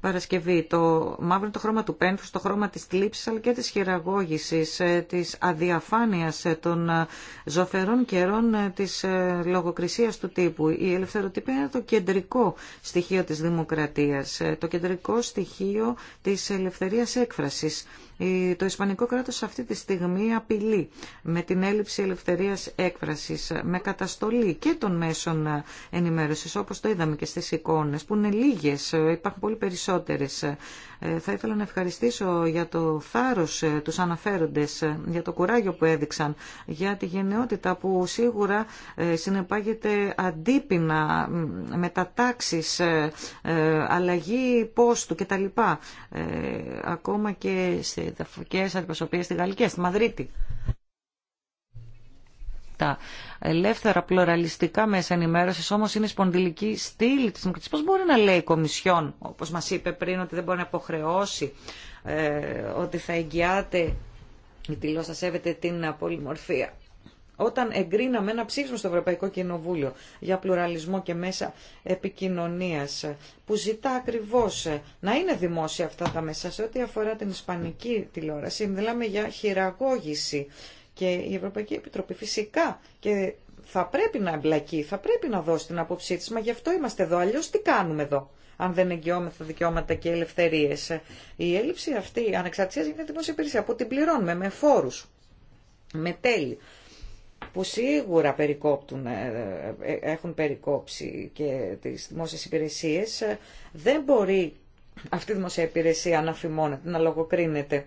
Παρασκευή. Το μαύρο είναι το χρώμα του πένθους, το χρώμα της θλίψης αλλά και της χειραγώγησης, ε, της αδιαφάνειας των ζωφερών καιρών της λογοκρισίας του τύπου. Η ελευθεροτυπία είναι το κεντρικό στοιχείο της δημοκρατίας, το κεντρικό στοιχείο της ελευθερίας έκφρασης. Το Ισπανικό κράτος αυτή τη στιγμή απειλεί με την έλλειψη ελευθερίας έκφρασης, με καταστολή και των μέσων ενημέρωσης, όπως το είδαμε και στις εικόνες, που είναι λίγες, υπάρχουν πολύ περισσότερες. Ε, θα ήθελα να ευχαριστήσω για το θάρρος ε, τους αναφέροντες, ε, για το κουράγιο που έδειξαν, για τη γενναιότητα που σίγουρα συνεπάγεται αντίπεινα, μετατάξεις, αλλαγή πόστου κτλ. Ακόμα και σε δαφικές αντιπροσωπείε στη Γαλλική, στη Μαδρίτη. Τα ελεύθερα πλωραλιστικά μέσα ενημέρωση όμω είναι σπονδυλική στήλη τη Δημοκρατία. Πώ μπορεί να λέει η Κομισιόν, όπω μα είπε πριν, ότι δεν μπορεί να υποχρεώσει, ε, ότι θα εγγυάται η τηλεόραση σέβεται την πολυμορφία όταν εγκρίναμε ένα ψήφισμα στο Ευρωπαϊκό Κοινοβούλιο για πλουραλισμό και μέσα επικοινωνίας που ζητά ακριβώς ε, να είναι δημόσια αυτά τα μέσα σε ό,τι αφορά την ισπανική τηλεόραση μιλάμε για χειραγώγηση και η Ευρωπαϊκή Επιτροπή φυσικά και θα πρέπει να εμπλακεί, θα πρέπει να δώσει την άποψή της, μα γι' αυτό είμαστε εδώ, αλλιώς τι κάνουμε εδώ αν δεν εγγυόμεθα δικαιώματα και ελευθερίες. Η έλλειψη αυτή ανεξαρτησίας είναι δημόσια υπηρεσία, από την πληρώνουμε με φόρους, με τέλη που σίγουρα περικόπτουν, ε, ε, ε, έχουν περικόψει και τις δημόσιες υπηρεσίες, δεν μπορεί αυτή η δημόσια υπηρεσία να φημώνεται, να λογοκρίνεται.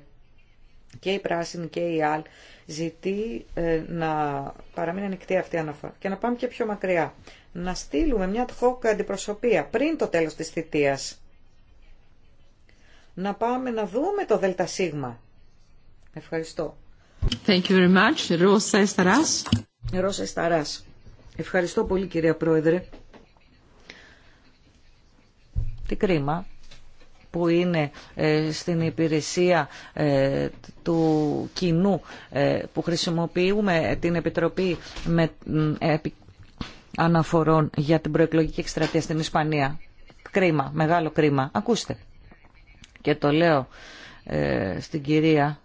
Και η πράσινη και η άλλη ζητεί να παραμείνει ανοιχτή αυτή η αναφορά και να πάμε και πιο μακριά. Να στείλουμε μια τχόκα αντιπροσωπεία πριν το τέλος της θητείας. Να πάμε να δούμε το ΔΣ. Ευχαριστώ. Ευχαριστώ πολύ κυρία Πρόεδρε. Τι κρίμα που είναι ε, στην υπηρεσία ε, του κοινού ε, που χρησιμοποιούμε την Επιτροπή με αναφορών για την προεκλογική εκστρατεία στην Ισπανία. Κρίμα, μεγάλο κρίμα. Ακούστε. Και το λέω στην κυρία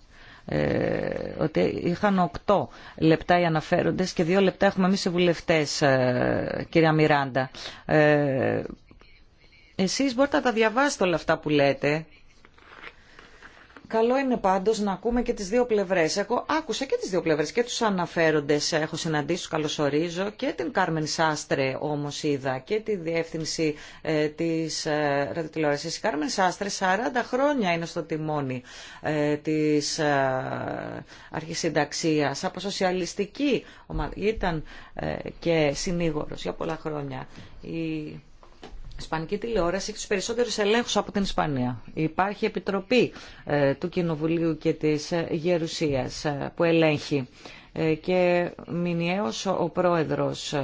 ε, ότι είχαν οκτώ λεπτά οι αναφέροντες και δύο λεπτά έχουμε εμείς οι βουλευτές, ε, κυρία Μιράντα. Ε, εσείς μπορείτε να τα διαβάσετε όλα αυτά που λέτε Καλό είναι πάντως να ακούμε και τις δύο πλευρές. Έχω άκουσα και τις δύο πλευρές και τους αναφέροντες, έχω συναντήσει, τους καλωσορίζω και την Κάρμεν Σάστρε όμως είδα και τη διεύθυνση ε, της ε, ραδιοτηλεόρασης. Η Κάρμεν Σάστρε 40 χρόνια είναι στο τιμόνι ε, της ε, αρχισυνταξίας από σοσιαλιστική ομάδα. Ήταν ε, και συνήγορος για πολλά χρόνια. Η η Ισπανική τηλεόραση έχει του περισσότερου ελέγχου από την Ισπανία. Υπάρχει επιτροπή ε, του Κοινοβουλίου και τη ε, Γερουσία ε, που ελέγχει και μηνιαίως ο πρόεδρος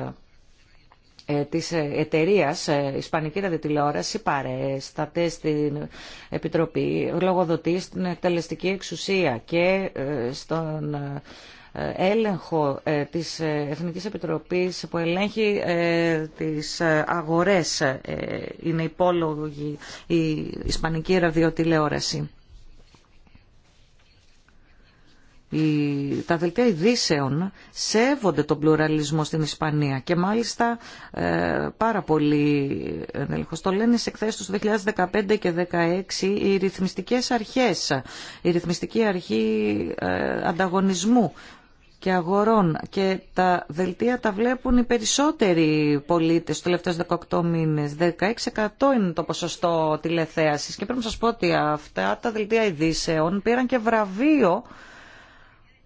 της εταιρείας Ισπανική Ραδιοτηλεόραση παρέσταται στην Επιτροπή, λογοδοτεί στην εκτελεστική εξουσία και στον έλεγχο ε, της ε, Εθνικής Επιτροπής που ελέγχει ε, τις αγορές είναι υπόλογη η Ισπανική Ραδιοτηλεόραση. τα δελτία ειδήσεων σέβονται τον πλουραλισμό στην Ισπανία και μάλιστα πάρα πολύ Το λένε σε εκθέσεις του 2015 και 2016 οι ρυθμιστικές αρχές, η ρυθμιστική αρχή ανταγωνισμού και αγορών και τα δελτία τα βλέπουν οι περισσότεροι πολίτες τους τελευταίους 18 μήνες. 16% είναι το ποσοστό τηλεθέασης και πρέπει να σας πω ότι αυτά τα δελτία ειδήσεων πήραν και βραβείο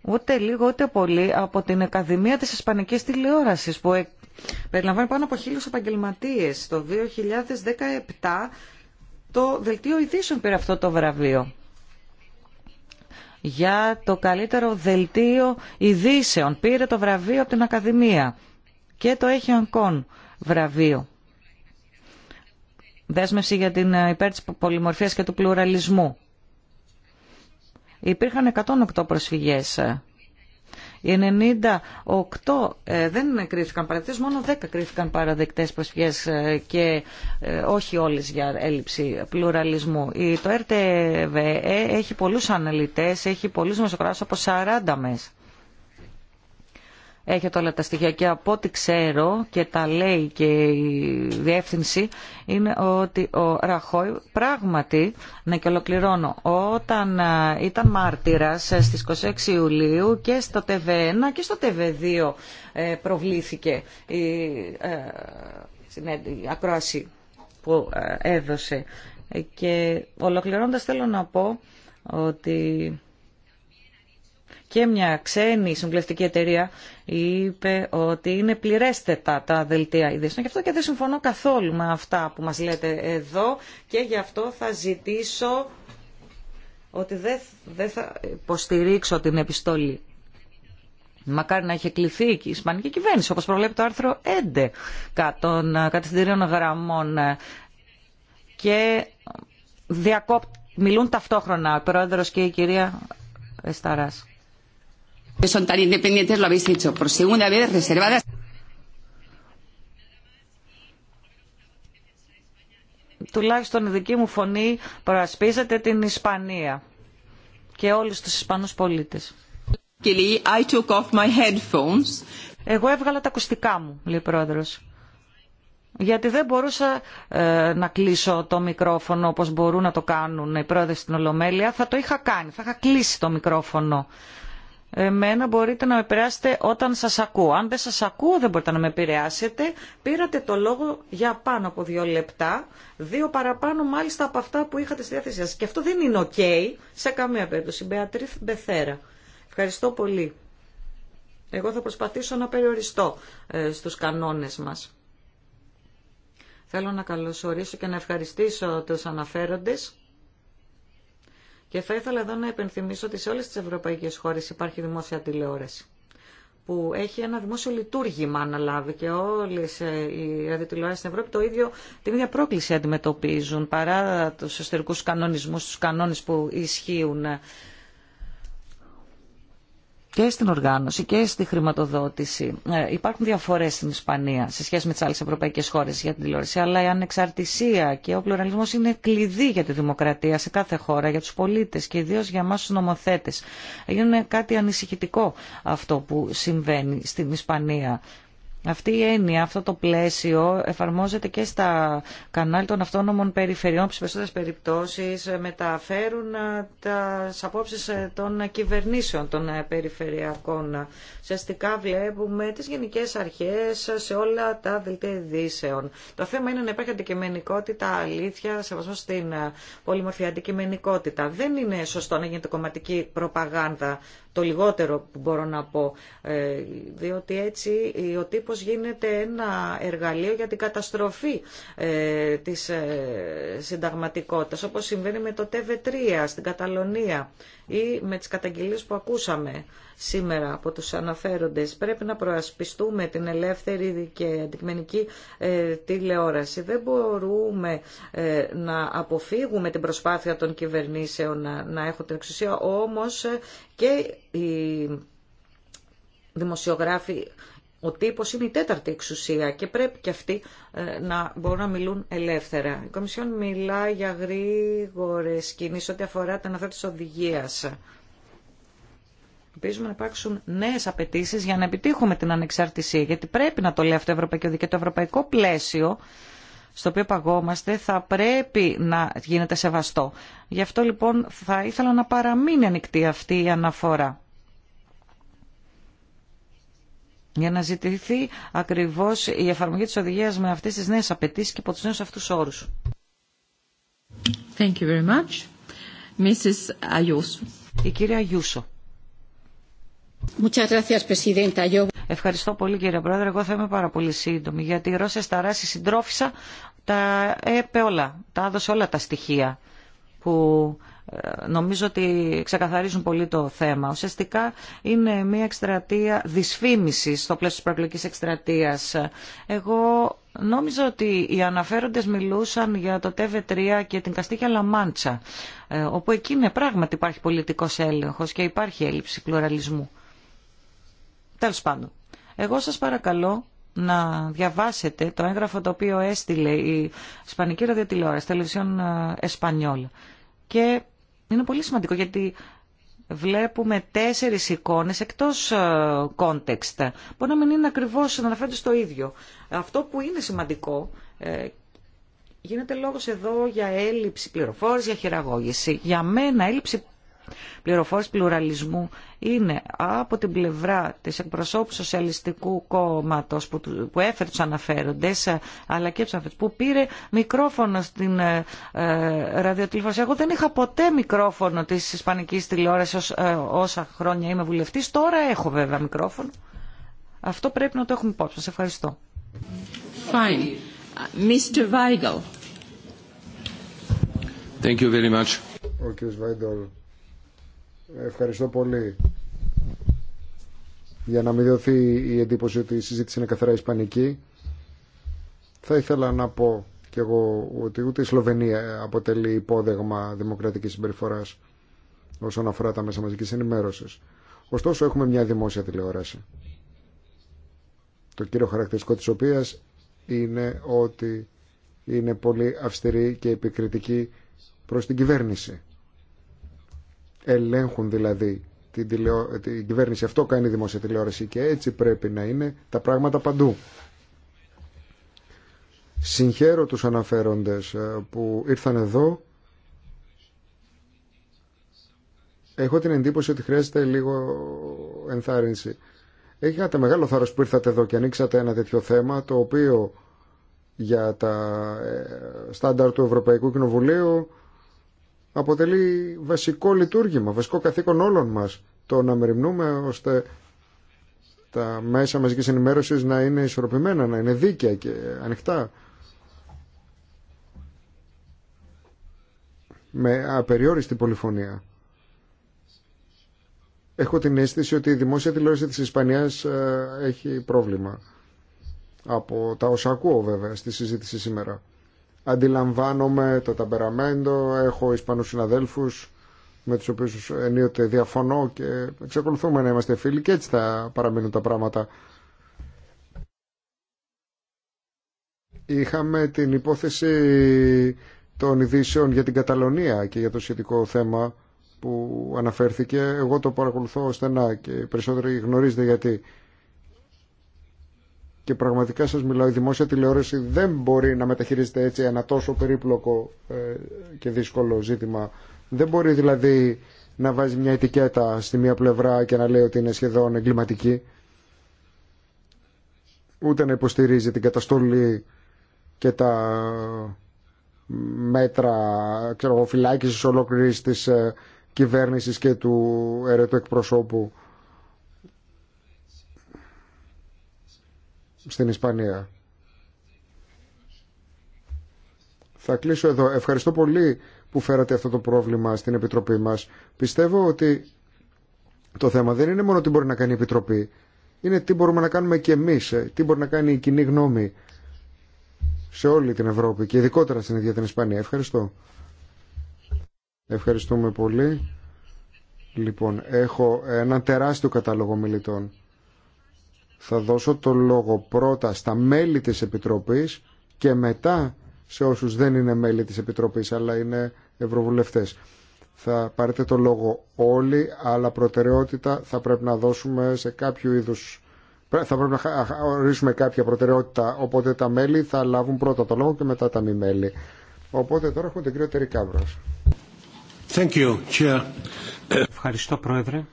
ούτε λίγο ούτε πολύ από την Ακαδημία της Ισπανικής Τηλεόρασης που περιλαμβάνει πάνω από χίλιους επαγγελματίες. Το 2017 το δελτίο ειδήσεων πήρε αυτό το βραβείο για το καλύτερο δελτίο ειδήσεων. Πήρε το βραβείο από την Ακαδημία και το έχει Ανκόν βραβείο. Δέσμευση για την ε, υπέρ της πολυμορφίας και του πλουραλισμού. Υπήρχαν 108 προσφυγές ε, οι 98 ε, δεν κρίθηκαν παραδεκτές, μόνο 10 κρίθηκαν παραδεκτές προσφυγές ε, και ε, όχι όλες για έλλειψη πλουραλισμού. Το RTVE έχει πολλούς αναλυτές, έχει πολλούς δημοσιογράφους από 40 μέσα έχετε όλα τα στοιχεία και από ό,τι ξέρω και τα λέει και η διεύθυνση είναι ότι ο Ραχόη πράγματι, να και ολοκληρώνω, όταν ε, ήταν μάρτυρας ε, στις 26 Ιουλίου και στο TV1 και στο TV2 ε, προβλήθηκε η, η ακρόαση που έδωσε. Και ολοκληρώνοντας θέλω να πω ότι και μια ξένη συμβουλευτική εταιρεία είπε ότι είναι πληρέστετα τα δελτία ειδήσεων. Γι' αυτό και δεν συμφωνώ καθόλου με αυτά που μας λέτε εδώ και γι' αυτό θα ζητήσω ότι δεν, δεν θα υποστηρίξω την επιστολή. Μακάρι να είχε κληθεί η Ισπανική κυβέρνηση, όπως προβλέπει το άρθρο 11 των κατευθυντηρίων γραμμών και μιλούν ταυτόχρονα ο πρόεδρος και η κυρία Εσταράς. Τουλάχιστον η δική μου φωνή προασπίζεται την Ισπανία και όλους τους Ισπανούς πολίτες. Εγώ έβγαλα τα ακουστικά μου, λέει ο πρόεδρος. Γιατί δεν μπορούσα ε, να κλείσω το μικρόφωνο όπως μπορούν να το κάνουν οι πρόεδρες στην Ολομέλεια. Θα το είχα κάνει, θα είχα κλείσει το μικρόφωνο εμένα μπορείτε να με επηρεάσετε όταν σας ακούω. Αν δεν σας ακούω δεν μπορείτε να με επηρεάσετε. Πήρατε το λόγο για πάνω από δύο λεπτά, δύο παραπάνω μάλιστα από αυτά που είχατε στη διάθεσή σας. Και αυτό δεν είναι ok σε καμία περίπτωση. Μπεατρίθ Μπεθέρα. Ευχαριστώ πολύ. Εγώ θα προσπαθήσω να περιοριστώ ε, στους κανόνες μας. Θέλω να καλωσορίσω και να ευχαριστήσω τους αναφέροντες και θα ήθελα εδώ να επενθυμίσω ότι σε όλες τις ευρωπαϊκές χώρες υπάρχει δημόσια τηλεόραση που έχει ένα δημόσιο λειτουργήμα λάβει και όλες ε, οι ραδιοτηλεόρασει στην Ευρώπη το ίδιο, την ίδια πρόκληση αντιμετωπίζουν παρά τους εσωτερικούς κανονισμούς, τους κανόνες που ισχύουν ε, και στην οργάνωση και στη χρηματοδότηση. Ε, υπάρχουν διαφορέ στην Ισπανία σε σχέση με τι άλλε ευρωπαϊκέ χώρε για την τηλεόραση, αλλά η ανεξαρτησία και ο πλουραλισμό είναι κλειδί για τη δημοκρατία σε κάθε χώρα, για του πολίτε και ιδίω για εμά του νομοθέτε. Είναι κάτι ανησυχητικό αυτό που συμβαίνει στην Ισπανία αυτή η έννοια, αυτό το πλαίσιο εφαρμόζεται και στα κανάλια των αυτόνομων περιφερειών που σε περισσότερες περιπτώσεις ε, μεταφέρουν ε, τα απόψει ε, των κυβερνήσεων των περιφερειακών. Ουσιαστικά βλέπουμε τις γενικές αρχές σε όλα τα δελτία ειδήσεων. Το θέμα είναι να υπάρχει αντικειμενικότητα, αλήθεια, βασμό στην πολυμορφία αντικειμενικότητα. Δεν είναι σωστό να γίνεται κομματική προπαγάνδα το λιγότερο που μπορώ να πω, ε, διότι έτσι ο τύπος γίνεται ένα εργαλείο για την καταστροφή ε, της ε, συνταγματικότητας, όπως συμβαίνει με το TV3 στην Καταλωνία ή με τις καταγγελίες που ακούσαμε σήμερα από τους αναφέροντες. Πρέπει να προασπιστούμε την ελεύθερη και αντικειμενική ε, τηλεόραση. Δεν μπορούμε ε, να αποφύγουμε την προσπάθεια των κυβερνήσεων να έχουν την εξουσία, όμως ε, και οι δημοσιογράφοι ο τύπος είναι η τέταρτη εξουσία και πρέπει και αυτοί να μπορούν να μιλούν ελεύθερα. Η Κομισιόν μιλά για γρήγορες κινήσεις ό,τι αφορά την αναθέτηση οδηγίας. Ελπίζουμε να υπάρξουν νέε απαιτήσει για να επιτύχουμε την ανεξαρτησία. Γιατί πρέπει να το λέει αυτό το Ευρωπαϊκό και Το ευρωπαϊκό πλαίσιο στο οποίο παγόμαστε θα πρέπει να γίνεται σεβαστό. Γι' αυτό λοιπόν θα ήθελα να παραμείνει ανοιχτή αυτή η αναφορά. Για να ζητηθεί ακριβώς η εφαρμογή τη οδηγία με αυτέ τι νέε απαιτήσει και από του νέου αυτού όρους. Thank Η κυρία Γιούσο. Ευχαριστώ πολύ κύριε Πρόεδρε. Εγώ θα είμαι πάρα πολύ σύντομη γιατί η στα Σταράση συντρόφισα τα έπε όλα, τα έδωσε όλα τα στοιχεία που ε, νομίζω ότι ξεκαθαρίζουν πολύ το θέμα. Ουσιαστικά είναι μια εκστρατεία δυσφήμισης στο πλαίσιο της προεκλογικής εκστρατείας. Εγώ νόμιζα ότι οι αναφέροντες μιλούσαν για το TV3 και την Καστίγια Λαμάντσα, ε, όπου εκεί είναι πράγματι υπάρχει πολιτικός έλεγχος και υπάρχει έλλειψη πλουραλισμού. Τέλος πάντων, εγώ σας παρακαλώ να διαβάσετε το έγγραφο το οποίο έστειλε η Ισπανική Ραδιοτηλεόραση, Τελευσιόν Εσπανιόλ. Και είναι πολύ σημαντικό γιατί βλέπουμε τέσσερις εικόνες εκτός ε, context. Μπορεί να μην είναι ακριβώς να στο ίδιο. Αυτό που είναι σημαντικό ε, γίνεται λόγος εδώ για έλλειψη πληροφόρηση, για χειραγώγηση. Για μένα έλλειψη πληροφόρηση πλουραλισμού είναι από την πλευρά της εκπροσώπου Σοσιαλιστικού Κόμματος που, έφερε τους αναφέροντες αλλά και τους αναφέροντες που πήρε μικρόφωνο στην ε, ε ραδιοτηλεφόρηση. Εγώ δεν είχα ποτέ μικρόφωνο της Ισπανικής τηλεόρασης ε, όσα χρόνια είμαι βουλευτής. Τώρα έχω βέβαια μικρόφωνο. Αυτό πρέπει να το έχουμε υπόψη. Σας ευχαριστώ. Ευχαριστώ πολύ. Για να μην δοθεί η εντύπωση ότι η συζήτηση είναι καθαρά ισπανική, θα ήθελα να πω κι εγώ ότι ούτε η Σλοβενία αποτελεί υπόδεγμα δημοκρατικής συμπεριφοράς όσον αφορά τα μέσα μαζικής ενημέρωσης. Ωστόσο έχουμε μια δημόσια τηλεόραση. Το κύριο χαρακτηριστικό της οποίας είναι ότι είναι πολύ αυστηρή και επικριτική προς την κυβέρνηση ελέγχουν δηλαδή την, την κυβέρνηση. Αυτό κάνει η δημόσια τηλεόραση και έτσι πρέπει να είναι τα πράγματα παντού. Συγχαίρω τους αναφέροντες ε, που ήρθαν εδώ. Έχω την εντύπωση ότι χρειάζεται λίγο ενθάρρυνση. Έχετε μεγάλο θάρρος που ήρθατε εδώ και ανοίξατε ένα τέτοιο θέμα, το οποίο για τα ε, στάνταρ του Ευρωπαϊκού Κοινοβουλίου αποτελεί βασικό λειτουργήμα, βασικό καθήκον όλων μας το να μεριμνούμε ώστε τα μέσα μαζικής ενημέρωσης να είναι ισορροπημένα, να είναι δίκαια και ανοιχτά. Με απεριόριστη πολυφωνία. Έχω την αίσθηση ότι η δημόσια τηλεόραση της Ισπανίας ε, έχει πρόβλημα. Από τα όσα ακούω βέβαια στη συζήτηση σήμερα αντιλαμβάνομαι το ταμπεραμέντο, έχω Ισπανούς συναδέλφους με τους οποίους ενίοτε διαφωνώ και εξακολουθούμε να είμαστε φίλοι και έτσι θα παραμείνουν τα πράγματα. Είχαμε την υπόθεση των ειδήσεων για την Καταλωνία και για το σχετικό θέμα που αναφέρθηκε. Εγώ το παρακολουθώ στενά και περισσότεροι γνωρίζετε γιατί και πραγματικά σας μιλάω, η δημόσια τηλεόραση δεν μπορεί να μεταχειρίζεται έτσι ένα τόσο περίπλοκο ε, και δύσκολο ζήτημα. Δεν μπορεί δηλαδή να βάζει μια ετικέτα στη μία πλευρά και να λέει ότι είναι σχεδόν εγκληματική, ούτε να υποστηρίζει την καταστολή και τα μέτρα ξέρω, φυλάκισης ολόκληρης της ε, κυβέρνησης και του αιρετού εκπροσώπου στην Ισπανία. Θα κλείσω εδώ. Ευχαριστώ πολύ που φέρατε αυτό το πρόβλημα στην Επιτροπή μας. Πιστεύω ότι το θέμα δεν είναι μόνο τι μπορεί να κάνει η Επιτροπή. Είναι τι μπορούμε να κάνουμε και εμείς, ε, τι μπορεί να κάνει η κοινή γνώμη σε όλη την Ευρώπη και ειδικότερα στην ίδια την Ισπανία. Ευχαριστώ. Ευχαριστούμε πολύ. Λοιπόν, έχω ένα τεράστιο κατάλογο μιλητών. Θα δώσω το λόγο πρώτα στα μέλη της Επιτροπής και μετά σε όσους δεν είναι μέλη της Επιτροπής αλλά είναι ευρωβουλευτές. Θα πάρετε το λόγο όλοι, αλλά προτεραιότητα θα πρέπει να δώσουμε σε κάποιο είδους... Θα πρέπει να ορίσουμε κάποια προτεραιότητα, οπότε τα μέλη θα λάβουν πρώτα το λόγο και μετά τα μη μέλη. Οπότε τώρα έχουμε την κυρία Τερικάβρας. Ευχαριστώ, Πρόεδρε.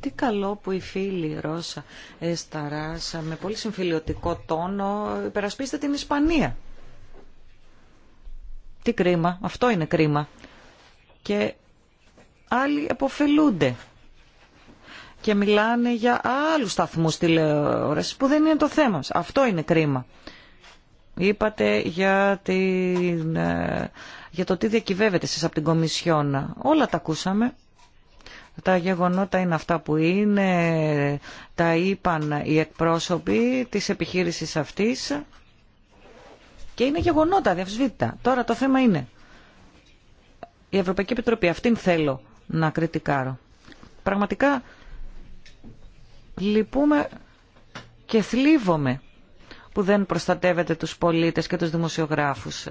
Τι καλό που η φίλη Ρώσα Εσταράσα με πολύ συμφιλιωτικό τόνο υπερασπίστε την Ισπανία. Τι κρίμα, αυτό είναι κρίμα. Και άλλοι εποφελούνται και μιλάνε για άλλους σταθμούς τηλεόρασης που δεν είναι το θέμα μας. Αυτό είναι κρίμα. Είπατε για, την, ε, για το τι διακυβεύεται εσείς από την Κομισιόνα. Όλα τα ακούσαμε. Τα γεγονότα είναι αυτά που είναι, τα είπαν οι εκπρόσωποι της επιχείρησης αυτής και είναι γεγονότα, διαφυσβήτητα. Τώρα το θέμα είναι, η Ευρωπαϊκή Επιτροπή, αυτήν θέλω να κριτικάρω. Πραγματικά λυπούμε και θλίβομαι που δεν προστατεύεται τους πολίτες και τους δημοσιογράφους.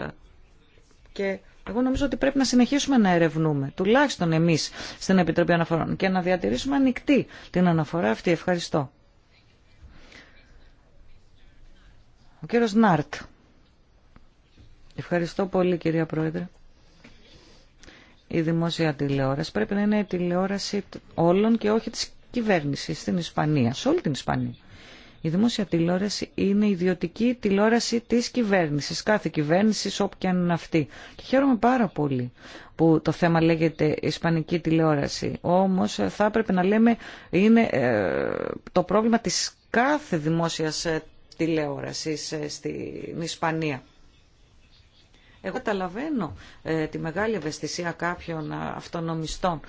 Και εγώ νομίζω ότι πρέπει να συνεχίσουμε να ερευνούμε, τουλάχιστον εμείς στην Επιτροπή Αναφορών και να διατηρήσουμε ανοιχτή την αναφορά αυτή. Ευχαριστώ. Ο κύριος Νάρτ. Ευχαριστώ πολύ κυρία Πρόεδρε. Η δημόσια τηλεόραση πρέπει να είναι η τηλεόραση όλων και όχι της κυβέρνησης στην Ισπανία, σε όλη την Ισπανία. Η δημόσια τηλεόραση είναι ιδιωτική τηλεόραση τη κυβέρνηση, κάθε κυβέρνηση όπου και αν είναι αυτή. Και χαίρομαι πάρα πολύ που το θέμα λέγεται ισπανική τηλεόραση. Όμω ε, θα έπρεπε να λέμε είναι ε, το πρόβλημα της κάθε δημόσιας ε, τηλεόρασης στην Ισπανία. Εγώ καταλαβαίνω τη μεγάλη ευαισθησία κάποιων αυτονομιστών.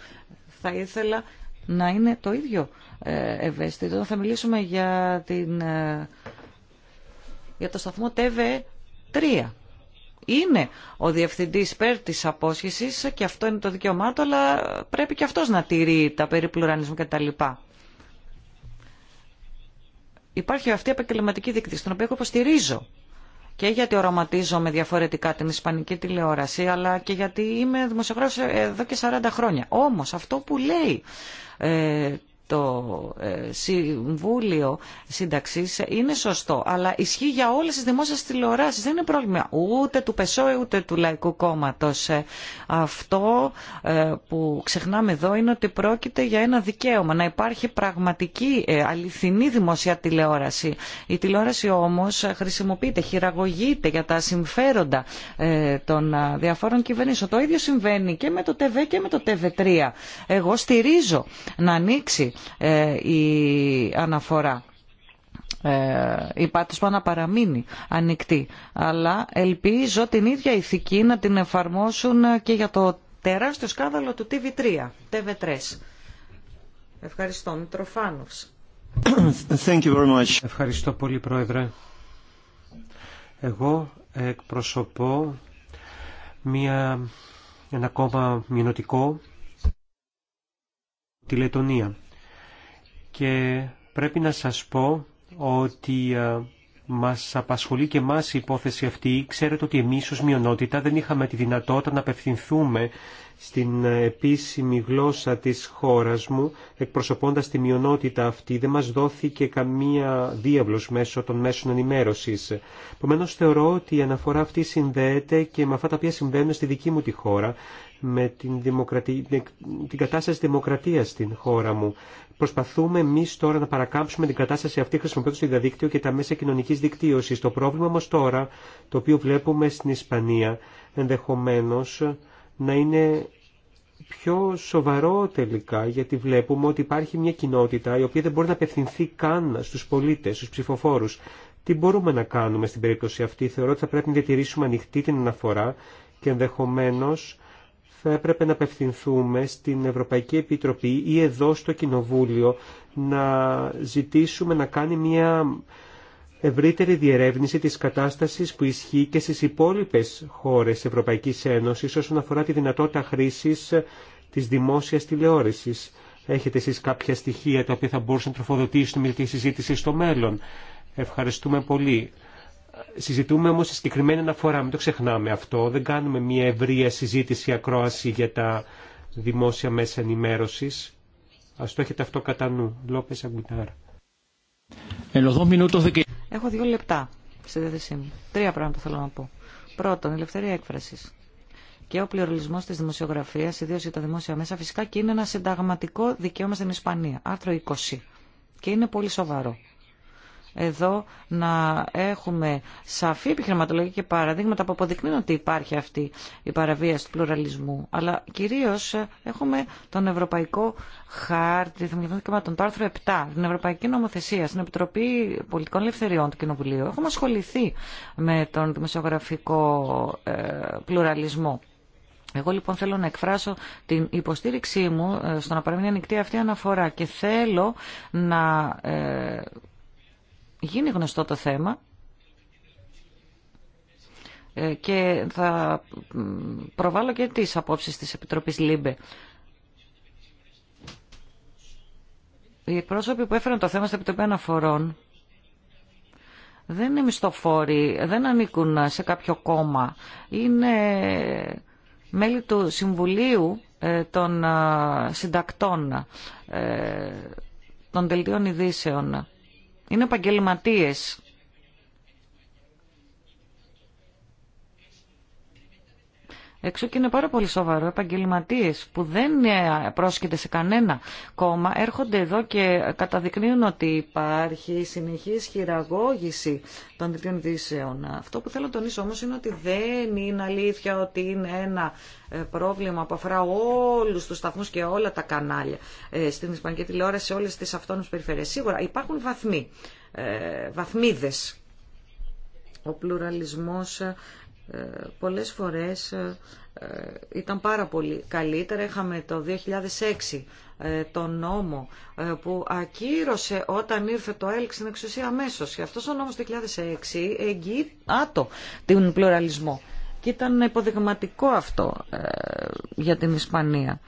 Θα ήθελα να είναι το ίδιο ε, ευαίσθητο. Θα μιλήσουμε για, την, ε, για το σταθμό τ.ε. 3 είναι ο διευθυντή υπέρ τη απόσχεση και αυτό είναι το δικαίωμά του, αλλά πρέπει και αυτό να τηρεί τα περί πλουρανισμού κτλ. Υπάρχει αυτή η επαγγελματική δίκτυα, την οποία εγώ υποστηρίζω και γιατί οραματίζομαι διαφορετικά την ισπανική τηλεόραση, αλλά και γιατί είμαι δημοσιογράφος ε, εδώ και 40 χρόνια. Όμως αυτό που λέει ε, το ε, Συμβούλιο Σύνταξη είναι σωστό, αλλά ισχύει για όλε τι δημόσιε τηλεοράσει. Δεν είναι πρόβλημα ούτε του ΠΕΣΟΕ ούτε του Λαϊκού Κόμματο. Ε, αυτό ε, που ξεχνάμε εδώ είναι ότι πρόκειται για ένα δικαίωμα, να υπάρχει πραγματική αληθινή δημόσια τηλεόραση. Η τηλεόραση όμω χρησιμοποιείται, χειραγωγείται για τα συμφέροντα των διαφόρων κυβερνήσεων. Το ίδιο συμβαίνει και με το TV και με το tv 3 Εγώ στηρίζω να ανοίξει ε, η αναφορά. Ε, η να παραμείνει ανοιχτή. Αλλά ελπίζω την ίδια ηθική να την εφαρμόσουν και για το τεράστιο σκάνδαλο του TV3, TV3. Ευχαριστώ, Μητροφάνος. Thank you very much. Ευχαριστώ πολύ, Πρόεδρε. Εγώ εκπροσωπώ μια, ένα κόμμα μηνωτικό τη και πρέπει να σας πω ότι ε, μας απασχολεί και μας η υπόθεση αυτή. Ξέρετε ότι εμείς ως μειονότητα δεν είχαμε τη δυνατότητα να απευθυνθούμε στην επίσημη γλώσσα της χώρας μου, εκπροσωπώντας τη μειονότητα αυτή, δεν μας δόθηκε καμία διάβλος μέσω των μέσων ενημέρωσης. Επομένω θεωρώ ότι η αναφορά αυτή συνδέεται και με αυτά τα οποία συμβαίνουν στη δική μου τη χώρα, με την, δημοκρατι... κατάσταση δημοκρατίας στην χώρα μου. Προσπαθούμε εμεί τώρα να παρακάμψουμε την κατάσταση αυτή χρησιμοποιώντα το διαδίκτυο και τα μέσα κοινωνική δικτύωση. Το πρόβλημα όμω τώρα, το οποίο βλέπουμε στην Ισπανία, ενδεχομένω να είναι πιο σοβαρό τελικά, γιατί βλέπουμε ότι υπάρχει μια κοινότητα η οποία δεν μπορεί να απευθυνθεί καν στους πολίτες, στους ψηφοφόρους. Τι μπορούμε να κάνουμε στην περίπτωση αυτή. Θεωρώ ότι θα πρέπει να διατηρήσουμε ανοιχτή την αναφορά και ενδεχομένως θα έπρεπε να απευθυνθούμε στην Ευρωπαϊκή Επιτροπή ή εδώ στο Κοινοβούλιο να ζητήσουμε να κάνει μια ευρύτερη διερεύνηση της κατάστασης που ισχύει και στις υπόλοιπες χώρες Ευρωπαϊκής Ένωσης όσον αφορά τη δυνατότητα χρήσης της δημόσιας τηλεόρασης. Έχετε εσείς κάποια στοιχεία τα οποία θα μπορούσαν να τροφοδοτήσουν με τη συζήτηση στο μέλλον. Ευχαριστούμε πολύ. Συζητούμε όμως συγκεκριμένη αναφορά, μην το ξεχνάμε αυτό. Δεν κάνουμε μια ευρεία συζήτηση ακρόαση για τα δημόσια μέσα ενημέρωσης. Ας το έχετε αυτό κατά νου. Λόπες Έχω δύο λεπτά στη διάθεσή μου. Τρία πράγματα θέλω να πω. Πρώτον, ελευθερία έκφραση. Και ο πληρολισμό τη δημοσιογραφία, ιδίω για τα δημόσια μέσα, φυσικά και είναι ένα συνταγματικό δικαίωμα στην Ισπανία. Άρθρο 20. Και είναι πολύ σοβαρό εδώ να έχουμε σαφή επιχειρηματολογία και παραδείγματα που αποδεικνύουν ότι υπάρχει αυτή η παραβίαση του πλουραλισμού. Αλλά κυρίως ε, έχουμε τον Ευρωπαϊκό Χάρτη το άρθρο 7, την Ευρωπαϊκή Νομοθεσία, στην Επιτροπή Πολιτικών Ελευθεριών του Κοινοβουλίου. Έχουμε ασχοληθεί με τον δημοσιογραφικό ε, πλουραλισμό. Εγώ λοιπόν θέλω να εκφράσω την υποστήριξή μου ε, στο να παραμείνει ανοιχτή αυτή η αναφορά και θέλω να γίνει γνωστό το θέμα ε, και θα προβάλλω και τις απόψεις της Επιτροπής ΛΥΜΠΕ. Οι εκπρόσωποι που έφεραν το θέμα στην Επιτροπή Αναφορών δεν είναι μισθοφόροι, δεν ανήκουν σε κάποιο κόμμα. Είναι μέλη του Συμβουλίου ε, των ε, Συντακτών των Δελτίων Ειδήσεων είναι επαγγελματίε έξω και είναι πάρα πολύ σοβαρό. Επαγγελματίε που δεν ε, πρόσκειται σε κανένα κόμμα έρχονται εδώ και καταδεικνύουν ότι υπάρχει συνεχή χειραγώγηση των δικτύων ειδήσεων. Αυτό που θέλω να τονίσω όμω είναι ότι δεν είναι αλήθεια ότι είναι ένα ε, πρόβλημα που αφορά όλου του σταθμού και όλα τα κανάλια ε, στην Ισπανική τηλεόραση, σε όλε τι αυτόνομε περιφέρειε. Σίγουρα υπάρχουν βαθμοί, βαθμίδε ο πλουραλισμός ε, πολλές φορές ε, ε, ήταν πάρα πολύ καλύτερα. Είχαμε το 2006 τον νόμο που ακύρωσε όταν ήρθε το ΑΕΛΚ στην εξουσία αμέσω. Και αυτός ο νόμος το 2006 εγγύει άτο την πλουραλισμό. Και ήταν υποδειγματικό αυτό για την Ισπανία.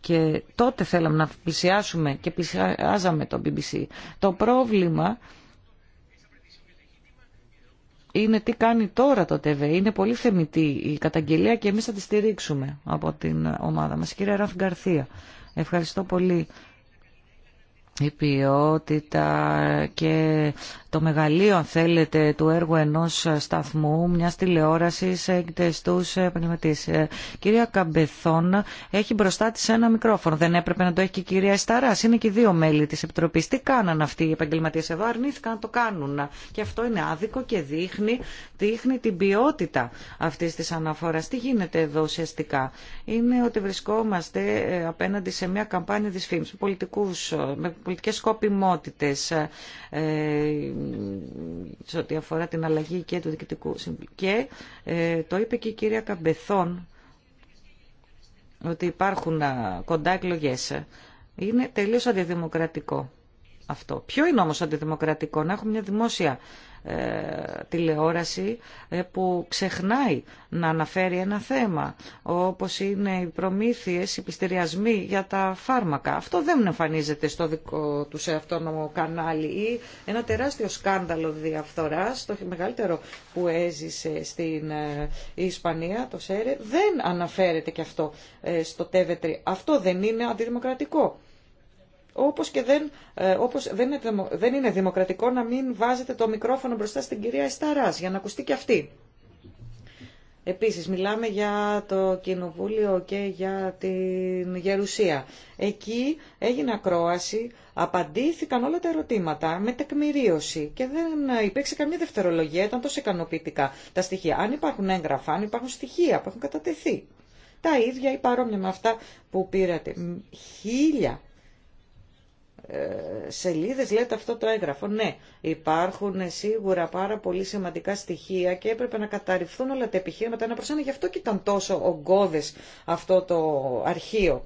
Και τότε θέλαμε να πλησιάσουμε και πλησιάζαμε το BBC. Το πρόβλημα είναι τι κάνει τώρα το ΤΕΒΕ. Είναι πολύ θεμητή η καταγγελία και εμείς θα τη στηρίξουμε από την ομάδα μας. Κύριε Ραφ Γκαρθία, ευχαριστώ πολύ η ποιότητα και το μεγαλείο, αν θέλετε, του έργου ενός σταθμού, μιας τηλεόρασης στους επαγγελματίες. Ε, κυρία Καμπεθόν, έχει μπροστά της ένα μικρόφωνο. Δεν έπρεπε να το έχει και η κυρία Σταράς Είναι και οι δύο μέλη της Επιτροπής. Τι κάναν αυτοί οι επαγγελματίες εδώ, αρνήθηκαν να το κάνουν. Και αυτό είναι άδικο και δείχνει, δείχνει την ποιότητα αυτής της αναφοράς. Τι γίνεται εδώ ουσιαστικά. Είναι ότι βρισκόμαστε ε, απέναντι σε μια καμπάνια τη πολιτικές σκοπιμότητες ε, ε, σε ό,τι αφορά την αλλαγή και του Διοικητικού Συμβουλίου. Και ε, το είπε και η κυρία Καμπεθόν ότι υπάρχουν κοντά εκλογέ. Είναι τελείως αντιδημοκρατικό αυτό. Ποιο είναι όμως αντιδημοκρατικό να έχουμε μια δημόσια ε, τηλεόραση ε, που ξεχνάει να αναφέρει ένα θέμα όπως είναι οι προμήθειες, οι πιστηριασμοί για τα φάρμακα. Αυτό δεν εμφανίζεται στο δικό του σε αυτόνομο κανάλι ή ένα τεράστιο σκάνδαλο διαφθοράς, το μεγαλύτερο που έζησε στην ε, Ισπανία, το ΣΕΡΕ, δεν αναφέρεται και αυτό στο ΤΕΒΕΤΡΙ. Αυτό δεν είναι αντιδημοκρατικό όπως και δεν, ε, όπως δεν, είναι, δεν είναι δημοκρατικό να μην βάζετε το μικρόφωνο μπροστά στην κυρία Εσταράς για να ακουστεί και αυτή. Επίσης, μιλάμε για το Κοινοβούλιο και για την Γερουσία. Εκεί έγινε ακρόαση, απαντήθηκαν όλα τα ερωτήματα με τεκμηρίωση και δεν υπήρξε καμία δευτερολογία, ήταν τόσο ικανοποιητικά τα στοιχεία. Αν υπάρχουν έγγραφα, αν υπάρχουν στοιχεία που έχουν κατατεθεί. Τα ίδια ή παρόμοια με αυτά που πήρατε. Χίλια ε, σελίδες λέτε αυτό το έγγραφο. Ναι, υπάρχουν σίγουρα πάρα πολύ σημαντικά στοιχεία και έπρεπε να καταρριφθούν όλα τα επιχείρηματα ένα προς ένα. Γι' αυτό και ήταν τόσο ογκώδες αυτό το αρχείο.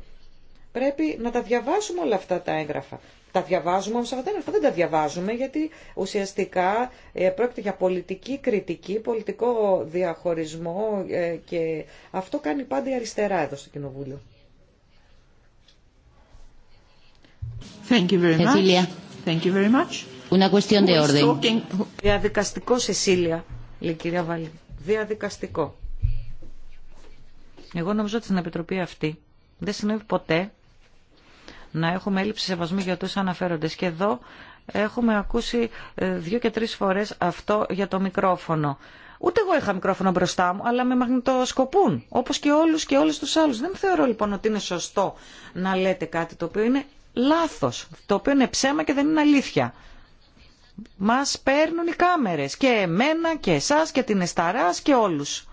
Πρέπει να τα διαβάσουμε όλα αυτά τα έγγραφα. Τα διαβάζουμε όμως αυτά τα έγγραφα δεν τα διαβάζουμε γιατί ουσιαστικά ε, πρόκειται για πολιτική κριτική, πολιτικό διαχωρισμό ε, και αυτό κάνει πάντα η αριστερά εδώ στο Κοινοβούλιο. Thank you very much. Thank you very much. Una cuestión de orden. Διαδικαστικό, Σεσίλια, λέει η κυρία Βαλή. Διαδικαστικό. Εγώ νομίζω ότι στην Επιτροπή αυτή δεν συνέβη ποτέ να έχουμε έλλειψη σεβασμού για τους αναφέροντες. Και εδώ έχουμε ακούσει ε, δύο και τρεις φορές αυτό για το μικρόφωνο. Ούτε εγώ είχα μικρόφωνο μπροστά μου, αλλά με μαγνητοσκοπούν, όπως και όλους και όλου τους άλλους. Δεν θεωρώ λοιπόν ότι είναι σωστό να λέτε κάτι το οποίο είναι λάθος, το οποίο είναι ψέμα και δεν είναι αλήθεια. Μας παίρνουν οι κάμερες και εμένα και εσάς και την Εσταράς και όλους.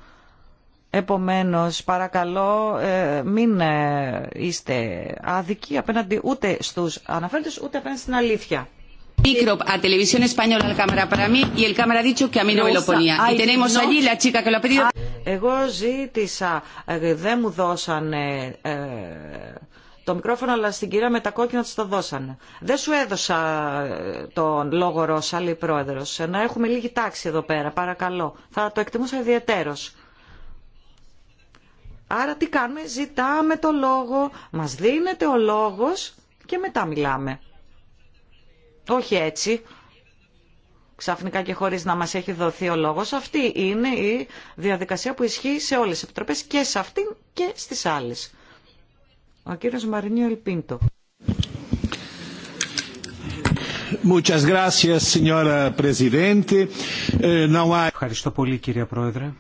Επομένως, παρακαλώ, ε, μην ε, είστε άδικοι απέναντι ούτε στους αναφέροντες, ούτε απέναντι στην αλήθεια. Micro a Televisión Española la cámara para mí y el cámara ha dicho que a mí no me lo ponía. Y tenemos allí la chica que lo ha pedido. Εγώ ζήτησα, ε, δεν μου δώσανε το μικρόφωνο, αλλά στην κυρία με τα κόκκινα τη το δώσανε. Δεν σου έδωσα ε, τον λόγο Ρώσα, λέει πρόεδρο. Ε, να έχουμε λίγη τάξη εδώ πέρα, παρακαλώ. Θα το εκτιμούσα ιδιαίτερο. Άρα τι κάνουμε, ζητάμε το λόγο, μας δίνεται ο λόγος και μετά μιλάμε. Όχι έτσι, ξαφνικά και χωρίς να μας έχει δοθεί ο λόγος. Αυτή είναι η διαδικασία που ισχύει σε όλες τις επιτροπές και σε αυτήν και στις άλλες. Ο κύριος Μαρινίου Ελπίντο. Ε, Ευχαριστώ πολύ κύριε Πρόεδρε.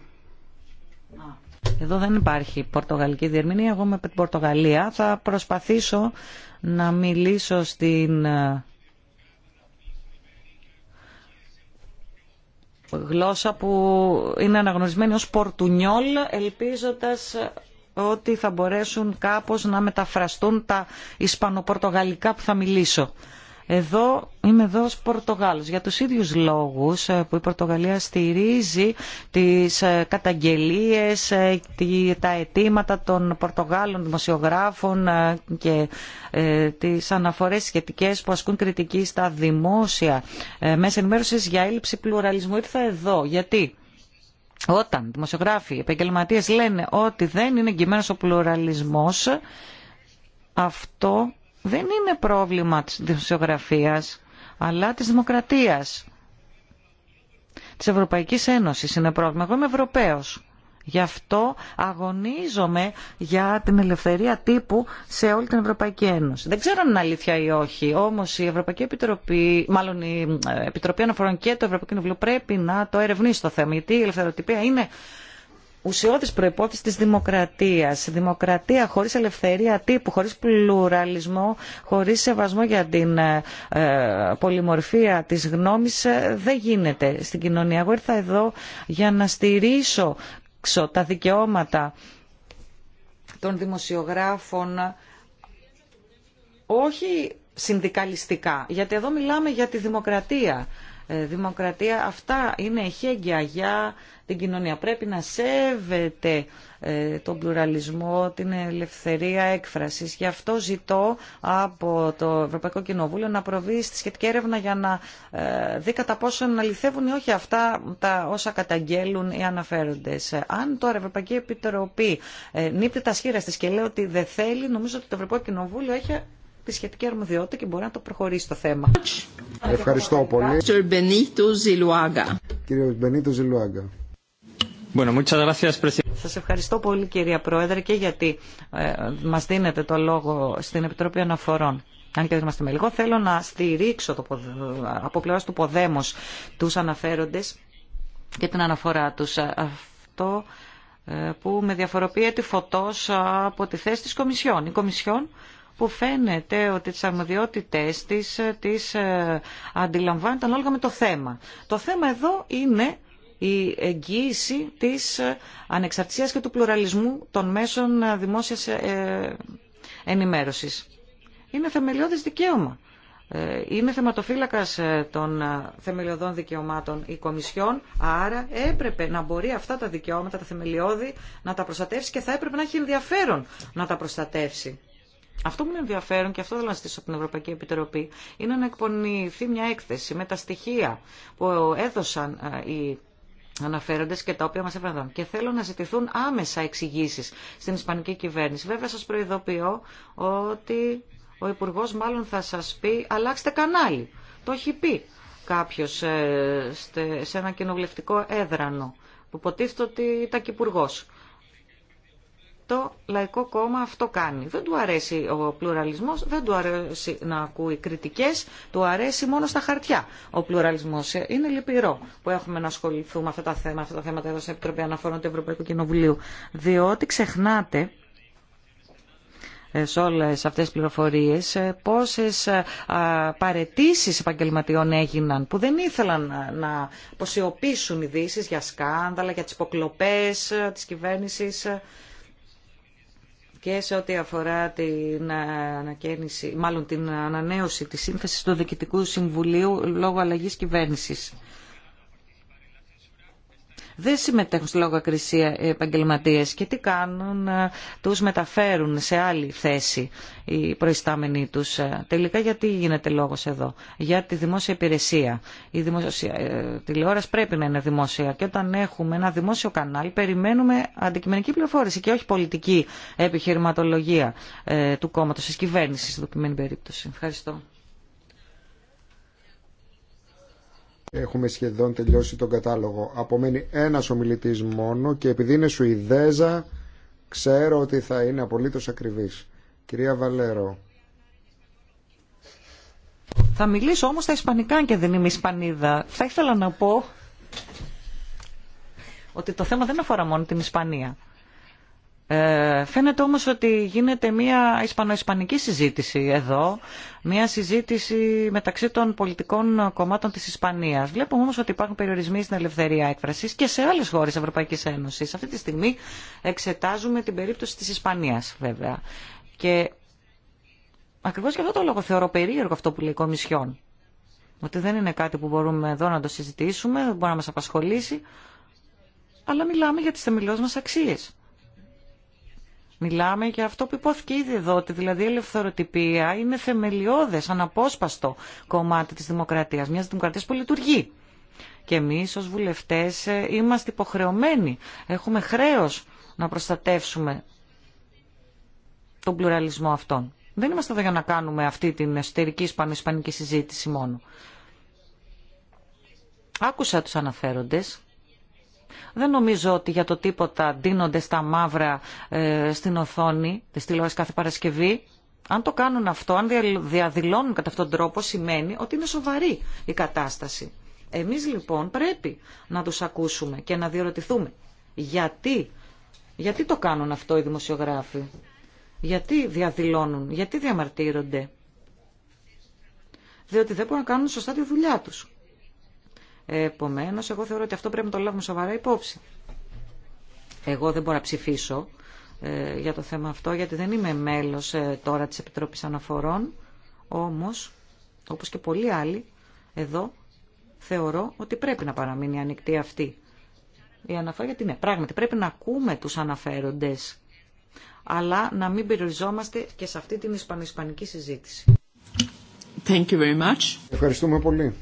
Εδώ δεν υπάρχει πορτογαλική διερμηνία. Εγώ είμαι από την Πορτογαλία. Θα προσπαθήσω να μιλήσω στην ε, γλώσσα που είναι αναγνωρισμένη ως πορτουνιόλ, ελπίζοντας ότι θα μπορέσουν κάπως να μεταφραστούν τα ισπανοπορτογαλικά που θα μιλήσω. Εδώ είμαι εδώ ως Πορτογάλος για τους ίδιους λόγους ε, που η Πορτογαλία στηρίζει τις ε, καταγγελίες, ε, τα αιτήματα των Πορτογάλων δημοσιογράφων και τις αναφορές σχετικές που ασκούν κριτική στα δημόσια μέσα ενημέρωσης για έλλειψη πλουραλισμού. Ήρθα εδώ γιατί όταν δημοσιογράφοι, επαγγελματίε λένε ότι δεν είναι εγγυημένος ο πλουραλισμός, αυτό δεν είναι πρόβλημα της δημοσιογραφίας, αλλά της δημοκρατίας. Της Ευρωπαϊκής Ένωσης είναι πρόβλημα. Εγώ είμαι Ευρωπαίος. Γι' αυτό αγωνίζομαι για την ελευθερία τύπου σε όλη την Ευρωπαϊκή Ένωση. Δεν ξέρω αν είναι αλήθεια ή όχι, όμω η Ευρωπαϊκή Επιτροπή, μάλλον η ε, Επιτροπή Αναφορών και το Ευρωπαϊκό Κοινοβούλιο πρέπει να το ερευνήσει το θέμα. Γιατί η ελευθεροτυπία είναι ουσιώδης προϋπόθεση της δημοκρατίας. Δημοκρατία χωρίς ελευθερία τύπου, χωρίς πλουραλισμό, χωρίς σεβασμό για την ε, ε, πολυμορφία της γνώμης δεν γίνεται στην κοινωνία. Εγώ ήρθα εδώ για να στηρίσω τα δικαιώματα των δημοσιογράφων όχι συνδικαλιστικά, γιατί εδώ μιλάμε για τη δημοκρατία. Ε, δημοκρατία αυτά είναι εχέγγυα για την κοινωνία. Πρέπει να σέβεται ε, τον πλουραλισμό, την ελευθερία έκφρασης. Γι' αυτό ζητώ από το Ευρωπαϊκό Κοινοβούλιο να προβεί στη σχετική έρευνα για να ε, δει κατά πόσο αναλυθεύουν ή όχι αυτά τα όσα καταγγέλουν οι αναφέροντες. Αν τώρα η Ευρωπαϊκή Επιτροπή ε, νύπτει τα οσα καταγγελουν η αναφερονται αν τωρα η ευρωπαικη επιτροπη νυπτει τα σχηρα της και λέει ότι δεν θέλει, νομίζω ότι το Ευρωπαϊκό Κοινοβούλιο έχει τη σχετική αρμοδιότητα και μπορεί να το προχωρήσει το θέμα. Ευχαριστώ πολύ. Κύριε Μπενίτο Ζιλουάγκα. Σας ευχαριστώ πολύ κυρία Πρόεδρε και γιατί ε, μας δίνετε το λόγο στην Επιτροπή Αναφορών. Αν και δεν είμαστε λίγο, θέλω να στηρίξω το, από πλευρά του Ποδέμος τους αναφέροντες και την αναφορά τους. Αυτό ε, που με διαφοροποιεί τη φωτό από τη θέση της Κομισιόν. Η Κομισιόν που φαίνεται ότι τις αρμοδιότητές της ε, αντιλαμβάνεται ανάλογα με το θέμα. Το θέμα εδώ είναι η εγγύηση της ε, ανεξαρτησίας και του πλουραλισμού των μέσων ε, δημόσιας ε, ενημέρωσης. Είναι θεμελιώδης δικαίωμα. Είναι θεματοφύλακας των θεμελιωδών δικαιωμάτων η Κομισιόν, άρα έπρεπε να μπορεί αυτά τα δικαιώματα, τα θεμελιώδη, να τα προστατεύσει και θα έπρεπε να έχει ενδιαφέρον να τα προστατεύσει. Αυτό που είναι ενδιαφέρον και αυτό θέλω να στήσω από την Ευρωπαϊκή Επιτροπή είναι να εκπονηθεί μια έκθεση με τα στοιχεία που έδωσαν οι αναφέροντες και τα οποία μας έπρεπε Και θέλω να ζητηθούν άμεσα εξηγήσεις στην Ισπανική κυβέρνηση. Βέβαια σας προειδοποιώ ότι ο Υπουργός μάλλον θα σας πει αλλάξτε κανάλι. Το έχει πει κάποιος ε, σε ένα κοινοβουλευτικό έδρανο που υποτίθεται ότι ήταν και υπουργός το Λαϊκό Κόμμα αυτό κάνει. Δεν του αρέσει ο πλουραλισμός, δεν του αρέσει να ακούει κριτικές, του αρέσει μόνο στα χαρτιά ο πλουραλισμός. Είναι λυπηρό που έχουμε να ασχοληθούμε με αυτά τα θέματα, αυτά τα θέματα εδώ στην Επιτροπή Αναφορών του Ευρωπαϊκού Κοινοβουλίου, διότι ξεχνάτε ε, σε όλες αυτές τις πληροφορίες ε, πόσες ε, παρετήσεις επαγγελματιών έγιναν που δεν ήθελαν να ποσιοποιήσουν ειδήσει για σκάνδαλα, για τις υποκλοπές της κυβέρνησης και σε ό,τι αφορά την ανακαίνιση, μάλλον την ανανέωση της σύνθεσης του Διοικητικού Συμβουλίου λόγω αλλαγής κυβέρνησης δεν συμμετέχουν στη λογοκρισία επαγγελματίε και τι κάνουν, ε, τους μεταφέρουν σε άλλη θέση οι προϊστάμενοι τους. Ε, τελικά γιατί γίνεται λόγος εδώ, για τη δημόσια υπηρεσία. Η δημόσια, ε, τηλεόραση πρέπει να είναι δημόσια και όταν έχουμε ένα δημόσιο κανάλι περιμένουμε αντικειμενική πληροφόρηση και όχι πολιτική επιχειρηματολογία του κόμματο, τη κυβέρνηση στην περίπτωση. Ευχαριστώ. Έχουμε σχεδόν τελειώσει τον κατάλογο. Απομένει ένα ομιλητή μόνο και επειδή είναι Σουηδέζα ξέρω ότι θα είναι απολύτω ακριβής. Κυρία Βαλέρο. Θα μιλήσω όμως στα Ισπανικά και δεν είμαι Ισπανίδα. Θα ήθελα να πω ότι το θέμα δεν αφορά μόνο την Ισπανία. Ε, φαίνεται όμως ότι γίνεται μια ισπανο-ισπανική συζήτηση εδώ, μια συζήτηση μεταξύ των πολιτικών κομμάτων της Ισπανίας. Βλέπουμε όμως ότι υπάρχουν περιορισμοί στην ελευθερία έκφρασης και σε άλλες χώρες Ευρωπαϊκής Ένωσης. Αυτή τη στιγμή εξετάζουμε την περίπτωση της Ισπανίας βέβαια. Και ακριβώς για αυτό το λόγο θεωρώ περίεργο αυτό που λέει Κομισιόν. Ότι δεν είναι κάτι που μπορούμε εδώ να το συζητήσουμε, δεν μπορεί να μας απασχολήσει, αλλά μιλάμε για τις θεμελιώδεις μας αξίες Μιλάμε για αυτό που υπόθηκε ήδη εδώ, ότι δηλαδή η ελευθεροτυπία είναι θεμελιώδες, αναπόσπαστο κομμάτι της δημοκρατίας, μιας δημοκρατία που λειτουργεί. Και εμείς ως βουλευτές ε, είμαστε υποχρεωμένοι, έχουμε χρέος να προστατεύσουμε τον πλουραλισμό αυτόν. Δεν είμαστε εδώ για να κάνουμε αυτή την εσωτερική σπανισπανική συζήτηση μόνο. Άκουσα τους αναφέροντες δεν νομίζω ότι για το τίποτα ντύνονται στα μαύρα ε, στην οθόνη τη τηλεόραση κάθε Παρασκευή. Αν το κάνουν αυτό, αν διαδηλώνουν κατά αυτόν τον τρόπο, σημαίνει ότι είναι σοβαρή η κατάσταση. Εμείς λοιπόν πρέπει να τους ακούσουμε και να διερωτηθούμε γιατί, γιατί το κάνουν αυτό οι δημοσιογράφοι, γιατί διαδηλώνουν, γιατί διαμαρτύρονται. Διότι δεν μπορούν να κάνουν σωστά τη δουλειά τους. Επομένως, εγώ θεωρώ ότι αυτό πρέπει να το λάβουμε σοβαρά υπόψη. Εγώ δεν μπορώ να ψηφίσω ε, για το θέμα αυτό, γιατί δεν είμαι μέλος ε, τώρα τη επιτροπή Αναφορών, όμως, όπως και πολλοί άλλοι, εδώ θεωρώ ότι πρέπει να παραμείνει ανοιχτή αυτή η αναφορά, γιατί ναι, πράγματι πρέπει να ακούμε τους αναφερόντε αλλά να μην περιοριζόμαστε και σε αυτή την ισπανισπανική συζήτηση. Thank you very much. Ευχαριστούμε πολύ.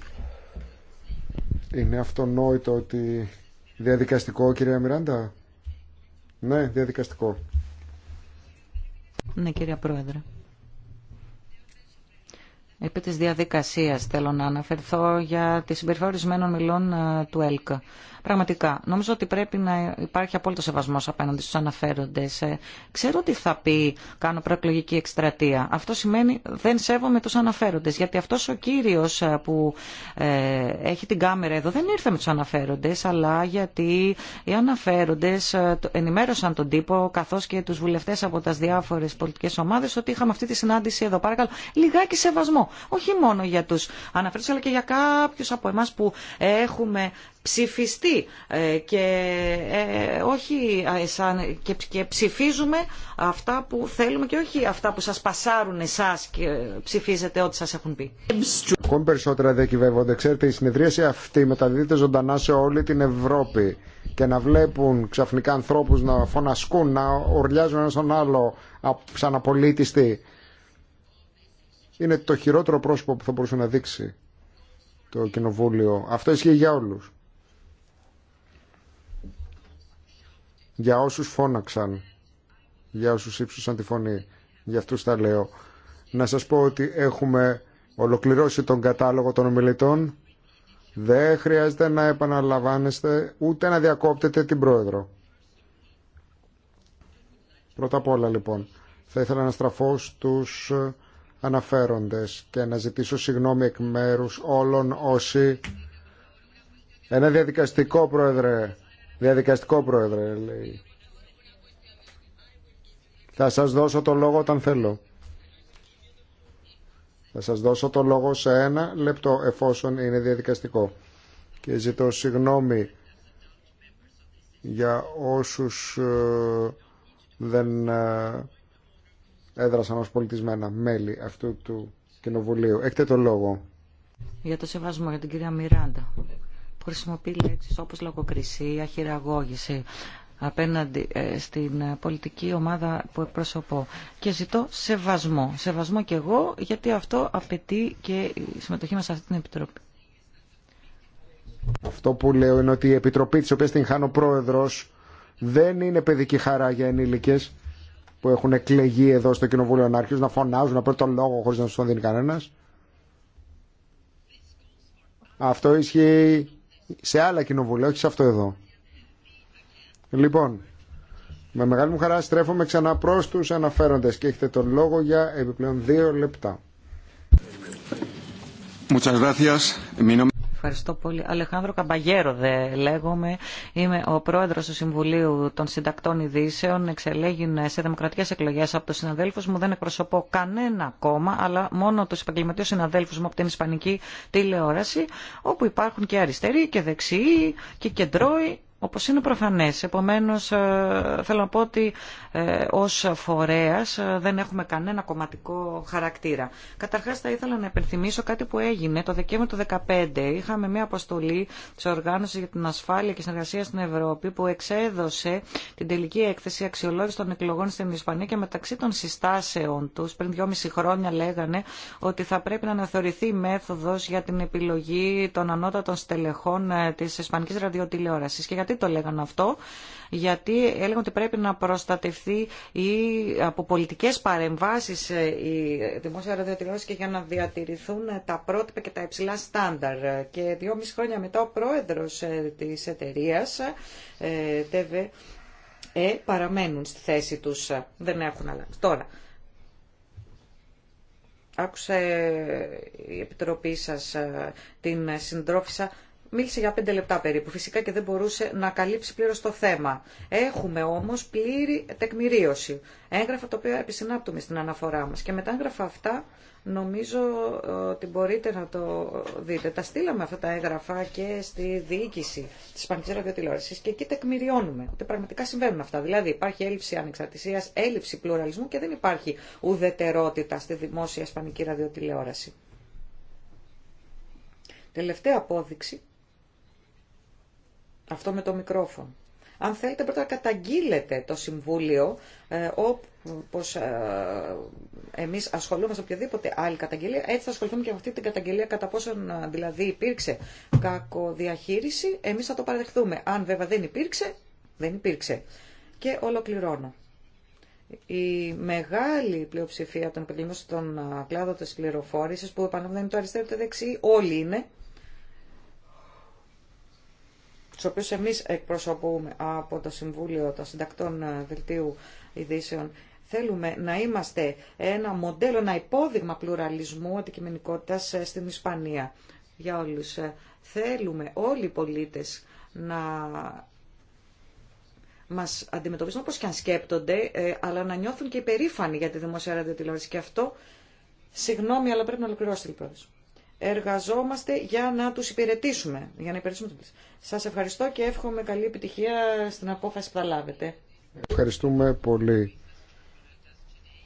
Είναι αυτονόητο ότι διαδικαστικό, κυρία Μιράντα. Ναι, διαδικαστικό. Ναι, κυρία Πρόεδρε. Επί της διαδικασίας θέλω να αναφερθώ για τις συμπεριφορισμένων μιλών ε, του ΕΛΚΑ. Πραγματικά, νομίζω ότι πρέπει να υπάρχει απόλυτο σεβασμό απέναντι στου αναφέροντε. Ε, ξέρω τι θα πει, κάνω προεκλογική εκστρατεία. Αυτό σημαίνει δεν σέβομαι του αναφέροντε. Γιατί αυτό ο κύριο ε, που ε, έχει την κάμερα εδώ δεν ήρθε με του αναφέροντε, αλλά γιατί οι αναφέροντε ενημέρωσαν τον τύπο καθώ και του βουλευτέ από τι διάφορε πολιτικέ ομάδε ότι είχαμε αυτή τη συνάντηση εδώ. Παρακαλώ, λιγάκι σεβασμό. Όχι μόνο για του αναφέροντε, αλλά και για κάποιου από εμά που έχουμε ψηφιστεί ε, και ε, όχι ε, σαν, και, ψηφίζουμε αυτά που θέλουμε και όχι αυτά που σας πασάρουν εσάς και ψηφίζετε ό,τι σας έχουν πει. Ακόμη περισσότερα διακυβεύονται. Ξέρετε, η συνεδρίαση αυτή μεταδίδεται ζωντανά σε όλη την Ευρώπη και να βλέπουν ξαφνικά ανθρώπους να φωνασκούν, να ορλιάζουν ένα στον άλλο σαν απολύτιστοι. Είναι το χειρότερο πρόσωπο που θα μπορούσε να δείξει το κοινοβούλιο. Αυτό ισχύει για όλους. για όσους φώναξαν, για όσους ύψουσαν τη φωνή, για αυτούς τα λέω. Να σας πω ότι έχουμε ολοκληρώσει τον κατάλογο των ομιλητών. Δεν χρειάζεται να επαναλαμβάνεστε ούτε να διακόπτετε την πρόεδρο. Πρώτα απ' όλα λοιπόν, θα ήθελα να στραφώ στους αναφέροντες και να ζητήσω συγγνώμη εκ μέρους όλων όσοι ένα διαδικαστικό πρόεδρε Διαδικαστικό πρόεδρε, Θα σας δώσω το λόγο όταν θέλω. Θα σας δώσω το λόγο σε ένα λεπτό εφόσον είναι διαδικαστικό. Και ζητώ συγγνώμη για όσους ε, δεν ε, έδρασαν ως πολιτισμένα μέλη αυτού του κοινοβουλίου. Έχετε το λόγο. Για το σεβασμό για την κυρία Μιράντα χρησιμοποιεί λέξεις όπως λογοκρισία, χειραγώγηση απέναντι ε, στην πολιτική ομάδα που εκπροσωπώ. Και ζητώ σεβασμό. Σεβασμό και εγώ, γιατί αυτό απαιτεί και η συμμετοχή μας σε αυτή την Επιτροπή. Αυτό που λέω είναι ότι η Επιτροπή της οποίας την χάνω πρόεδρος δεν είναι παιδική χαρά για ενήλικες που έχουν εκλεγεί εδώ στο Κοινοβούλιο να να φωνάζουν, να τον λόγο χωρίς να τους τον δίνει κανένας. Αυτό ισχύει σε άλλα κοινοβουλία, όχι σε αυτό εδώ. Λοιπόν, με μεγάλη μου χαρά στρέφομαι ξανά προ του αναφέροντε και έχετε τον λόγο για επιπλέον δύο λεπτά. Ευχαριστώ πολύ. Αλεχάνδρο Καμπαγέρο δε λέγομαι. Είμαι ο πρόεδρος του Συμβουλίου των Συντακτών Ειδήσεων. Εξελέγει ε, σε δημοκρατικέ εκλογέ από του συναδέλφου μου. Δεν εκπροσωπώ κανένα κόμμα, αλλά μόνο του επαγγελματίου συναδέλφου μου από την Ισπανική τηλεόραση, όπου υπάρχουν και αριστεροί και δεξιοί και κεντρώοι όπως είναι προφανές, επομένως ε, θέλω να πω ότι ε, ως φορέας ε, δεν έχουμε κανένα κομματικό χαρακτήρα. Καταρχάς θα ήθελα να επενθυμίσω κάτι που έγινε το Δεκέμβριο του 2015. Είχαμε μια αποστολή της Οργάνωσης για την Ασφάλεια και Συνεργασία στην Ευρώπη που εξέδωσε την τελική έκθεση αξιολόγηση των εκλογών στην Ισπανία και μεταξύ των συστάσεων τους πριν δυόμιση χρόνια λέγανε ότι θα πρέπει να αναθεωρηθεί η μέθοδος για την επιλογή των ανώτατων στελεχών της Ισπανικής Ραδιοτηλεόρασης το λέγανε αυτό, γιατί έλεγαν ότι πρέπει να προστατευτεί η, από πολιτικές παρεμβάσεις ε, η δημόσια ραδιοτηλεόραση και για να διατηρηθούν τα πρότυπα και τα υψηλά στάνταρ. Και δυόμιση χρόνια μετά ο πρόεδρος ε, της εταιρείας, ε, ε, παραμένουν στη θέση τους, δεν έχουν αλλάξει. Τώρα, άκουσε η Επιτροπή σας την συντρόφισσα μίλησε για πέντε λεπτά περίπου φυσικά και δεν μπορούσε να καλύψει πλήρως το θέμα. Έχουμε όμως πλήρη τεκμηρίωση. Έγγραφα τα οποία επισυνάπτουμε στην αναφορά μας και με τα έγγραφα αυτά νομίζω ε, ότι μπορείτε να το δείτε. Τα στείλαμε αυτά τα έγγραφα και στη διοίκηση τη Ισπανική Ραδιοτηλεόραση και εκεί τεκμηριώνουμε ότι πραγματικά συμβαίνουν αυτά. Δηλαδή υπάρχει έλλειψη ανεξαρτησίας, έλλειψη πλουραλισμού και δεν υπάρχει ουδετερότητα στη δημόσια Ισπανική Ραδιοτηλεόραση. Τελευταία απόδειξη αυτό με το μικρόφωνο. Αν θέλετε πρώτα καταγγείλετε το Συμβούλιο, ε, όπως ε, εμείς ασχολούμαστε οποιαδήποτε άλλη καταγγελία, έτσι θα ασχοληθούμε και με αυτή την καταγγελία κατά πόσον ε, δηλαδή υπήρξε κακοδιαχείριση, εμείς θα το παραδεχθούμε. Αν βέβαια δεν υπήρξε, δεν υπήρξε. Και ολοκληρώνω. Η μεγάλη πλειοψηφία των επαγγελμών στον ε, κλάδο της πληροφόρησης, που επαναλαμβάνει το αριστερό το δεξί, όλοι είναι, τους οποίους εμείς εκπροσωπούμε από το Συμβούλιο των Συντακτών ε, Δελτίου Ειδήσεων, θέλουμε να είμαστε ένα μοντέλο, ένα υπόδειγμα πλουραλισμού αντικειμενικότητας ε, στην Ισπανία για όλους. Ε, θέλουμε όλοι οι πολίτες να μας αντιμετωπίσουν όπως και αν σκέπτονται, αλλά να νιώθουν και υπερήφανοι για τη δημοσία ραδιοτηλεόραση. Και αυτό, συγγνώμη, αλλά πρέπει να ολοκληρώσετε εργαζόμαστε για να τους υπηρετήσουμε. Για να υπηρετήσουμε τους. Σας ευχαριστώ και εύχομαι καλή επιτυχία στην απόφαση που θα λάβετε. Ευχαριστούμε πολύ.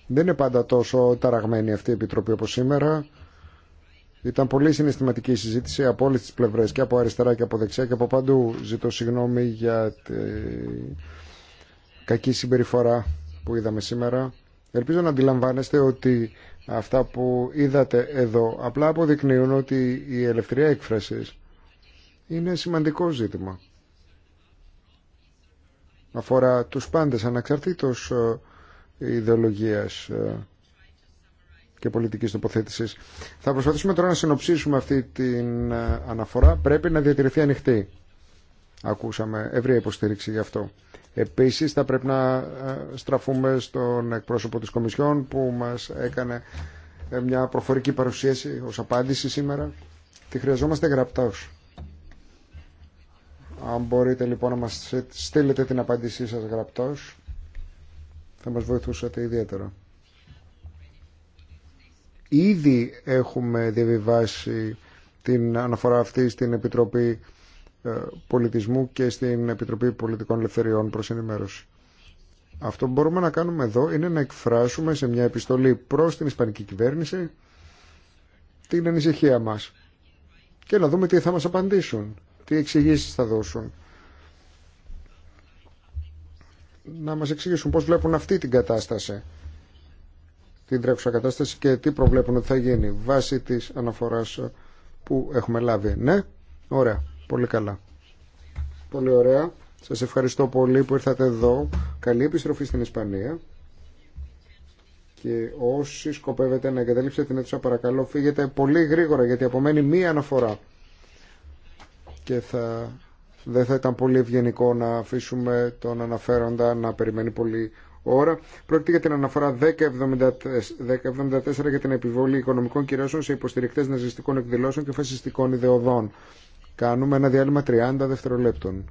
Δεν είναι πάντα τόσο ταραγμένη αυτή η Επιτροπή όπως σήμερα. Ήταν πολύ συναισθηματική η συζήτηση από όλες τις πλευρές και από αριστερά και από δεξιά και από παντού. Ζητώ συγγνώμη για την κακή συμπεριφορά που είδαμε σήμερα. Ελπίζω να αντιλαμβάνεστε ότι Αυτά που είδατε εδώ απλά αποδεικνύουν ότι η ελευθερία έκφρασης είναι σημαντικό ζήτημα. Αφορά τους πάντες αναξαρτήτως ε, ιδεολογίας ε, και πολιτικής τοποθέτηση. Θα προσπαθήσουμε τώρα να συνοψίσουμε αυτή την ε, αναφορά. Πρέπει να διατηρηθεί ανοιχτή. Ακούσαμε ευρία υποστήριξη γι' αυτό. Επίσης θα πρέπει να ε, στραφούμε στον εκπρόσωπο της Κομισιόν που μας έκανε ε, μια προφορική παρουσίαση ως απάντηση σήμερα. τι χρειαζόμαστε γραπτός. Αν μπορείτε λοιπόν να μας στείλετε την απάντησή σας γραπτός, θα μας βοηθούσατε ιδιαίτερα. Ήδη έχουμε διαβιβάσει την αναφορά αυτή στην Επιτροπή ε, πολιτισμού και στην Επιτροπή Πολιτικών Ελευθεριών προς ενημέρωση. Αυτό που μπορούμε να κάνουμε εδώ είναι να εκφράσουμε σε μια επιστολή προς την Ισπανική κυβέρνηση την ανησυχία μας και να δούμε τι θα μας απαντήσουν, τι εξηγήσει θα δώσουν. Να μας εξηγήσουν πώς βλέπουν αυτή την κατάσταση, την τρέχουσα κατάσταση και τι προβλέπουν ότι θα γίνει βάσει της αναφοράς που έχουμε λάβει. Ναι, ωραία. Πολύ καλά. Πολύ ωραία. Σα ευχαριστώ πολύ που ήρθατε εδώ. Καλή επιστροφή στην Ισπανία. Και όσοι σκοπεύετε να εγκαταλείψετε την αίθουσα, παρακαλώ φύγετε πολύ γρήγορα γιατί απομένει μία αναφορά. Και θα... δεν θα ήταν πολύ ευγενικό να αφήσουμε τον αναφέροντα να περιμένει πολύ ώρα. Πρόκειται για την αναφορά 1074, 1074 για την επιβολή οικονομικών κυρώσεων σε υποστηρικτέ ναζιστικών εκδηλώσεων και φασιστικών ιδεοδών. Κάνουμε ένα διάλειμμα 30 δευτερολέπτων.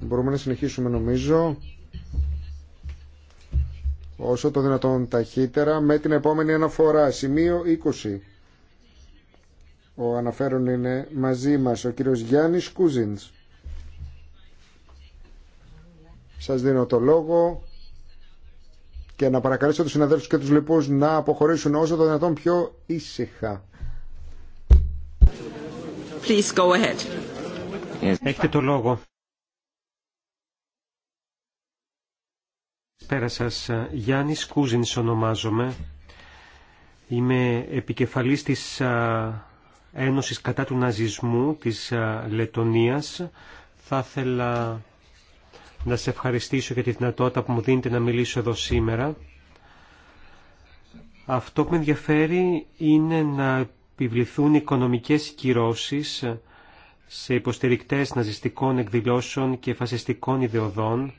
Μπορούμε να συνεχίσουμε νομίζω όσο το δυνατόν ταχύτερα με την επόμενη αναφορά. Σημείο 20. Ο αναφέρον είναι μαζί μας ο κύριος Γιάννης Κούζινς. Σας δίνω το λόγο και να παρακαλέσω τους συναδέλφους και τους λοιπούς να αποχωρήσουν όσο το δυνατόν πιο ήσυχα. Please go ahead. Έχετε το λόγο. Καλησπέρα σας, Γιάννης Κούζινς ονομάζομαι. Είμαι επικεφαλής της Ένωσης κατά του Ναζισμού της Λετωνίας. Θα ήθελα να σε ευχαριστήσω για τη δυνατότητα που μου δίνετε να μιλήσω εδώ σήμερα. Αυτό που με ενδιαφέρει είναι να επιβληθούν οικονομικές κυρώσεις σε υποστηρικτές ναζιστικών εκδηλώσεων και φασιστικών ιδεοδών.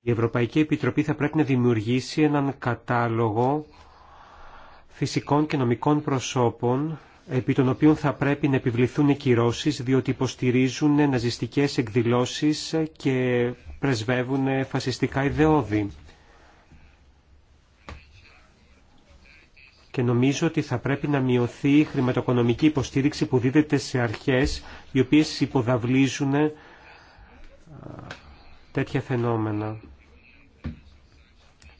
Η Ευρωπαϊκή Επιτροπή θα πρέπει να δημιουργήσει έναν κατάλογο φυσικών και νομικών προσώπων επί των οποίων θα πρέπει να επιβληθούν κυρώσει, διότι υποστηρίζουν ναζιστικές εκδηλώσεις και πρεσβεύουν φασιστικά ιδεώδη. και νομίζω ότι θα πρέπει να μειωθεί η χρηματοοικονομική υποστήριξη που δίδεται σε αρχές οι οποίες υποδαβλίζουν τέτοια φαινόμενα.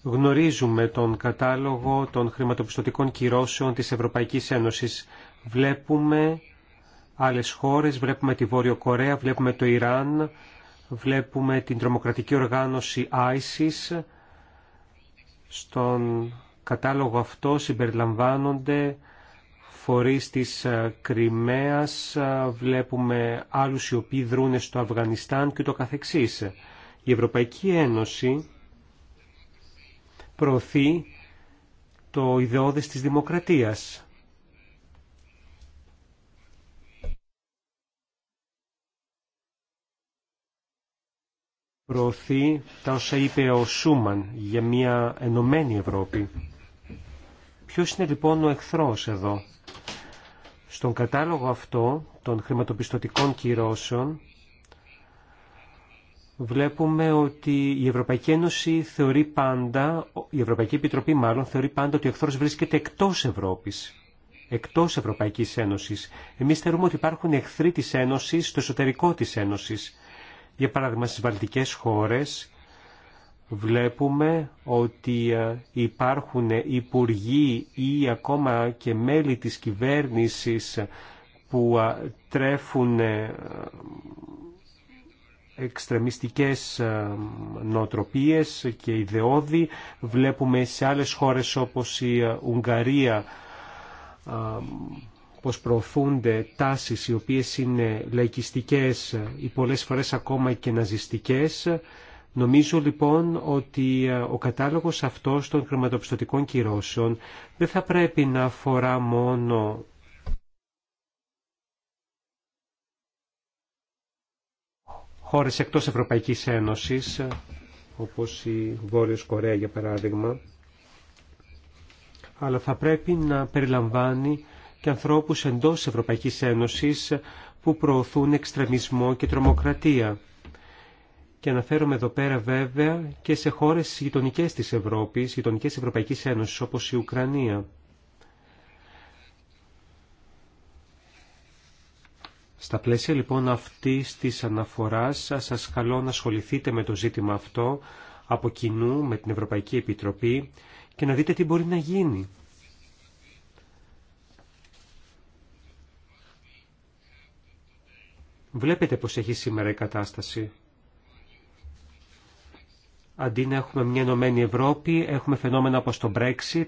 Γνωρίζουμε τον κατάλογο των χρηματοπιστωτικών κυρώσεων της Ευρωπαϊκής Ένωσης. Βλέπουμε άλλες χώρες, βλέπουμε τη Βόρειο Κορέα, βλέπουμε το Ιράν, βλέπουμε την τρομοκρατική οργάνωση ISIS στον κατάλογο αυτό συμπεριλαμβάνονται φορείς της ε, Κρυμαίας, ε, βλέπουμε άλλους οι οποίοι δρούν στο Αφγανιστάν και το καθεξής. Η Ευρωπαϊκή Ένωση προωθεί το ιδεώδες της δημοκρατίας. Προωθεί τα όσα είπε ο Σούμαν για μια ενωμένη Ευρώπη. Ποιος είναι λοιπόν ο εχθρός εδώ. Στον κατάλογο αυτό των χρηματοπιστωτικών κυρώσεων βλέπουμε ότι η Ευρωπαϊκή Ένωση θεωρεί πάντα, η Ευρωπαϊκή Επιτροπή μάλλον θεωρεί πάντα ότι ο εχθρός βρίσκεται εκτός Ευρώπης, εκτός Ευρωπαϊκής Ένωσης. Εμείς θεωρούμε ότι υπάρχουν εχθροί της Ένωσης στο εσωτερικό της Ένωσης. Για παράδειγμα στις βαλτικές χώρες βλέπουμε ότι ε, υπάρχουν υπουργοί ή ακόμα και μέλη της κυβέρνησης που ε, τρέφουν ε, εξτρεμιστικές νοοτροπίες και ιδεώδη. Βλέπουμε σε άλλες χώρες όπως η Ουγγαρία πως προωθούνται τάσεις οι οποίες είναι λαϊκιστικές ή πολλές φορές ακόμα και ναζιστικές Νομίζω λοιπόν ότι ε, ο κατάλογος αυτός των χρηματοπιστωτικών κυρώσεων δεν θα πρέπει να αφορά μόνο χώρες εκτός Ευρωπαϊκής Ένωσης, ε, όπως η Βόρειος Κορέα για παράδειγμα, αλλά θα πρέπει να περιλαμβάνει και ανθρώπους εντός Ευρωπαϊκής Ένωσης που προωθούν εξτρεμισμό και τρομοκρατία και αναφέρομαι εδώ πέρα βέβαια και σε χώρες γειτονικέ της Ευρώπης, γειτονικέ Ευρωπαϊκής Ένωσης όπως η Ουκρανία. Στα πλαίσια λοιπόν αυτής της αναφοράς σας καλώ να ασχοληθείτε με το ζήτημα αυτό από κοινού με την Ευρωπαϊκή Επιτροπή και να δείτε τι μπορεί να γίνει. Βλέπετε πως έχει σήμερα η κατάσταση. Αντί να έχουμε μια ενωμένη Ευρώπη, έχουμε φαινόμενα όπως το Brexit,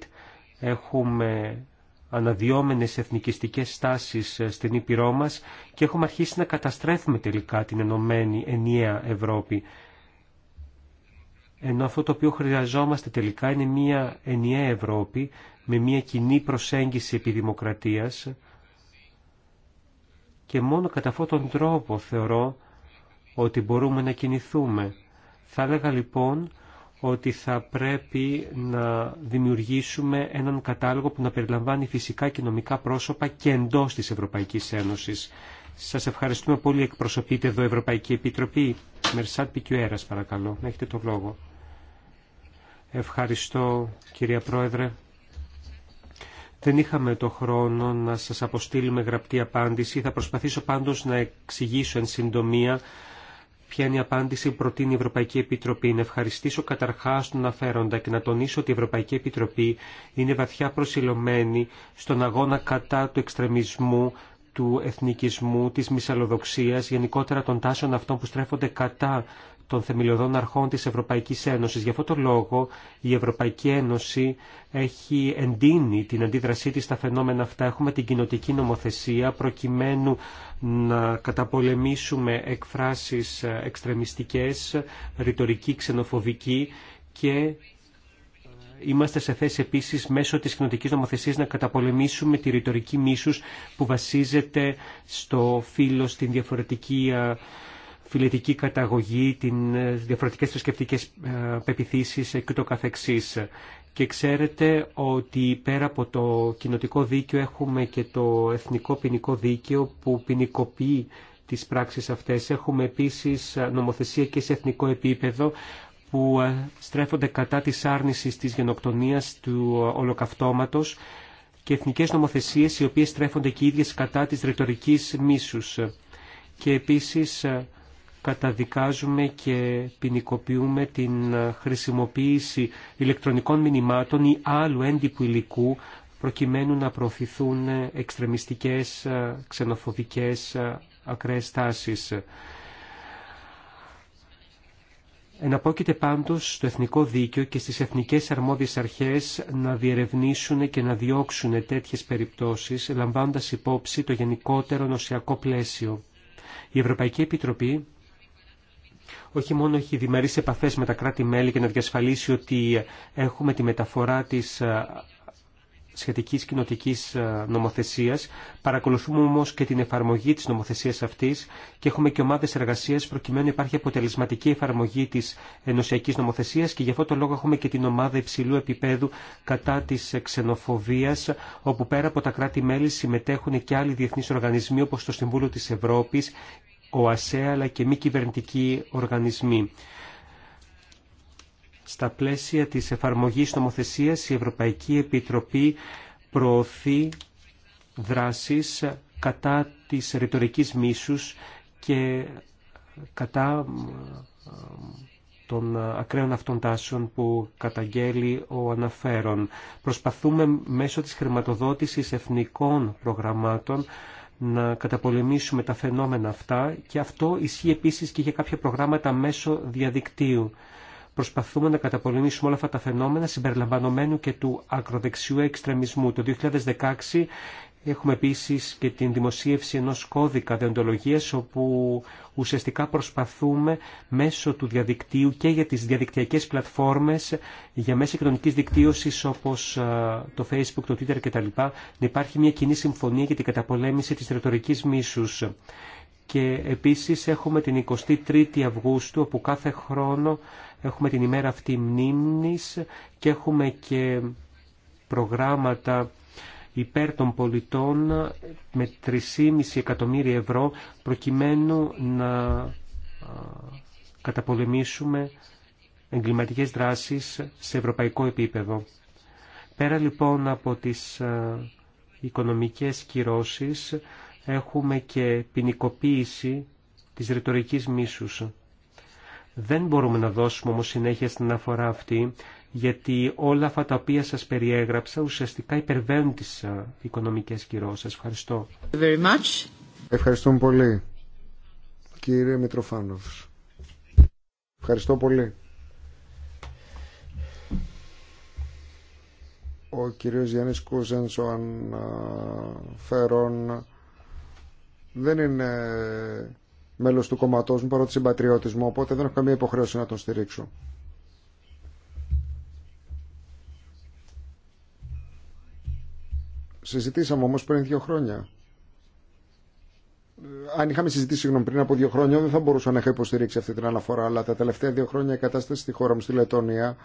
έχουμε αναδυόμενες εθνικιστικές στάσεις ε, στην Ήπειρό μας και έχουμε αρχίσει να καταστρέφουμε τελικά την ενωμένη ενιαία Ευρώπη. Ενώ αυτό το οποίο χρειαζόμαστε τελικά είναι μια ενιαία Ευρώπη με μια κοινή προσέγγιση επιδημοκρατίας και μόνο κατά αυτόν τον τρόπο θεωρώ ότι μπορούμε να κινηθούμε. Θα έλεγα λοιπόν ότι θα πρέπει να δημιουργήσουμε έναν κατάλογο που να περιλαμβάνει φυσικά και νομικά πρόσωπα και εντός της Ευρωπαϊκής Ένωσης. Σας ευχαριστούμε πολύ. Εκπροσωπείτε εδώ Ευρωπαϊκή Επιτροπή. Μερσάτ Πικιουέρας παρακαλώ. έχετε το λόγο. Ευχαριστώ κυρία Πρόεδρε. Δεν είχαμε το χρόνο να σας αποστείλουμε γραπτή απάντηση. Θα προσπαθήσω πάντως να εξηγήσω εν συντομία Ποια είναι η απάντηση που προτείνει η Ευρωπαϊκή Επιτροπή. Να ευχαριστήσω καταρχά τον Αφέροντα και να τονίσω ότι η Ευρωπαϊκή Επιτροπή είναι βαθιά προσιλωμένη στον αγώνα κατά του εξτρεμισμού, του εθνικισμού, της μυσαλλοδοξίας, γενικότερα των τάσεων αυτών που στρέφονται κατά των θεμελιωδών αρχών της Ευρωπαϊκής Ένωσης. Γι' αυτό τον λόγο η Ευρωπαϊκή Ένωση έχει εντείνει την αντίδρασή της στα φαινόμενα αυτά. Έχουμε την κοινοτική νομοθεσία προκειμένου να καταπολεμήσουμε εκφράσεις εξτρεμιστικές, ρητορική, ξενοφοβική και είμαστε σε θέση επίσης μέσω της κοινοτικής νομοθεσίας να καταπολεμήσουμε τη ρητορική μίσους που βασίζεται στο φύλλο, στην διαφορετική φιλετική καταγωγή, την ε, διαφορετικές θρησκευτικέ ε, πεπιθήσεις ε, και το καθεξής. Και ξέρετε ότι πέρα από το κοινοτικό δίκαιο έχουμε και το εθνικό ποινικό δίκαιο που ποινικοποιεί τις πράξεις αυτές. Έχουμε επίσης νομοθεσία και σε εθνικό επίπεδο που στρέφονται κατά της άρνησης της γενοκτονίας του ολοκαυτώματος και εθνικές νομοθεσίες οι οποίες στρέφονται και οι ίδιες κατά της ρητορικής μίσους. Και επίσης καταδικάζουμε και ποινικοποιούμε την χρησιμοποίηση ηλεκτρονικών μηνυμάτων ή άλλου έντυπου υλικού προκειμένου να προωθηθούν εξτρεμιστικές, ξενοφοβικές, ακραίες τάσεις. Εναπόκειται πάντως στο εθνικό δίκαιο και στις εθνικές αρμόδιες αρχές να διερευνήσουν και να διώξουν τέτοιες περιπτώσεις, λαμβάνοντας υπόψη το γενικότερο νοσιακό πλαίσιο. Η Ευρωπαϊκή Επιτροπή όχι μόνο έχει διμερείς επαφές με τα κράτη-μέλη για να διασφαλίσει ότι έχουμε τη μεταφορά της ε, σχετικής κοινοτική ε, νομοθεσίας. Παρακολουθούμε όμως και την εφαρμογή της νομοθεσίας αυτής και έχουμε και ομάδες εργασίας προκειμένου να υπάρχει αποτελεσματική εφαρμογή της ενωσιακής νομοθεσίας και γι' αυτό το λόγο έχουμε και την ομάδα υψηλού επίπεδου κατά της ξενοφοβίας όπου πέρα από τα κράτη-μέλη συμμετέχουν και άλλοι διεθνείς οργανισμοί όπως το Συμβούλιο της Ευρώπης ο αλλά και μη κυβερνητικοί οργανισμοί. Στα πλαίσια της εφαρμογής νομοθεσίας η Ευρωπαϊκή Επιτροπή προωθεί δράσεις κατά της ρητορικής μίσους και κατά των ακραίων αυτών τάσεων που καταγγέλει ο αναφέρον. Προσπαθούμε μέσω της χρηματοδότησης εθνικών προγραμμάτων να καταπολεμήσουμε τα φαινόμενα αυτά και αυτό ισχύει επίσης και για κάποια προγράμματα μέσω διαδικτύου. Προσπαθούμε να καταπολεμήσουμε όλα αυτά τα φαινόμενα συμπεριλαμβανομένου και του ακροδεξιού εξτρεμισμού. Το 2016 Έχουμε επίσης και την δημοσίευση ενό κώδικα δεοντολογίας όπου ουσιαστικά προσπαθούμε μέσω του διαδικτύου και για τις διαδικτυακές πλατφόρμες για μέση κοινωνική δικτύωση όπως ε, το Facebook, το Twitter κτλ. να υπάρχει μια κοινή συμφωνία για την καταπολέμηση τη ρητορική μίσου. Και επίσης έχουμε την 23η Αυγούστου όπου κάθε χρόνο έχουμε την ημέρα αυτή μνήμης και έχουμε και προγράμματα υπέρ των πολιτών με 3,5 εκατομμύρια ευρώ προκειμένου να καταπολεμήσουμε εγκληματικές δράσεις σε ευρωπαϊκό επίπεδο. Πέρα λοιπόν από τις οικονομικές κυρώσεις έχουμε και ποινικοποίηση της ρητορικής μίσους. Δεν μπορούμε να δώσουμε όμως συνέχεια στην αφορά αυτή γιατί όλα αυτά τα οποία σας περιέγραψα ουσιαστικά υπερβαίνουν τις ε, οικονομικές κυρώσεις. Σας ευχαριστώ. Very much. Ευχαριστούμε πολύ, κύριε Μητροφάνοφ. Ευχαριστώ πολύ. Ο κύριος Γιάννης Κούζενς, ο αναφέρον, δεν είναι μέλος του κομματός μου παρότι συμπατριώτης μου, οπότε δεν έχω καμία υποχρέωση να τον στηρίξω. συζητήσαμε όμως πριν δύο χρόνια. Αν είχαμε συζητήσει συγγνώμη, πριν από δύο χρόνια δεν θα μπορούσα να είχα υποστηρίξει αυτή την αναφορά, αλλά τα τελευταία δύο χρόνια η κατάσταση στη χώρα μου, στη Λετωνία,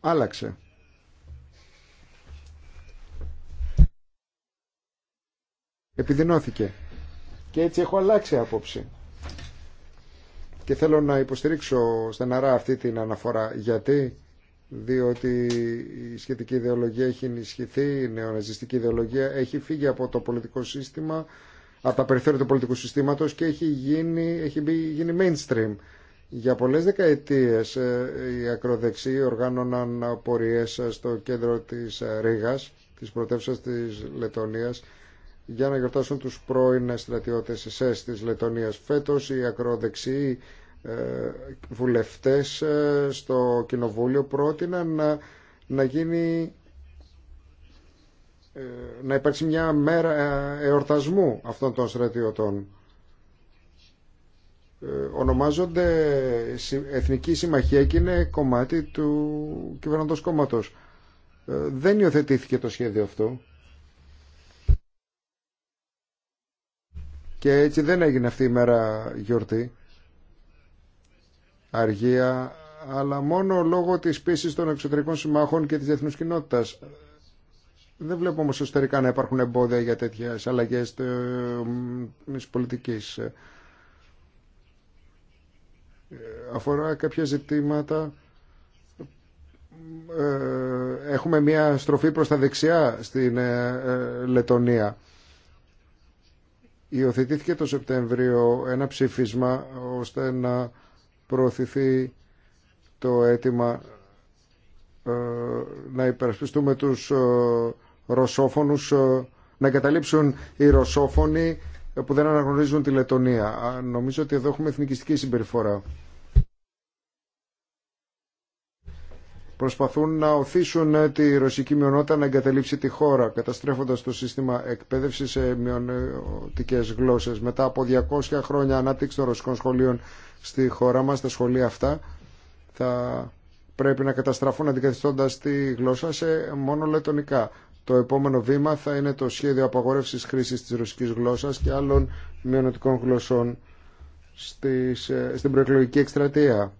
άλλαξε. Επιδεινώθηκε. Και έτσι έχω αλλάξει άποψη. Και θέλω να υποστηρίξω στεναρά αυτή την αναφορά γιατί διότι η σχετική ιδεολογία έχει ενισχυθεί, η νεοναζιστική ιδεολογία έχει φύγει από το πολιτικό σύστημα, από τα περιθώρια του πολιτικού συστήματος και έχει γίνει, έχει γίνει mainstream. Για πολλές δεκαετίες ε, οι ακροδεξιοί οργάνωναν πορείες στο κέντρο της Ρήγας, της πρωτεύουσα της Λετωνίας, για να γιορτάσουν τους πρώην στρατιώτες ΕΣΕΣ της Λετωνίας. Φέτος οι ακροδεξιοί ε, βουλευτές ε, στο Κοινοβούλιο πρότειναν να, να γίνει ε, να υπάρξει μια μέρα εορτασμού αυτών των στρατιωτών. Ονομάζονται Εθνική Συμμαχία και είναι κομμάτι του κυβερνοντός κόμματος. Δεν υιοθετήθηκε το σχέδιο αυτό. Και έτσι δεν έγινε αυτή η μέρα γιορτή αργία, αλλά μόνο λόγω της πίσης των εξωτερικών συμμάχων και της διεθνούς κοινότητας. Δεν βλέπω όμως εσωτερικά να υπάρχουν εμπόδια για τέτοιες αλλαγές ε, της πολιτικής. Ε, αφορά κάποια ζητήματα... Ε, έχουμε μία στροφή προς τα δεξιά στην Λετωνία. Υιοθετήθηκε το Σεπτέμβριο ένα ψήφισμα ώστε να προωθηθεί το αίτημα ε, να υπερασπιστούμε τους ε, ρωσόφωνους, ε, να καταλήψουν οι ρωσόφωνοι που δεν αναγνωρίζουν τη Λετωνία. Νομίζω ότι εδώ έχουμε εθνικιστική συμπεριφορά. προσπαθούν να οθήσουν ε, τη ρωσική μειονότητα να εγκαταλείψει τη χώρα, καταστρέφοντας το σύστημα εκπαίδευσης σε μειονοτικές γλώσσες. Μετά από 200 χρόνια ανάπτυξη των ρωσικών σχολείων στη χώρα μας, τα σχολεία αυτά θα πρέπει να καταστραφούν αντικαθιστώντας τη γλώσσα σε μόνο λετονικά. Το επόμενο βήμα θα είναι το σχέδιο απαγόρευσης χρήσης της ρωσικής γλώσσας και άλλων μειονοτικών γλωσσών ε, στην προεκλογική εκστρατεία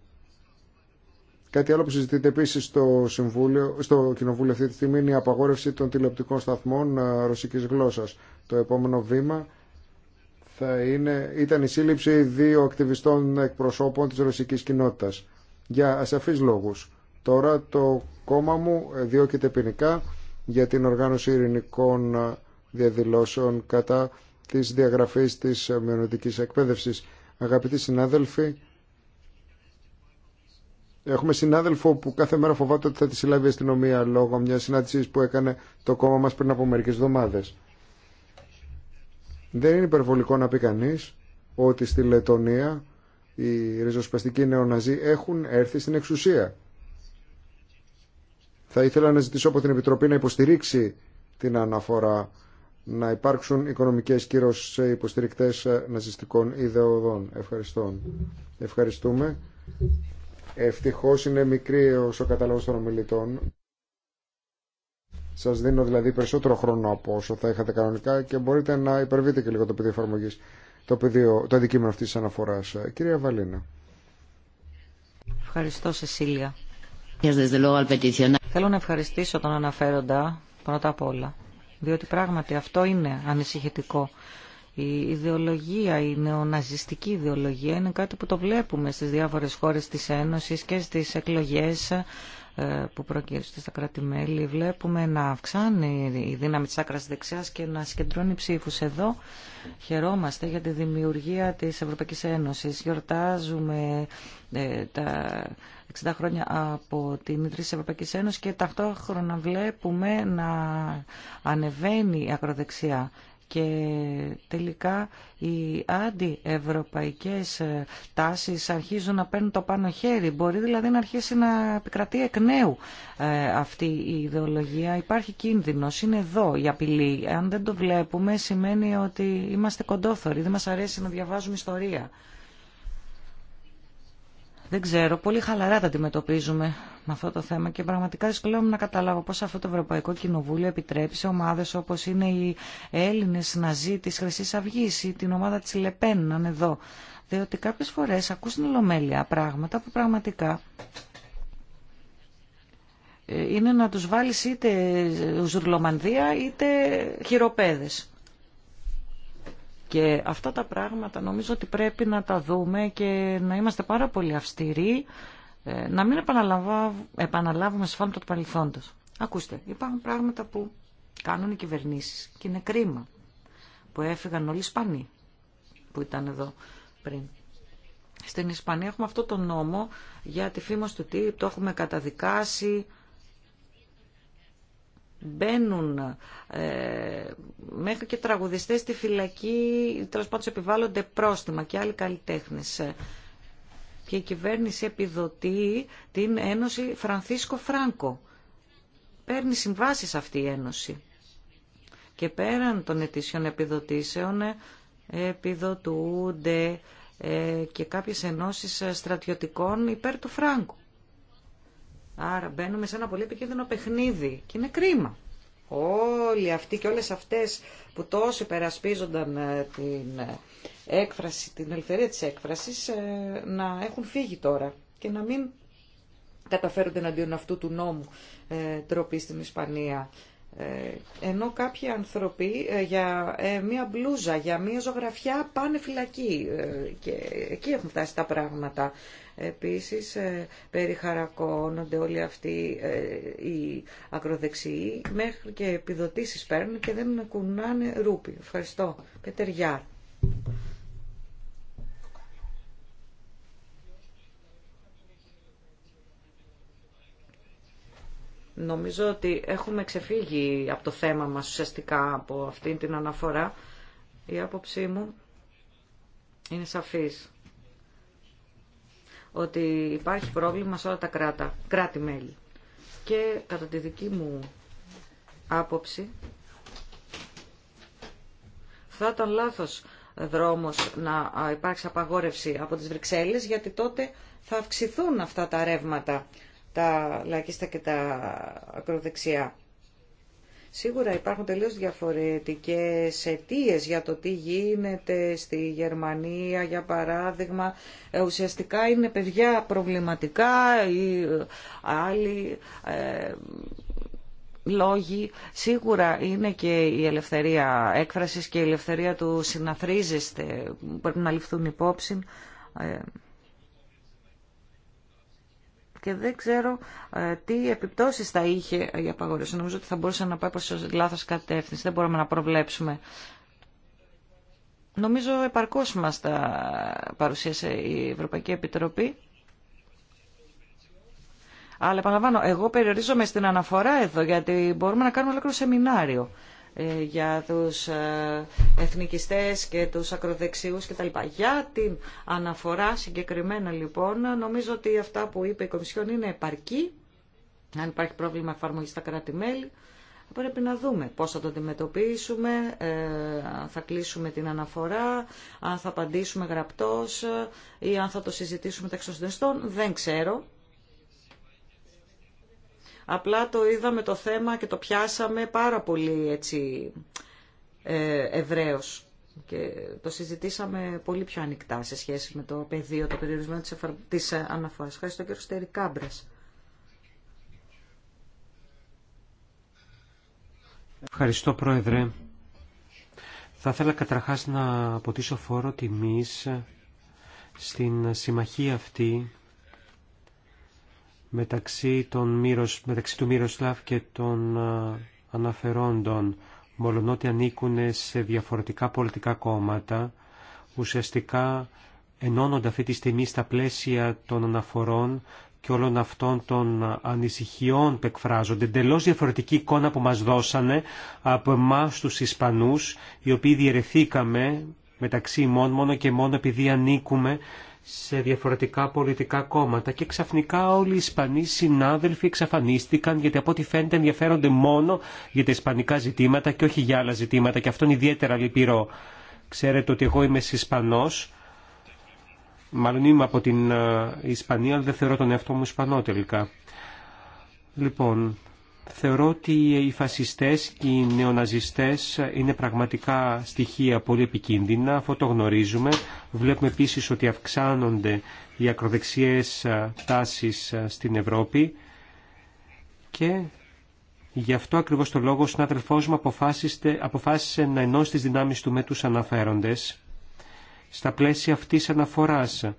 Κάτι άλλο που συζητείται επίση στο, στο Κοινοβούλιο αυτή τη στιγμή είναι η απαγόρευση των τηλεοπτικών σταθμών ε, ρωσική γλώσσα. Το επόμενο βήμα θα είναι, ήταν η σύλληψη δύο ακτιβιστών εκπροσώπων τη ρωσική κοινότητα. Για ασαφεί λόγου. Τώρα το κόμμα μου διώκεται ποινικά για την οργάνωση ειρηνικών διαδηλώσεων κατά της διαγραφής της μειονοτικής εκπαίδευσης. Αγαπητοί συνάδελφοι, Έχουμε συνάδελφο που κάθε μέρα φοβάται ότι θα τη συλλάβει η αστυνομία λόγω μια συνάντηση που έκανε το κόμμα μα πριν από μερικέ εβδομάδε. Δεν είναι υπερβολικό να πει κανεί ότι στη Λετωνία οι ριζοσπαστικοί νεοναζί έχουν έρθει στην εξουσία. Θα ήθελα να ζητήσω από την Επιτροπή να υποστηρίξει την αναφορά να υπάρξουν οικονομικές κυρώσεις σε υποστηρικτές ναζιστικών ιδεοδών. Ευχαριστώ. Ευχαριστούμε. Ευτυχώς είναι μικρή ο κατάλογο των ομιλητών. Σας δίνω δηλαδή περισσότερο χρόνο από όσο θα είχατε κανονικά και μπορείτε να υπερβείτε και λίγο το πεδίο εφαρμογή, το, πεδίο, το αντικείμενο αυτής τη αναφοράς. Κυρία Βαλίνα. Ευχαριστώ Σεσίλια. Θέλω να ευχαριστήσω τον αναφέροντα πρώτα απ' όλα, διότι πράγματι αυτό είναι ανησυχητικό. Η ιδεολογία, η νεοναζιστική ιδεολογία είναι κάτι που το βλέπουμε στις διάφορες χώρες της Ένωσης και στις εκλογές ε, που προκύρουν στα κράτη-μέλη. Βλέπουμε να αυξάνει η δύναμη της άκρας δεξιάς και να συγκεντρώνει ψήφους. Εδώ χαιρόμαστε για τη δημιουργία της Ευρωπαϊκής Ένωσης. Γιορτάζουμε ε, τα 60 χρόνια από την ίδρυση της Ευρωπαϊκής Ένωσης και ταυτόχρονα βλέπουμε να ανεβαίνει η ακροδεξιά και τελικά οι αντιευρωπαϊκές ε, τάσεις αρχίζουν να παίρνουν το πάνω χέρι. Μπορεί δηλαδή να αρχίσει να επικρατεί εκ νέου ε, αυτή η ιδεολογία. Υπάρχει κίνδυνος, είναι εδώ η απειλή. Αν δεν το βλέπουμε σημαίνει ότι είμαστε κοντόθωροι, δεν μας αρέσει να διαβάζουμε ιστορία. Δεν ξέρω, πολύ χαλαρά τα αντιμετωπίζουμε με αυτό το θέμα και πραγματικά δυσκολεύομαι να καταλάβω πώς αυτό το Ευρωπαϊκό Κοινοβούλιο επιτρέπει σε ομάδες όπως είναι οι Έλληνες Ναζί της Χρυσής Αυγής ή την ομάδα της Λεπέν να είναι εδώ. Διότι κάποιες φορές ακούσουν ολομέλεια πράγματα που πραγματικά ε, είναι να τους βάλεις είτε ζουρλομανδία είτε χειροπέδες. Και αυτά τα πράγματα νομίζω ότι πρέπει να τα δούμε και να είμαστε πάρα πολύ αυστηροί, ε, να μην επαναλάβουμε σφάλματα του παρελθόντος. Ακούστε, υπάρχουν πράγματα που κάνουν οι κυβερνήσεις και είναι κρίμα που έφυγαν όλοι οι Ισπανοί που ήταν εδώ πριν. Στην Ισπανία έχουμε αυτό το νόμο για τη φήμος του τι, το έχουμε καταδικάσει, μπαίνουν ε, μέχρι και τραγουδιστές στη φυλακή, τέλος πάντων επιβάλλονται πρόστιμα και άλλοι καλλιτέχνες. Και η κυβέρνηση επιδοτεί την Ένωση Φρανθίσκο Φράνκο. Παίρνει συμβάσεις αυτή η Ένωση. Και πέραν των ετήσιων επιδοτήσεων ε, επιδοτούνται ε, και κάποιες ενώσεις στρατιωτικών υπέρ του Φράγκου. Άρα μπαίνουμε σε ένα πολύ επικίνδυνο παιχνίδι και είναι κρίμα. Όλοι αυτοί και όλες αυτές που τόσο υπερασπίζονταν ε, την ε, έκφραση, την ελευθερία της έκφρασης, ε, να έχουν φύγει τώρα και να μην καταφέρονται εναντίον αυτού του νόμου στην Ισπανία. Ε, ενώ κάποιοι άνθρωποι ε, για ε, μία μπλούζα, για μία ζωγραφιά πάνε φυλακή και εκεί έχουν φτάσει τα πράγματα. Επίσης περιχαρακώνονται όλοι αυτοί οι ακροδεξιοί μέχρι και επιδοτήσεις παίρνουν και δεν κουνάνε ρούπι. Ευχαριστώ. πετεριά. Νομίζω ότι έχουμε ξεφύγει από το θέμα μας ουσιαστικά από αυτή την αναφορά. Η άποψή μου είναι σαφής ότι υπάρχει πρόβλημα σε όλα τα κράτα, κράτη-μέλη. Και κατά τη δική μου άποψη θα ήταν λάθος δρόμος να υπάρξει απαγόρευση από τις Βρυξέλλες γιατί τότε θα αυξηθούν αυτά τα ρεύματα τα λαϊκίστα και τα ακροδεξιά. Σίγουρα υπάρχουν τελείως διαφορετικές αιτίε για το τι γίνεται στη Γερμανία, για παράδειγμα. Ε, ουσιαστικά είναι παιδιά προβληματικά ή ε, άλλοι ε, λόγοι. Σίγουρα είναι και η ελευθερία έκφρασης και η ελευθερία του συναθρίζεστε που πρέπει να ληφθούν υπόψη. Ε, και δεν ξέρω ε, τι επιπτώσεις θα είχε η απαγόρευση. Νομίζω ότι θα μπορούσε να πάει προς λάθος κατεύθυνση. Δεν μπορούμε να προβλέψουμε. Νομίζω επαρκώς μας τα παρουσίασε η Ευρωπαϊκή Επιτροπή. Αλλά επαναλαμβάνω, εγώ περιορίζομαι στην αναφορά εδώ, γιατί μπορούμε να κάνουμε ολόκληρο σεμινάριο. Ε, για τους ε, εθνικιστές και τους ακροδεξιούς κτλ. Για την αναφορά συγκεκριμένα λοιπόν, νομίζω ότι αυτά που είπε η Κομισιόν είναι επαρκή. Αν υπάρχει πρόβλημα εφαρμογή στα κράτη-μέλη, πρέπει να δούμε πώς θα το αντιμετωπίσουμε, ε, αν θα κλείσουμε την αναφορά, αν θα απαντήσουμε γραπτός ή αν θα το συζητήσουμε τα των Δεν ξέρω. Απλά το είδαμε το θέμα και το πιάσαμε πάρα πολύ έτσι ε, ευρέως και το συζητήσαμε πολύ πιο ανοιχτά σε σχέση με το πεδίο, το περιορισμένο της, της ε, αναφοράς. Ευχαριστώ κύριο Στερή Κάμπρας. Ευχαριστώ Πρόεδρε. Θα ήθελα καταρχάς να αποτίσω φόρο τιμής στην συμμαχία αυτή μεταξύ, των Μύρος, μεταξύ του Μύροσλαφ και των αναφερόντων, ότι ανήκουν σε διαφορετικά πολιτικά κόμματα, ουσιαστικά ενώνονται αυτή τη στιγμή στα πλαίσια των αναφορών και όλων αυτών των ανησυχιών που εκφράζονται. Εντελώ διαφορετική εικόνα που μας δώσανε από εμά τους Ισπανούς, οι οποίοι διαιρεθήκαμε μεταξύ μόνο και μόνο επειδή ανήκουμε σε διαφορετικά πολιτικά κόμματα και ξαφνικά όλοι οι Ισπανοί συνάδελφοι εξαφανίστηκαν γιατί από ό,τι φαίνεται ενδιαφέρονται μόνο για τα ισπανικά ζητήματα και όχι για άλλα ζητήματα και αυτό είναι ιδιαίτερα λυπηρό. Ξέρετε ότι εγώ είμαι Ισπανός, μάλλον είμαι από την ε, Ισπανία αλλά δεν θεωρώ τον εαυτό μου Ισπανό τελικά. Λοιπόν, Θεωρώ ότι οι φασιστές και οι νεοναζιστές είναι πραγματικά στοιχεία πολύ επικίνδυνα, αυτό το γνωρίζουμε. Βλέπουμε επίσης ότι αυξάνονται οι ακροδεξιές τάσεις στην Ευρώπη και γι' αυτό ακριβώς το λόγο ο συνάδελφός μου αποφάσισε να ενώσει τις δυνάμεις του με τους αναφέροντες στα πλαίσια αυτής αναφοράς.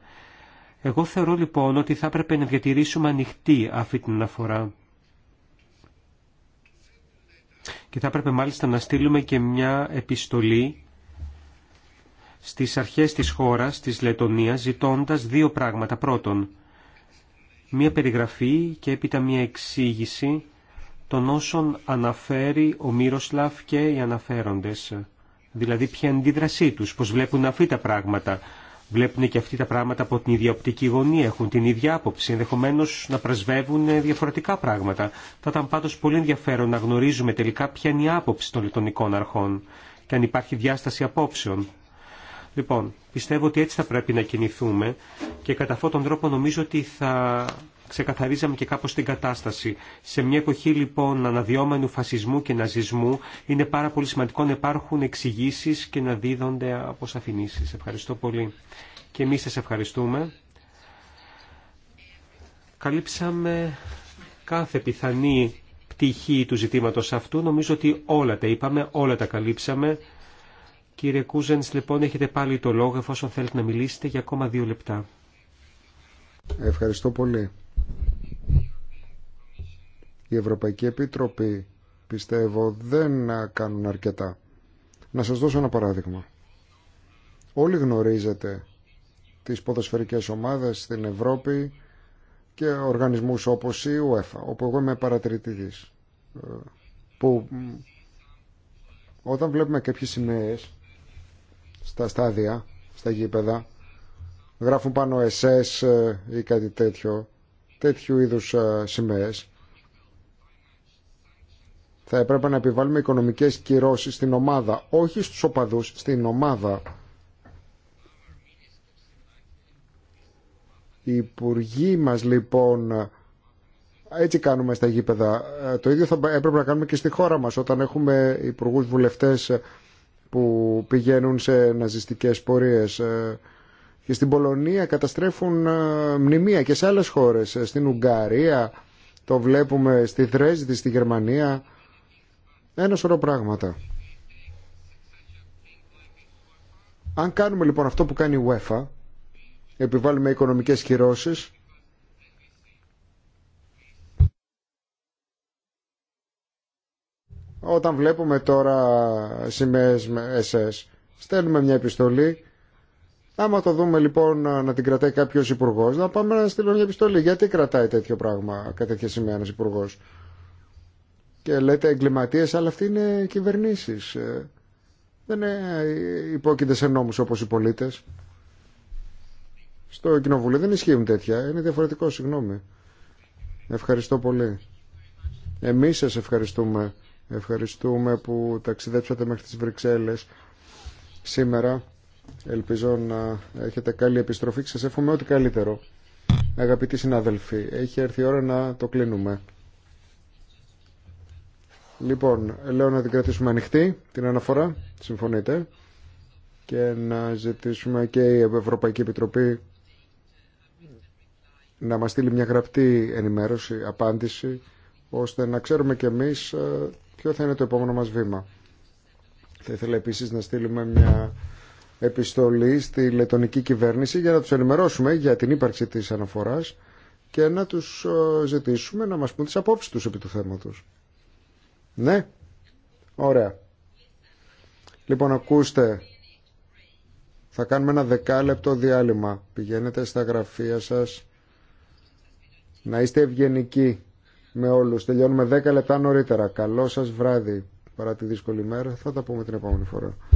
Εγώ θεωρώ λοιπόν ότι θα έπρεπε να διατηρήσουμε ανοιχτή αυτή την αναφορά. και θα έπρεπε μάλιστα να στείλουμε και μια επιστολή στις αρχές της χώρας, της Λετωνίας, ζητώντας δύο πράγματα. Πρώτον, μία περιγραφή και έπειτα μία εξήγηση των όσων αναφέρει ο Μύροσλαφ και οι αναφέροντες. Δηλαδή ποια είναι η αντίδρασή τους, πώς βλέπουν αυτή τα πράγματα βλέπουν και αυτοί τα πράγματα από την ίδια οπτική γωνία, έχουν την ίδια άποψη, ενδεχομένω να πρεσβεύουν ε, διαφορετικά πράγματα. Θα ήταν πάντω πολύ ενδιαφέρον να γνωρίζουμε τελικά ποια είναι η άποψη των λειτουργικών αρχών και αν υπάρχει διάσταση απόψεων. Λοιπόν, πιστεύω ότι έτσι θα πρέπει να κινηθούμε και κατά αυτόν τον τρόπο νομίζω ότι θα ξεκαθαρίζαμε και κάπως την κατάσταση. Σε μια εποχή λοιπόν αναδυόμενου φασισμού και ναζισμού είναι πάρα πολύ σημαντικό να υπάρχουν εξηγήσει και να δίδονται σαφηνήσεις. Ευχαριστώ πολύ. Και εμείς σας ευχαριστούμε. Καλύψαμε κάθε πιθανή πτυχή του ζητήματος αυτού. Νομίζω ότι όλα τα είπαμε, όλα τα καλύψαμε. Κύριε Κούζενς, λοιπόν, έχετε πάλι το λόγο εφόσον θέλετε να μιλήσετε για ακόμα δύο λεπτά. Ευχαριστώ πολύ. Η Ευρωπαϊκή Επίτροπη πιστεύω δεν κάνουν αρκετά. Να σας δώσω ένα παράδειγμα. Όλοι γνωρίζετε τις ποδοσφαιρικές ομάδες στην Ευρώπη και οργανισμούς όπως η UEFA, όπου εγώ είμαι παρατηρητής. Που όταν βλέπουμε κάποιες σημαίες στα στάδια, στα γήπεδα, γράφουν πάνω SS ε, ή κάτι τέτοιο, τέτοιου είδους ε, σημαίες, θα έπρεπε να επιβάλλουμε οικονομικές κυρώσεις στην ομάδα, όχι στους οπαδούς, στην ομάδα. Οι υπουργοί μας λοιπόν έτσι κάνουμε στα γήπεδα. Ε, το ίδιο θα έπρεπε να κάνουμε και στη χώρα μας όταν έχουμε υπουργού βουλευτές ε, που πηγαίνουν σε ναζιστικές πορείες. Ε, και στην Πολωνία καταστρέφουν μνημεία και σε άλλες χώρες. Στην Ουγγαρία το βλέπουμε στη Δρέζη, στη Γερμανία. Ένα σωρό πράγματα. Αν κάνουμε λοιπόν αυτό που κάνει η UEFA, επιβάλλουμε οικονομικές κυρώσεις, όταν βλέπουμε τώρα σημαίες με SS, στέλνουμε μια επιστολή, άμα το δούμε λοιπόν να την κρατάει κάποιος υπουργό, να πάμε να στείλουμε μια επιστολή. Γιατί κρατάει τέτοιο πράγμα, κατά τέτοια σημαία ένας υπουργός και λέτε εγκληματίες, αλλά αυτοί είναι κυβερνήσεις. Ε, δεν είναι ε, υπόκειται σε νόμους όπως οι πολίτες. Στο κοινοβούλιο δεν ισχύουν τέτοια. Είναι διαφορετικό, συγγνώμη. Ευχαριστώ πολύ. Εμείς σας ευχαριστούμε. Ευχαριστούμε που ταξιδέψατε μέχρι τις Βρυξέλλες σήμερα. Ελπίζω να έχετε καλή επιστροφή. Σας εύχομαι ό,τι καλύτερο. Αγαπητοί συνάδελφοι, έχει έρθει η ώρα να το κλείνουμε. Λοιπόν, λέω να την κρατήσουμε ανοιχτή την αναφορά, συμφωνείτε, και να ζητήσουμε και η Ευρωπαϊκή Επιτροπή να μας στείλει μια γραπτή ενημέρωση, απάντηση, ώστε να ξέρουμε κι εμείς ε, ποιο θα είναι το επόμενο μας βήμα. Θα ήθελα επίσης να στείλουμε μια επιστολή στη λετονική κυβέρνηση για να τους ενημερώσουμε για την ύπαρξη της αναφοράς και να τους ε, ζητήσουμε να μας πούν τις απόψεις τους επί του θέματος. Ναι. Ωραία. Λοιπόν, ακούστε. Θα κάνουμε ένα δεκάλεπτο διάλειμμα. Πηγαίνετε στα γραφεία σας. Να είστε ευγενικοί με όλους. Τελειώνουμε 10 λεπτά νωρίτερα. Καλό σας βράδυ. Παρά τη δύσκολη μέρα. Θα τα πούμε την επόμενη φορά.